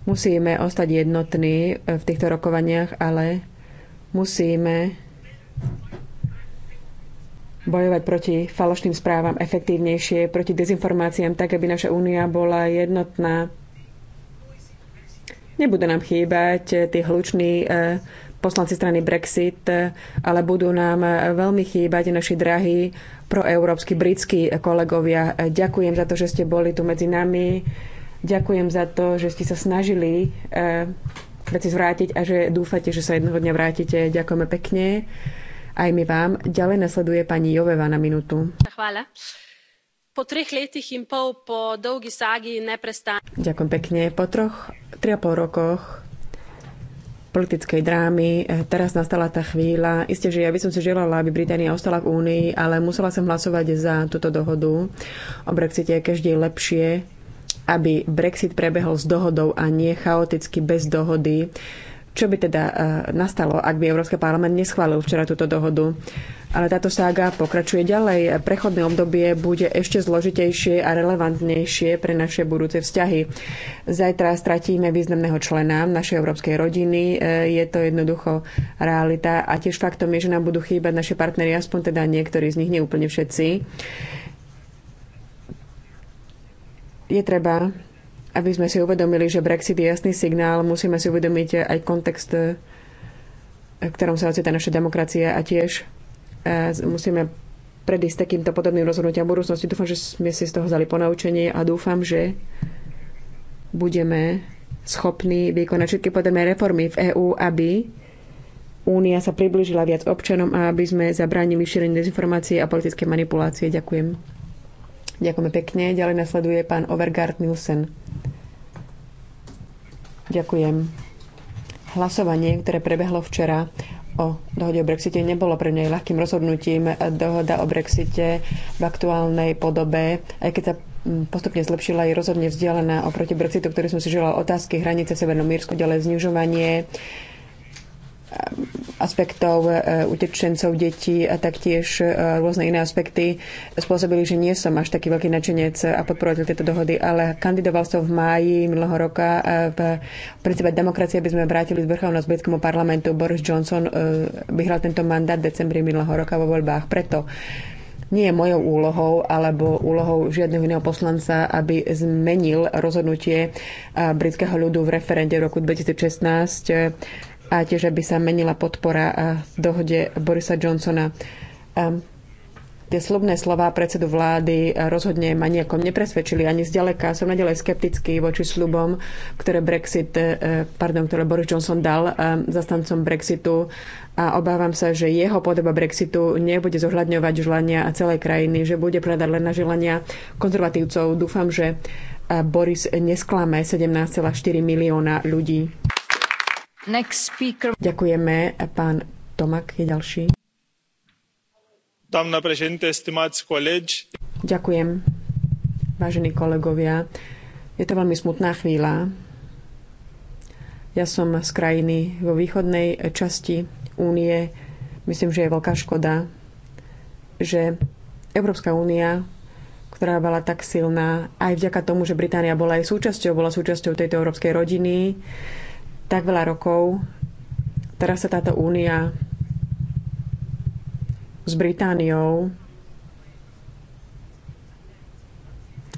Musíme ostať jednotní e, v týchto rokovaniach, ale musíme bojovať proti falošným správam efektívnejšie, proti dezinformáciám, tak aby naša únia bola jednotná nebude nám chýbať eh, tí hluční eh, poslanci strany Brexit, eh, ale budú nám veľmi chýbať naši drahí proeurópsky britskí kolegovia. Ďakujem za to, že ste boli tu medzi nami. Ďakujem za to, že ste sa snažili veci zvrátiť a že dúfate, že sa jednoho dňa vrátite. Ďakujeme pekne. Aj my vám. Ďalej nasleduje pani Joveva na minútu. Chvála. Po troch letih in pol po dolgi sági neprestane. Ďakujem pekne. Po troch, tri a pol rokoch politickej drámy. Eh, teraz nastala tá chvíľa. Isté, že ja by som si želala, aby Británia ostala v Únii, ale musela som hlasovať za túto dohodu. O Brexite každý je lepšie, aby Brexit prebehol s dohodou a nie chaoticky bez dohody. Čo by teda e, nastalo, ak by Európsky parlament neschválil včera túto dohodu? Ale táto sága pokračuje ďalej. Prechodné obdobie bude ešte zložitejšie a relevantnejšie pre naše budúce vzťahy. Zajtra stratíme významného člena našej európskej rodiny. E, je to jednoducho realita. A tiež faktom je, že nám budú chýbať naše partnery, aspoň teda niektorí z nich, neúplne všetci. Je treba aby sme si uvedomili, že Brexit je jasný signál, musíme si uvedomiť aj kontext, eh, v ktorom sa ocitá naša demokracia a tiež eh, musíme predísť takýmto podobným rozhodnutiam v budúcnosti. Dúfam, že sme si z toho vzali ponaučenie a dúfam, že budeme schopní vykonať všetky podobné reformy v EÚ, aby Únia sa priblížila viac občanom a aby sme zabránili šíreniu dezinformácie a politické manipulácie. Ďakujem. Ďakujeme pekne. Ďalej nasleduje pán Overgard Nielsen. Ďakujem. Hlasovanie, ktoré prebehlo včera o dohode o Brexite, nebolo pre nej ľahkým rozhodnutím. Dohoda o Brexite v aktuálnej podobe, aj keď sa mm, postupne zlepšila, je rozhodne vzdialená oproti Brexitu, ktorý som si želal otázky hranice v Severnom Mírsku, ďalej znižovanie aspektov e, utečencov detí a taktiež e, rôzne iné aspekty spôsobili, že nie som až taký veľký načenec a podporovateľ tieto dohody, ale kandidoval som v máji minulého roka e, v princípe demokracie, aby sme vrátili z vrchovnosť britskému parlamentu. Boris Johnson vyhral tento mandát v decembri minulého roka vo voľbách. Preto nie je mojou úlohou alebo úlohou žiadneho iného poslanca, aby zmenil rozhodnutie britského ľudu v referende roku 2016 a tiež, aby sa menila podpora v e, dohode Borisa Johnsona. E, tie slobné slova predsedu vlády e, rozhodne ma nejakom nepresvedčili ani zďaleka. Som nadalej skeptický voči slubom, ktoré Brexit, pardon, ktoré Boris Johnson dal zastancom Brexitu a obávam sa, že jeho podoba Brexitu nebude zohľadňovať želania celej krajiny, že bude predať len na želania konzervatívcov. Dúfam, že Boris nesklame 17,4 milióna ľudí. Ďakujeme. Pán Tomak je ďalší. Doamna președinte, stimați colegi. Ďakujem, vážení kolegovia. Je to veľmi smutná chvíľa. Ja som z krajiny vo východnej časti únie. Myslím, že je veľká škoda, že Európska únia, ktorá bola tak silná, aj vďaka tomu, že Británia bola aj súčasťou, bola súčasťou tejto európskej rodiny, tak veľa rokov. Teraz sa táto únia s Britániou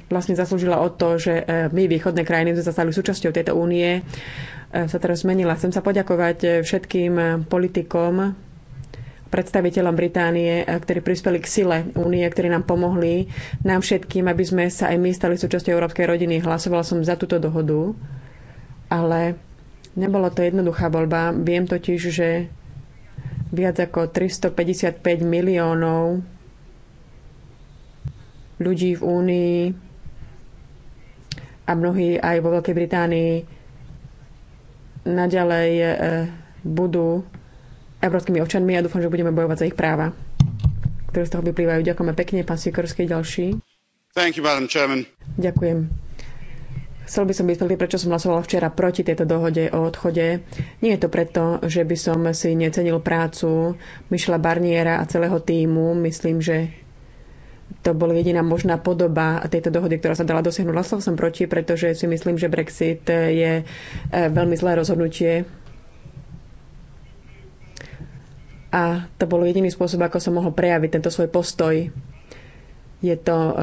vlastne zaslúžila o to, že e, my, východné krajiny, sme sa stali súčasťou tejto únie, e, sa teraz zmenila. Chcem sa poďakovať e, všetkým politikom, predstaviteľom Británie, ktorí prispeli k sile únie, ktorí nám pomohli, nám všetkým, aby sme sa aj my stali súčasťou európskej rodiny. Hlasovala som za túto dohodu, ale Nebola to jednoduchá voľba. Viem totiž, že viac ako 355 miliónov ľudí v Únii a mnohí aj vo Veľkej Británii naďalej e, budú európskymi občanmi a dúfam, že budeme bojovať za ich práva, ktoré z toho vyplývajú. Ďakujeme pekne, pán Sikorský, ďalší. You, Ďakujem. Chcel by som vysvetliť, prečo som hlasovala včera proti tejto dohode o odchode. Nie je to preto, že by som si necenil prácu myšla Barniera a celého týmu. Myslím, že to bola jediná možná podoba tejto dohody, ktorá sa dala dosiahnuť. Hlasoval som proti, pretože si myslím, že Brexit je e, veľmi zlé rozhodnutie. A to bol jediný spôsob, ako som mohol prejaviť tento svoj postoj je to e,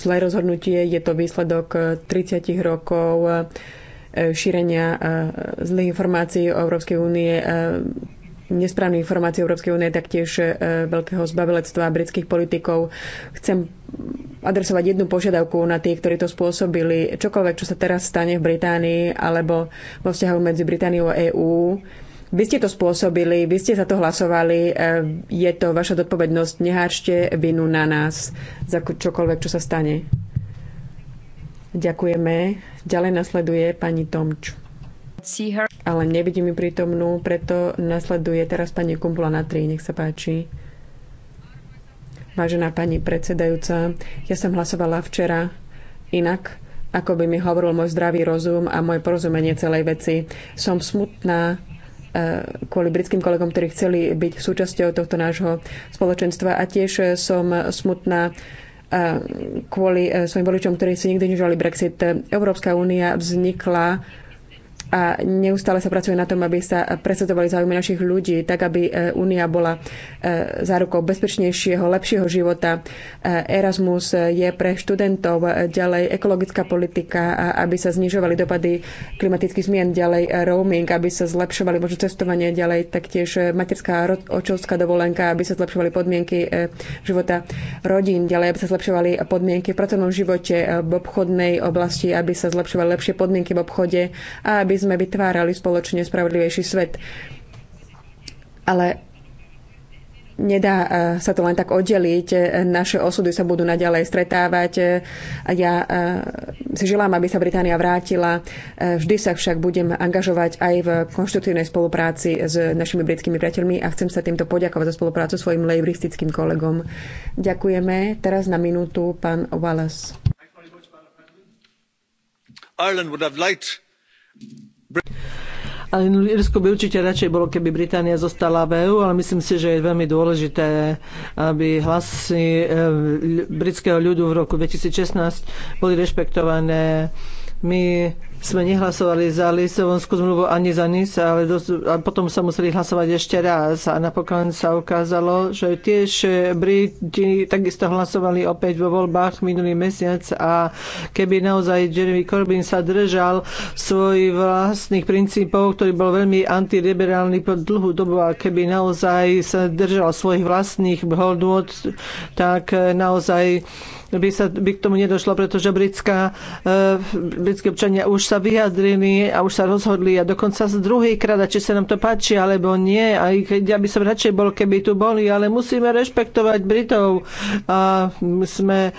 zlé rozhodnutie, je to výsledok 30 e, rokov e, šírenia zlých informácií o Európskej únie, nesprávnych informácií Európskej únie, taktiež veľkého zbavilectva britských politikov. Chcem adresovať jednu požiadavku na tých, ktorí to spôsobili. Čokoľvek, čo sa teraz stane v Británii alebo vo vzťahu medzi Britániou a EÚ, vy ste to spôsobili, vy ste za to hlasovali, e, je to vaša zodpovednosť, neháčte vinu na nás za čokoľvek, čo sa stane. Ďakujeme. Ďalej nasleduje pani Tomč. Ale nevidím ju prítomnú, preto nasleduje teraz pani Kumpula na tri, Nech sa páči. Vážená pani predsedajúca, ja som hlasovala včera inak, ako by mi hovoril môj zdravý rozum a moje porozumenie celej veci. Som smutná, E, kvôli britským kolegom, ktorí chceli byť súčasťou tohto nášho spoločenstva. A tiež som smutná e, kvôli e, svojim voličom, ktorí si nikdy nežali Brexit. Európska únia vznikla a neustále sa pracuje na tom, aby sa presadzovali záujmy našich ľudí, tak aby e, Únia bola e, zárukou bezpečnejšieho, lepšieho života. E, Erasmus je pre študentov ďalej ekologická politika, aby sa znižovali dopady klimatických zmien, ďalej roaming, aby sa zlepšovali možno cestovanie, ďalej taktiež materská očovská dovolenka, aby sa zlepšovali podmienky života rodín, ďalej aby sa zlepšovali podmienky v pracovnom živote, v obchodnej oblasti, aby sa zlepšovali lepšie podmienky v obchode a aby sme vytvárali spoločne spravodlivejší svet. Ale nedá e, sa to len tak oddeliť. E, naše osudy sa budú naďalej stretávať. E, ja si želám, aby sa Británia vrátila. Vždy sa však budem angažovať aj v konštruktívnej spolupráci s našimi britskými priateľmi a chcem sa týmto poďakovať za spoluprácu svojim lejbristickým kolegom. Ďakujeme. Teraz na minútu pán Wallace. Ireland would have liked a Irsko by určite radšej bolo, keby Británia zostala v EU, ale myslím si, že je veľmi dôležité, aby hlasy e, britského ľudu v roku 2016 boli rešpektované. My sme nehlasovali za Lisovonskú zmluvu ani za NIS, ale dos- a potom sa museli hlasovať ešte raz. A napokon sa ukázalo, že tiež Briti takisto hlasovali opäť vo voľbách minulý mesiac a keby naozaj Jeremy Corbyn sa držal svojich vlastných princípov, ktorý bol veľmi antiliberálny po dlhú dobu a keby naozaj sa držal svojich vlastných hodnot, tak naozaj by, sa, by k tomu nedošlo, pretože britská, e, britské občania už sa vyjadrili a už sa rozhodli a dokonca z druhý krát, či sa nám to páči alebo nie, A ja by som radšej bol, keby tu boli, ale musíme rešpektovať Britov a sme,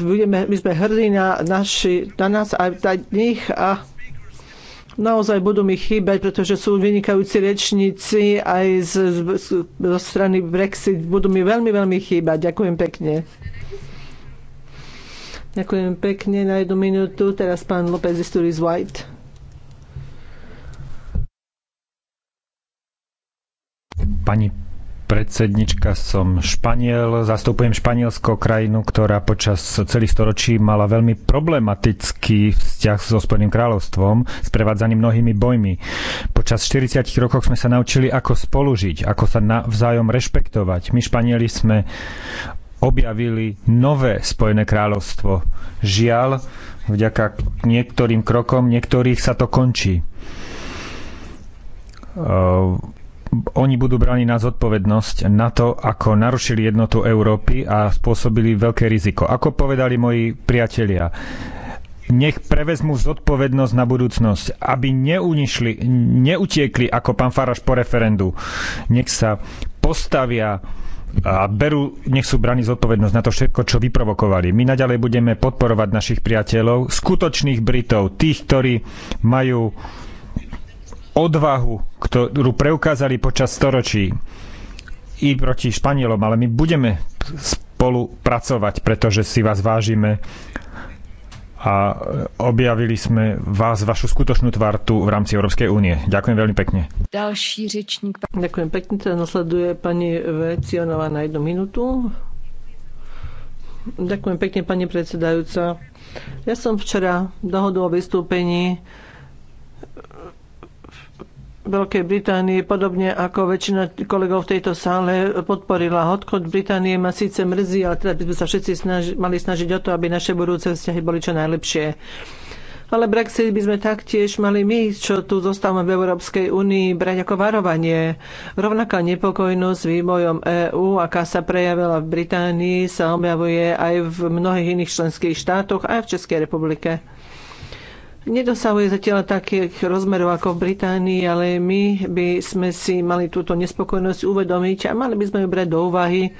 budeme, my sme hrdí na, naši, na nás a na nich a naozaj budú mi chýbať, pretože sú vynikajúci rečníci aj z, z, zo strany Brexit. Budú mi veľmi, veľmi chýbať. Ďakujem pekne. Ďakujem pekne na jednu minútu. Teraz pán López Turis White. Pani predsednička, som Španiel, zastupujem Španielsko, krajinu, ktorá počas celých storočí mala veľmi problematický vzťah so Spojeným kráľovstvom, sprevádzaný mnohými bojmi. Počas 40 rokov sme sa naučili, ako spolužiť, ako sa navzájom rešpektovať. My Španieli sme objavili nové Spojené kráľovstvo. Žiaľ, vďaka niektorým krokom niektorých sa to končí. Uh, oni budú braní na zodpovednosť na to, ako narušili jednotu Európy a spôsobili veľké riziko. Ako povedali moji priatelia, nech prevezmú zodpovednosť na budúcnosť, aby neunišli, neutiekli ako pán Faraš po referendu. Nech sa postavia a berú, nech sú braní zodpovednosť na to všetko, čo vyprovokovali. My naďalej budeme podporovať našich priateľov, skutočných Britov, tých, ktorí majú odvahu, ktorú preukázali počas storočí i proti Španielom, ale my budeme spolupracovať, pretože si vás vážime a e, objavili sme vás, vašu skutočnú tvár tu v rámci Európskej únie. Ďakujem veľmi pekne. Ďalší rečník. Ďakujem pekne, teda nasleduje pani Vecionová na jednu minútu. Ďakujem pekne, pani predsedajúca. Ja som včera dohodu o vystúpení Veľkej Británie, podobne ako väčšina kolegov v tejto sále, podporila odchod Británie. Ma síce mrzí, ale teda by sme sa všetci snaži, mali snažiť o to, aby naše budúce vzťahy boli čo najlepšie. Ale Brexit by sme taktiež mali my, čo tu zostávame v Európskej únii, brať ako varovanie. Rovnaká nepokojnosť vývojom EÚ, aká sa prejavila v Británii, sa objavuje aj v mnohých iných členských štátoch, aj v Českej republike nedosahuje zatiaľ takých rozmerov ako v Británii, ale my by sme si mali túto nespokojnosť uvedomiť a mali by sme ju brať do úvahy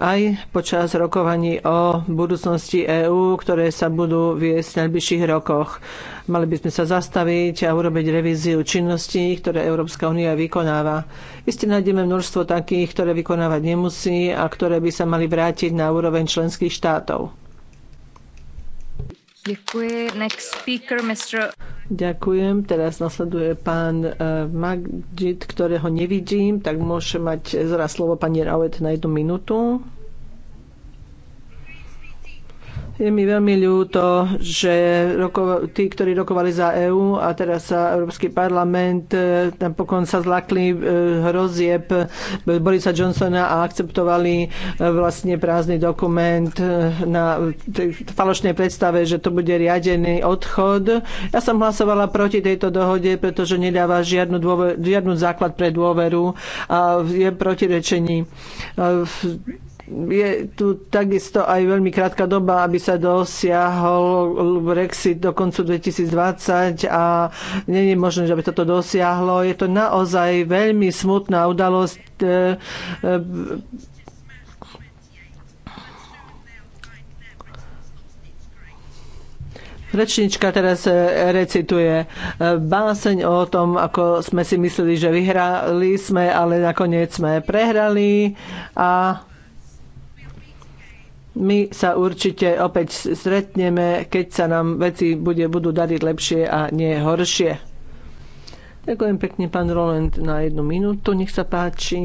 aj počas rokovaní o budúcnosti EÚ, ktoré sa budú viesť v najbližších rokoch. Mali by sme sa zastaviť a urobiť revíziu činností, ktoré Európska únia vykonáva. Isté nájdeme množstvo takých, ktoré vykonávať nemusí a ktoré by sa mali vrátiť na úroveň členských štátov. Speaker, Ďakujem. Teraz nasleduje pán uh, Magdžit, ktorého nevidím, tak môže mať zraz slovo pani Rauet na jednu minútu. Je mi veľmi ľúto, že tí, ktorí rokovali za EÚ a teraz sa Európsky parlament e, napokon sa zlakli e, hrozieb Borisa Johnsona a akceptovali e, vlastne prázdny dokument na falošnej predstave, že to bude riadený odchod. Ja som hlasovala proti tejto dohode, pretože nedáva žiadnu, dôver, žiadnu základ pre dôveru a je protirečení je tu takisto aj veľmi krátka doba, aby sa dosiahol Brexit do koncu 2020 a nie je možné, že by toto dosiahlo. Je to naozaj veľmi smutná udalosť. E, e, Rečnička teraz e, recituje báseň o tom, ako sme si mysleli, že vyhrali sme, ale nakoniec sme prehrali a my sa určite opäť stretneme, keď sa nám veci bude, budú dariť lepšie a nie horšie. Ďakujem pekne, pán Roland, na jednu minútu. Nech sa páči.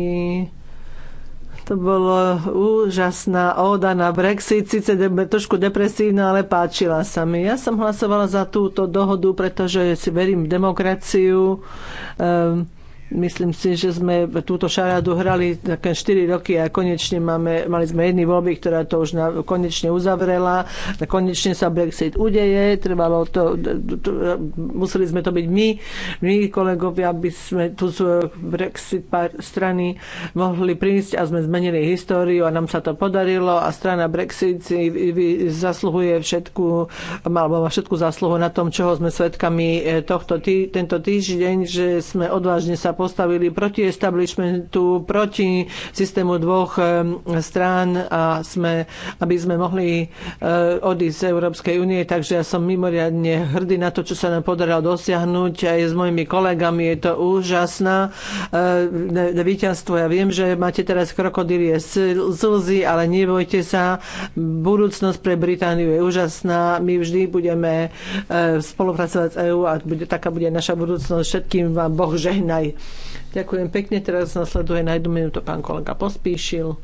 To bolo úžasná óda na Brexit, síce de- trošku depresívna, ale páčila sa mi. Ja som hlasovala za túto dohodu, pretože si verím v demokraciu. Um, Myslím si, že sme túto šarádu hrali také 4 roky a konečne máme, mali sme jedný voľby, ktorá to už na, konečne uzavrela. A konečne sa Brexit udeje. Trvalo to, to, museli sme to byť my, my kolegovia, aby sme tu z Brexit strany mohli prísť a sme zmenili históriu a nám sa to podarilo a strana Brexit si zasluhuje všetku, alebo má všetku zásluhu na tom, čoho sme svedkami eh, tohto tý, tento týždeň, že sme odvážne sa postavili proti establishmentu, proti systému dvoch eh, strán a sme, aby sme mohli eh, odísť z Európskej únie. Takže ja som mimoriadne hrdý na to, čo sa nám podarilo dosiahnuť aj s mojimi kolegami. Je to úžasná eh, víťazstvo. Ja viem, že máte teraz krokodílie slzy, ale nebojte sa. Budúcnosť pre Britániu je úžasná. My vždy budeme spolupracovať s EÚ a taká bude naša budúcnosť. Všetkým vám Boh žehnaj. Ďakujem pekne. Teraz nasleduje na jednu minútu pán kolega Pospíšil.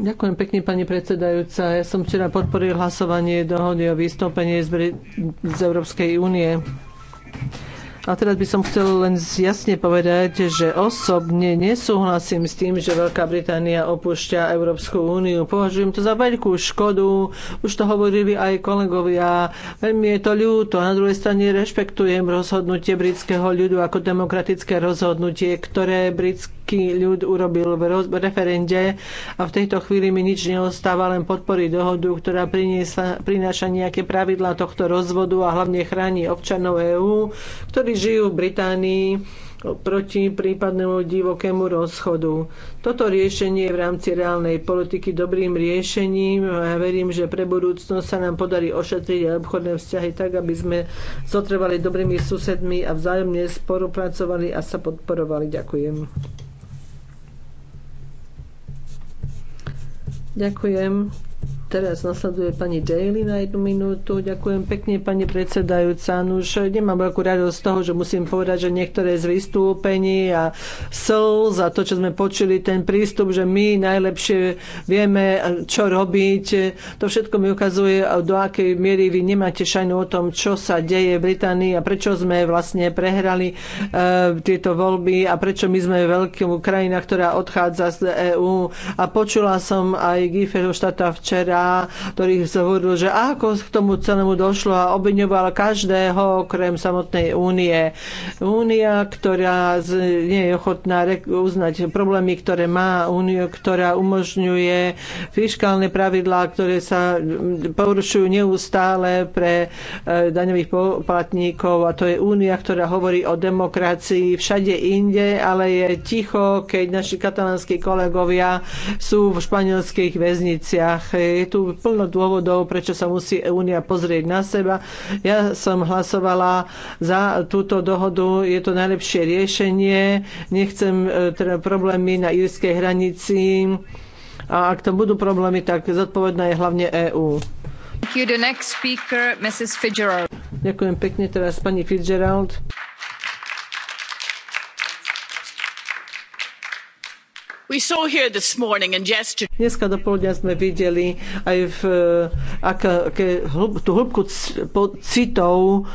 Ďakujem pekne, pani predsedajúca. Ja som včera podporil hlasovanie dohody o vystúpení z, Br- z Európskej únie. A teraz by som chcel len jasne povedať, že osobne nesúhlasím s tým, že Veľká Británia opúšťa Európsku úniu. Považujem to za veľkú škodu. Už to hovorili aj kolegovia. Veľmi je to ľúto. Na druhej strane rešpektujem rozhodnutie britského ľudu ako demokratické rozhodnutie, ktoré britské slovenský ľud urobil v referende a v tejto chvíli mi nič neostáva len podporiť dohodu, ktorá priniesla, prináša nejaké pravidlá tohto rozvodu a hlavne chráni občanov EÚ, ktorí žijú v Británii proti prípadnému divokému rozchodu. Toto riešenie je v rámci reálnej politiky dobrým riešením a ja verím, že pre budúcnosť sa nám podarí ošetriť aj obchodné vzťahy tak, aby sme zotrvali dobrými susedmi a vzájomne spolupracovali a sa podporovali. Ďakujem. Ďakujem teraz nasleduje pani Daly na jednu minútu. Ďakujem pekne, pani predsedajúca. No už nemám veľkú radosť z toho, že musím povedať, že niektoré z vystúpení a sl a to, čo sme počuli, ten prístup, že my najlepšie vieme, čo robiť, to všetko mi ukazuje, do akej miery vy nemáte šajnu o tom, čo sa deje v Británii a prečo sme vlastne prehrali uh, tieto voľby a prečo my sme veľkým krajina, ktorá odchádza z EÚ. A počula som aj štáta včera, a ktorý sa hovoril, že ako k tomu celému došlo a obviňoval každého okrem samotnej únie. Únia, ktorá nie je ochotná uznať problémy, ktoré má Únia, ktorá umožňuje fiskálne pravidlá, ktoré sa porušujú neustále pre e, daňových poplatníkov a to je únia, ktorá hovorí o demokracii všade inde, ale je ticho, keď naši katalánsky kolegovia sú v španielských väzniciach je tu plno dôvodov, prečo sa musí Únia pozrieť na seba. Ja som hlasovala za túto dohodu, je to najlepšie riešenie. Nechcem e, teda problémy na írskej hranici. A ak tam budú problémy, tak zodpovedná je hlavne EÚ. Ďakujem pekne teraz pani Fitzgerald. Dneska do poludnia sme videli aj v, eh, aké, aké, tú hĺbku citov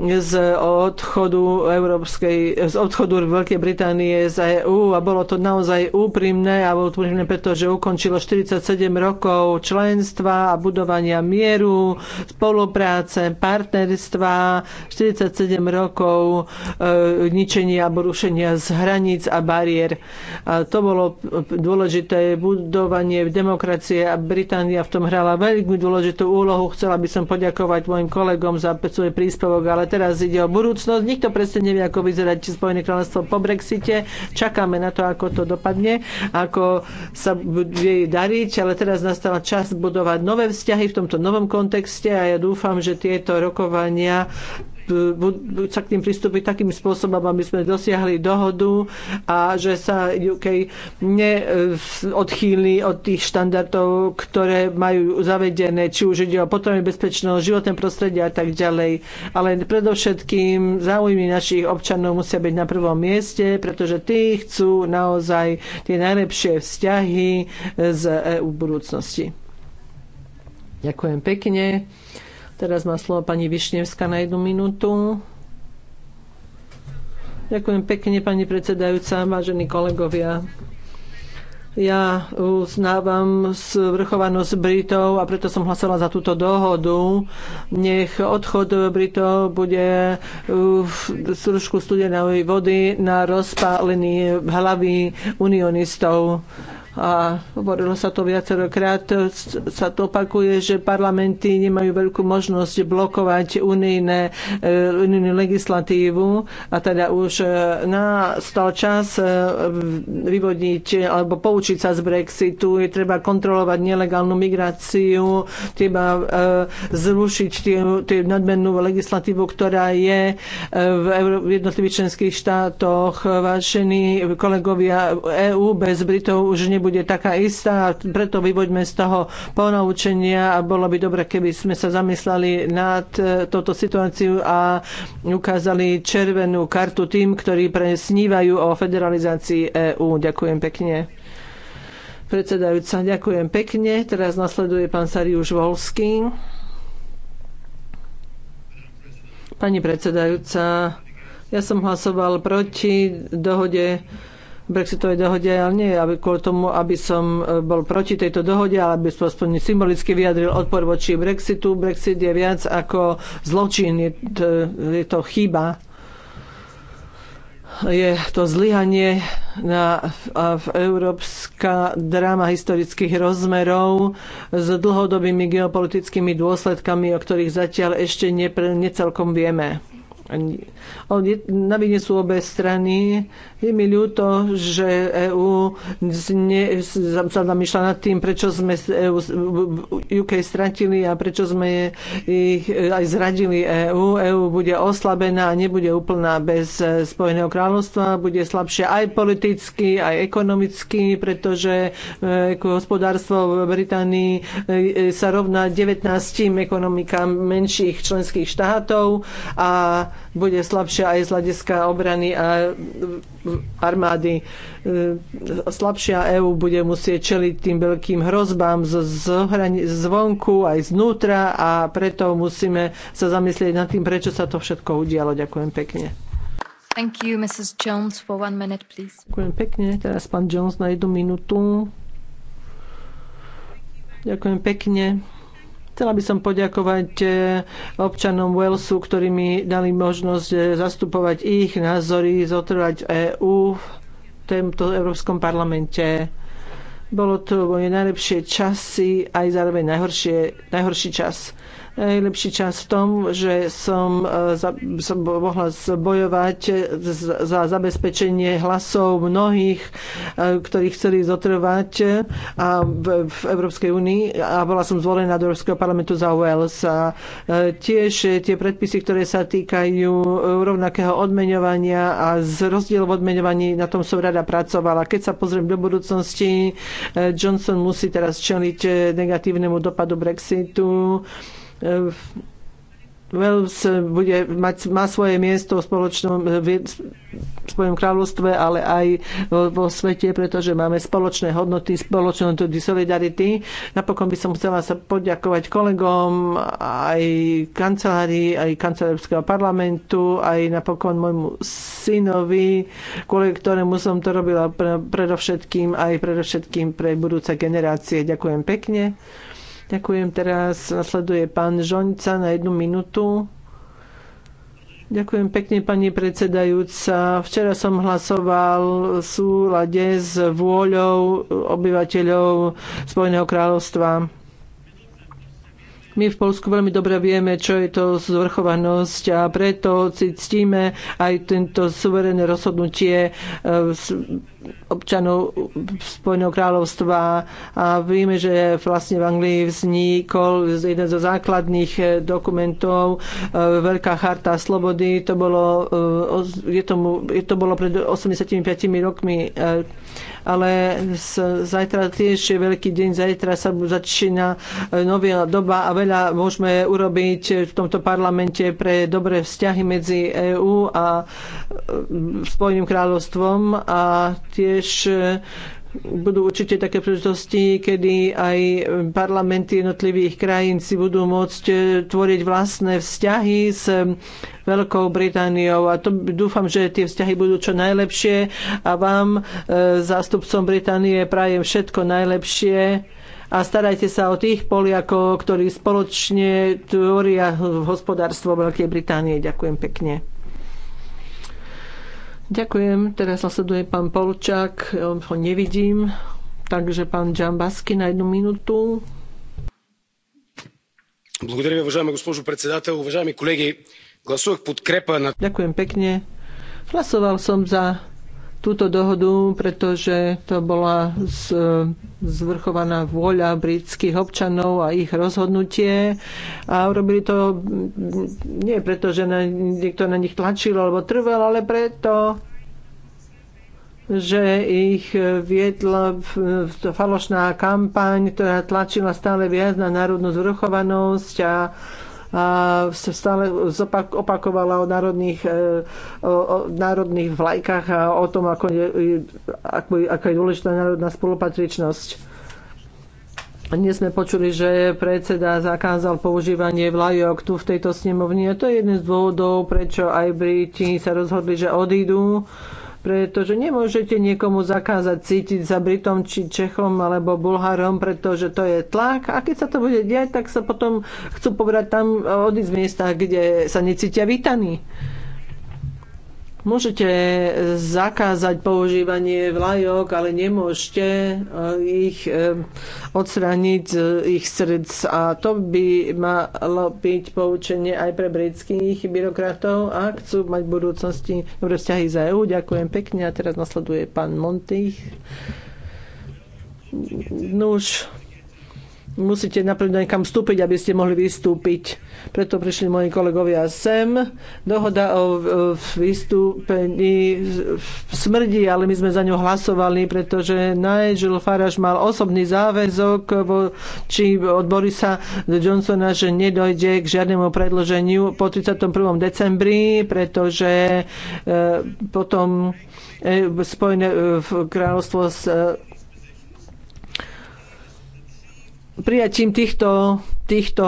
z odchodu, Európskej, z odchodu Veľkej Británie z EÚ a bolo to naozaj úprimné a bolo úprimné, pretože ukončilo 47 rokov členstva a budovania mieru, spolupráce, partnerstva, 47 rokov e, ničenia a porušenia z hraníc a bariér. A to bolo dôležité budovanie demokracie a Británia v tom hrala veľmi dôležitú úlohu. Chcela by som poďakovať mojim kolegom za svoj príspevok, ale teraz ide o budúcnosť. Nikto presne nevie, ako vyzerať Spojené kráľovstvo po Brexite. Čakáme na to, ako to dopadne, ako sa bude jej dariť, ale teraz nastala čas budovať nové vzťahy v tomto novom kontexte a ja dúfam, že tieto rokovania sa k tým pristúpiť takým spôsobom, aby sme dosiahli dohodu a že sa UK neodchýli od tých štandardov, ktoré majú zavedené, či už ide o potrebnú bezpečnosť, životné prostredie a tak ďalej. Ale predovšetkým záujmy našich občanov musia byť na prvom mieste, pretože tí chcú naozaj tie najlepšie vzťahy z EU budúcnosti. Ďakujem pekne. Teraz má slovo pani Višnevská na jednu minútu. Ďakujem pekne, pani predsedajúca, vážení kolegovia. Ja uznávam zvrchovanosť Britov a preto som hlasila za túto dohodu. Nech odchod Britov bude v trošku studenej vody na rozpálený hlavy unionistov a hovorilo sa to viacerokrát, sa to opakuje, že parlamenty nemajú veľkú možnosť blokovať unijné, e, unijnú legislatívu a teda už e, nastal čas e, vyvodiť alebo poučiť sa z Brexitu, je treba kontrolovať nelegálnu migráciu, treba zrušiť tie nadmenú legislatívu, ktorá je v jednotlivých členských štátoch. Vážení kolegovia EÚ bez Britov už nebudú nebude taká istá, preto vyvoďme z toho ponaučenia a bolo by dobre, keby sme sa zamysleli nad e, toto situáciu a ukázali červenú kartu tým, ktorí presnívajú o federalizácii EÚ. Ďakujem pekne. Predsedajúca, ďakujem pekne. Teraz nasleduje pán Sariuš Volský. Pani predsedajúca, ja som hlasoval proti dohode brexitovej dohode, ale nie aby, kvôli tomu, aby som e, bol proti tejto dohode, ale aby som aspoň symbolicky vyjadril odpor voči brexitu. Brexit je viac ako zločin, je to, je to chyba je to zlyhanie na, a v európska dráma historických rozmerov s dlhodobými geopolitickými dôsledkami, o ktorých zatiaľ ešte necelkom vieme na vine sú obe strany. Je mi ľúto, že EU sa zamýšľa nad tým, prečo sme EU, UK stratili a prečo sme ich e, aj zradili EU, EU bude oslabená a nebude úplná bez e, Spojeného kráľovstva. Bude slabšie aj politicky, aj ekonomicky, pretože e, hospodárstvo v Británii sa rovná 19 ekonomikám menších členských štátov a bude slabšia aj z hľadiska obrany a e, armády. E, slabšia EÚ bude musieť čeliť tým veľkým hrozbám zvonku aj znútra a preto musíme sa zamyslieť nad tým, prečo sa to všetko udialo. Ďakujem pekne. Thank you, Mrs. Jones, for one minute, please. Ďakujem pekne. Teraz pán Jones na jednu minútu. Ďakujem pekne. Chcela by som poďakovať e, občanom Walesu, ktorí mi dali možnosť e, zastupovať ich názory, zotrvať EÚ v tomto Európskom parlamente. Bolo to moje najlepšie časy, aj zároveň najhoršie, najhorší čas najlepší čas v tom, že som, e, za, som mohla bojovať za zabezpečenie hlasov mnohých, e, ktorí chceli zotrvať e, a v, v Európskej únii a bola som zvolená do Európskeho parlamentu za Wales. A tiež tie predpisy, ktoré sa týkajú rovnakého odmeňovania a z rozdiel v odmeňovaní, na tom som rada pracovala. Keď sa pozriem do budúcnosti, Johnson musí teraz čeliť negatívnemu dopadu Brexitu. E, Wales bude mať, má svoje miesto v spoločnom v svojom kráľovstve, ale aj vo, vo svete, pretože máme spoločné hodnoty, spoločnú tudy solidarity. Napokon by som chcela sa poďakovať kolegom, aj kancelárii, aj kancelárského parlamentu, aj napokon môjmu synovi, kvôli ktorému som to robila pre, predovšetkým, aj predovšetkým pre budúce generácie. Ďakujem pekne. Ďakujem. Teraz nasleduje pán Žoňca na jednu minútu. Ďakujem pekne, pani predsedajúca. Včera som hlasoval v súlade s vôľou obyvateľov Spojeného kráľovstva. My v Polsku veľmi dobre vieme, čo je to zvrchovanosť a preto si ctíme aj tento suverénne rozhodnutie eh, občanov Spojeného kráľovstva a víme, že vlastne v Anglii vznikol jeden zo základných eh, dokumentov eh, Veľká charta slobody. To bolo, eh, je tomu, je to bolo pred 85 rokmi ale zajtra tiež je veľký deň, zajtra sa začína nová doba a veľa môžeme urobiť v tomto parlamente pre dobré vzťahy medzi EÚ a Spojeným kráľovstvom a tiež e, budú určite také príležitosti, kedy aj parlamenty jednotlivých krajín si budú môcť e, tvoriť vlastné vzťahy s e, Veľkou Britániou. A to dúfam, že tie vzťahy budú čo najlepšie a vám, zástupcom Británie, prajem všetko najlepšie a starajte sa o tých Poliakov, ktorí spoločne tvoria hospodárstvo Veľkej Británie. Ďakujem pekne. Ďakujem. Teraz nasleduje pán Polčák. Ho nevidím. Takže pán Džambasky na jednu minútu. Благодаря ви, госпожо председател. Уважаеми колеги, гласувах подкрепа на... Ďakujem pekne. Hlasoval som za túto dohodu, pretože to bola z, zvrchovaná vôľa britských občanov a ich rozhodnutie. A urobili to nie preto, že na, niekto na nich tlačil alebo trval, ale preto, že ich viedla falošná kampaň, ktorá tlačila stále viac na národnú zvrchovanosť a a stále opakovala o národných, e, o, o národných vlajkách a o tom, ako je, ako, aká je dôležitá národná spolupatričnosť. Dnes sme počuli, že predseda zakázal používanie vlajok tu v tejto snemovni a to je jeden z dôvodov, prečo aj Briti sa rozhodli, že odídu pretože nemôžete niekomu zakázať cítiť sa Britom či Čechom alebo Bulharom, pretože to je tlak a keď sa to bude diať, tak sa potom chcú pobrať tam odísť z miesta, kde sa necítia vítaní. Môžete e, zakázať používanie vlajok, ale nemôžete e, ich e, odstrániť z ich srdc. A to by malo byť poučenie aj pre britských byrokratov, ak chcú mať v budúcnosti dobré vzťahy za EU. Ďakujem pekne. A teraz nasleduje pán Montich. už musíte napríklad niekam vstúpiť, aby ste mohli vystúpiť. Preto prišli moji kolegovia sem. Dohoda o vystúpení smrdí, ale my sme za ňu hlasovali, pretože Nigel Farage mal osobný záväzok či od Borisa Johnsona, že nedojde k žiadnemu predloženiu po 31. decembri, pretože e, potom e, Spojené e, kráľovstvo s prijatím týchto, týchto,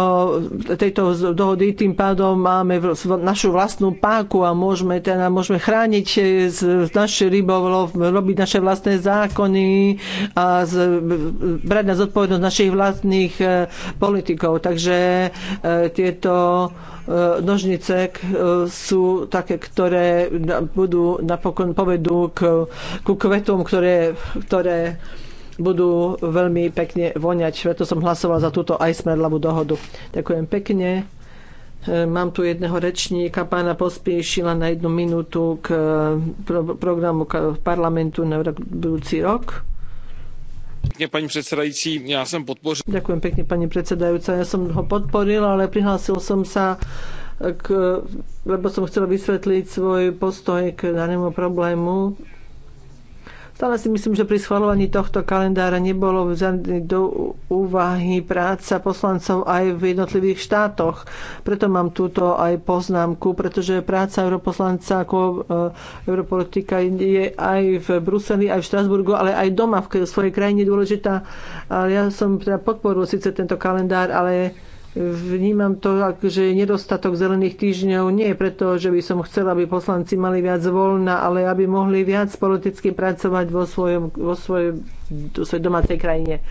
tejto dohody tým pádom máme našu vlastnú páku a môžeme, teda, môžeme chrániť e, z, z naše rybolov, robiť naše vlastné zákony a z, brať na zodpovednosť našich vlastných e, politikov. Takže e, tieto nožnice sú také, ktoré budú napokon povedú k, ku kvetom, ktoré, ktoré budú veľmi pekne voňať. Preto som hlasoval za túto aj smerlavú dohodu. Ďakujem pekne. E, mám tu jedného rečníka, pána Pospiešila na jednu minútu k e, programu parlamentu na budúci rok. Pekne, pani predsedajúci, ja som podporil. Ďakujem pekne, pani predsedajúca. Ja som ho podporil, ale prihlásil som sa k, lebo som chcel vysvetliť svoj postoj k danému problému Stále si myslím, že pri schvalovaní tohto kalendára nebolo vzadný do úvahy práca poslancov aj v jednotlivých štátoch. Preto mám túto aj poznámku, pretože práca europoslanca ako e, europolitika je aj v Bruseli, aj v Štrasburgu, ale aj doma v svojej krajine dôležitá. ja som teda podporil síce tento kalendár, ale Vnímam to, že nedostatok zelených týždňov nie je preto, že by som chcela, aby poslanci mali viac voľna, ale aby mohli viac politicky pracovať vo, svojom, vo, svojej, vo svojej domácej krajine.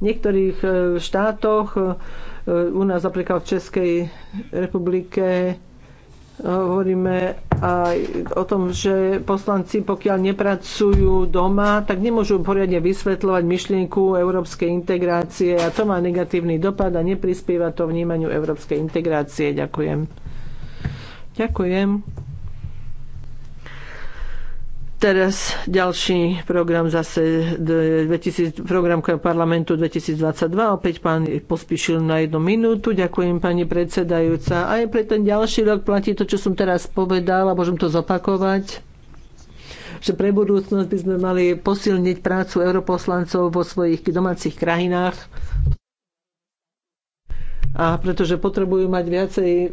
V niektorých eh, štátoch, eh, u nás napríklad v Českej republike, hovoríme aj o tom, že poslanci, pokiaľ nepracujú doma, tak nemôžu poriadne vysvetľovať myšlienku európskej integrácie a to má negatívny dopad a neprispieva to vnímaniu európskej integrácie. Ďakujem. Ďakujem. Teraz ďalší program zase 2000, program parlamentu 2022. Opäť pán pospíšil na jednu minútu. Ďakujem pani predsedajúca. Aj pre ten ďalší rok platí to, čo som teraz povedal a môžem to zopakovať že pre budúcnosť by sme mali posilniť prácu europoslancov vo svojich domácich krajinách a pretože potrebujú mať viacej, e,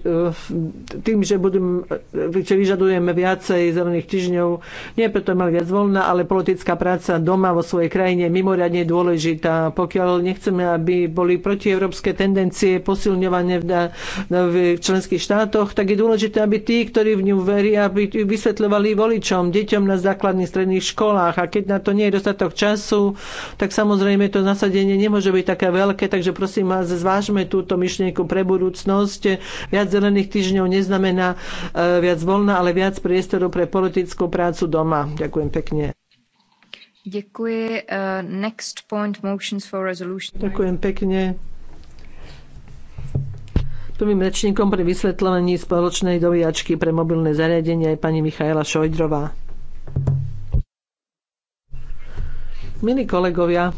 tým, že, budem, e, že vyžadujeme viacej zelených týždňov, nie preto mali viac voľna, ale politická práca doma vo svojej krajine je mimoriadne dôležitá. Pokiaľ nechceme, aby boli protieurópske tendencie posilňované v, v členských štátoch, tak je dôležité, aby tí, ktorí v ňu veria, aby vysvetľovali voličom, deťom na základných stredných školách. A keď na to nie je dostatok času, tak samozrejme to nasadenie nemôže byť také veľké, takže prosím vás, zvážme túto myšlienku pre budúcnosť. Viac zelených týždňov neznamená e, viac voľna, ale viac priestorov pre politickú prácu doma. Ďakujem pekne. Děkuji. Uh, e, next point, motions for resolution. Ďakujem pekne. Prvým rečníkom pri vysvetlení spoločnej dovíjačky pre mobilné zariadenie je pani Michaela Šojdrová. Milí kolegovia,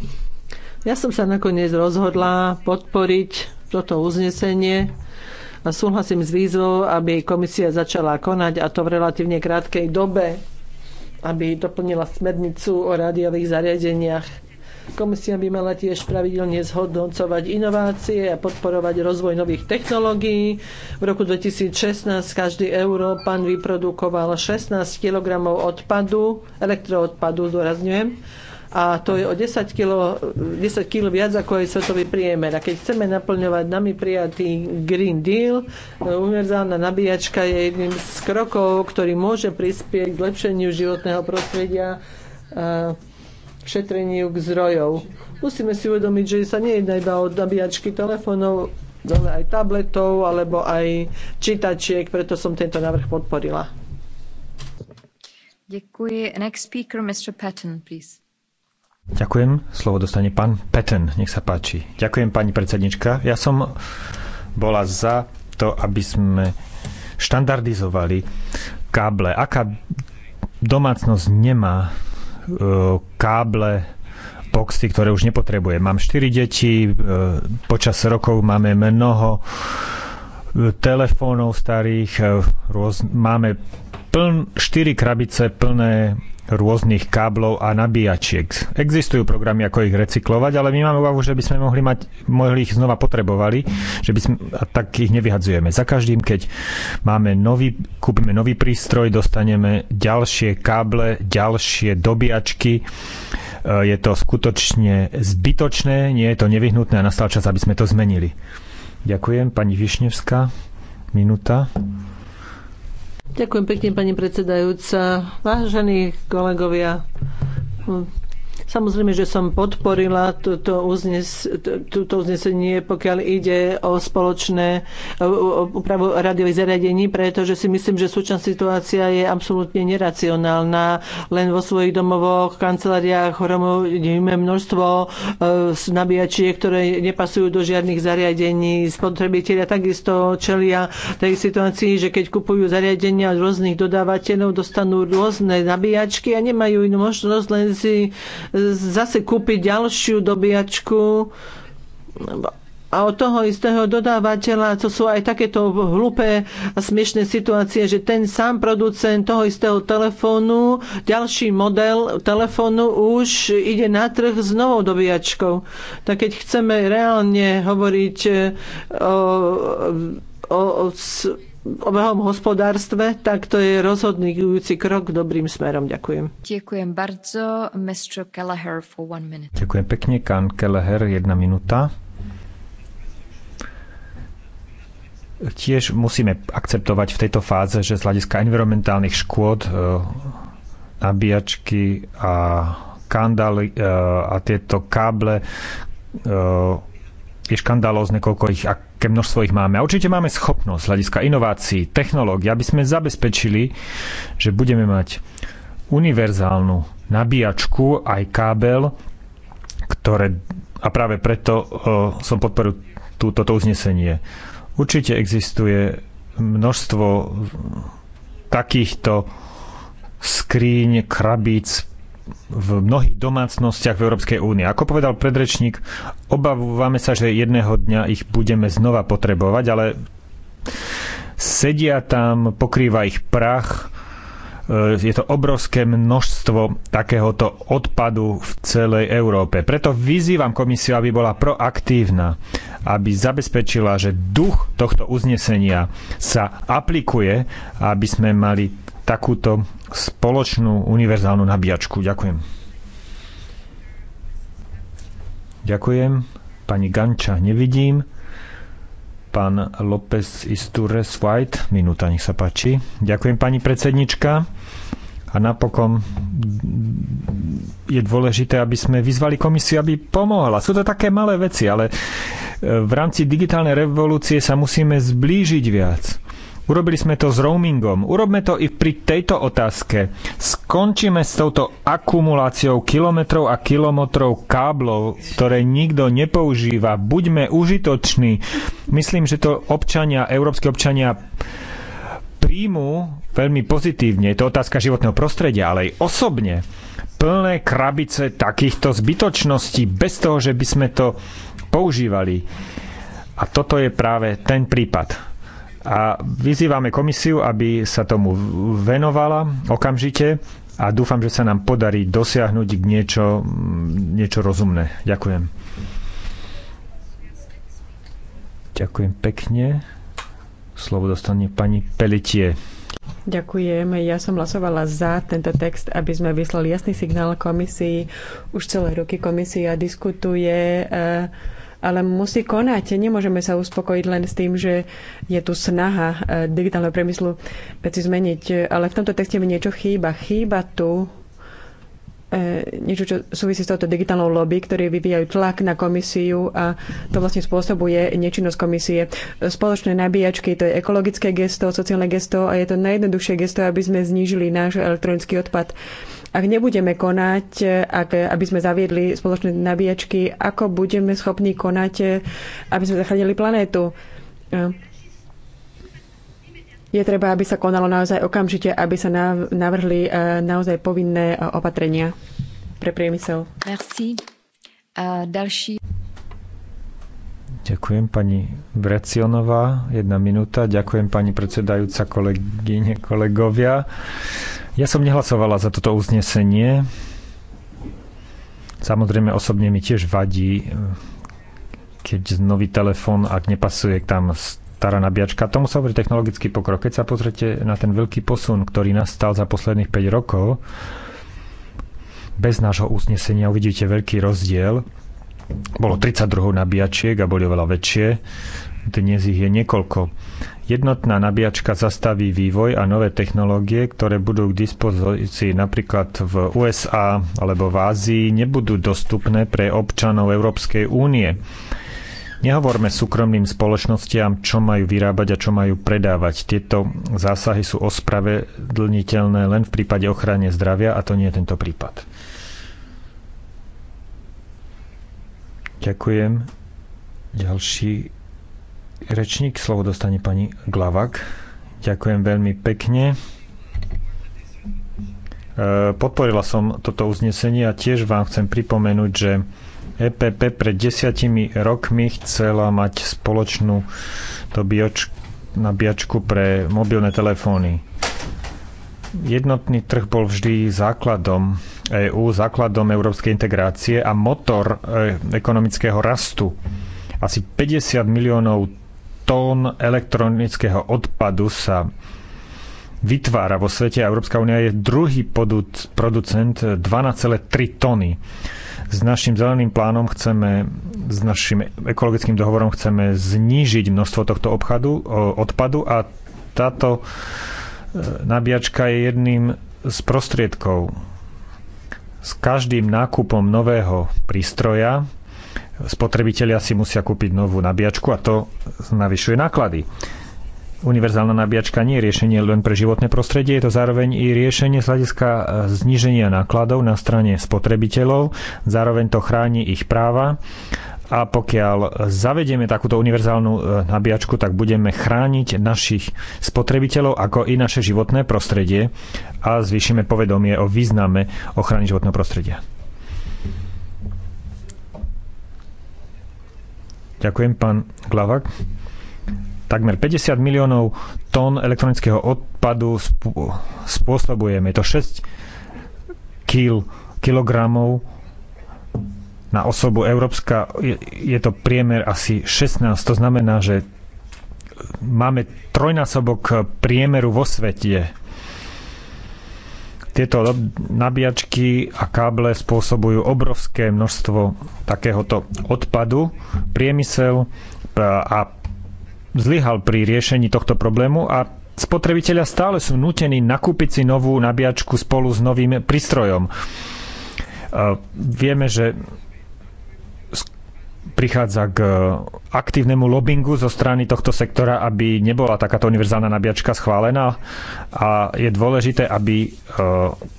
ja som sa nakoniec rozhodla podporiť toto uznesenie a súhlasím s výzvou, aby komisia začala konať a to v relatívne krátkej dobe, aby doplnila smernicu o rádiových zariadeniach. Komisia by mala tiež pravidelne zhodnocovať inovácie a podporovať rozvoj nových technológií. V roku 2016 každý Európan vyprodukoval 16 kg odpadu, elektroodpadu, zdôrazňujem, a to je o 10 kg, 10 kg viac ako je svetový priemer. A keď chceme naplňovať nami prijatý Green Deal, univerzálna nabíjačka je jedným z krokov, ktorý môže prispieť k lepšeniu životného prostredia a šetreniu k zdrojov. Musíme si uvedomiť, že sa nejedná iba o nabíjačky telefónov, ale aj tabletov alebo aj čítačiek, preto som tento návrh podporila. Děkuji. Next speaker, Mr. Patton, please. Ďakujem. Slovo dostane pán Peten. Nech sa páči. Ďakujem, pani predsednička. Ja som bola za to, aby sme štandardizovali káble. Aká domácnosť nemá e, káble boxy, ktoré už nepotrebuje. Mám 4 deti, e, počas rokov máme mnoho e, telefónov starých, rôz, máme pln, 4 krabice plné rôznych káblov a nabíjačiek. Existujú programy, ako ich recyklovať, ale my máme obavu, že by sme mohli, mať, mohli ich znova potrebovali, že by sme, a tak ich nevyhadzujeme. Za každým, keď máme nový, kúpime nový prístroj, dostaneme ďalšie káble, ďalšie dobíjačky. E, je to skutočne zbytočné, nie je to nevyhnutné a nastal čas, aby sme to zmenili. Ďakujem, pani Višnevská. Minúta. Ďakujem pekne, pani predsedajúca. Vážení kolegovia, Samozrejme, že som podporila túto, uznes, túto uznesenie, pokiaľ ide o spoločné úpravu radiových zariadení, pretože si myslím, že súčasná situácia je absolútne neracionálna. Len vo svojich domovoch, kanceláriách hromadíme množstvo e, nabíjačie, ktoré nepasujú do žiadnych zariadení. Spotrebitelia takisto čelia tej situácii, že keď kupujú zariadenia od rôznych dodávateľov, dostanú rôzne nabíjačky a nemajú inú možnosť len si zase kúpiť ďalšiu dobiačku a od toho istého dodávateľa, to sú aj takéto hlúpe a smiešné situácie, že ten sám producent toho istého telefónu, ďalší model telefónu už ide na trh s novou dobíjačkou. Tak keď chceme reálne hovoriť e, o, o, o obehovom hospodárstve, tak to je rozhodný krok dobrým smerom. Ďakujem. Ďakujem bardzo. Mr. Kelleher for one minute. Ďakujem pekne, Kan Kelleher, jedna minúta. Tiež musíme akceptovať v tejto fáze, že z hľadiska environmentálnych škôd e, nabíjačky a kandály e, a tieto káble e, je škandálozne, koľko ich, aké množstvo ich máme. A určite máme schopnosť hľadiska inovácií, technológií, aby sme zabezpečili, že budeme mať univerzálnu nabíjačku, aj kábel, ktoré, a práve preto o, e, som podporil tú, toto uznesenie. Určite existuje množstvo takýchto skríň, krabíc, v mnohých domácnostiach v Európskej únie. Ako povedal predrečník, obávame sa, že jedného dňa ich budeme znova potrebovať, ale sedia tam, pokrýva ich prach, e, je to obrovské množstvo takéhoto odpadu v celej Európe. Preto vyzývam komisiu, aby bola proaktívna, aby zabezpečila, že duch tohto uznesenia sa aplikuje, aby sme mali takúto spoločnú univerzálnu nabíjačku. Ďakujem. Ďakujem. Pani Ganča nevidím. Pán López Istúres White, minúta, nech sa páči. Ďakujem, pani predsednička. A napokon je dôležité, aby sme vyzvali komisiu, aby pomohla. Sú to také malé veci, ale v rámci digitálnej revolúcie sa musíme zblížiť viac Urobili sme to s roamingom. Urobme to i pri tejto otázke. Skončíme s touto akumuláciou kilometrov a kilometrov káblov, ktoré nikto nepoužíva. Buďme užitoční. Myslím, že to občania, európsky občania príjmu veľmi pozitívne. Je to otázka životného prostredia, ale aj osobne plné krabice takýchto zbytočností bez toho, že by sme to používali. A toto je práve ten prípad. A vyzývame komisiu, aby sa tomu venovala okamžite a dúfam, že sa nám podarí dosiahnuť niečo, mm, niečo rozumné. Ďakujem. Ďakujem pekne. Slovo dostane pani Pelitie. Ďakujem. Ja som hlasovala za tento text, aby sme vyslali jasný signál komisii. Už celé roky komisia diskutuje uh, ale musí konať. Nemôžeme sa uspokojiť len s tým, že je tu snaha e, digitálneho priemyslu veci zmeniť. Ale v tomto texte mi niečo chýba. Chýba tu e, niečo, čo súvisí s touto digitálnou lobby, ktorí vyvíjajú tlak na komisiu a to vlastne spôsobuje nečinnosť komisie. Spoločné nabíjačky, to je ekologické gesto, sociálne gesto a je to najjednoduchšie gesto, aby sme znížili náš elektronický odpad. Ak nebudeme konať, ak, aby sme zaviedli spoločné nabíjačky, ako budeme schopní konať, aby sme zachránili planétu? E, je treba, aby sa konalo naozaj okamžite, aby sa navrhli e, naozaj povinné e, opatrenia pre priemysel. Merci. A další. Ďakujem pani Vrecionová. Jedna minúta. Ďakujem pani predsedajúca, kolegyne, kolegovia. Ja som nehlasovala za toto uznesenie. Samozrejme, osobne mi tiež vadí, keď nový telefón, ak nepasuje tam stará nabíjačka. Tomu sa hovorí technologický pokrok. Keď sa pozrete na ten veľký posun, ktorý nastal za posledných 5 rokov, bez nášho uznesenia uvidíte veľký rozdiel. Bolo 32 nabíjačiek a boli oveľa väčšie. Dnes ich je niekoľko. Jednotná nabíjačka zastaví vývoj a nové technológie, ktoré budú k dispozícii napríklad v USA alebo v Ázii, nebudú dostupné pre občanov Európskej únie. Nehovorme súkromným spoločnostiam, čo majú vyrábať a čo majú predávať. Tieto zásahy sú ospravedlniteľné len v prípade ochrany zdravia a to nie je tento prípad. Ďakujem. Ďalší rečník. Slovo dostane pani Glavak. Ďakujem veľmi pekne. E, podporila som toto uznesenie a tiež vám chcem pripomenúť, že EPP pred desiatimi rokmi chcela mať spoločnú dobíjač- nabíjačku pre mobilné telefóny. Jednotný trh bol vždy základom EÚ, EU, základom európskej integrácie a motor e, ekonomického rastu. Asi 50 miliónov tón elektronického odpadu sa vytvára vo svete a Európska únia je druhý producent 12,3 tony. S našim zeleným plánom chceme, s našim ekologickým dohovorom chceme znížiť množstvo tohto obchadu, odpadu a táto e, nabíjačka je jedným z prostriedkov. S každým nákupom nového prístroja spotrebitelia si musia kúpiť novú nabíjačku a to navyšuje náklady. Univerzálna nabíjačka nie je riešenie len pre životné prostredie, je to zároveň i riešenie z hľadiska e, zníženia nákladov na strane spotrebiteľov, zároveň to chráni ich práva a pokiaľ zavedieme takúto univerzálnu e, nabíjačku, tak budeme chrániť našich spotrebiteľov ako i naše životné prostredie a zvýšime povedomie o význame ochrany životného prostredia. Ďakujem, pán Glavak. Takmer 50 miliónov tón elektronického odpadu spôsobujeme. Je to 6 kil, kilogramov na osobu európska. Je, je to priemer asi 16. To znamená, že máme trojnásobok priemeru vo svete tieto nabíjačky a káble spôsobujú obrovské množstvo takéhoto odpadu. Priemysel a zlyhal pri riešení tohto problému a spotrebitelia stále sú nutení nakúpiť si novú nabíjačku spolu s novým prístrojom. Vieme, že prichádza k e, aktívnemu lobbingu zo strany tohto sektora, aby nebola takáto univerzálna nabíjačka schválená a je dôležité, aby e,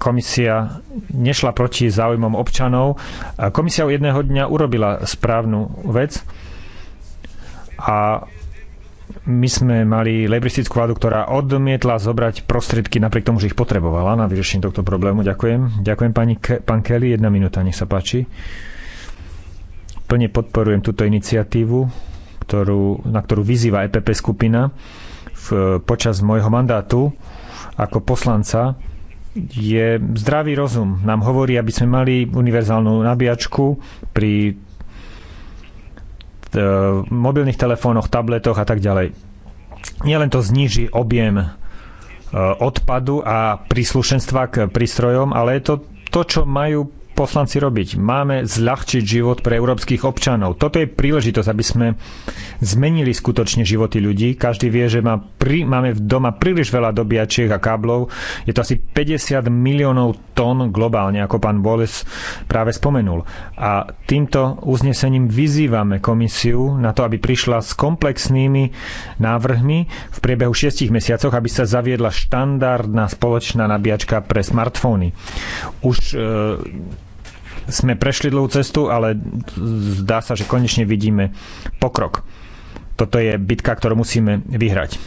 komisia nešla proti záujmom občanov. E, komisia jedného dňa urobila správnu vec a my sme mali lebristickú vládu, ktorá odmietla zobrať prostriedky napriek tomu, že ich potrebovala na vyriešenie tohto problému. Ďakujem. Ďakujem pani Ke- pán Kelly. Jedna minúta, nech sa páči. Uh, Plne podporujem túto iniciatívu, ktorú, na ktorú vyzýva EPP skupina. V, počas môjho mandátu ako poslanca je zdravý rozum. Nám hovorí, aby sme mali univerzálnu nabíjačku pri e, mobilných telefónoch, tabletoch a tak ďalej. Nielen to zníži objem e, odpadu a príslušenstva k prístrojom, ale je to to, čo majú poslanci robiť? Máme zľahčiť život pre európskych občanov. Toto je príležitosť, aby sme zmenili skutočne životy ľudí. Každý vie, že má prí, máme doma príliš veľa dobiačiek a káblov. Je to asi 50 miliónov tón globálne, ako pán Boles práve spomenul. A týmto uznesením vyzývame komisiu na to, aby prišla s komplexnými návrhmi v priebehu 6 mesiacoch, aby sa zaviedla štandardná spoločná nabíjačka pre smartfóny. Už e, sme prešli dlhú cestu, ale zdá sa, že konečne vidíme pokrok. Toto je bitka, ktorú musíme vyhrať.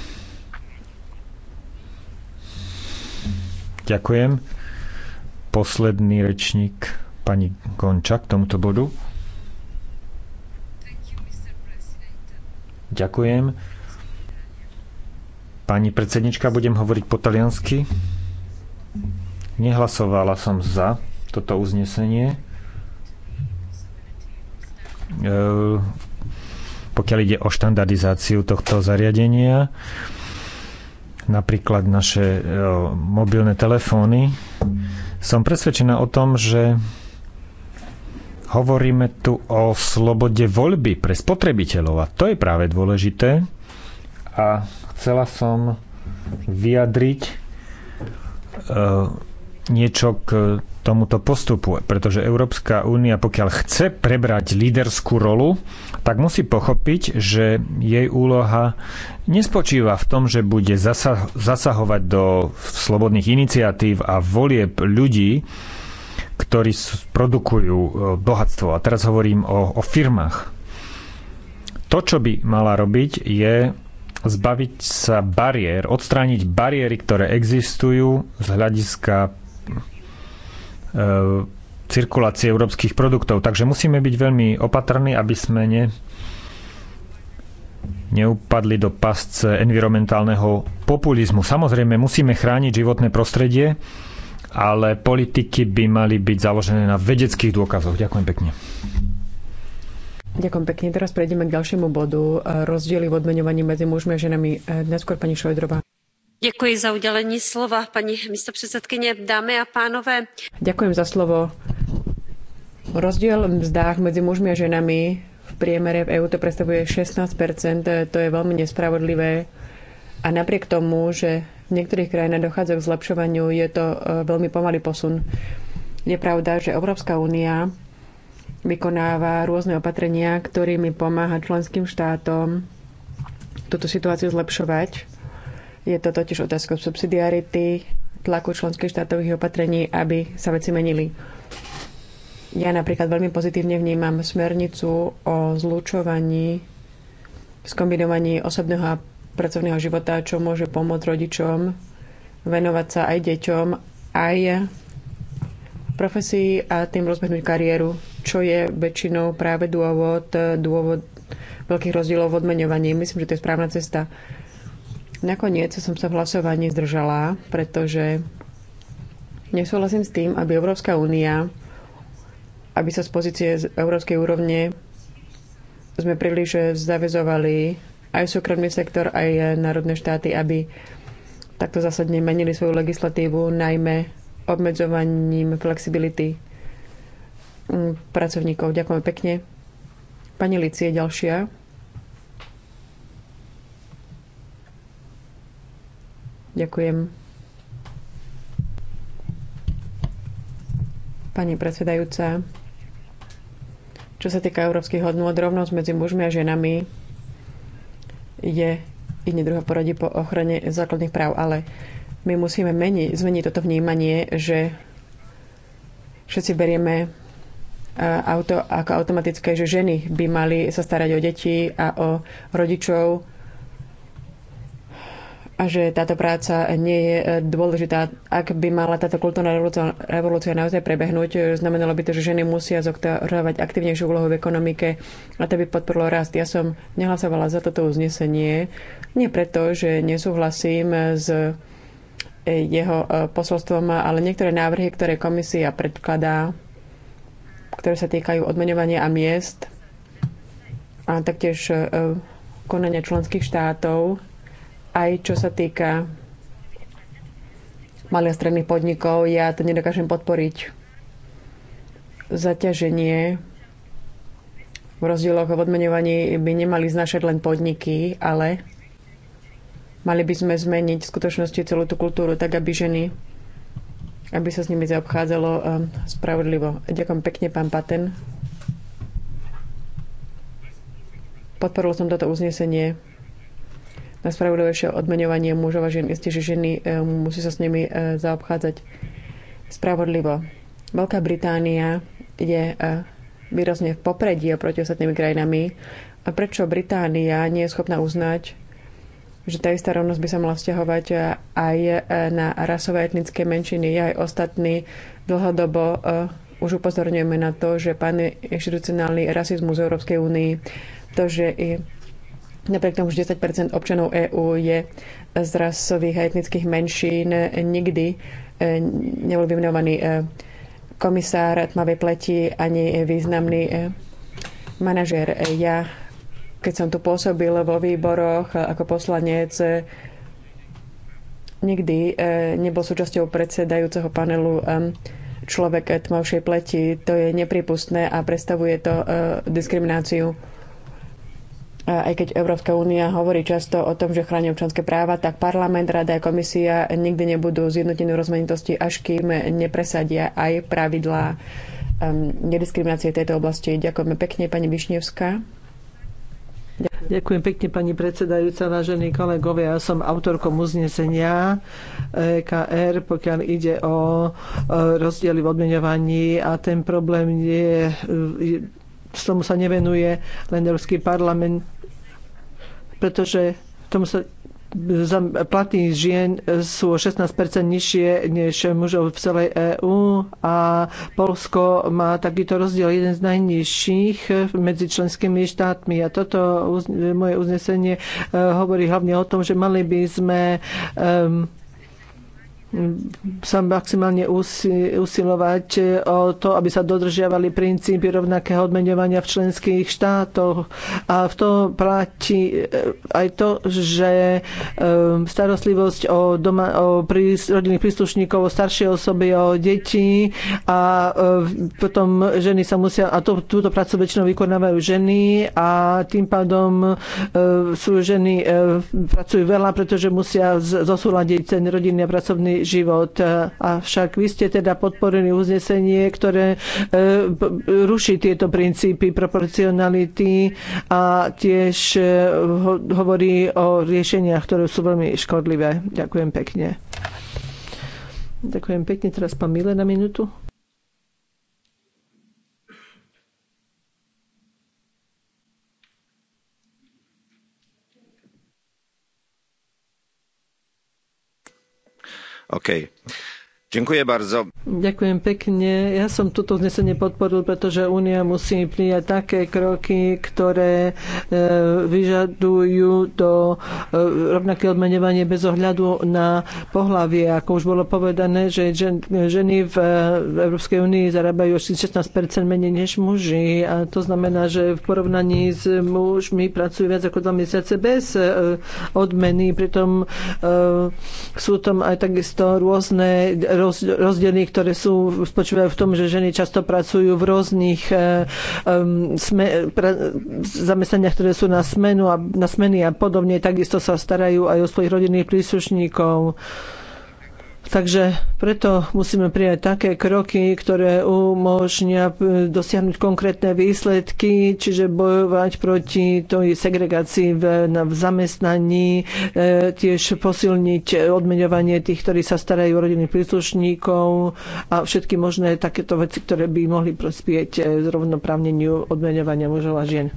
Ďakujem. Posledný rečník pani Gonča k tomuto bodu. Ďakujem. Pani predsednička, budem hovoriť po taliansky. Nehlasovala som za toto uznesenie. E, pokiaľ ide o štandardizáciu tohto zariadenia, napríklad naše e, mobilné telefóny, som presvedčená o tom, že hovoríme tu o slobode voľby pre spotrebiteľov a to je práve dôležité. A chcela som vyjadriť e, niečo k tomuto postupu, pretože Európska únia, pokiaľ chce prebrať líderskú rolu, tak musí pochopiť, že jej úloha nespočíva v tom, že bude zasahovať do slobodných iniciatív a volieb ľudí, ktorí produkujú e, bohatstvo. A teraz hovorím o, o firmách. To, čo by mala robiť, je zbaviť sa bariér, odstrániť bariéry, ktoré existujú z hľadiska E, cirkulácie európskych produktov. Takže musíme byť veľmi opatrní, aby sme ne, neupadli do pasce environmentálneho populizmu. Samozrejme, musíme chrániť životné prostredie, ale politiky by mali byť založené na vedeckých dôkazoch. Ďakujem pekne. Ďakujem pekne. Teraz prejdeme k ďalšiemu bodu. E, rozdiely v odmenovaní medzi mužmi a ženami. E, Neskôr pani Šojdrová. Slova, pani Ďakujem za slovo. Rozdiel v mzdách medzi mužmi a ženami v priemere v EÚ to predstavuje 16 to je veľmi nespravodlivé. A napriek tomu, že v niektorých krajinách dochádza k zlepšovaniu, je to e, veľmi pomalý posun. Je pravda, že Európska únia vykonáva rôzne opatrenia, ktorými pomáha členským štátom túto situáciu zlepšovať je to totiž otázka subsidiarity, tlaku členských štátových opatrení, aby sa veci menili. Ja napríklad veľmi pozitívne vnímam smernicu o zlučovaní, skombinovaní osobného a pracovného života, čo môže pomôcť rodičom venovať sa aj deťom, aj profesii a tým rozbehnúť kariéru, čo je väčšinou práve dôvod, dôvod veľkých rozdielov v odmeňovaní. Myslím, že to je správna cesta. Nakoniec som sa v hlasovaní zdržala, pretože nesúhlasím s tým, aby Európska únia, aby sa z pozície z európskej úrovne sme príliš zavezovali aj súkromný sektor, aj národné štáty, aby takto zásadne menili svoju legislatívu, najmä obmedzovaním flexibility mm, pracovníkov. Ďakujem pekne. Pani je ďalšia. Ďakujem. Pani predsedajúca, čo sa týka európskych hodnôt, rovnosť medzi mužmi a ženami je i druhá poradí po ochrane základných práv, ale my musíme meni, zmeniť toto vnímanie, že všetci berieme e, auto ako automatické, že ženy by mali sa starať o deti a o rodičov, a že táto práca nie je e, dôležitá. Ak by mala táto kultúrna revolúcia, revolúcia naozaj prebehnúť, e, znamenalo by to, že ženy musia zoktorovať aktívnejšiu úlohu v ekonomike a to by podporilo rast. Ja som nehlasovala za toto uznesenie, nie preto, že nesúhlasím s e, jeho posolstvom, ale niektoré návrhy, ktoré komisia predkladá, ktoré sa týkajú odmenovania a miest a taktiež konania členských štátov, aj čo sa týka malých a stredných podnikov, ja to nedokážem podporiť. Zaťaženie v rozdieloch v odmenovaní by nemali znašať len podniky, ale mali by sme zmeniť v skutočnosti celú tú kultúru tak, aby ženy aby sa s nimi zaobchádzalo um, spravodlivo. Ďakujem pekne, pán Paten. Podporil som toto uznesenie na spravodlivejšie odmeňovanie mužov a žien. Isté, že ženy e, musí sa s nimi e, zaobchádzať spravodlivo. Veľká Británia je e, výrazne v popredí oproti ostatnými krajinami. A prečo Británia nie je schopná uznať, že tá istá rovnosť by sa mala vzťahovať aj na rasové etnické menšiny, aj ostatní dlhodobo už upozorňujeme na to, že pán inštitucionálny rasizmus v Európskej únii, to, že i Napriek tomu, že 10 občanov EÚ je z rasových a etnických menšín, nikdy e, nebol vymenovaný e, komisár tmavej pleti ani významný e, manažér. Ja, keď som tu pôsobil vo výboroch ako poslanec, nikdy nebol súčasťou predsedajúceho panelu človek tmavšej pleti. To je nepripustné a predstavuje to diskrimináciu. Aj keď Európska únia hovorí často o tom, že chráni občanské práva, tak parlament, rada a komisia nikdy nebudú zjednotení rozmanitosti, až kým nepresadia aj pravidlá um, nediskriminácie tejto oblasti. Ďakujeme pekne, pani Višnevská. Ďakujem. Ďakujem pekne, pani predsedajúca, vážení kolegovia. Ja som autorkom uznesenia e KR, pokiaľ ide o e, rozdiely v odmeňovaní a ten problém je, e, tomu sa nevenuje len Európsky parlament, pretože tomu sa platy žien sú o 16 nižšie než mužov v celej EÚ a Polsko má takýto rozdiel jeden z najnižších medzi členskými štátmi. A toto moje uznesenie e, hovorí hlavne o tom, že mali by sme um, sa maximálne usilovať eh, o to, aby sa dodržiavali princípy rovnakého odmeňovania v členských štátoch. A v to platí eh, aj to, že eh, starostlivosť o, doma, o prís, rodinných príslušníkov, o staršie osoby, o deti a potom ženy sa musia, a to, túto prácu väčšinou vykonávajú ženy a tým pádom sú ženy, pracujú veľa, pretože musia zosúľadiť ten rodinný a pracovný život. Avšak vy ste teda podporili uznesenie, ktoré e, ruší tieto princípy proporcionality a tiež e, hovorí o riešeniach, ktoré sú veľmi škodlivé. Ďakujem pekne. Ďakujem pekne. Teraz pán Mile na minútu. okay. Ďakujem, Ďakujem pekne. Ja som toto znesenie podporil, pretože Únia musí prijať také kroky, ktoré e, vyžadujú to e, rovnaké odmenovanie bez ohľadu na pohlavie. Ako už bolo povedané, že ženy v e, Európskej únii zarábajú asi 16 menej než muži. A to znamená, že v porovnaní s mužmi pracujú viac ako 2 mesiace bez odmeny. Pritom sú tam aj takisto rôzne rozdiely, ktoré sú, spočívajú v tom, že ženy často pracujú v rôznych um, sme, pra, zamestnaniach, ktoré sú na, smenu a, na smeny a podobne. Takisto sa starajú aj o svojich rodinných príslušníkov. Takže preto musíme prijať také kroky, ktoré umožnia eh, dosiahnuť konkrétne výsledky, čiže bojovať proti tej segregácii v, na, v zamestnaní, e, tiež posilniť odmeňovanie tých, ktorí sa starajú o rodinných príslušníkov a všetky možné takéto veci, ktoré by mohli prospieť eh, zrovnoprávneniu odmeňovania mužov a žien.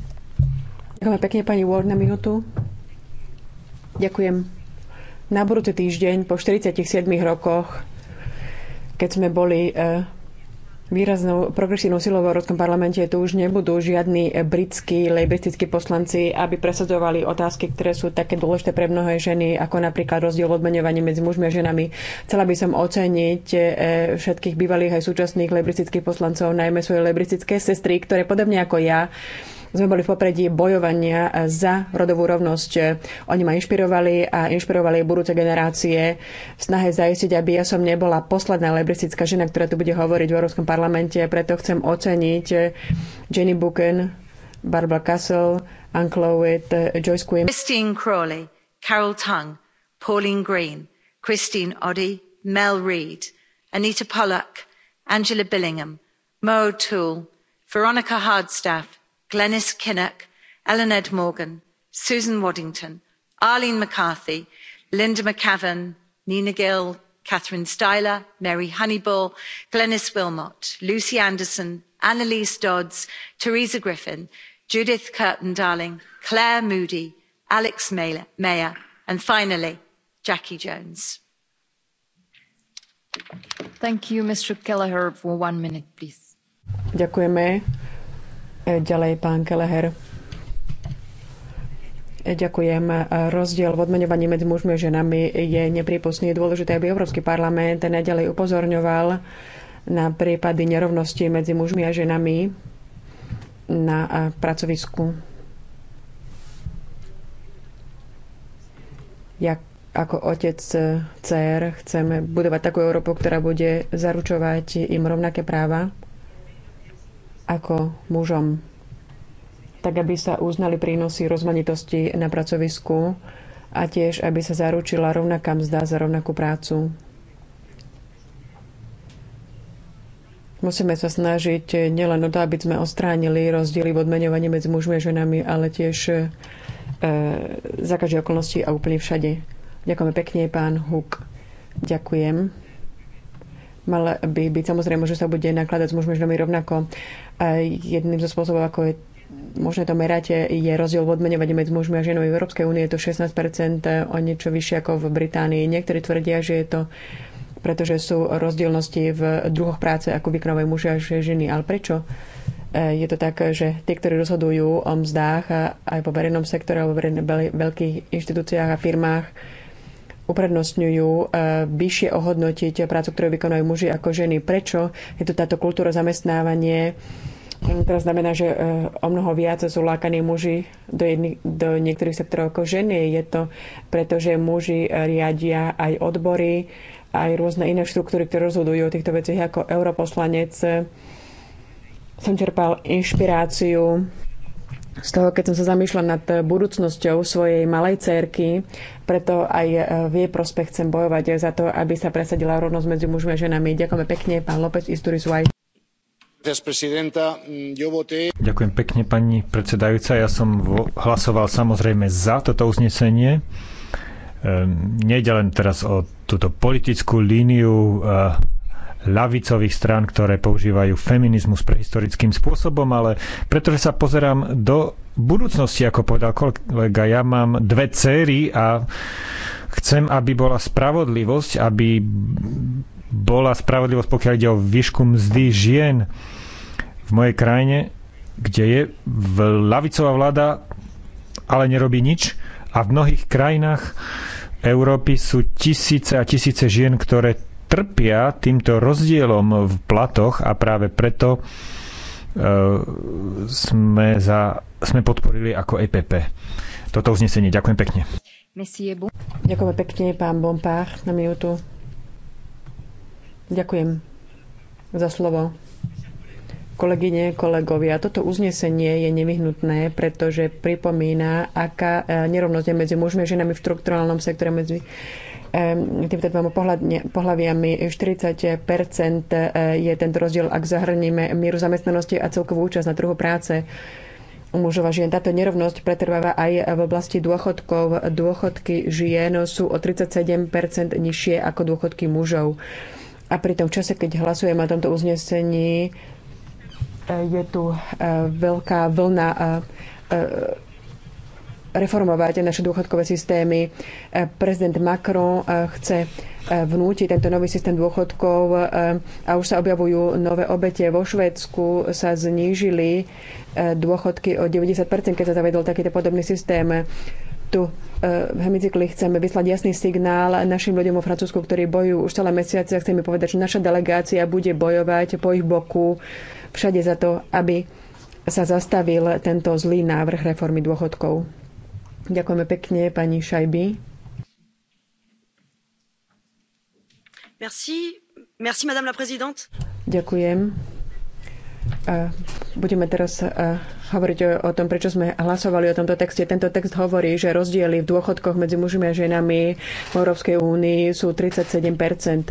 Ďakujem pekne pani Ward na minútu. Ďakujem na budúci týždeň po 47 rokoch, keď sme boli eh, výraznou progresívnou silou v Európskom parlamente tu už nebudú žiadni britskí lejbristickí poslanci, aby presadzovali otázky, ktoré sú také dôležité pre mnohé ženy, ako napríklad rozdiel odmeňovania medzi mužmi a ženami. Chcela by som oceniť eh, všetkých bývalých aj súčasných lejbristických poslancov, najmä svoje lejbristické sestry, ktoré podobne ako ja sme boli v popredí bojovania za rodovú rovnosť. Oni ma inšpirovali a inšpirovali budúce generácie v snahe zajistiť, aby ja som nebola posledná lebristická žena, ktorá tu bude hovoriť v Európskom parlamente parlamente, preto chcem oceniť eh, Jenny Buchan, Barbara Castle, Anne Clowet, Joyce Quinn. Christine Crawley, Carol Tung, Pauline Green, Christine Oddy, Mel Reed, Anita Pollock, Angela Billingham, Mo O'Toole, Veronica Hardstaff, Glenys Kinnock, Ellen Ed Morgan, Susan Waddington, Arlene McCarthy, Linda McCavan, Nina Gill, catherine styler mary honeyball glenis willmott lucy anderson annelise dodds teresa griffin judith curtin darling claire moody alex mayer and finally jackie jones. Ďakujem. Rozdiel v odmenovaní medzi mužmi a ženami je nepripustný. Je dôležité, aby Európsky parlament nadalej upozorňoval na prípady nerovnosti medzi mužmi a ženami na pracovisku. Ja ako otec dcer chceme budovať takú Európu, ktorá bude zaručovať im rovnaké práva ako mužom tak aby sa uznali prínosy rozmanitosti na pracovisku a tiež, aby sa zaručila rovnaká mzda za rovnakú prácu. Musíme sa snažiť nielen o to, aby sme ostránili rozdiely v odmeňovaní medzi mužmi a ženami, ale tiež e, za každé okolnosti a úplne všade. Ďakujeme pekne, pán Huk. Ďakujem. Mal by byť samozrejme, že sa bude nakladať s mužmi a ženami rovnako. A jedným zo spôsobov, ako je Možno to meráte, je rozdiel v odmenovaní medzi mužmi a ženami. V Európskej únie je to 16 o niečo vyššie ako v Británii. Niektorí tvrdia, že je to pretože sú rozdielnosti v druhoch práce, ako vykonávajú muži a ženy. Ale prečo e, je to tak, že tie, ktorí rozhodujú o mzdách aj vo verejnom sektore, vo veľkých inštitúciách a firmách, uprednostňujú e, vyššie ohodnotiť prácu, ktorú vykonajú muži ako ženy. Prečo je to táto kultúra zamestnávanie, Hm, to znamená, že eh, o mnoho viac sú lákaní muži do, jedny, do niektorých sektorov ako ženy. Je to preto, že muži riadia aj odbory, aj rôzne iné štruktúry, ktoré rozhodujú o týchto veciach. Ako europoslanec som čerpal inšpiráciu z toho, keď som sa zamýšľal nad budúcnosťou svojej malej cerky, preto aj eh, v jej prospech chcem bojovať za to, aby sa presadila rovnosť medzi mužmi a ženami. Ďakujeme pekne, pán López Isturizuaj. Mm, Ďakujem pekne, pani predsedajúca. Ja som hlasoval samozrejme za toto uznesenie. Ehm, nejde len teraz o túto politickú líniu eh, ľavicových strán, ktoré používajú feminizmus prehistorickým spôsobom, ale pretože sa pozerám do budúcnosti, ako povedal kolega, ja mám dve céry a chcem, aby bola spravodlivosť, aby bola spravodlivosť, pokiaľ ide o výšku mzdy žien v mojej krajine, kde je lavicová vláda, ale nerobí nič. A v mnohých krajinách Európy sú tisíce a tisíce žien, ktoré trpia týmto rozdielom v platoch a práve preto e, sme, za, sme podporili ako EPP toto uznesenie. Ďakujem pekne. Ďakujem pekne, pán Bompár, na minútu. Ďakujem za slovo. Kolegyne, kolegovia, toto uznesenie je nevyhnutné, pretože pripomína, aká e, nerovnosť je medzi mužmi a ženami v štruktúrálnom sektore medzi e, týmto dvoma pohľaviami 40 e, je tento rozdiel, ak zahrníme mieru zamestnanosti a celkovú účasť na trhu práce mužov a žien. Táto nerovnosť pretrváva aj v oblasti dôchodkov. Dôchodky žien sú o 37 nižšie ako dôchodky mužov. A pri tom čase, keď hlasujeme o tomto uznesení, e, je tu e, veľká vlna e, reformovať naše dôchodkové systémy. Prezident Macron chce vnútiť tento nový systém dôchodkov a už sa objavujú nové obete. Vo Švedsku sa znížili dôchodky o 90%, keď sa zavedol takýto podobný systém tu e, v hemicykli chceme vyslať jasný signál našim ľuďom vo Francúzsku, ktorí bojujú už celé mesiace a chceme povedať, že naša delegácia bude bojovať po ich boku všade za to, aby sa zastavil tento zlý návrh reformy dôchodkov. Ďakujeme pekne pani Šajby. Merci. Merci, madame la présidente. Ďakujem. Budeme teraz hovoriť o tom, prečo sme hlasovali o tomto texte. Tento text hovorí, že rozdiely v dôchodkoch medzi mužmi a ženami v Európskej únii sú 37 37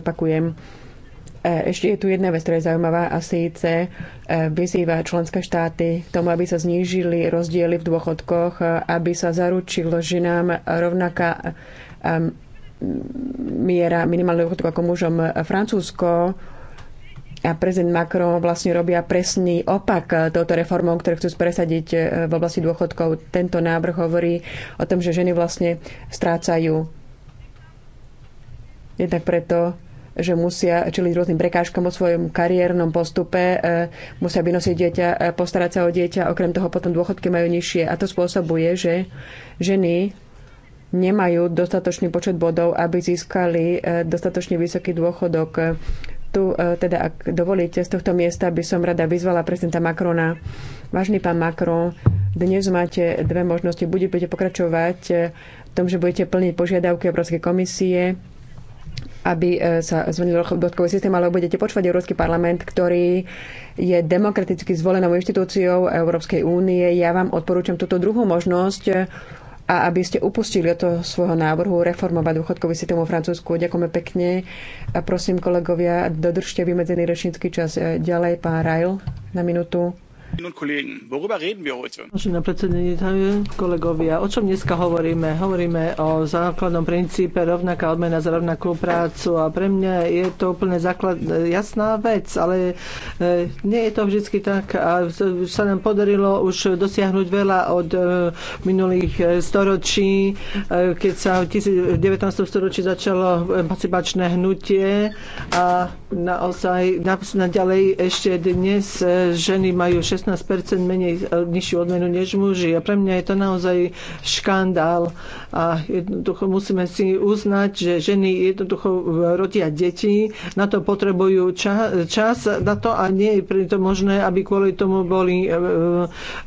opakujem. E, ešte je tu jedna vec, ktorá je zaujímavá a síce e, vyzýva členské štáty k tomu, aby sa znížili rozdiely v dôchodkoch, aby sa zaručilo ženám rovnaká e, miera minimálneho dôchodku ako mužom. Francúzsko a prezident Macron vlastne robia presný opak e, touto reformou, ktorú chcú presadiť e, v oblasti dôchodkov. Tento návrh hovorí o tom, že ženy vlastne strácajú. Jednak preto, že musia čeliť rôznym prekážkom o svojom kariérnom postupe, e, musia vynosiť dieťa, postarať sa o dieťa, okrem toho potom dôchodky majú nižšie. A to spôsobuje, že ženy nemajú dostatočný počet bodov, aby získali dostatočne vysoký dôchodok. Tu e, teda, ak dovolíte, z tohto miesta by som rada vyzvala prezidenta Macrona. Vážny pán Macron, dnes máte dve možnosti. Bude, budete pokračovať e, v tom, že budete plniť požiadavky Európskej komisie, aby e, sa zmenil dôchodkový systém, ale budete počúvať Európsky parlament, ktorý je demokraticky zvolenou inštitúciou Európskej únie. Ja vám odporúčam túto druhú možnosť a aby ste upustili od toho svojho návrhu reformovať dôchodkový systém vo Francúzsku. Ďakujeme pekne a prosím kolegovia, dodržte vymedzený rečnícky čas. Ďalej pán Rajl na minútu. Vážená predsedníca, kolegovia, o čom dneska hovoríme? Hovoríme o základnom princípe rovnaká odmena za rovnakú prácu a pre mňa je to úplne základ, jasná vec, ale e, nie je to vždy tak a sa nám podarilo už dosiahnuť veľa od e, minulých storočí, e, keď sa v 19. storočí začalo emancipačné hnutie a naozaj naďalej ešte dnes ženy majú 16 16 menej e, nižšiu odmenu než muži. A pre mňa je to naozaj škandál. A jednoducho musíme si uznať, že ženy jednoducho e, rodia deti, na to potrebujú čas, čas na to a nie je to možné, aby kvôli tomu boli e,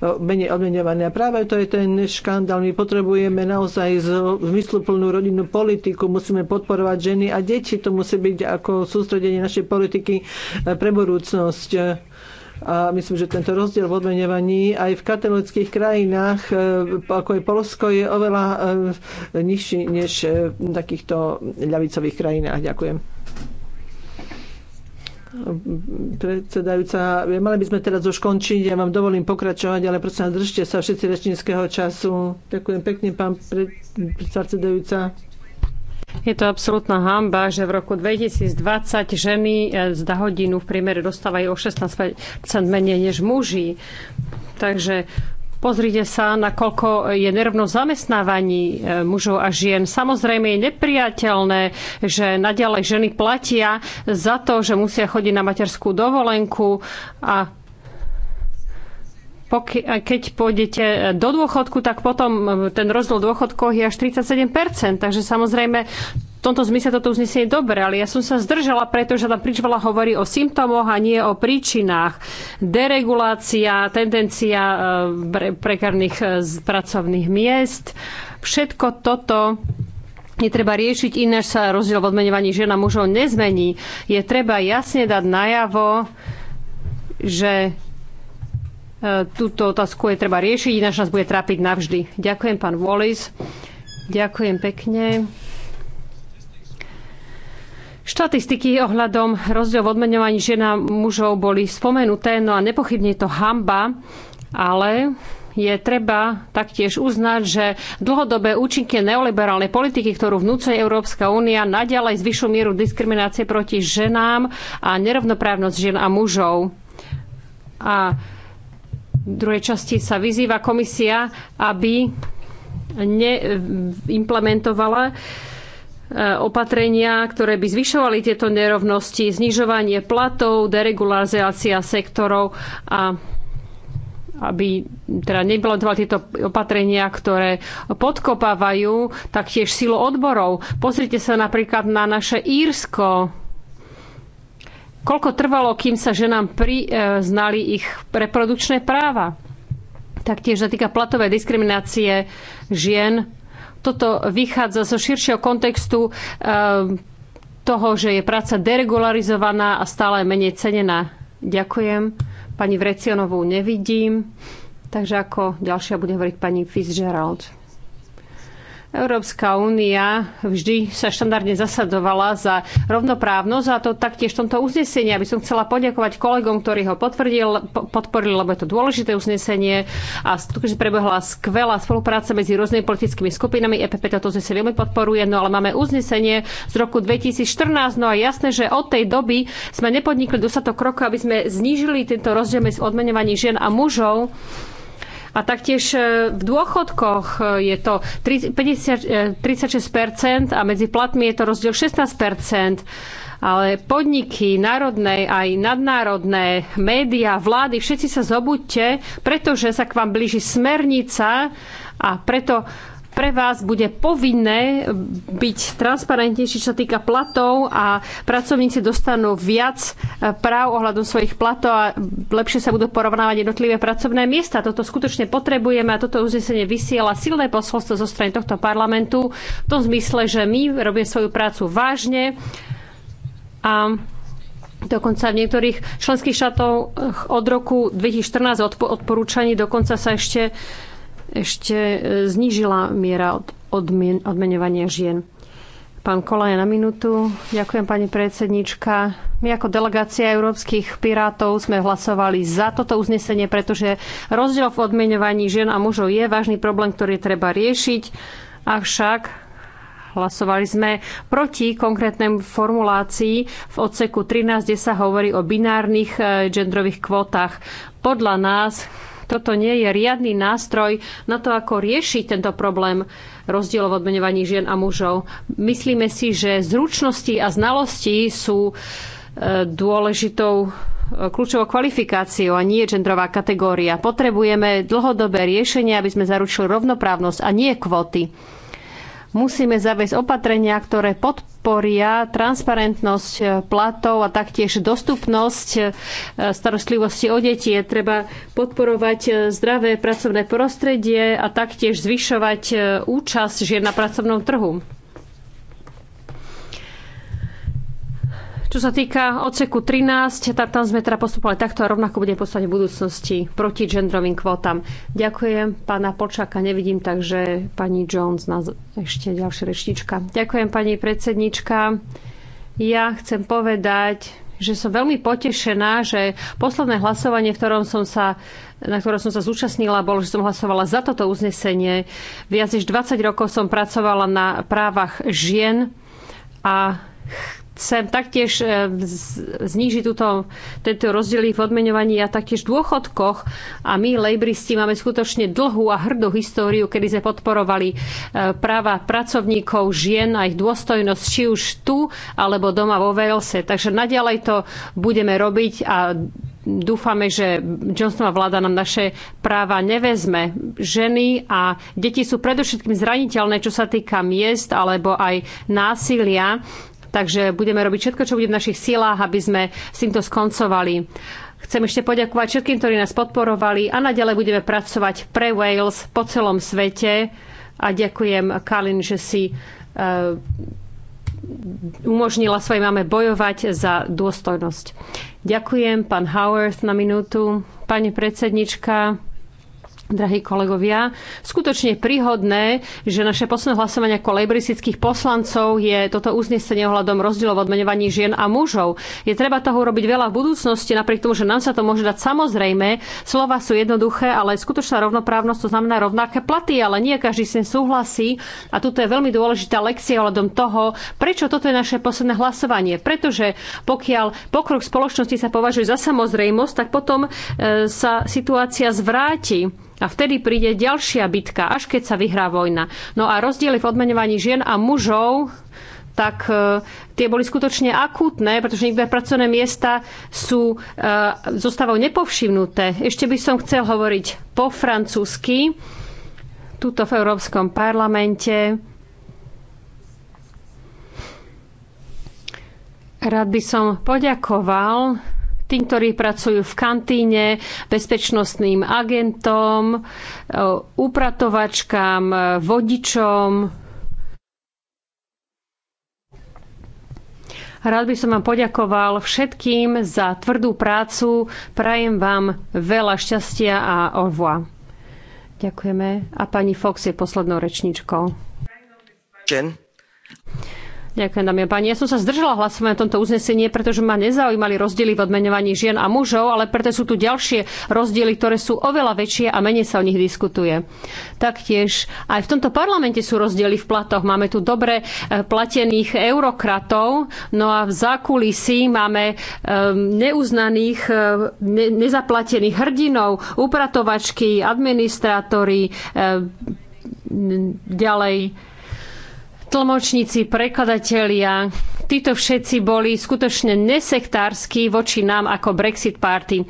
menej odmenované. A práve to je ten škandál. My potrebujeme naozaj zmysluplnú rodinnú politiku, musíme podporovať ženy a deti. To musí byť ako sústredenie našej politiky pre budúcnosť a myslím, že tento rozdiel v odmenovaní aj v katolických krajinách, e, ako je Polsko, je oveľa e, nižší než e, v takýchto ľavicových krajinách. Ďakujem predsedajúca, mali by sme teraz už končiť, ja vám dovolím pokračovať, ale prosím, držte sa všetci rečníckého času. Ďakujem pekne, pán predsedajúca. Je to absolútna hamba, že v roku 2020 ženy e, za hodinu v priemere dostávajú o 16 menej než muži. Takže Pozrite sa, nakoľko je nerovno zamestnávaní e, mužov a žien. Samozrejme je nepriateľné, že naďalej ženy platia za to, že musia chodiť na materskú dovolenku a keď pôjdete e, do dôchodku, tak potom e, ten rozdiel dôchodkov je až 37%. Takže samozrejme v tomto zmysle toto uznesenie je dobré, ale ja som sa zdržala, pretože tam príčvala hovorí o symptómoch a nie o príčinách. Deregulácia, tendencia e, prekárnych pracovných miest, všetko toto netreba riešiť, ináč sa rozdiel v odmenovaní žena mužov nezmení. Je treba jasne dať najavo, že túto otázku je treba riešiť, ináč nás bude trápiť navždy. Ďakujem, pán Wallis. Ďakujem pekne. Štatistiky ohľadom rozdiel v odmenovaní žena a mužov boli spomenuté, no a nepochybne je to hamba, ale je treba taktiež uznať, že dlhodobé účinky neoliberálnej politiky, ktorú vnúcuje Európska únia, naďalej zvyšujú mieru diskriminácie proti ženám a nerovnoprávnosť žien a mužov. A druhej časti sa vyzýva komisia, aby neimplementovala e, opatrenia, ktoré by zvyšovali tieto nerovnosti, znižovanie platov, deregularizácia sektorov a aby teda neimplementovali tieto opatrenia, ktoré podkopávajú taktiež silu odborov. Pozrite sa napríklad na naše Írsko, Koľko trvalo, kým sa ženám priznali e, ich reprodukčné práva? Taktiež sa týka platovej diskriminácie žien. Toto vychádza zo širšieho kontextu e, toho, že je práca deregularizovaná a stále menej cenená. Ďakujem. Pani Vrecionovú nevidím. Takže ako ďalšia bude hovoriť pani Fitzgerald. Európska únia vždy sa štandardne zasadovala za rovnoprávnosť a to taktiež v tomto uznesení. Aby som chcela poďakovať kolegom, ktorí ho potvrdil, podporili, lebo je to dôležité uznesenie a skutočne prebehla skvelá spolupráca medzi rôznymi politickými skupinami. EPP toto uznesenie veľmi podporuje, no ale máme uznesenie z roku 2014, no a jasné, že od tej doby sme nepodnikli dostatok krokov, aby sme znížili tento rozdiel medzi odmenovaní žien a mužov. A taktiež e, v dôchodkoch e, je to 50, 36% e, a medzi platmi je to rozdiel 16%. Ale podniky, národné aj nadnárodné, médiá, vlády, všetci sa zobuďte, pretože sa k vám blíži smernica a preto pre vás bude povinné byť transparentnejší, čo sa týka platov a pracovníci dostanú viac eh, práv ohľadom svojich platov a lepšie sa budú porovnávať jednotlivé pracovné miesta. Toto skutočne potrebujeme a toto uznesenie vysiela silné posolstvo zo strany tohto parlamentu v tom zmysle, že my robíme svoju prácu vážne a Dokonca v niektorých členských štátoch od roku 2014 odporúčaní dokonca sa ešte ešte e, znížila miera od odmien- odmenovania žien. Pán Kola je na minútu. Ďakujem, pani predsednička. My ako delegácia európskych pirátov sme hlasovali za toto uznesenie, pretože rozdiel v odmenovaní žien a mužov je vážny problém, ktorý treba riešiť. Avšak Hlasovali sme proti konkrétnej formulácii. V odseku 13, kde sa hovorí o binárnych e, genderových kvótach. Podľa nás toto nie je riadny nástroj na to, ako riešiť tento problém rozdielov v odmenovaní žien a mužov. Myslíme si, že zručnosti a znalosti sú e, dôležitou e, kľúčovou kvalifikáciou a nie genderová kategória. Potrebujeme dlhodobé riešenie, aby sme zaručili rovnoprávnosť a nie kvóty. Musíme zaviesť opatrenia, ktoré podporia transparentnosť platov a taktiež dostupnosť e, starostlivosti o deti. Je treba podporovať e, zdravé pracovné prostredie a taktiež zvyšovať e, účasť žien na pracovnom trhu. Čo sa týka odseku 13, tak tam sme teda postupovali takto a rovnako bude postupovať v budúcnosti proti genderovým kvótam. Ďakujem, pána Počaka nevidím, takže pani Jones, na ešte ďalšia rečnička. Ďakujem, pani predsednička. Ja chcem povedať, že som veľmi potešená, že posledné hlasovanie, v ktorom som sa, na ktorom som sa zúčastnila, bolo, že som hlasovala za toto uznesenie. Viac než 20 rokov som pracovala na právach žien a chcem taktiež e, znížiť túto, tento rozdiel v odmeňovaní a taktiež v dôchodkoch. A my, lejbristi, máme skutočne dlhú a hrdú históriu, kedy sme podporovali e, práva pracovníkov, žien a ich dôstojnosť, či už tu, alebo doma vo Walese. Takže naďalej to budeme robiť a dúfame, že Johnsonová vláda nám naše práva nevezme. Ženy a deti sú predovšetkým zraniteľné, čo sa týka miest alebo aj násilia Takže budeme robiť všetko, čo bude v našich silách, aby sme s týmto skoncovali. Chcem ešte poďakovať všetkým, ktorí nás podporovali a naďalej budeme pracovať pre Wales po celom svete. A ďakujem, Kalin, že si uh, umožnila svojej mame bojovať za dôstojnosť. Ďakujem, pán Howard, na minútu. Pani predsednička, drahí kolegovia, skutočne príhodné, že naše posledné hlasovanie ako lejbristických poslancov je toto uznesenie ohľadom rozdielov odmenovaní žien a mužov. Je treba toho urobiť veľa v budúcnosti, napriek tomu, že nám sa to môže dať samozrejme. Slova sú jednoduché, ale skutočná rovnoprávnosť to znamená rovnaké platy, ale nie každý s tým súhlasí. A tuto je veľmi dôležitá lekcia ohľadom toho, prečo toto je naše posledné hlasovanie. Pretože pokiaľ pokrok spoločnosti sa považuje za samozrejmosť, tak potom e, sa situácia zvráti. A vtedy príde ďalšia bitka, až keď sa vyhrá vojna. No a rozdiely v odmenovaní žien a mužov tak e, tie boli skutočne akútne, pretože niektoré pracovné miesta sú, e, zostávajú nepovšimnuté. Ešte by som chcel hovoriť po francúzsky, tuto v Európskom parlamente. Rád by som poďakoval tým, ktorí pracujú v kantíne, bezpečnostným agentom, e, upratovačkám, e, vodičom. Rád by som vám poďakoval všetkým za tvrdú prácu. Prajem vám veľa šťastia a orvoa. Ďakujeme. A pani Fox je poslednou rečničkou. Jen. Ďakujem, dámy a páni. Ja som sa zdržala hlasovať na tomto uznesení, pretože ma nezaujímali rozdiely v odmenovaní žien a mužov, ale preto sú tu ďalšie rozdiely, ktoré sú oveľa väčšie a menej sa o nich diskutuje. Taktiež aj v tomto parlamente sú rozdiely v platoch. Máme tu dobre e, platených eurokratov, no a v zákulisí máme e, neuznaných, e, nezaplatených hrdinov, upratovačky, administrátory, ďalej tlmočníci, prekladatelia, títo všetci boli skutočne nesektársky voči nám ako Brexit Party.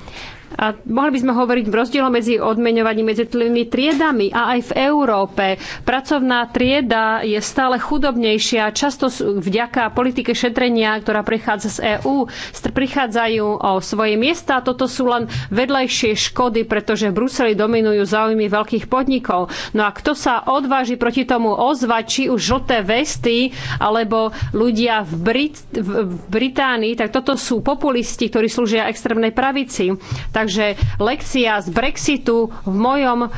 A mohli by sme hovoriť v rozdielu medzi odmeňovaním medzi tými triedami a aj v Európe. Pracovná trieda je stále chudobnejšia, často vďaka politike šetrenia, ktorá prichádza z EÚ, prichádzajú o svoje miesta. Toto sú len vedľajšie škody, pretože v Bruseli dominujú záujmy veľkých podnikov. No a kto sa odváži proti tomu ozvať, či už žlté vesty, alebo ľudia v, Brit- v Británii, tak toto sú populisti, ktorí slúžia extrémnej pravici. Tak Takže lekcia z Brexitu v mojom e,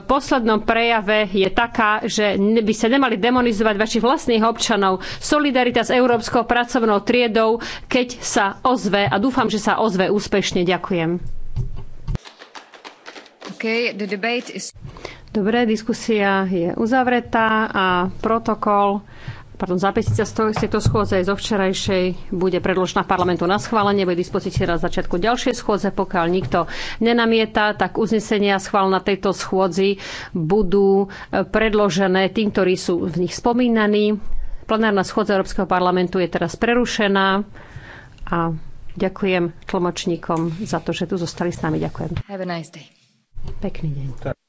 poslednom prejave je taká, že by sa nemali demonizovať vašich vlastných občanov. Solidarita s európskou pracovnou triedou, keď sa ozve a dúfam, že sa ozve úspešne. Ďakujem. Okay, the debate is... Dobre, diskusia je uzavretá a protokol pardon, zápisnica z toho, tejto schôdze zo včerajšej bude predložená parlamentu na schválenie, bude dispozícia na začiatku ďalšej schôdze. Pokiaľ nikto nenamieta, tak uznesenia schvál na tejto schôdzi budú e, predložené tým, ktorí sú v nich spomínaní. Plenárna schôdza Európskeho parlamentu je teraz prerušená a ďakujem tlmočníkom za to, že tu zostali s nami. Ďakujem. Have a nice day. Pekný deň.